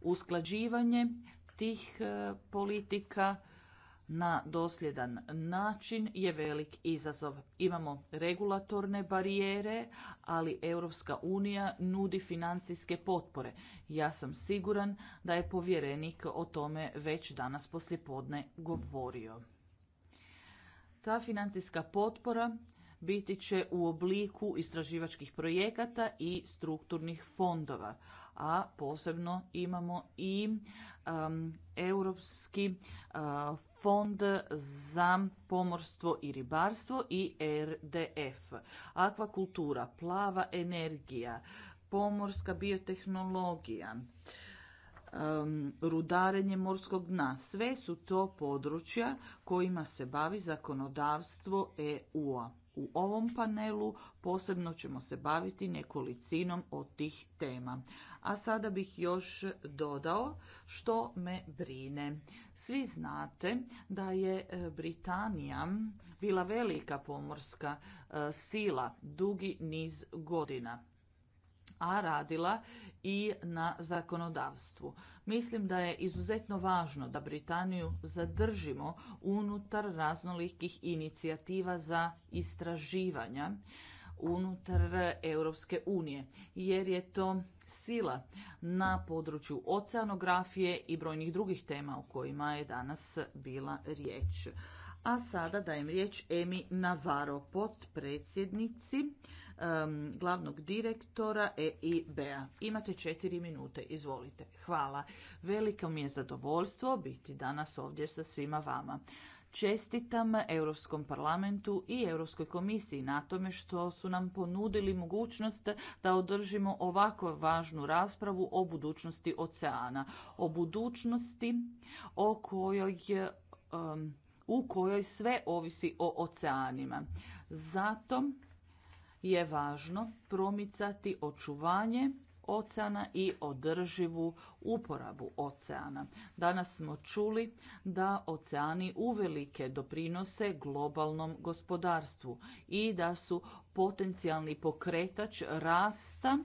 Usklađivanje tih eh, politika na dosljedan način je velik izazov. Imamo regulatorne barijere, ali Europska unija nudi financijske potpore. Ja sam siguran da je povjerenik o tome već danas poslijepodne govorio. Ta financijska potpora biti će u obliku istraživačkih projekata i strukturnih fondova a posebno imamo i um, europski uh, fond za pomorstvo i ribarstvo i RDF akvakultura plava energija pomorska biotehnologija um, rudarenje morskog dna sve su to područja kojima se bavi zakonodavstvo EU-a u ovom panelu posebno ćemo se baviti nekolicinom od tih tema. A sada bih još dodao što me brine. Svi znate da je e, Britanija bila velika pomorska e, sila dugi niz godina a radila i na zakonodavstvu. Mislim da je izuzetno važno da Britaniju zadržimo unutar raznolikih inicijativa za istraživanja unutar Europske unije, jer je to sila na području oceanografije i brojnih drugih tema o kojima je danas bila riječ. A sada dajem riječ Emi Navarro, potpredsjednici um, glavnog direktora EIB-a. Imate četiri minute, izvolite. Hvala. Veliko mi je zadovoljstvo biti danas ovdje sa svima vama. Čestitam Europskom parlamentu i Europskoj komisiji na tome što su nam ponudili mogućnost da održimo ovako važnu raspravu o budućnosti oceana, o budućnosti o kojoj um, u kojoj sve ovisi o oceanima. Zato je važno promicati očuvanje oceana i održivu uporabu oceana. Danas smo čuli da oceani uvelike doprinose globalnom gospodarstvu i da su potencijalni pokretač rasta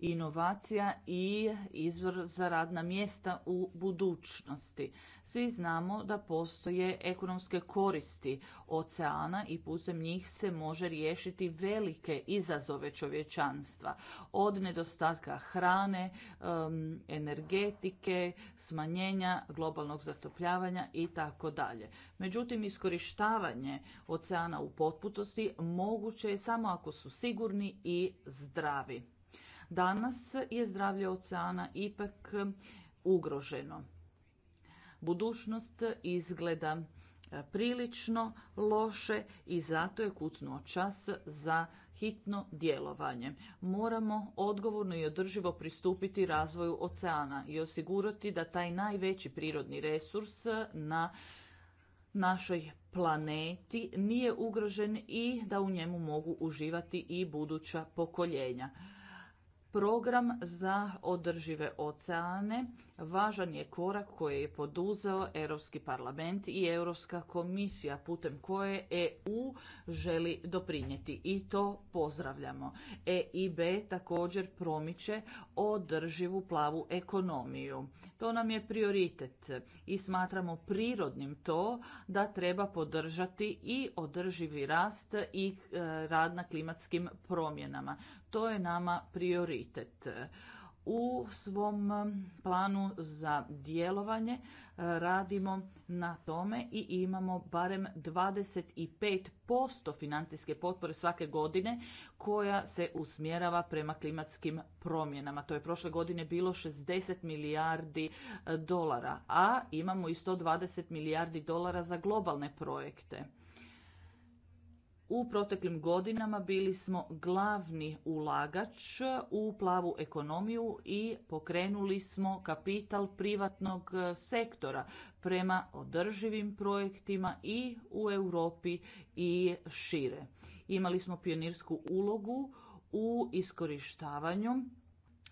inovacija i izvor za radna mjesta u budućnosti. Svi znamo da postoje ekonomske koristi oceana i putem njih se može riješiti velike izazove čovječanstva. Od nedostatka hrane, energetike, smanjenja globalnog zatopljavanja i tako dalje. Međutim, iskorištavanje oceana u potputosti moguće je samo ako su sigurni i zdravi. Danas je zdravlje oceana ipak ugroženo. Budućnost izgleda e, prilično loše i zato je kucnuo čas za hitno djelovanje. Moramo odgovorno i održivo pristupiti razvoju oceana i osigurati da taj najveći prirodni resurs na našoj planeti nije ugrožen i da u njemu mogu uživati i buduća pokoljenja. Program za održive oceane važan je korak koji je poduzeo Europski parlament i Europska komisija putem koje EU želi doprinijeti i to pozdravljamo. EIB također promiče održivu plavu ekonomiju. To nam je prioritet i smatramo prirodnim to da treba podržati i održivi rast i e, rad na klimatskim promjenama. To je nama prioritet. U svom planu za djelovanje e, radimo na tome i imamo barem 25% financijske potpore svake godine koja se usmjerava prema klimatskim promjenama. To je prošle godine bilo 60 milijardi e, dolara, a imamo i 120 milijardi dolara za globalne projekte. U proteklim godinama bili smo glavni ulagač u plavu ekonomiju i pokrenuli smo kapital privatnog e, sektora prema održivim projektima i u Europi i šire. Imali smo pionirsku ulogu u iskorištavanju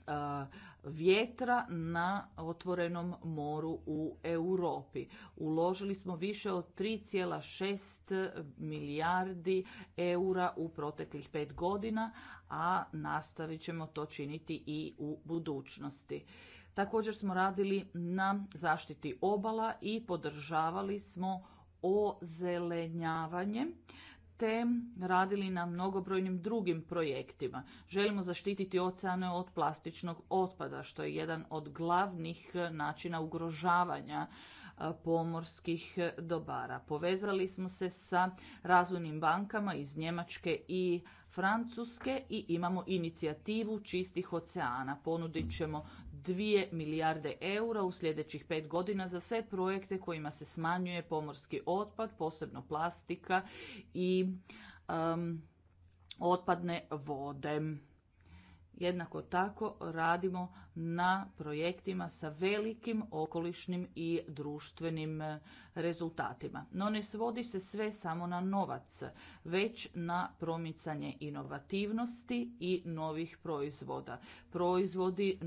E, vjetra na otvorenom moru u Europi. Uložili smo više od 3,6 milijardi eura u proteklih pet godina, a nastavit ćemo to činiti i u budućnosti. Također smo radili na zaštiti obala i podržavali smo ozelenjavanje radili na mnogobrojnim drugim projektima. Želimo zaštititi oceane od plastičnog otpada, što je jedan od glavnih eh, načina ugrožavanja eh, pomorskih dobara. Povezali smo se sa razvojnim bankama iz Njemačke i Francuske i imamo inicijativu čistih oceana. Ponudit ćemo 2 milijarde eura u sljedećih pet godina za sve projekte kojima se smanjuje pomorski otpad, posebno plastika i um, otpadne vode jednako tako radimo na projektima sa velikim okolišnim i društvenim e, rezultatima. No ne svodi se sve samo na novac, već na promicanje inovativnosti i novih proizvoda. Proizvodi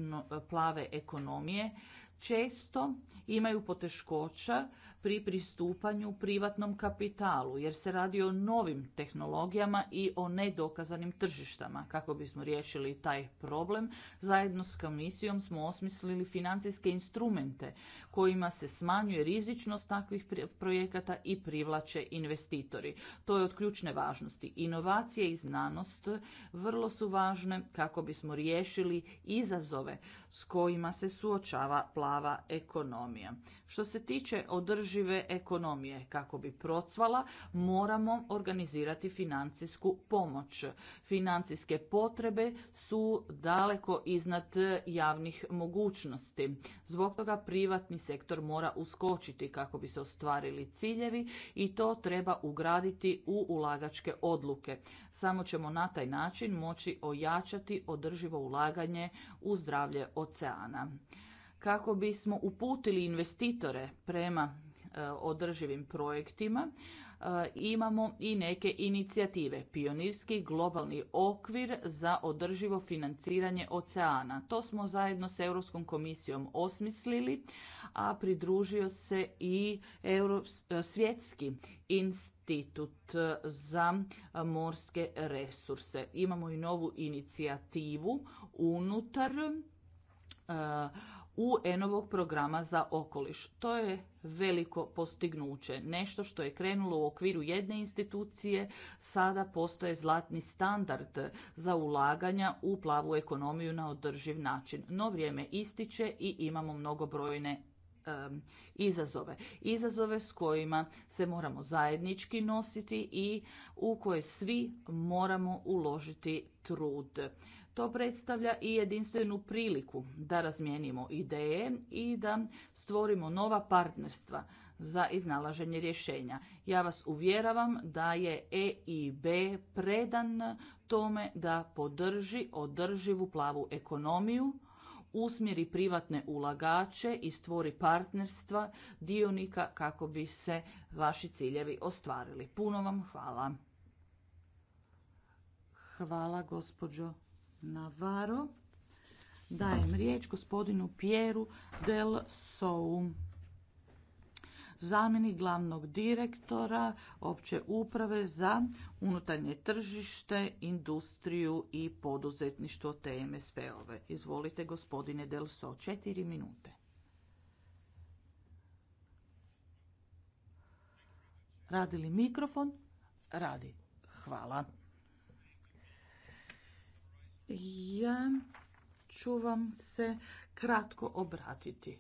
plave ekonomije često imaju poteškoća pri pristupanju privatnom kapitalu jer se radi o novim tehnologijama i o nedokazanim tržištama. Kako bismo riješili taj problem, zajedno s komisijom smo osmislili financijske instrumente kojima se smanjuje rizičnost takvih projekata i privlače investitori. To je od ključne važnosti. Inovacije i znanost vrlo su važne kako bismo riješili izazove s kojima se suočava plava ekonomija. Što se tiče održive ekonomije, kako bi procvala, moramo organizirati financijsku pomoć. Financijske potrebe su daleko iznad javnih mogućnosti. Zbog toga privatni sektor mora uskočiti kako bi se ostvarili ciljevi i to treba ugraditi u ulagačke odluke. Samo ćemo na taj način moći ojačati održivo ulaganje u zdravlje oceana kako bismo uputili investitore prema e, održivim projektima, e, imamo i neke inicijative. Pionirski globalni okvir za održivo financiranje oceana. To smo zajedno s Europskom komisijom osmislili, a pridružio se i e, svjetski institut za morske resurse. Imamo i novu inicijativu unutar UN-ovog programa za okoliš. To je veliko postignuće. Nešto što je krenulo u okviru jedne institucije, sada postoje zlatni standard za ulaganja u plavu ekonomiju na održiv način. No vrijeme ističe i imamo mnogobrojne izazove. Izazove s kojima se moramo zajednički nositi i u koje svi moramo uložiti trud. To predstavlja i jedinstvenu priliku da razmijenimo ideje i da stvorimo nova partnerstva za iznalaženje rješenja. Ja vas uvjeravam da je EIB predan tome da podrži održivu plavu ekonomiju, usmjeri privatne ulagače i stvori partnerstva dionika kako bi se vaši ciljevi ostvarili. Puno vam hvala. Hvala gospođo Navaro. Dajem riječ gospodinu Pieru del Sou, zamjenik glavnog direktora opće uprave za unutarnje tržište, industriju i poduzetništvo TMSP-ove. Izvolite gospodine del Sou, četiri minute. Radi li mikrofon? Radi. Hvala. Ja ću vam se kratko obratiti.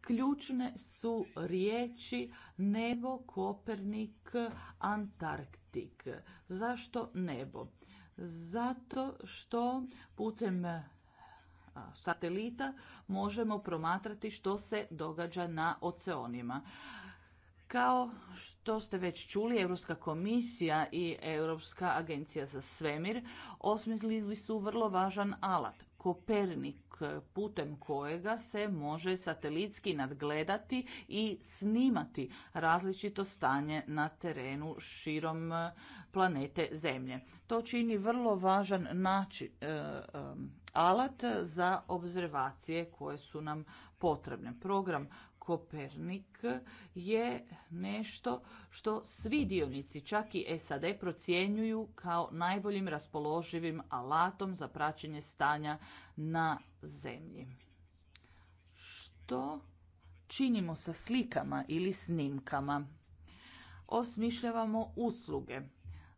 Ključne su riječi nebo, Kopernik, Antarktik. Zašto nebo? Zato što putem satelita možemo promatrati što se događa na oceanima. Kao što ste već čuli, Europska komisija i Europska agencija za svemir osmislili su vrlo važan alat, Kopernik, putem kojega se može satelitski nadgledati i snimati različito stanje na terenu širom e, planete Zemlje. To čini vrlo važan način, e, e, alat za obzervacije koje su nam potrebne. Program Kopernik je nešto što svi dionici, čak i SAD, procjenjuju kao najboljim raspoloživim alatom za praćenje stanja na zemlji. Što činimo sa slikama ili snimkama? Osmišljavamo usluge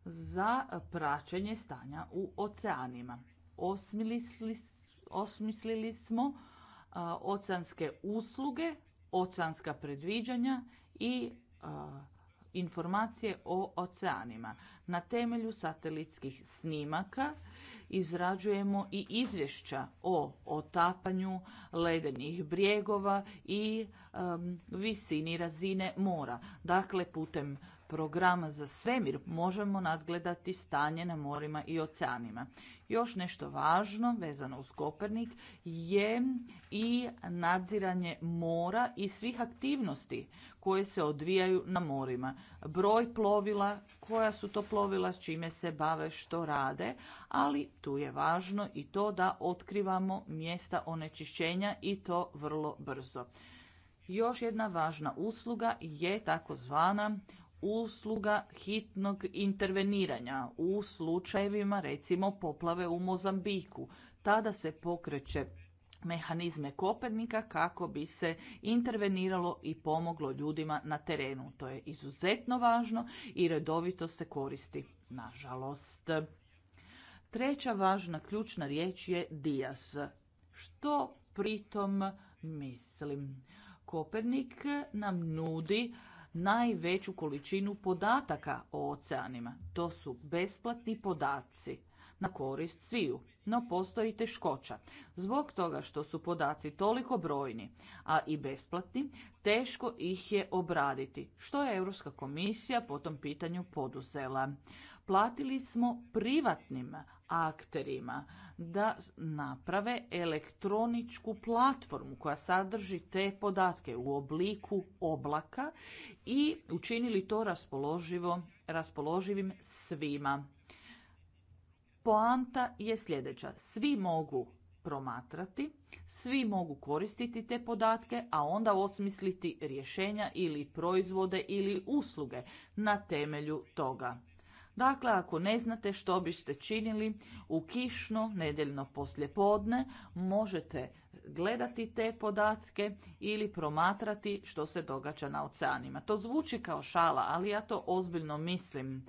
za praćenje stanja u oceanima. osmislili smo oceanske usluge oceanska predviđanja i informacije o oceanima. Na temelju satelitskih snimaka izrađujemo i izvješća o otapanju ledenih brijegova i visini razine mora. Dakle, putem programa za svemir možemo nadgledati stanje na morima i oceanima. Još nešto važno vezano uz Kopernik je i nadziranje mora i svih aktivnosti koje se odvijaju na morima. Broj plovila, koja su to plovila, čime se bave, što rade, ali tu je važno i to da otkrivamo mjesta onečišćenja i to vrlo brzo. Još jedna važna usluga je takozvana usluga hitnog interveniranja u slučajevima recimo poplave u Mozambiku. Tada se pokreće mehanizme Kopernika kako bi se interveniralo i pomoglo ljudima na terenu. To je izuzetno važno i redovito se koristi, nažalost. Treća važna ključna riječ je dias. Što pritom mislim? Kopernik nam nudi najveću količinu podataka o oceanima. To su besplatni podaci na korist sviju, no postoji teškoća. Zbog toga što su podaci toliko brojni, a i besplatni, teško ih je obraditi, što je Europska komisija po tom pitanju poduzela. Platili smo privatnim akterima da naprave elektroničku platformu koja sadrži te podatke u obliku oblaka i učinili to raspoloživim svima. Poanta je sljedeća. Svi mogu promatrati, svi mogu koristiti te podatke, a onda osmisliti rješenja ili proizvode ili usluge na temelju toga. Dakle, ako ne znate što biste činili u kišno nedjeljno poslijepodne, možete gledati te podatke ili promatrati što se događa na oceanima. To zvuči kao šala, ali ja to ozbiljno mislim.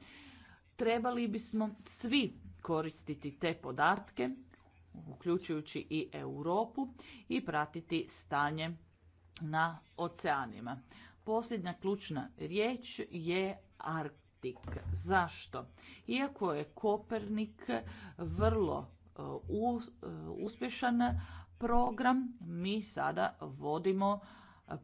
Trebali bismo svi koristiti te podatke, uključujući i Europu, i pratiti stanje na oceanima. Posljednja ključna riječ je Ark Zašto? Iako je Kopernik vrlo e, e, uspješan program, mi sada vodimo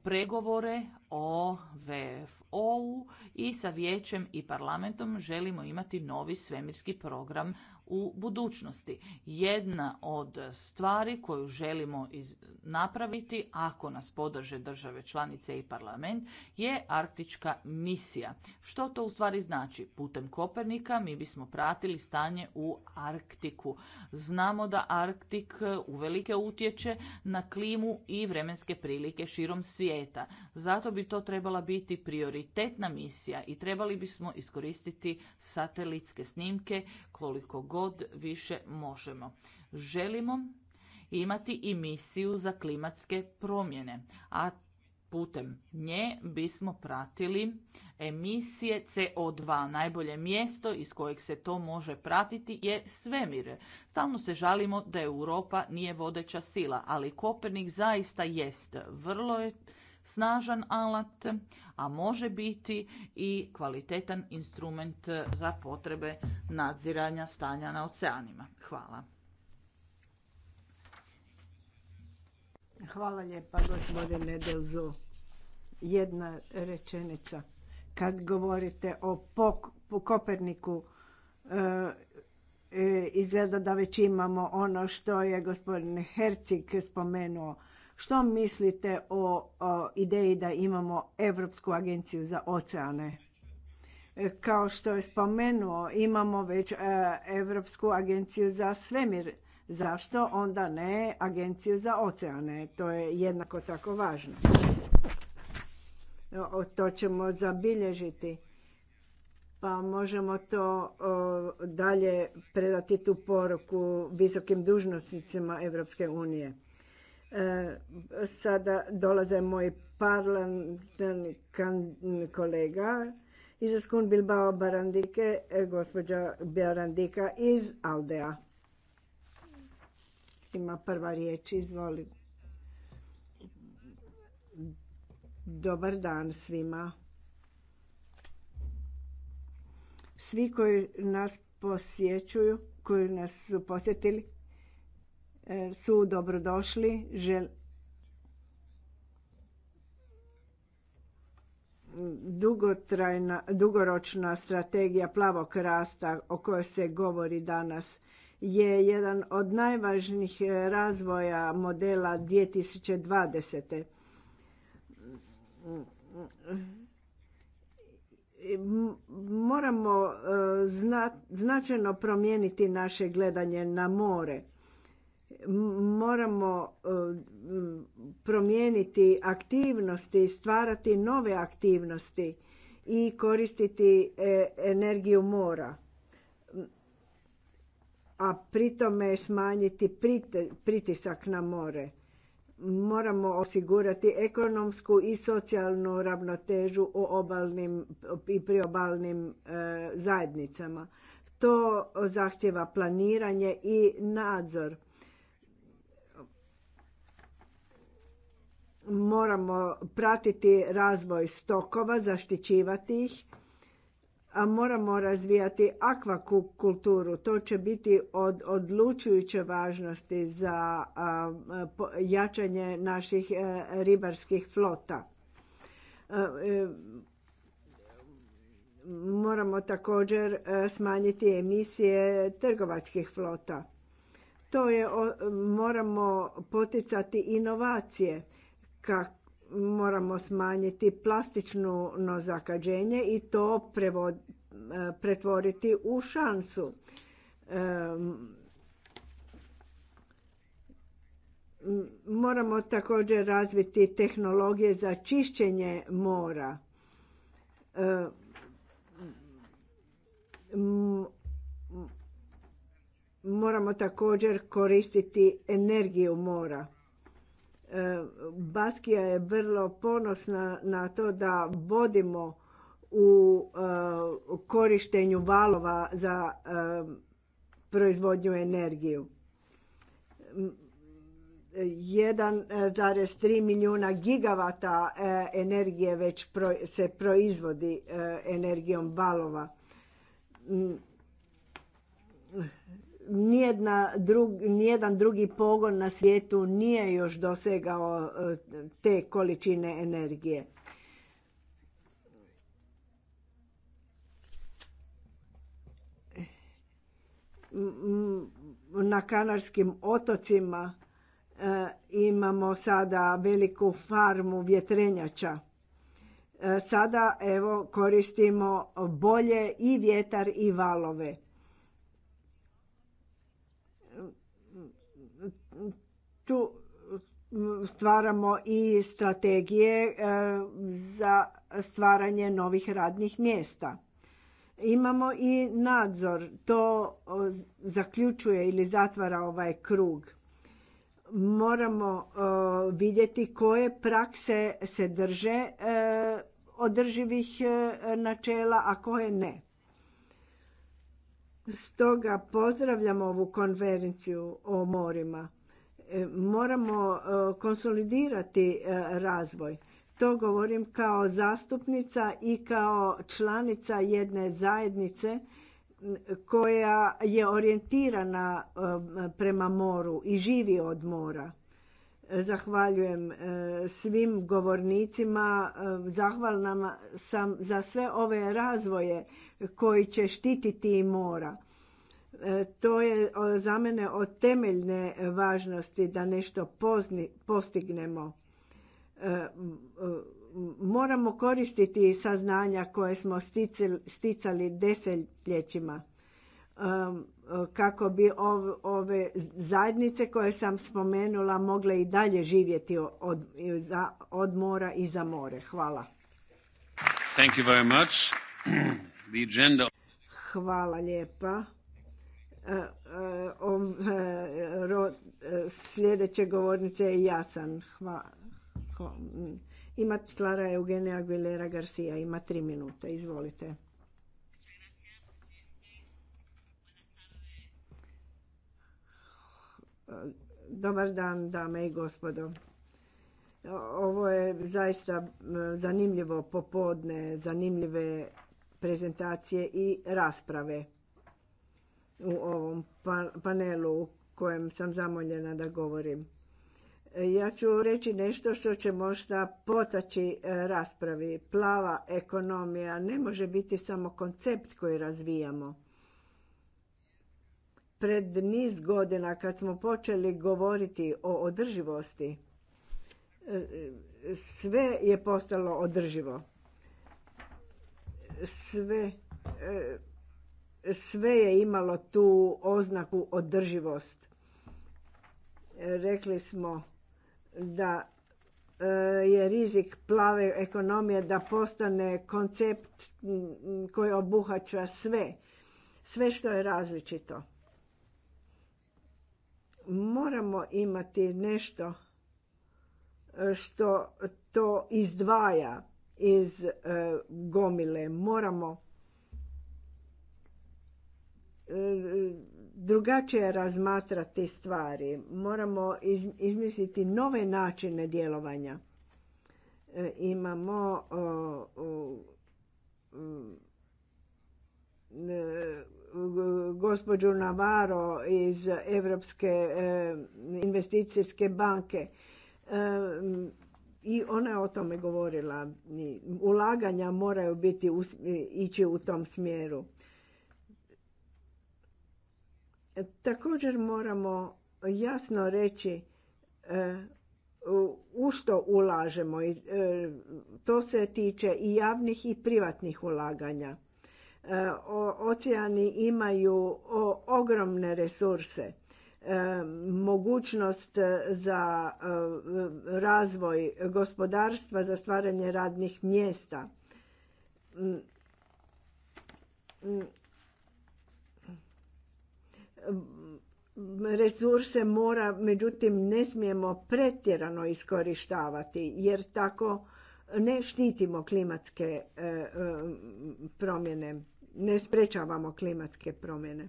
pregovore o VFO-u i sa vijećem i parlamentom želimo imati novi svemirski program u budućnosti. Jedna od stvari koju želimo napraviti ako nas podrže države članice i parlament je arktička misija. Što to u stvari znači? Putem Kopernika mi bismo pratili stanje u Arktiku. Znamo da Arktik e, uvelike utječe na klimu i vremenske prilike širom svijeta. Zato bi to trebala biti prioritetna misija i trebali bismo iskoristiti satelitske snimke koliko god više možemo. Želimo imati i misiju za klimatske promjene, a putem nje bismo pratili emisije CO2. Najbolje mjesto iz kojeg se to može pratiti je svemir. Stalno se žalimo da Europa nije vodeća sila, ali Kopernik zaista jest. Vrlo je snažan alat, a može biti i kvalitetan instrument za potrebe nadziranja stanja na oceanima. Hvala. Hvala lijepa gospodine Delzu. Jedna rečenica. Kad govorite o Koperniku, e, e, izgleda da već imamo ono što je gospodin Hercik spomenuo. Što mislite o, ideji da imamo Europsku agenciju za oceane? E, kao što je spomenuo, imamo već Europsku agenciju za svemir. Zašto onda ne agenciju za oceane? To je jednako tako važno. To ćemo zabilježiti. Pa možemo to dalje predati tu poruku visokim dužnosnicima Europske unije. E, sada dolaze moj parlamentarni kolega iz skun Bilbao Barandike, e, gospođa Barandika iz Aldea. Ima prva riječ, izvoli. Dobar dan svima. Svi koji nas posjećuju, koji nas su posjetili, E, su dobrodošli. dugoročna strategija plavog rasta o kojoj se govori danas je jedan od najvažnijih razvoja modela 2020. Moramo e, značajno promijeniti naše gledanje na more moramo e, promijeniti aktivnosti, stvarati nove aktivnosti i koristiti e, energiju mora, a pritome smanjiti pritisak na more. Moramo osigurati ekonomsku i socijalnu ravnotežu u obalnim i priobalnim e, zajednicama. To zahtjeva planiranje i nadzor moramo pratiti razvoj stokova, zaštićivati ih, a moramo razvijati akvakulturu. To će biti od odlučujuće važnosti za jačanje naših e, ribarskih flota. E, e, moramo također smanjiti emisije trgovačkih flota. To je, moramo poticati inovacije kako moramo smanjiti plastično zakađenje i to e, pretvoriti u šansu. Moramo također razviti tehnologije za čišćenje mora. E, moramo također koristiti energiju mora Baskija je vrlo ponosna na to da vodimo u e, korištenju valova za e, proizvodnju energiju. 1,3 e, milijuna gigavata energije već se proizvodi energijom valova nijedna nijedan drugi pogon na svijetu nije još dosegao e, te količine energije. Na Kanarskim otocima e, imamo sada veliku farmu vjetrenjača. E, sada evo koristimo bolje i vjetar i valove tu stvaramo i strategije e, za stvaranje novih radnih mjesta. Imamo i nadzor, to zaključuje ili zatvara ovaj krug. Moramo vidjeti koje prakse se drže e, održivih e, načela, a koje ne. Stoga pozdravljamo ovu konvenciju o morima E, moramo e, konsolidirati e, razvoj. To govorim kao zastupnica i kao članica jedne zajednice koja je orijentirana prema moru i živi od mora. Zahvaljujem svim govornicima, zahvalna sam za sve ove razvoje koji će štititi i mora. E, to je e, za mene od temeljne važnosti da nešto pozni, postignemo. E, moramo koristiti saznanja koje smo sticali desetljećima kako bi ove zajednice koje sam spomenula mogle i dalje živjeti od, od mora i za more. Hvala. Thank you very much. Hvala lijepa. E, sljedeće govornice je jasan. Hva, Klara ima Clara Eugenia Aguilera Garcia, ima tri minute, izvolite. Dobar dan, dame i gospodo. Ovo je zaista zanimljivo popodne, zanimljive prezentacije i rasprave u ovom pa-, panelu u kojem sam zamoljena da govorim. E, ja ću reći nešto što će možda potaći e, raspravi. Plava ekonomija ne može biti samo koncept koji razvijamo. Pred niz godina kad smo počeli govoriti o održivosti, e, sve je postalo održivo. Sve sve je imalo tu oznaku održivost. Rekli smo da e, je rizik plave ekonomije da postane koncept koji obuhvaća sve, sve što je različito. Moramo imati nešto e, što to izdvaja iz e, gomile. Moramo E, drugačije razmatrati stvari. Moramo izmisliti nove načine djelovanja. E, imamo e, gospođu Navaro iz Europske investicijske banke i ona je o tome govorila. Ulaganja moraju biti ići u tom smjeru. Također moramo jasno reći e, u što ulažemo i e, to se tiče i javnih i privatnih ulaganja. E, oceani imaju ogromne resurse, mogućnost za razvoj gospodarstva, za stvaranje radnih mjesta resurse mora, međutim ne smijemo pretjerano iskorištavati jer tako ne štitimo klimatske e, e, promjene, ne sprečavamo klimatske promjene.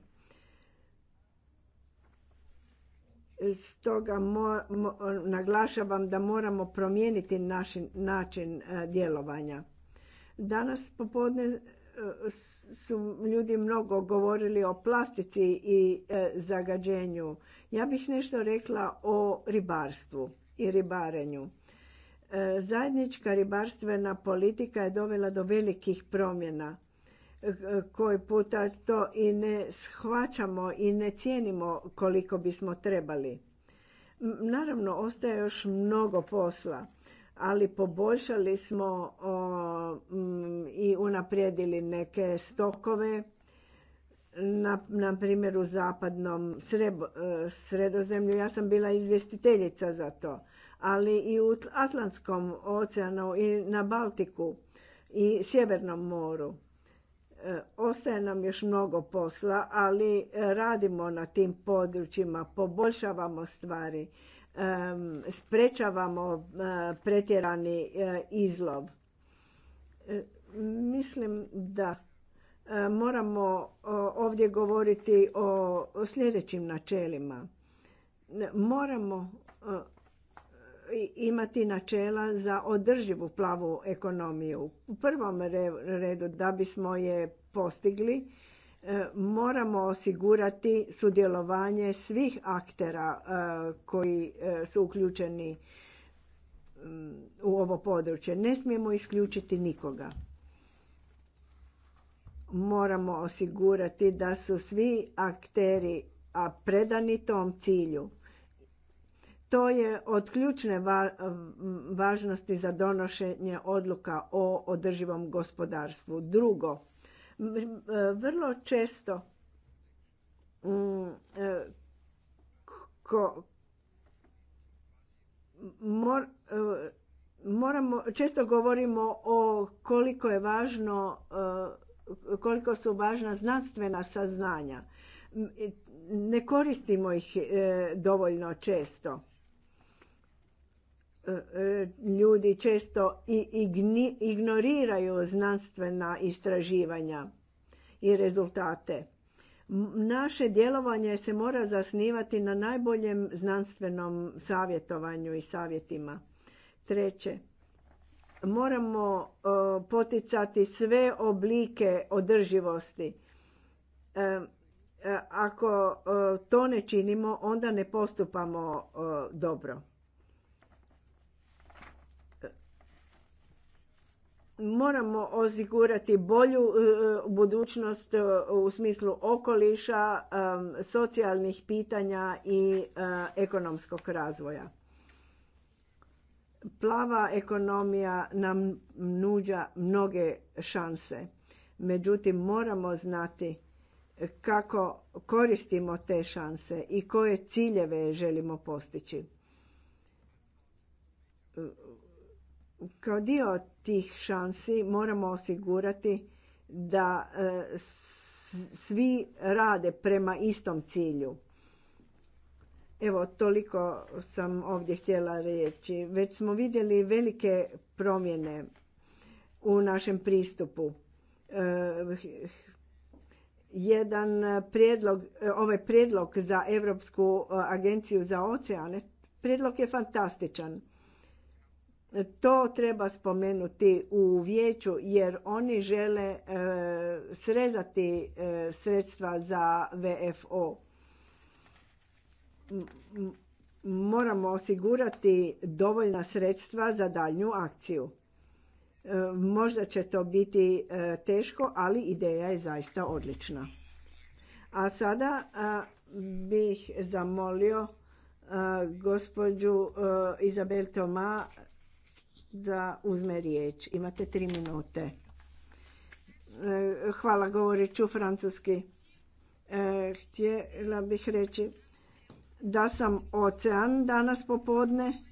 Stoga naglašavam da moramo promijeniti način e, djelovanja. Danas popodne su ljudi mnogo govorili o plastici i e, zagađenju. Ja bih nešto rekla o ribarstvu i ribarenju. E, zajednička ribarstvena politika je dovela do velikih promjena e, koji puta to i ne shvaćamo i ne cijenimo koliko bismo trebali. Naravno, ostaje još mnogo posla ali poboljšali smo mm, i unaprijedili neke stokove na, primjer u zapadnom e, sredozemlju. Ja sam bila izvjestiteljica za to, ali i u Atlantskom oceanu i na Baltiku i Sjevernom moru. E, ostaje nam još mnogo posla, ali e, radimo na tim područjima, poboljšavamo stvari sprečavamo pretjerani izlov. E, mislim da moramo ovdje govoriti o sljedećim načelima. Moramo imati načela za održivu plavu ekonomiju. U prvom redu da bismo je postigli E, moramo osigurati sudjelovanje svih aktera e, koji e, su uključeni mm, u ovo područje. Ne smijemo isključiti nikoga. Moramo osigurati da su svi akteri predani tom cilju. To je od ključne važnosti za donošenje odluka o održivom gospodarstvu. Drugo, vrlo često mm, e, e, moramo, često govorimo o koliko je važno e, koliko su važna znanstvena saznanja. Ne koristimo ih dovoljno često ljudi često i ignoriraju znanstvena istraživanja i rezultate. Naše djelovanje se mora zasnivati na najboljem znanstvenom savjetovanju i savjetima. Treće, moramo e, poticati sve oblike održivosti. E, e, ako to ne činimo, onda ne postupamo dobro. moramo osigurati bolju e, budućnost e, u smislu okoliša, e, socijalnih pitanja i ekonomskog razvoja. Plava ekonomija nam nuđa mnoge šanse. Međutim, moramo znati kako koristimo te šanse i koje ciljeve želimo postići kao dio tih šansi moramo osigurati da e, svi rade prema istom cilju. Evo, toliko sam ovdje htjela reći. Već smo vidjeli velike promjene u našem pristupu. E, jedan prijedlog, e, ovaj prijedlog za Europsku agenciju za oceane, prijedlog je fantastičan to treba spomenuti u vijeću jer oni žele e, srezati e, sredstva za VFO. Moramo osigurati dovoljna sredstva za daljnju akciju. E, možda će to biti teško, ali ideja je zaista odlična. A sada bih zamolio gospođu Izabel Toma da uzme riječ. Imate tri minute. E, hvala, govorit ću francuski. E, htjela bih reći da sam ocean danas popodne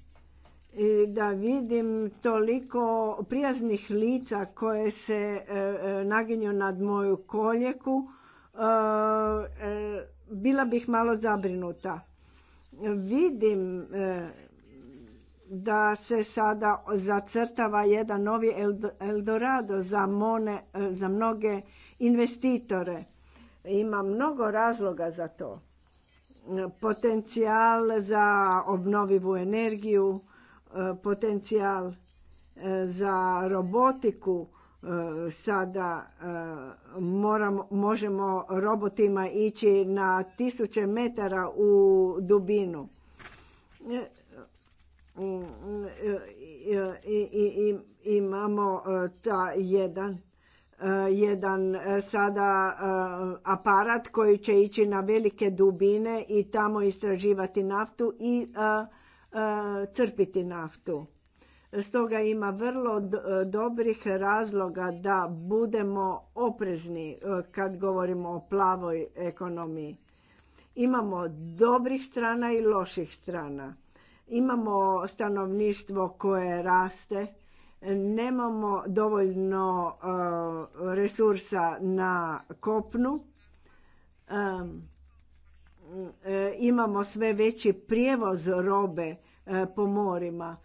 i da vidim toliko prijaznih lica koje se e, naginju nad moju koljeku. Bila bih malo zabrinuta. Vidim da se sada zacrtava jedan novi Eldorado za, mone, za mnoge investitore. Ima mnogo razloga za to. Potencijal za obnovivu energiju, e, potencijal e, za robotiku, e, sada možemo robotima ići na tisuće metara u dubinu E, imamo e, ta jedan e, jedan sada aparat koji će ići na velike dubine i tamo istraživati naftu i crpiti naftu. Stoga ima vrlo dobrih razloga da budemo oprezni kad govorimo o plavoj ekonomiji. Imamo dobrih strana i loših strana. Imamo stanovništvo koje raste, nemamo dovoljno eh, resursa na kopnu, eh, imamo sve veći prijevoz robe eh, po morima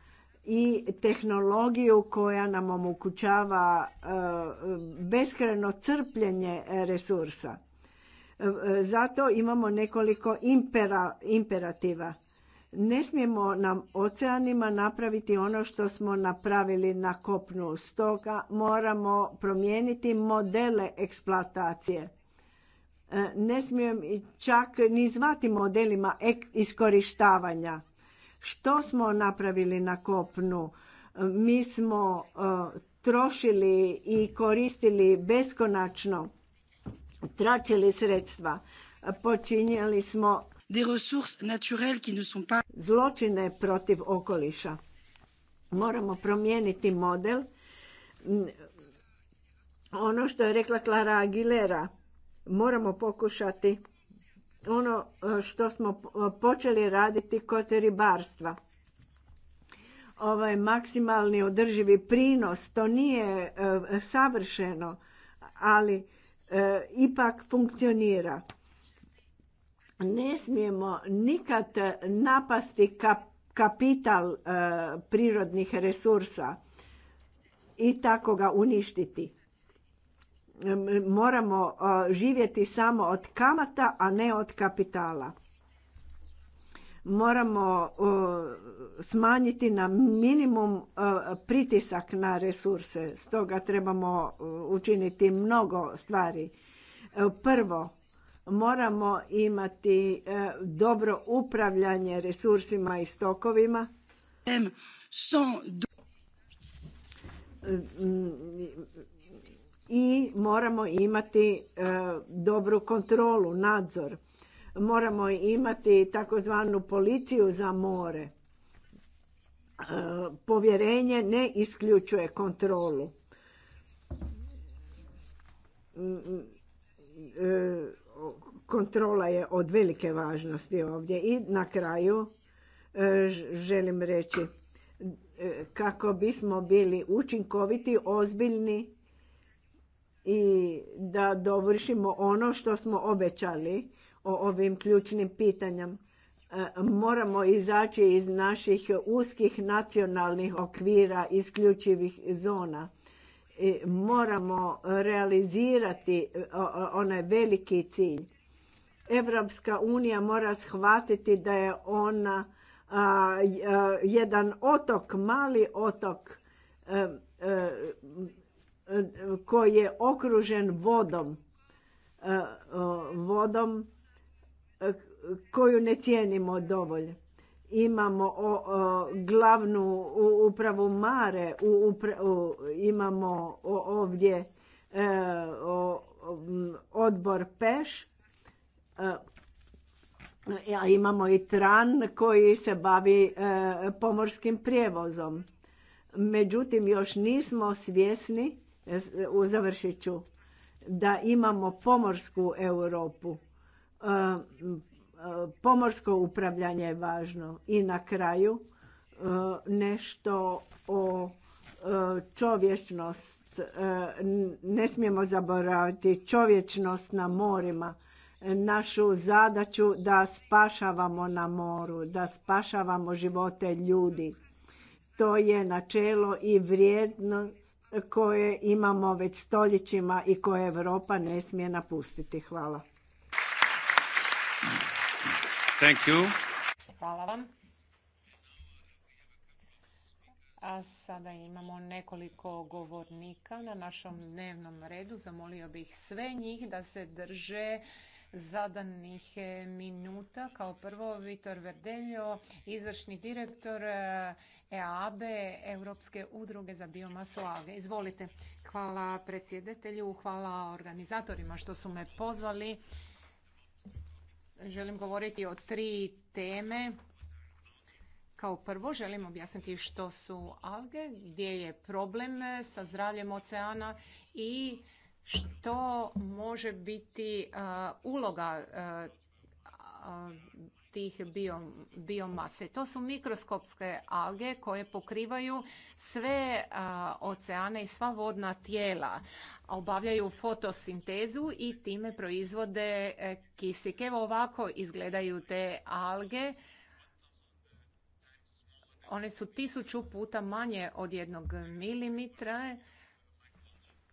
i tehnologiju koja nam omogućava beskrajno crpljenje resursa. Zato imamo nekoliko imperativa. Ne smijemo nam oceanima napraviti ono što smo napravili na kopnu. Stoga moramo promijeniti modele eksploatacije. E, ne smijem čak ni zvati modelima iskorištavanja. Što smo napravili na kopnu? E, mi smo e, trošili i koristili beskonačno, tračili sredstva. Počinjali smo des ressources naturelles qui ne sont pas... Zločine protiv okoliša. Moramo promijeniti model. Ono što je rekla Clara Aguilera, moramo pokušati ono e, što smo e, počeli raditi kod ribarstva. Ovaj maksimalni održivi prinos, to nije e, savršeno, ali ipak funkcionira ne smijemo nikad napasti kapital e, prirodnih resursa i tako ga uništiti. Moramo e, živjeti samo od kamata, a ne od kapitala. Moramo e, smanjiti na minimum pritisak na resurse. Stoga trebamo učiniti mnogo stvari. Prvo, Moramo imati e, dobro upravljanje resursima i stokovima. I moramo imati e, dobru kontrolu, nadzor. Moramo imati takozvanu policiju za more. E, povjerenje ne isključuje kontrolu. Kontrola je od velike važnosti ovdje. I na kraju e, želim reći e, kako bismo bili učinkoviti, ozbiljni i da dovršimo ono što smo obećali o ovim ključnim pitanjama. E, moramo izaći iz naših uskih nacionalnih okvira, isključivih zona. Moramo realizirati onaj veliki cilj Evropska unija mora shvatiti da je ona jedan otok, mali otok e, e, koji je okružen vodom, e, vodom koju ne cijenimo dovoljno. Imamo glavnu upravu Mare, imamo ovdje odbor Peš, E, a imamo i tran koji se bavi e, pomorskim prijevozom međutim još nismo svjesni e, u završiću da imamo pomorsku europu pomorsko upravljanje je važno i na kraju nešto o čovječnost ne smijemo zaboraviti čovječnost na morima našu zadaću da spašavamo na moru, da spašavamo živote ljudi. To je načelo i vrijednost koje imamo već stoljećima i koje Europa ne smije napustiti. Hvala. Thank you. Hvala vam. A sada imamo nekoliko govornika na našom dnevnom redu. Zamolio bih sve njih da se drže zadanih eh, minuta. Kao prvo Vitor Verdeljo, izvršni direktor EAB, eh, e Europske udruge za biomasu alge. Izvolite. Hvala predsjedatelju, hvala organizatorima što su me pozvali. Želim govoriti o tri teme. Kao prvo želim objasniti što su alge, gdje je problem sa zdravljem oceana i što može biti uloga tih biomase. To su mikroskopske alge koje pokrivaju sve oceane i sva vodna tijela. Obavljaju fotosintezu i time proizvode e, kisik. Evo ovako izgledaju te alge. One su tisuću puta manje od jednog milimitra.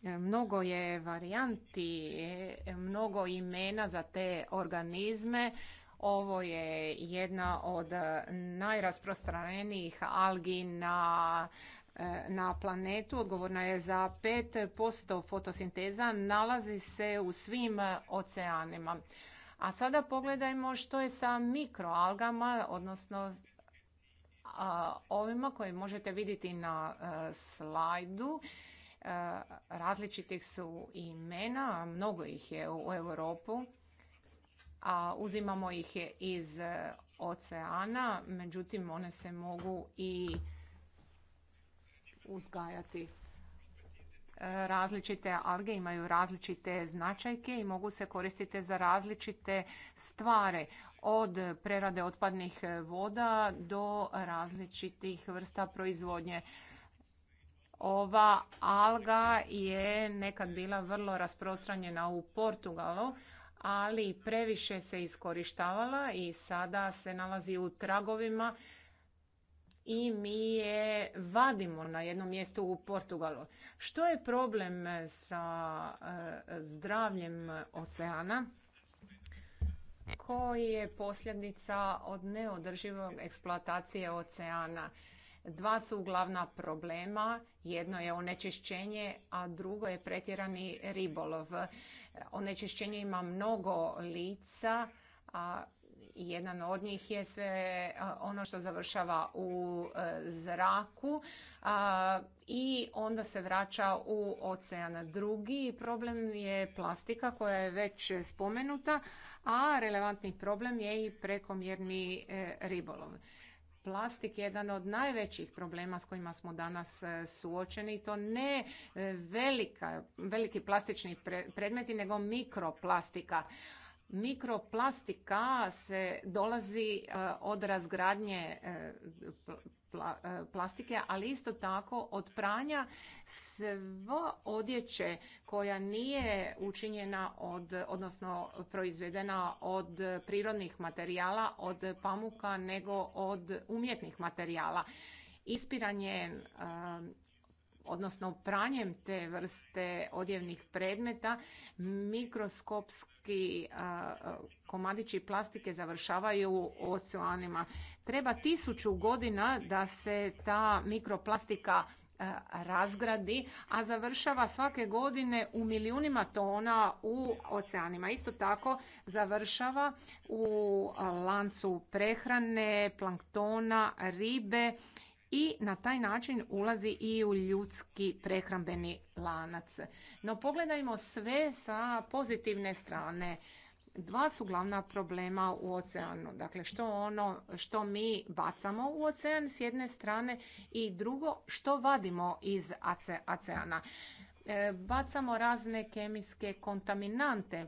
Mnogo je varijanti, mnogo imena za te organizme. Ovo je jedna od najrasprostranjenijih algi na e, na planetu, odgovorna je za 5% fotosinteza, nalazi se u svim oceanima. A sada pogledajmo što je sa mikroalgama, odnosno ovima koje možete vidjeti na e, slajdu. Eh, različitih su imena, mnogo ih je u Europu, a uzimamo ih iz eh, oceana, međutim one se mogu i uzgajati. Eh, različite alge imaju različite značajke i mogu se koristiti za različite stvari, od prerade otpadnih voda do različitih vrsta proizvodnje. Ova alga je nekad bila vrlo rasprostranjena u Portugalu, ali previše se iskorištavala i sada se nalazi u tragovima i mi je vadimo na jednom mjestu u Portugalu. Što je problem sa e, zdravljem oceana? Koji je posljedica od neodrživog eksploatacije oceana? Dva su glavna problema, jedno je onečišćenje, a drugo je pretjerani ribolov. Onečišćenje ima mnogo lica, a jedan od njih je sve ono što završava u e, zraku i onda se vraća u ocean. Drugi problem je plastika koja je već spomenuta, a relevantni problem je i prekomjerni e, ribolov plastik jedan od najvećih problema s kojima smo danas e, suočeni. To ne e, velika, veliki plastični predmeti, nego mikroplastika. Mikroplastika se dolazi e, od razgradnje E, plastike, ali isto tako od pranja svo odjeće koja nije učinjena od, odnosno proizvedena od prirodnih materijala, od pamuka, nego od umjetnih materijala. Ispiranje e, odnosno pranjem te vrste odjevnih predmeta mikroskopski e, komadići plastike završavaju u oceanima. Treba tisuću godina da se ta mikroplastika e, razgradi, a završava svake godine u milijunima tona u oceanima. Isto tako završava u e, lancu prehrane, planktona, ribe i na taj način ulazi i u ljudski prehrambeni lanac. No pogledajmo sve sa pozitivne strane dva su glavna problema u oceanu. Dakle, što ono što mi bacamo u ocean s jedne strane i drugo što vadimo iz oceana. E, bacamo razne kemijske kontaminante,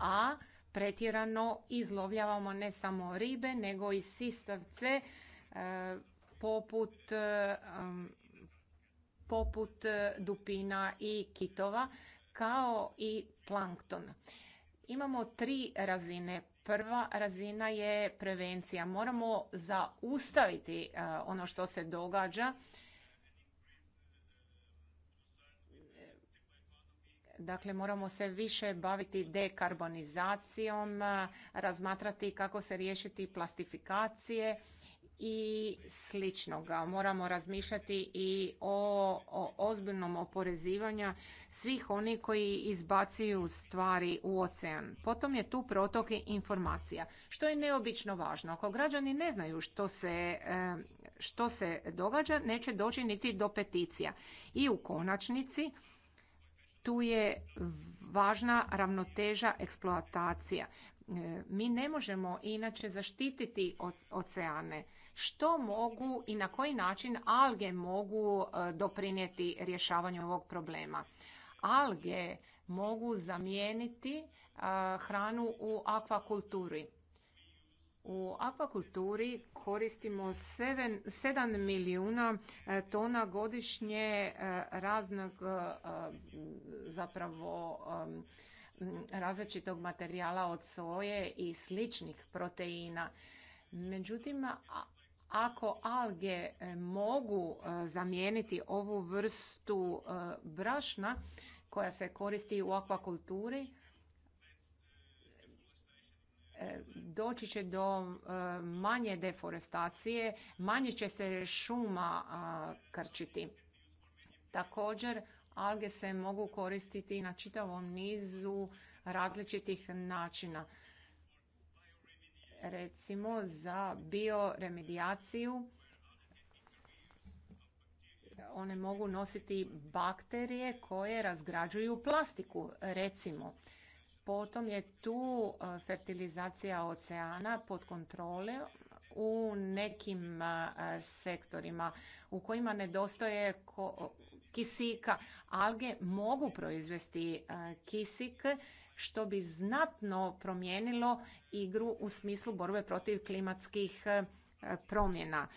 a pretjerano izlovljavamo ne samo ribe, nego i sistavce e, poput e, poput dupina i kitova, kao i plankton. Imamo tri razine. Prva razina je prevencija. Moramo zaustaviti e, ono što se događa. Dakle, moramo se više baviti dekarbonizacijom, e, razmatrati kako se riješiti plastifikacije i sličnoga. Moramo razmišljati i o, ozbiljnom oporezivanju svih oni koji izbacuju stvari u ocean. Potom je tu protok informacija, što je neobično važno. Ako građani ne znaju što se, e, što se događa, neće doći niti do peticija. I u konačnici tu je važna ravnoteža eksploatacija. E, mi ne možemo inače zaštititi oceane. Što mogu i na koji način alge mogu e, doprinijeti rješavanju ovog problema? Alge mogu zamijeniti e, hranu u akvakulturi. U akvakulturi koristimo 7, milijuna tona godišnje raznog zapravo različitog materijala od soje i sličnih proteina. Međutim, ako alge e, mogu e, zamijeniti ovu vrstu e, brašna koja se koristi u akvakulturi, doći će do manje deforestacije, manje će se šuma krčiti. Također Alge se mogu koristiti na čitavom nizu različitih načina. Recimo za bioremedijaciju one mogu nositi bakterije koje razgrađuju plastiku, recimo. Potom je tu e, fertilizacija oceana pod kontrole u nekim e, sektorima u kojima nedostaje kisika. Alge mogu proizvesti e, kisik što bi znatno promijenilo igru u smislu borbe protiv klimatskih e, promjena.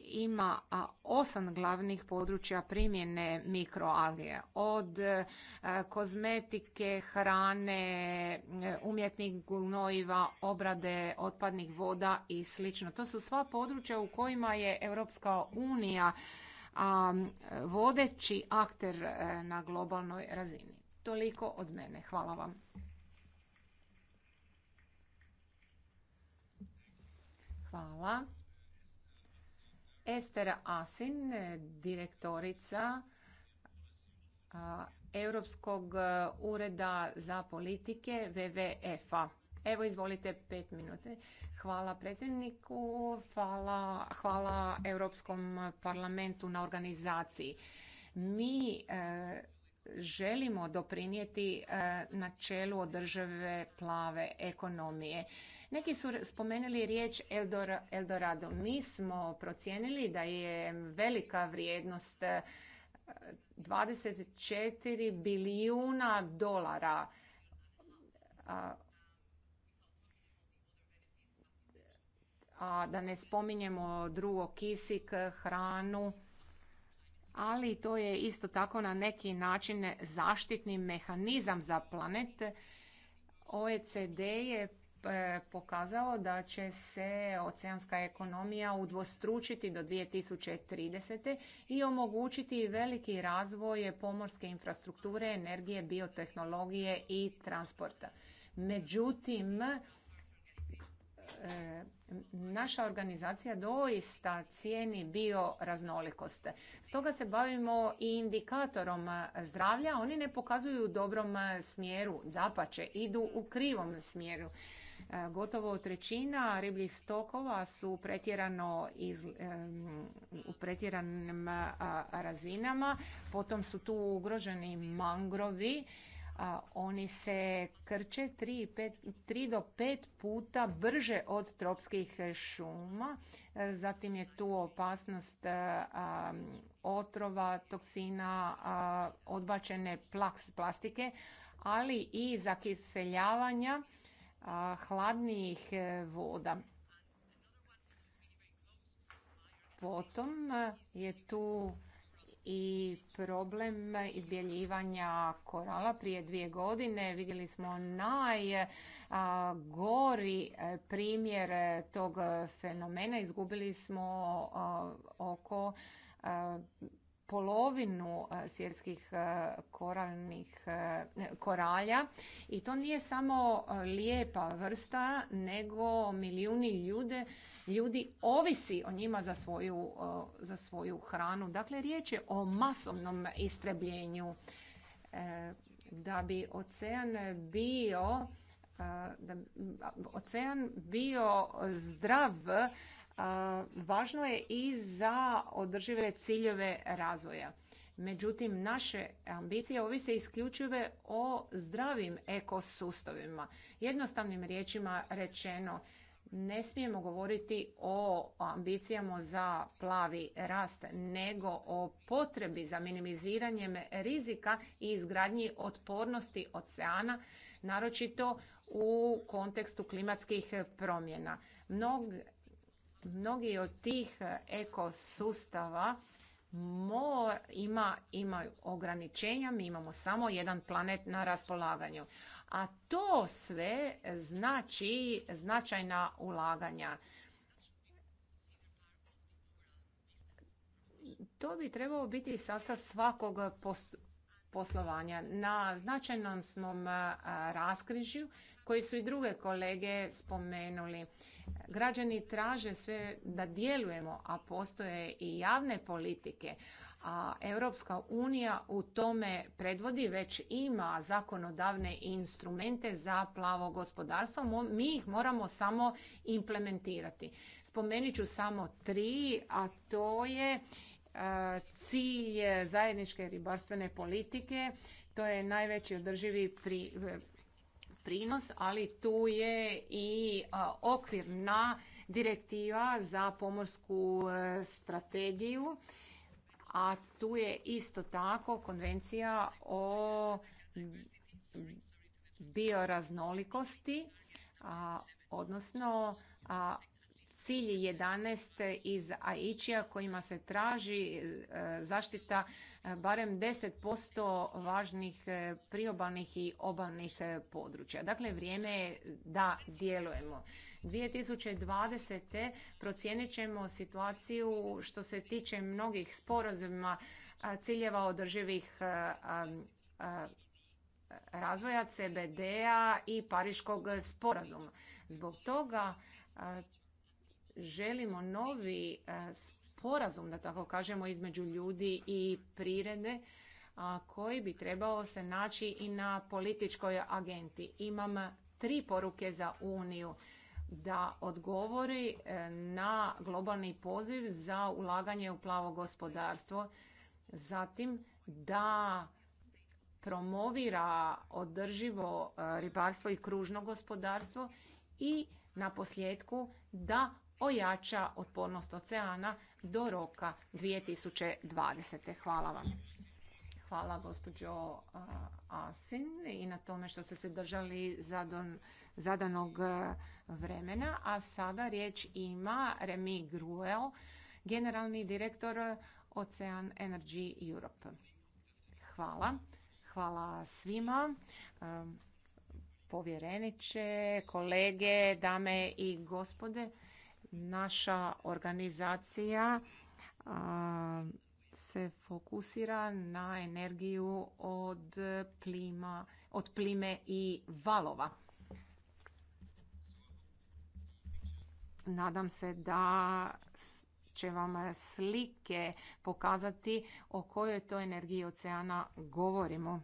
Ima osam glavnih područja primjene mikroalge, od e, kozmetike, hrane, umjetnih gnojiva, obrade otpadnih voda i slično. To su sva područja u kojima je Europska unija a vodeći akter e, na globalnoj razini. Toliko od mene. Hvala vam. Hvala. Ester Asin, direktorica Europskog e, ureda za politike WWF-a. Evo, izvolite pet minute. Hvala predsjedniku, hvala, hvala Europskom parlamentu na organizaciji. Mi e, želimo doprinijeti e, načelu održave plave ekonomije. Neki su spomenuli riječ Eldorado. Mi smo procijenili da je velika vrijednost 24 e, bilijuna dolara a da ne spominjemo drugo kisik, hranu, ali to je isto tako na neki način zaštitni mehanizam za planet. OECD je e, pokazao da će se oceanska ekonomija udvostručiti do 2030. i omogućiti veliki razvoj pomorske infrastrukture, energije, biotehnologije i transporta. Međutim, e, naša organizacija doista cijeni bioraznolikost. Stoga se bavimo i indikatorom zdravlja. Oni ne pokazuju u dobrom smjeru, dapače, idu u krivom smjeru. E, gotovo trećina ribljih stokova su pretjerano iz, u pretjeranim razinama. Potom su tu ugroženi mangrovi oni se krče 3 do 5 puta brže od tropskih šuma. E, zatim je tu opasnost e, otrova, toksina, odbačene plastike, ali i zakiseljavanja hladnijih e, voda. Potom je tu i problem izbjeljivanja korala prije dvije godine. Vidjeli smo najgori e, primjer tog fenomena. Izgubili smo oko polovinu e, svjetskih e, koralnih e, koralja i to nije samo lijepa vrsta nego milijuni ljude, ljudi ovisi o njima za svoju, za svoju hranu. Dakle, riječ je o masovnom istrebljenju da bi ocean bio da ocean bio zdrav važno je i za održive ciljeve razvoja. Međutim, naše ambicije ovise isključive o zdravim ekosustavima. Jednostavnim riječima rečeno, ne smijemo govoriti o ambicijama za plavi rast, nego o potrebi za minimiziranjem rizika i izgradnji otpornosti oceana, naročito u kontekstu klimatskih promjena. Mnog mnogi od tih e, ekosustava mor ima, imaju ograničenja, mi imamo samo jedan planet na raspolaganju. A to sve znači značajna ulaganja. To bi trebao biti sastav svakog poslovanja. Na značajnom smo raskrižju koji su i druge kolege spomenuli. Građani traže sve da djelujemo, a postoje i javne politike. A Europska unija u tome predvodi već ima zakonodavne instrumente za plavo gospodarstvo. Mi ih moramo samo implementirati. Spomenit ću samo tri, a to je cilj zajedničke ribarstvene politike. To je najveći održivi e, prinos, ali tu je i okvirna direktiva za pomorsku e, strategiju, a tu je isto tako konvencija o bioraznolikosti, odnosno cilj 11 iz Aičija kojima se traži e, zaštita e, barem 10% važnih e, priobalnih i obalnih područja. Dakle, vrijeme je da djelujemo. 2020. procijenit ćemo situaciju što se tiče mnogih sporazuma ciljeva održivih razvoja CBD-a i Pariškog sporazuma. Zbog toga želimo novi e, sporazum, da tako kažemo, između ljudi i prirede, koji bi trebao se naći i na političkoj agenti. Imam tri poruke za Uniju da odgovori e, na globalni poziv za ulaganje u plavo gospodarstvo, zatim da promovira održivo e, ribarstvo i kružno gospodarstvo i na posljedku da ojača otpornost oceana do roka 2020. Hvala vam. Hvala gospođo Asin i na tome što ste se držali zadanog e, vremena. A sada riječ ima Remi Gruel, generalni direktor Ocean Energy Europe. Hvala. Hvala svima e, povjereniče, kolege, dame i gospode. Naša organizacija se fokusira na energiju od, plima, od plime i valova. Nadam se da će vam slike pokazati o kojoj to energiji oceana govorimo.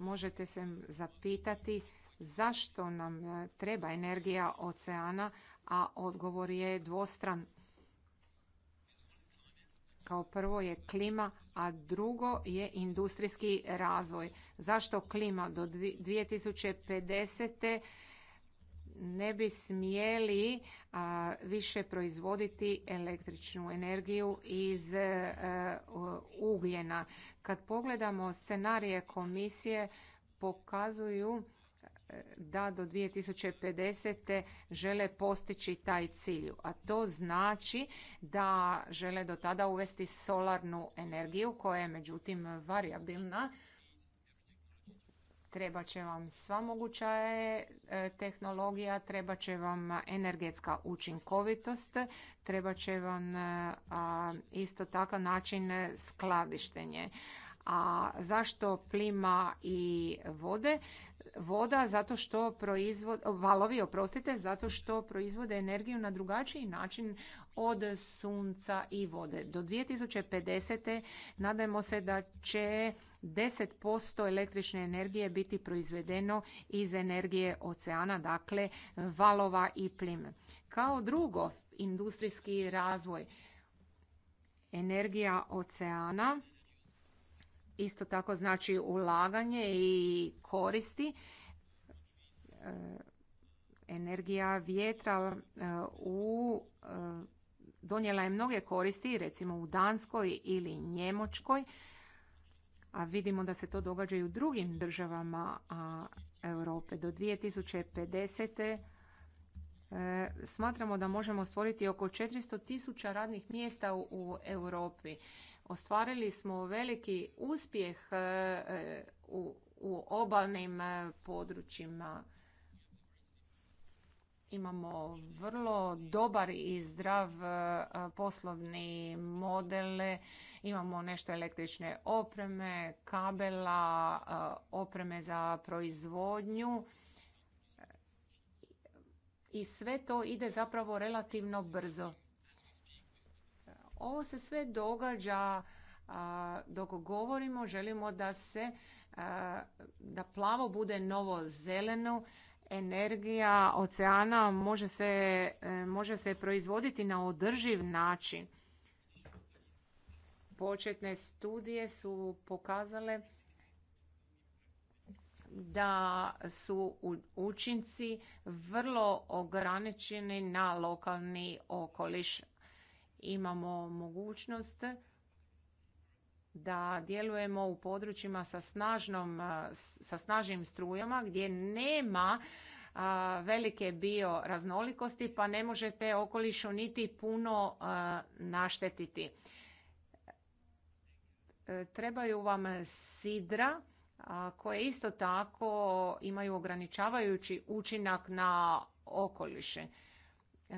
možete se zapitati zašto nam e, treba energija oceana, a odgovor je dvostran. Kao prvo je klima, a drugo je industrijski razvoj. Zašto klima do 2050 ne bi smjeli više proizvoditi električnu energiju iz e, ugljena. Kad pogledamo scenarije komisije pokazuju e, da do 2050. žele postići taj cilj. A to znači da žele do tada uvesti solarnu energiju koja je međutim variabilna Treba će vam sva moguća e, e, tehnologija, treba će vam energetska učinkovitost, treba će vam e, isto takav način skladištenje. A zašto plima i vode? voda zato što proizvod, valovi, oprostite, zato što proizvode energiju na drugačiji način od sunca i vode. Do 2050. nadajmo se da će 10% električne energije biti proizvedeno iz energije oceana, dakle valova i plime. Kao drugo, industrijski razvoj. Energija oceana isto tako znači ulaganje i koristi e, energija vjetra e, u e, donijela je mnoge koristi recimo u Danskoj ili Njemačkoj a vidimo da se to događa i u drugim državama Europe do 2050. Smatramo da možemo stvoriti oko 400 tisuća radnih mjesta u Europi Ostvarili smo veliki uspjeh e, u, obalnim e, područjima. Imamo vrlo dobar i zdrav e, poslovni model. Imamo nešto električne opreme, kabela, opreme za proizvodnju. I sve to ide zapravo relativno brzo. Ovo se sve događa dok govorimo, želimo da se da plavo bude novo zeleno, energija oceana može se, e, može se proizvoditi na održiv način. Početne studije su pokazale da su učinci vrlo ograničeni na lokalni okoliš imamo mogućnost da djelujemo u područjima sa, snažnom, sa snažnim strujama gdje nema a, velike bioraznolikosti pa ne možete okolišu niti puno naštetiti. E, trebaju vam sidra koje isto tako imaju ograničavajući učinak na okoliše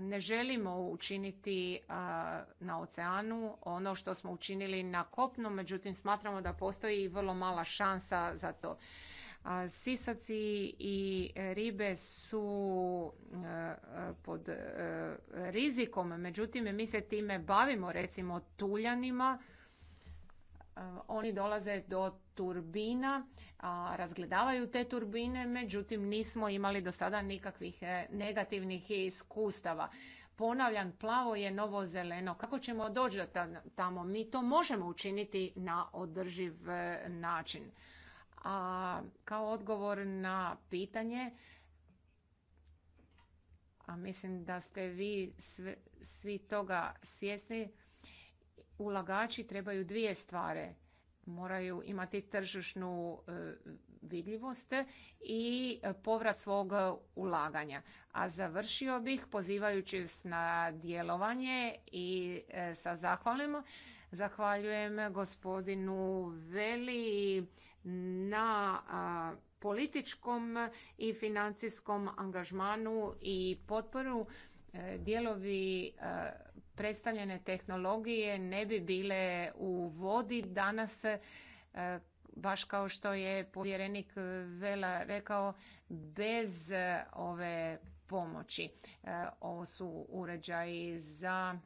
ne želimo učiniti na oceanu ono što smo učinili na kopnu, međutim smatramo da postoji vrlo mala šansa za to. Sisaci i ribe su e, pod e, rizikom, međutim mi se time bavimo recimo tuljanima Eh, oni dolaze do turbina, razgledavaju te turbine, međutim nismo imali do sada nikakvih eh, negativnih iskustava. Ponavljam, plavo je novo zeleno. Kako ćemo doći tamo? Mi to možemo učiniti na održiv eh, način. A kao odgovor na pitanje, a mislim da ste vi svi toga svjesni, ulagači trebaju dvije stvari. Moraju imati tržišnu e, vidljivost i povrat svog ulaganja. A završio bih pozivajući na djelovanje i e, sa zahvalim. Zahvaljujem gospodinu Veli na političkom i financijskom angažmanu i potporu. E, dijelovi predstavljene tehnologije ne bi bile u vodi danas e, baš kao što je povjerenik Vela rekao bez e, ove pomoći. E, ovo su uređaji za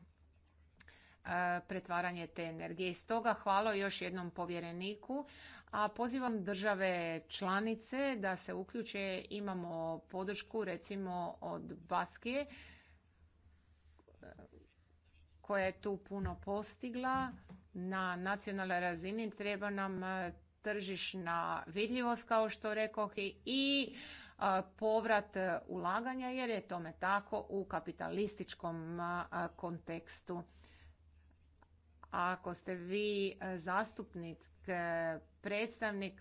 pretvaranje te energije. I stoga hvala još jednom povjereniku, a pozivam države članice da se uključe, imamo podršku recimo od Baskije koja je tu puno postigla na nacionalnoj razini. Treba nam e, tržišna vidljivost, kao što rekoh, i e, povrat ulaganja, jer je tome tako u kapitalističkom e, kontekstu. Ako ste vi zastupnik, predstavnik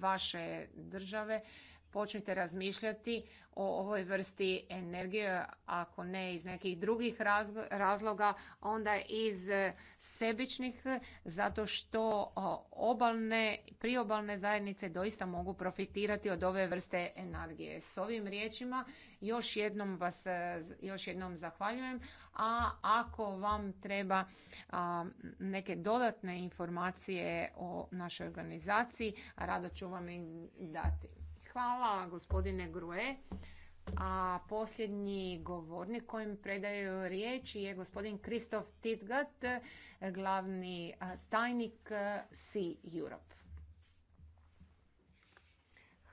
vaše države, Počnite razmišljati o ovoj vrsti energije, ako ne iz nekih drugih razloga, onda iz sebičnih, zato što obalne, priobalne zajednice doista mogu profitirati od ove vrste energije. S ovim riječima još jednom vas još jednom zahvaljujem, a ako vam treba neke dodatne informacije o našoj organizaciji, rado ću vam ih dati. Hvala gospodine Grue. A posljednji govornik kojim predaju riječ je gospodin Kristof Titgat, glavni tajnik Sea Europe.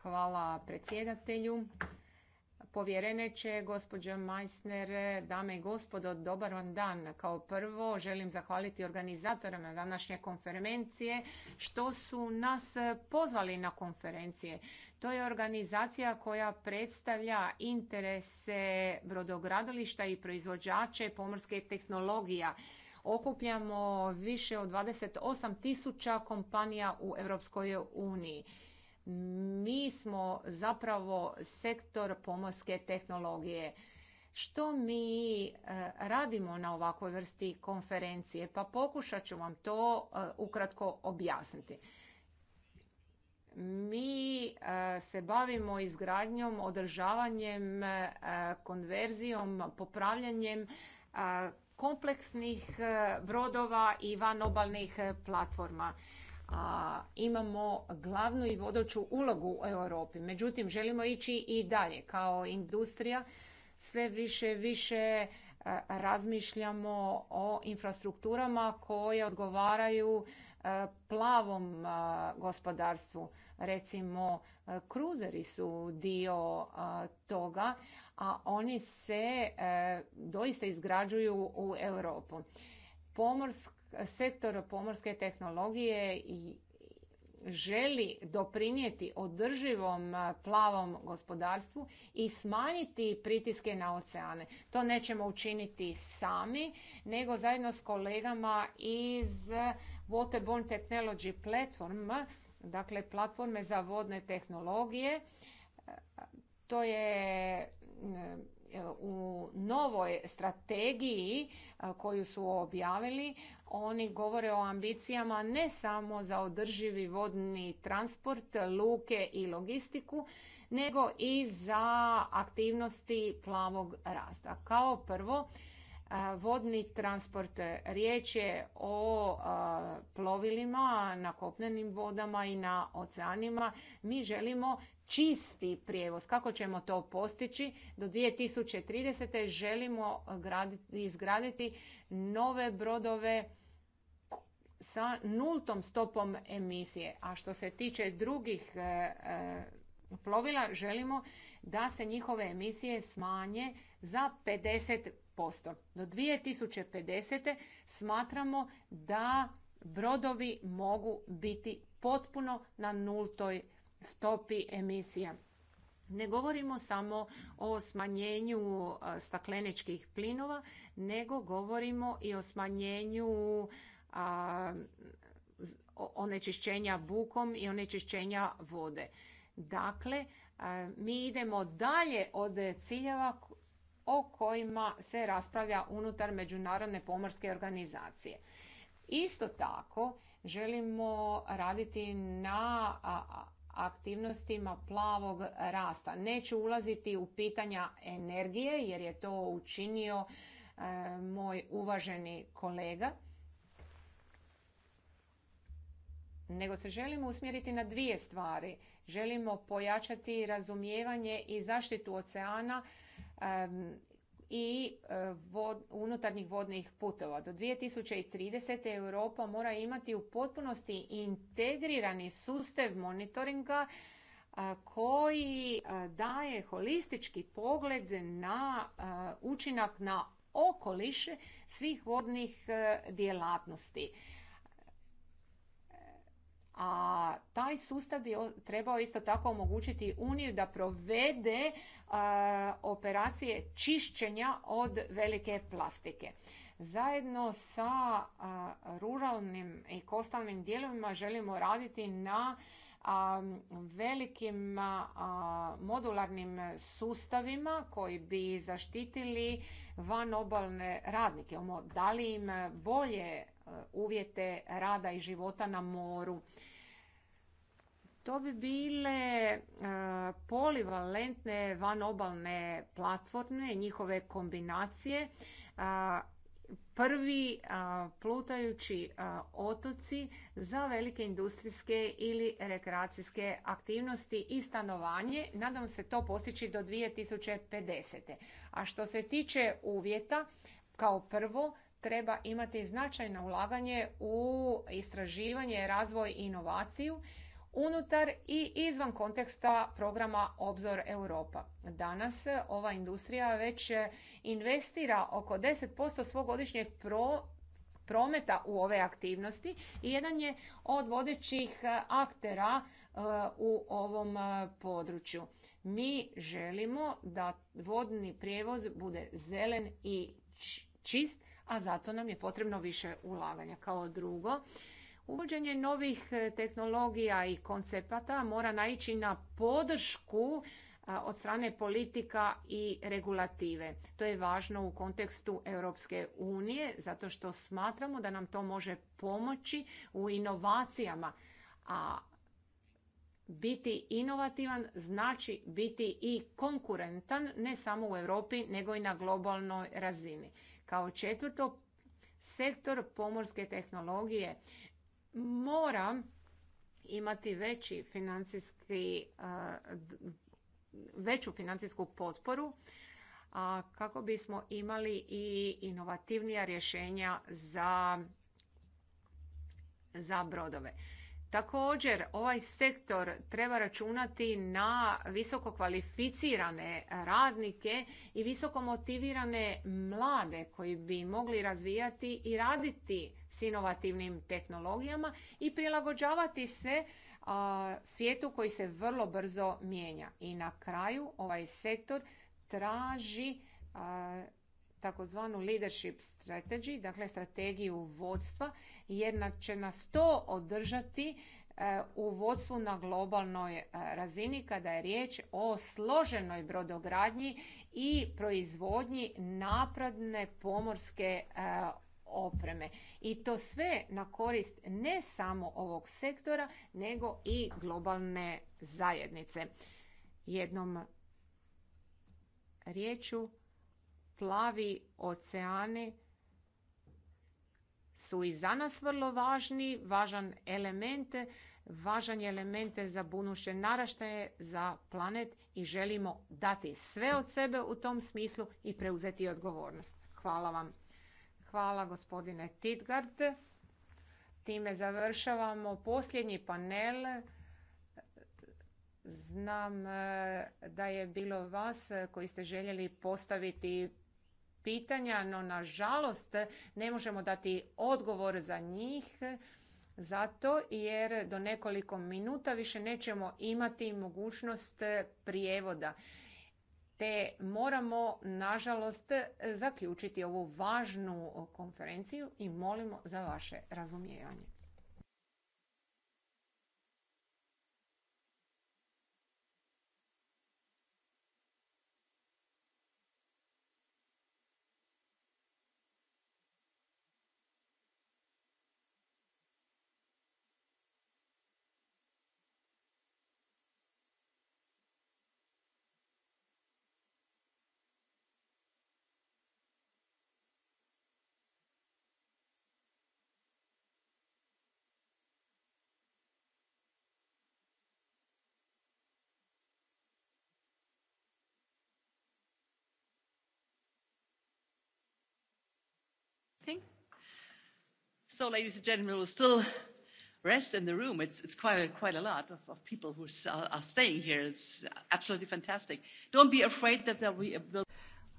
Hvala predsjedatelju. će gospođo Meissner, dame i gospodo, dobar vam dan. Kao prvo želim zahvaliti organizatorima današnje konferencije što su nas pozvali na konferencije. To je organizacija koja predstavlja interese brodogradilišta i proizvođače pomorske tehnologija. Okupljamo više od 28 tisuća kompanija u Europskoj uniji. Mi smo zapravo sektor pomorske tehnologije. Što mi e, radimo na ovakvoj vrsti konferencije? Pa pokušat ću vam to e, ukratko objasniti mi e, se bavimo izgradnjom, održavanjem, e, konverzijom, popravljanjem e, kompleksnih brodova i vanobalnih platforma. imamo glavnu i vodoću ulogu u Europi. Međutim, želimo ići i dalje kao industrija. Sve više više razmišljamo o infrastrukturama koje odgovaraju E, plavom e, gospodarstvu. Recimo, e, kruzeri su dio toga, a oni se doista izgrađuju u Europu. sektor pomorske tehnologije želi doprinijeti održivom plavom gospodarstvu i smanjiti pritiske na oceane. To nećemo učiniti sami, nego zajedno s kolegama iz Waterborne Technology Platform, dakle platforme za vodne tehnologije. To je E, u novoj strategiji e, koju su objavili oni govore o ambicijama ne samo za održivi vodni transport, luke i logistiku, nego i za aktivnosti plavog rasta. Kao prvo, e, vodni transport. Riječ je o plovilima na kopnenim vodama i na oceanima. Mi želimo čisti prijevoz. Kako ćemo to postići? Do 2030. želimo izgraditi nove brodove sa nultom stopom emisije. A što se tiče drugih e, e, plovila, želimo da se njihove emisije smanje za 50%. Do 2050. smatramo da brodovi mogu biti potpuno na nultoj stopi emisija. Ne govorimo samo o smanjenju e, stakleničkih plinova, nego govorimo i o smanjenju onečišćenja bukom i onečišćenja vode. Dakle, e, mi idemo dalje od ciljeva o kojima se raspravlja unutar Međunarodne pomorske organizacije. Isto tako želimo raditi na aktivnostima plavog rasta. Neću ulaziti u pitanja energije jer je to učinio e, moj uvaženi kolega. Nego se želimo usmjeriti na dvije stvari. Želimo pojačati razumijevanje i zaštitu oceana i e, vod, unutarnjih vodnih putova. Do 2030. Europa mora imati u potpunosti integrirani sustav monitoringa e, koji e, daje holistički pogled na učinak na okoliš svih vodnih djelatnosti a taj sustav bi trebao isto tako omogućiti Uniju da provede operacije čišćenja od velike plastike. Zajedno sa ruralnim i kostalnim dijelovima želimo raditi na velikim modularnim sustavima koji bi zaštitili vanobalne radnike. li im bolje E, uvjete rada i života na moru. To bi bile e, polivalentne vanobalne platforme, njihove kombinacije. E, prvi plutajući otoci za velike industrijske ili rekreacijske aktivnosti i stanovanje. Nadam se to postići do 2050. A što se tiče uvjeta, kao prvo treba imati značajno ulaganje u istraživanje, razvoj i inovaciju unutar i izvan konteksta programa Obzor Europa. Danas ova industrija već investira oko 10% svog godišnjeg prometa u ove aktivnosti i jedan je od vodećih aktera e, u ovom e, području. Mi želimo da vodni prijevoz bude zelen i čist a zato nam je potrebno više ulaganja. Kao drugo, Uvođenje novih e, tehnologija i koncepata mora naići na podršku od strane politika i regulative. To je važno u kontekstu Europske unije zato što smatramo da nam to može pomoći u inovacijama, a biti inovativan znači biti i konkurentan ne samo u Europi nego i na globalnoj razini. Kao četvrto, sektor pomorske tehnologije mora imati veći financijski, veću financijsku potporu a kako bismo imali i inovativnija rješenja za, za brodove. Također, ovaj sektor treba računati na visoko kvalificirane radnike i visoko motivirane mlade koji bi mogli razvijati i raditi s inovativnim tehnologijama i prilagođavati se svijetu koji se vrlo brzo mijenja. I na kraju ovaj sektor traži takozvanu leadership strategy, dakle strategiju vodstva, jer će nas to održati e, u vodstvu na globalnoj e, razini kada je riječ o složenoj brodogradnji i proizvodnji napredne pomorske e, opreme. I to sve na korist ne samo ovog sektora, nego i globalne zajednice. Jednom riječu plavi oceani su i za nas vrlo važni, važan element, važan je element za buduće naraštaje, za planet i želimo dati sve od sebe u tom smislu i preuzeti odgovornost. Hvala vam. Hvala gospodine Titgard. Time završavamo posljednji panel. Znam eh, da je bilo vas eh, koji ste željeli postaviti pitanja, no nažalost ne možemo dati odgovor za njih zato jer do nekoliko minuta više nećemo imati mogućnost prijevoda. Te moramo, nažalost, zaključiti ovu važnu konferenciju i molimo za vaše razumijevanje. thing? So, ladies and gentlemen, we'll still rest in the room. It's, it's quite, a, quite a lot of, of people who are, staying here. It's absolutely fantastic. Don't be afraid that there will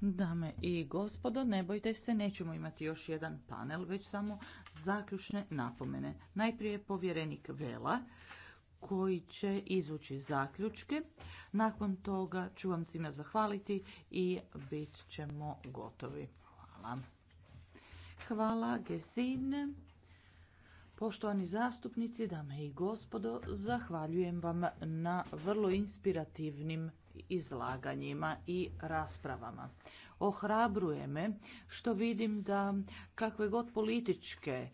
Dame i gospodo, ne bojte se, nećemo imati još jedan panel, već samo zaključne napomene. Najprije povjerenik Vela, koji će izvući zaključke. Nakon toga ću vam svima zahvaliti i bit ćemo gotovi. Hvala. Hvala, Gesine. Poštovani zastupnici, dame i gospodo, zahvaljujem vam na vrlo inspirativnim izlaganjima i raspravama. Ohrabruje me što vidim da kakve god političke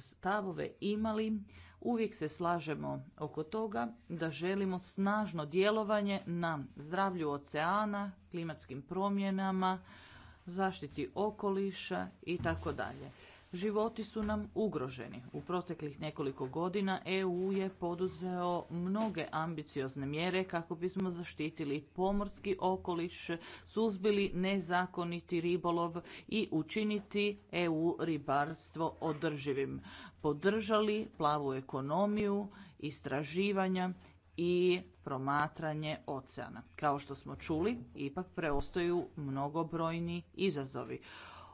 stavove imali, uvijek se slažemo oko toga da želimo snažno djelovanje na zdravlju oceana, klimatskim promjenama, zaštiti okoliša i tako dalje. Životi su nam ugroženi. U proteklih nekoliko godina EU je poduzeo mnoge ambiciozne mjere kako bismo zaštitili pomorski okoliš, suzbili nezakoniti ribolov i učiniti EU ribarstvo održivim. Podržali plavu ekonomiju, istraživanja i promatranje oceana. Kao što smo čuli, ipak preostaju mnogobrojni izazovi.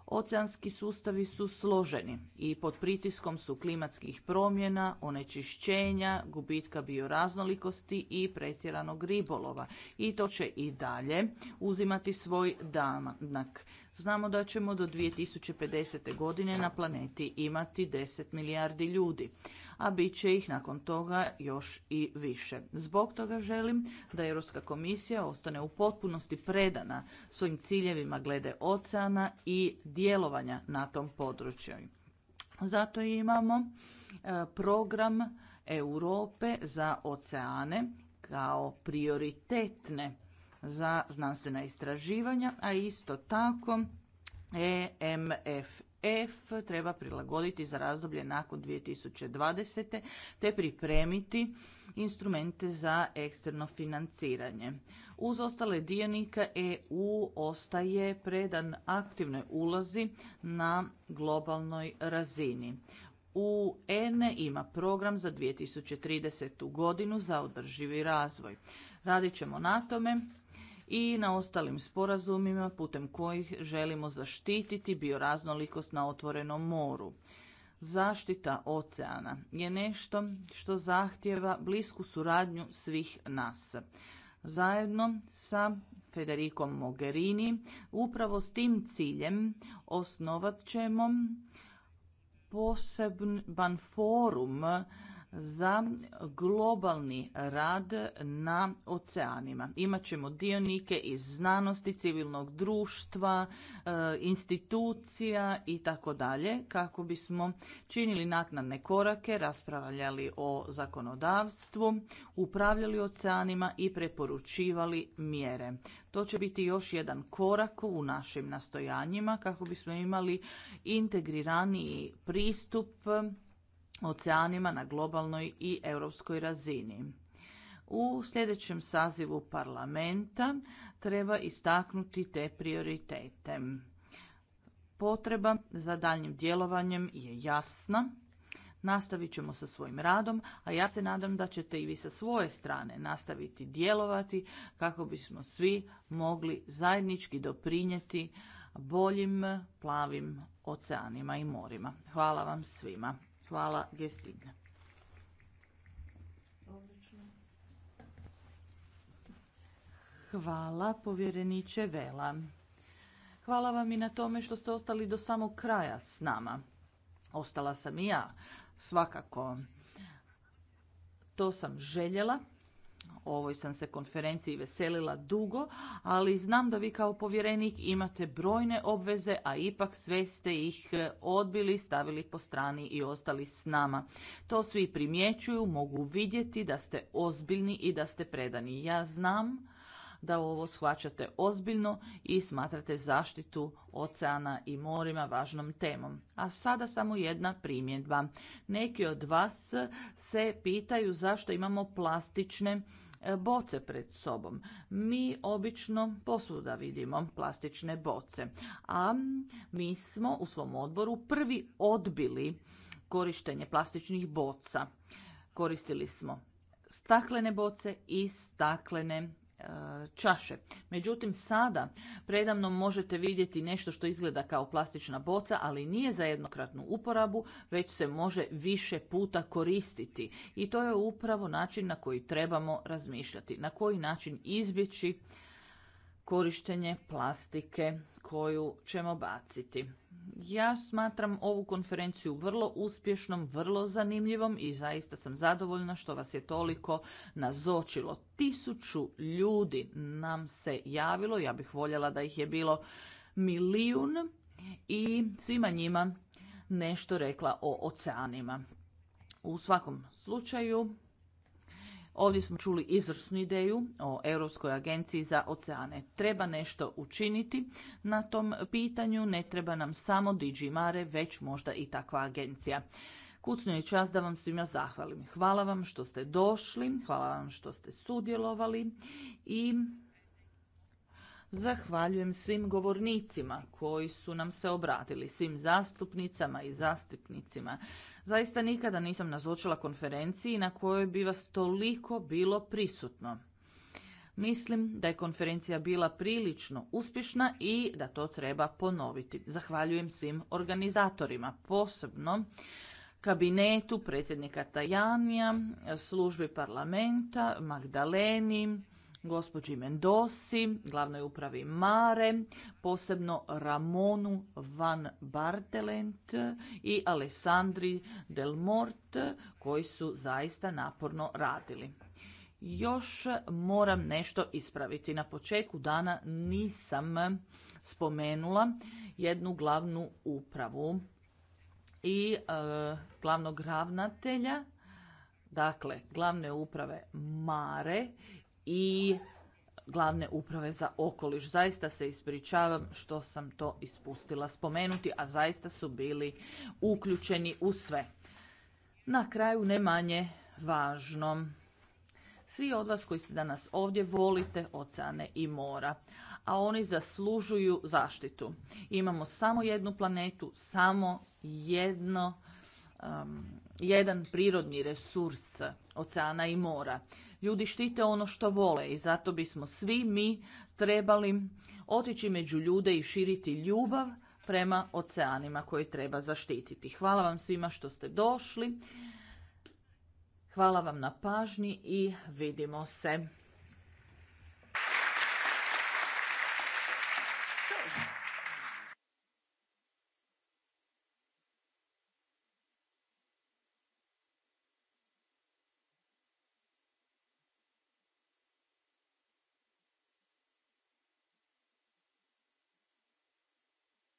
Oceanski sustavi su složeni i pod pritiskom su klimatskih promjena, onečišćenja, gubitka bioraznolikosti i pretjeranog ribolova. I to će i dalje uzimati svoj danak. Znamo da ćemo do 2050. godine na planeti imati 10 milijardi ljudi a bit će ih nakon toga još i više. Zbog toga želim da Europska komisija ostane u potpunosti predana svojim ciljevima glede oceana i djelovanja na tom području. Zato imamo e, program Europe za oceane kao prioritetne za znanstvena istraživanja, a isto tako EMF F treba prilagoditi za razdoblje nakon 2020. te pripremiti instrumente za eksterno financiranje. Uz ostale dionike EU ostaje predan aktivnoj ulozi na globalnoj razini. UN ima program za 2030. godinu za održivi razvoj. Radit ćemo na tome i na ostalim sporazumima putem kojih želimo zaštititi bioraznolikost na otvorenom moru. Zaštita oceana je nešto što zahtjeva blisku suradnju svih nas. Zajedno sa Federikom Mogherini upravo s tim ciljem osnovat ćemo poseban forum za globalni rad na oceanima. Imaćemo dionike iz znanosti, civilnog društva, e, institucija i tako dalje kako bismo činili naknadne korake, raspravljali o zakonodavstvu, upravljali oceanima i preporučivali mjere. To će biti još jedan korak u našim nastojanjima kako bismo imali integriraniji pristup oceanima na globalnoj i europskoj razini. U sljedećem sazivu parlamenta treba istaknuti te prioritete. Potreba za daljnjim djelovanjem je jasna. Nastavit ćemo sa svojim radom, a ja se nadam da ćete i vi sa svoje strane nastaviti djelovati kako bismo svi mogli zajednički doprinijeti boljim plavim oceanima i morima. Hvala vam svima. Hvala, gdje Hvala, povjereniče Vela. Hvala vam i na tome što ste ostali do samog kraja s nama. Ostala sam i ja, svakako. To sam željela Ovoj sam se konferenciji veselila dugo, ali znam da vi kao povjerenik imate brojne obveze, a ipak sve ste ih e, odbili, stavili po strani i ostali s nama. To svi primjećuju, mogu vidjeti da ste ozbiljni i da ste predani. Ja znam da ovo shvaćate ozbiljno i smatrate zaštitu oceana i morima važnom temom. A sada samo jedna primjedba. Neki od vas se pitaju zašto imamo plastične boce pred sobom. Mi obično posuda vidimo plastične boce, a mi smo u svom odboru prvi odbili korištenje plastičnih boca. Koristili smo staklene boce i staklene čaše. Međutim, sada predamno možete vidjeti nešto što izgleda kao plastična boca, ali nije za jednokratnu uporabu, već se može više puta koristiti. I to je upravo način na koji trebamo razmišljati. Na koji način izbjeći korištenje plastike koju ćemo baciti. Ja smatram ovu konferenciju vrlo uspješnom, vrlo zanimljivom i zaista sam zadovoljna što vas je toliko nazočilo. Tisuću ljudi nam se javilo, ja bih voljela da ih je bilo milijun i svima njima nešto rekla o oceanima. U svakom slučaju Ovdje smo čuli izvrsnu ideju o Europskoj agenciji za oceane. Treba nešto učiniti na tom pitanju, ne treba nam samo Digi Mare, već možda i takva agencija. Kucno je čast da vam svima zahvalim. Hvala vam što ste došli, hvala vam što ste sudjelovali i Zahvaljujem svim govornicima koji su nam se obratili, svim zastupnicama i zastupnicima. Zaista nikada nisam nazočila konferenciji na kojoj bi vas toliko bilo prisutno. Mislim da je konferencija bila prilično uspješna i da to treba ponoviti. Zahvaljujem svim organizatorima, posebno kabinetu predsjednika Tajanija, službi parlamenta, Magdaleni, gospođi Mendosi, glavnoj upravi Mare, posebno Ramonu Van Bartelent i Alessandri Del Mort koji su zaista naporno radili. Još moram nešto ispraviti. Na početku dana nisam spomenula jednu glavnu upravu i e, glavnog ravnatelja, dakle glavne uprave Mare i glavne uprave za okoliš. Zaista se ispričavam što sam to ispustila spomenuti, a zaista su bili uključeni u sve. Na kraju ne manje važno. Svi od vas koji ste danas ovdje volite oceane i mora, a oni zaslužuju zaštitu. Imamo samo jednu planetu, samo jedno, um, jedan prirodni resurs oceana i mora. Ljudi štite ono što vole i zato bismo svi mi trebali otići među ljude i širiti ljubav prema oceanima koje treba zaštititi. Hvala vam svima što ste došli. Hvala vam na pažnji i vidimo se.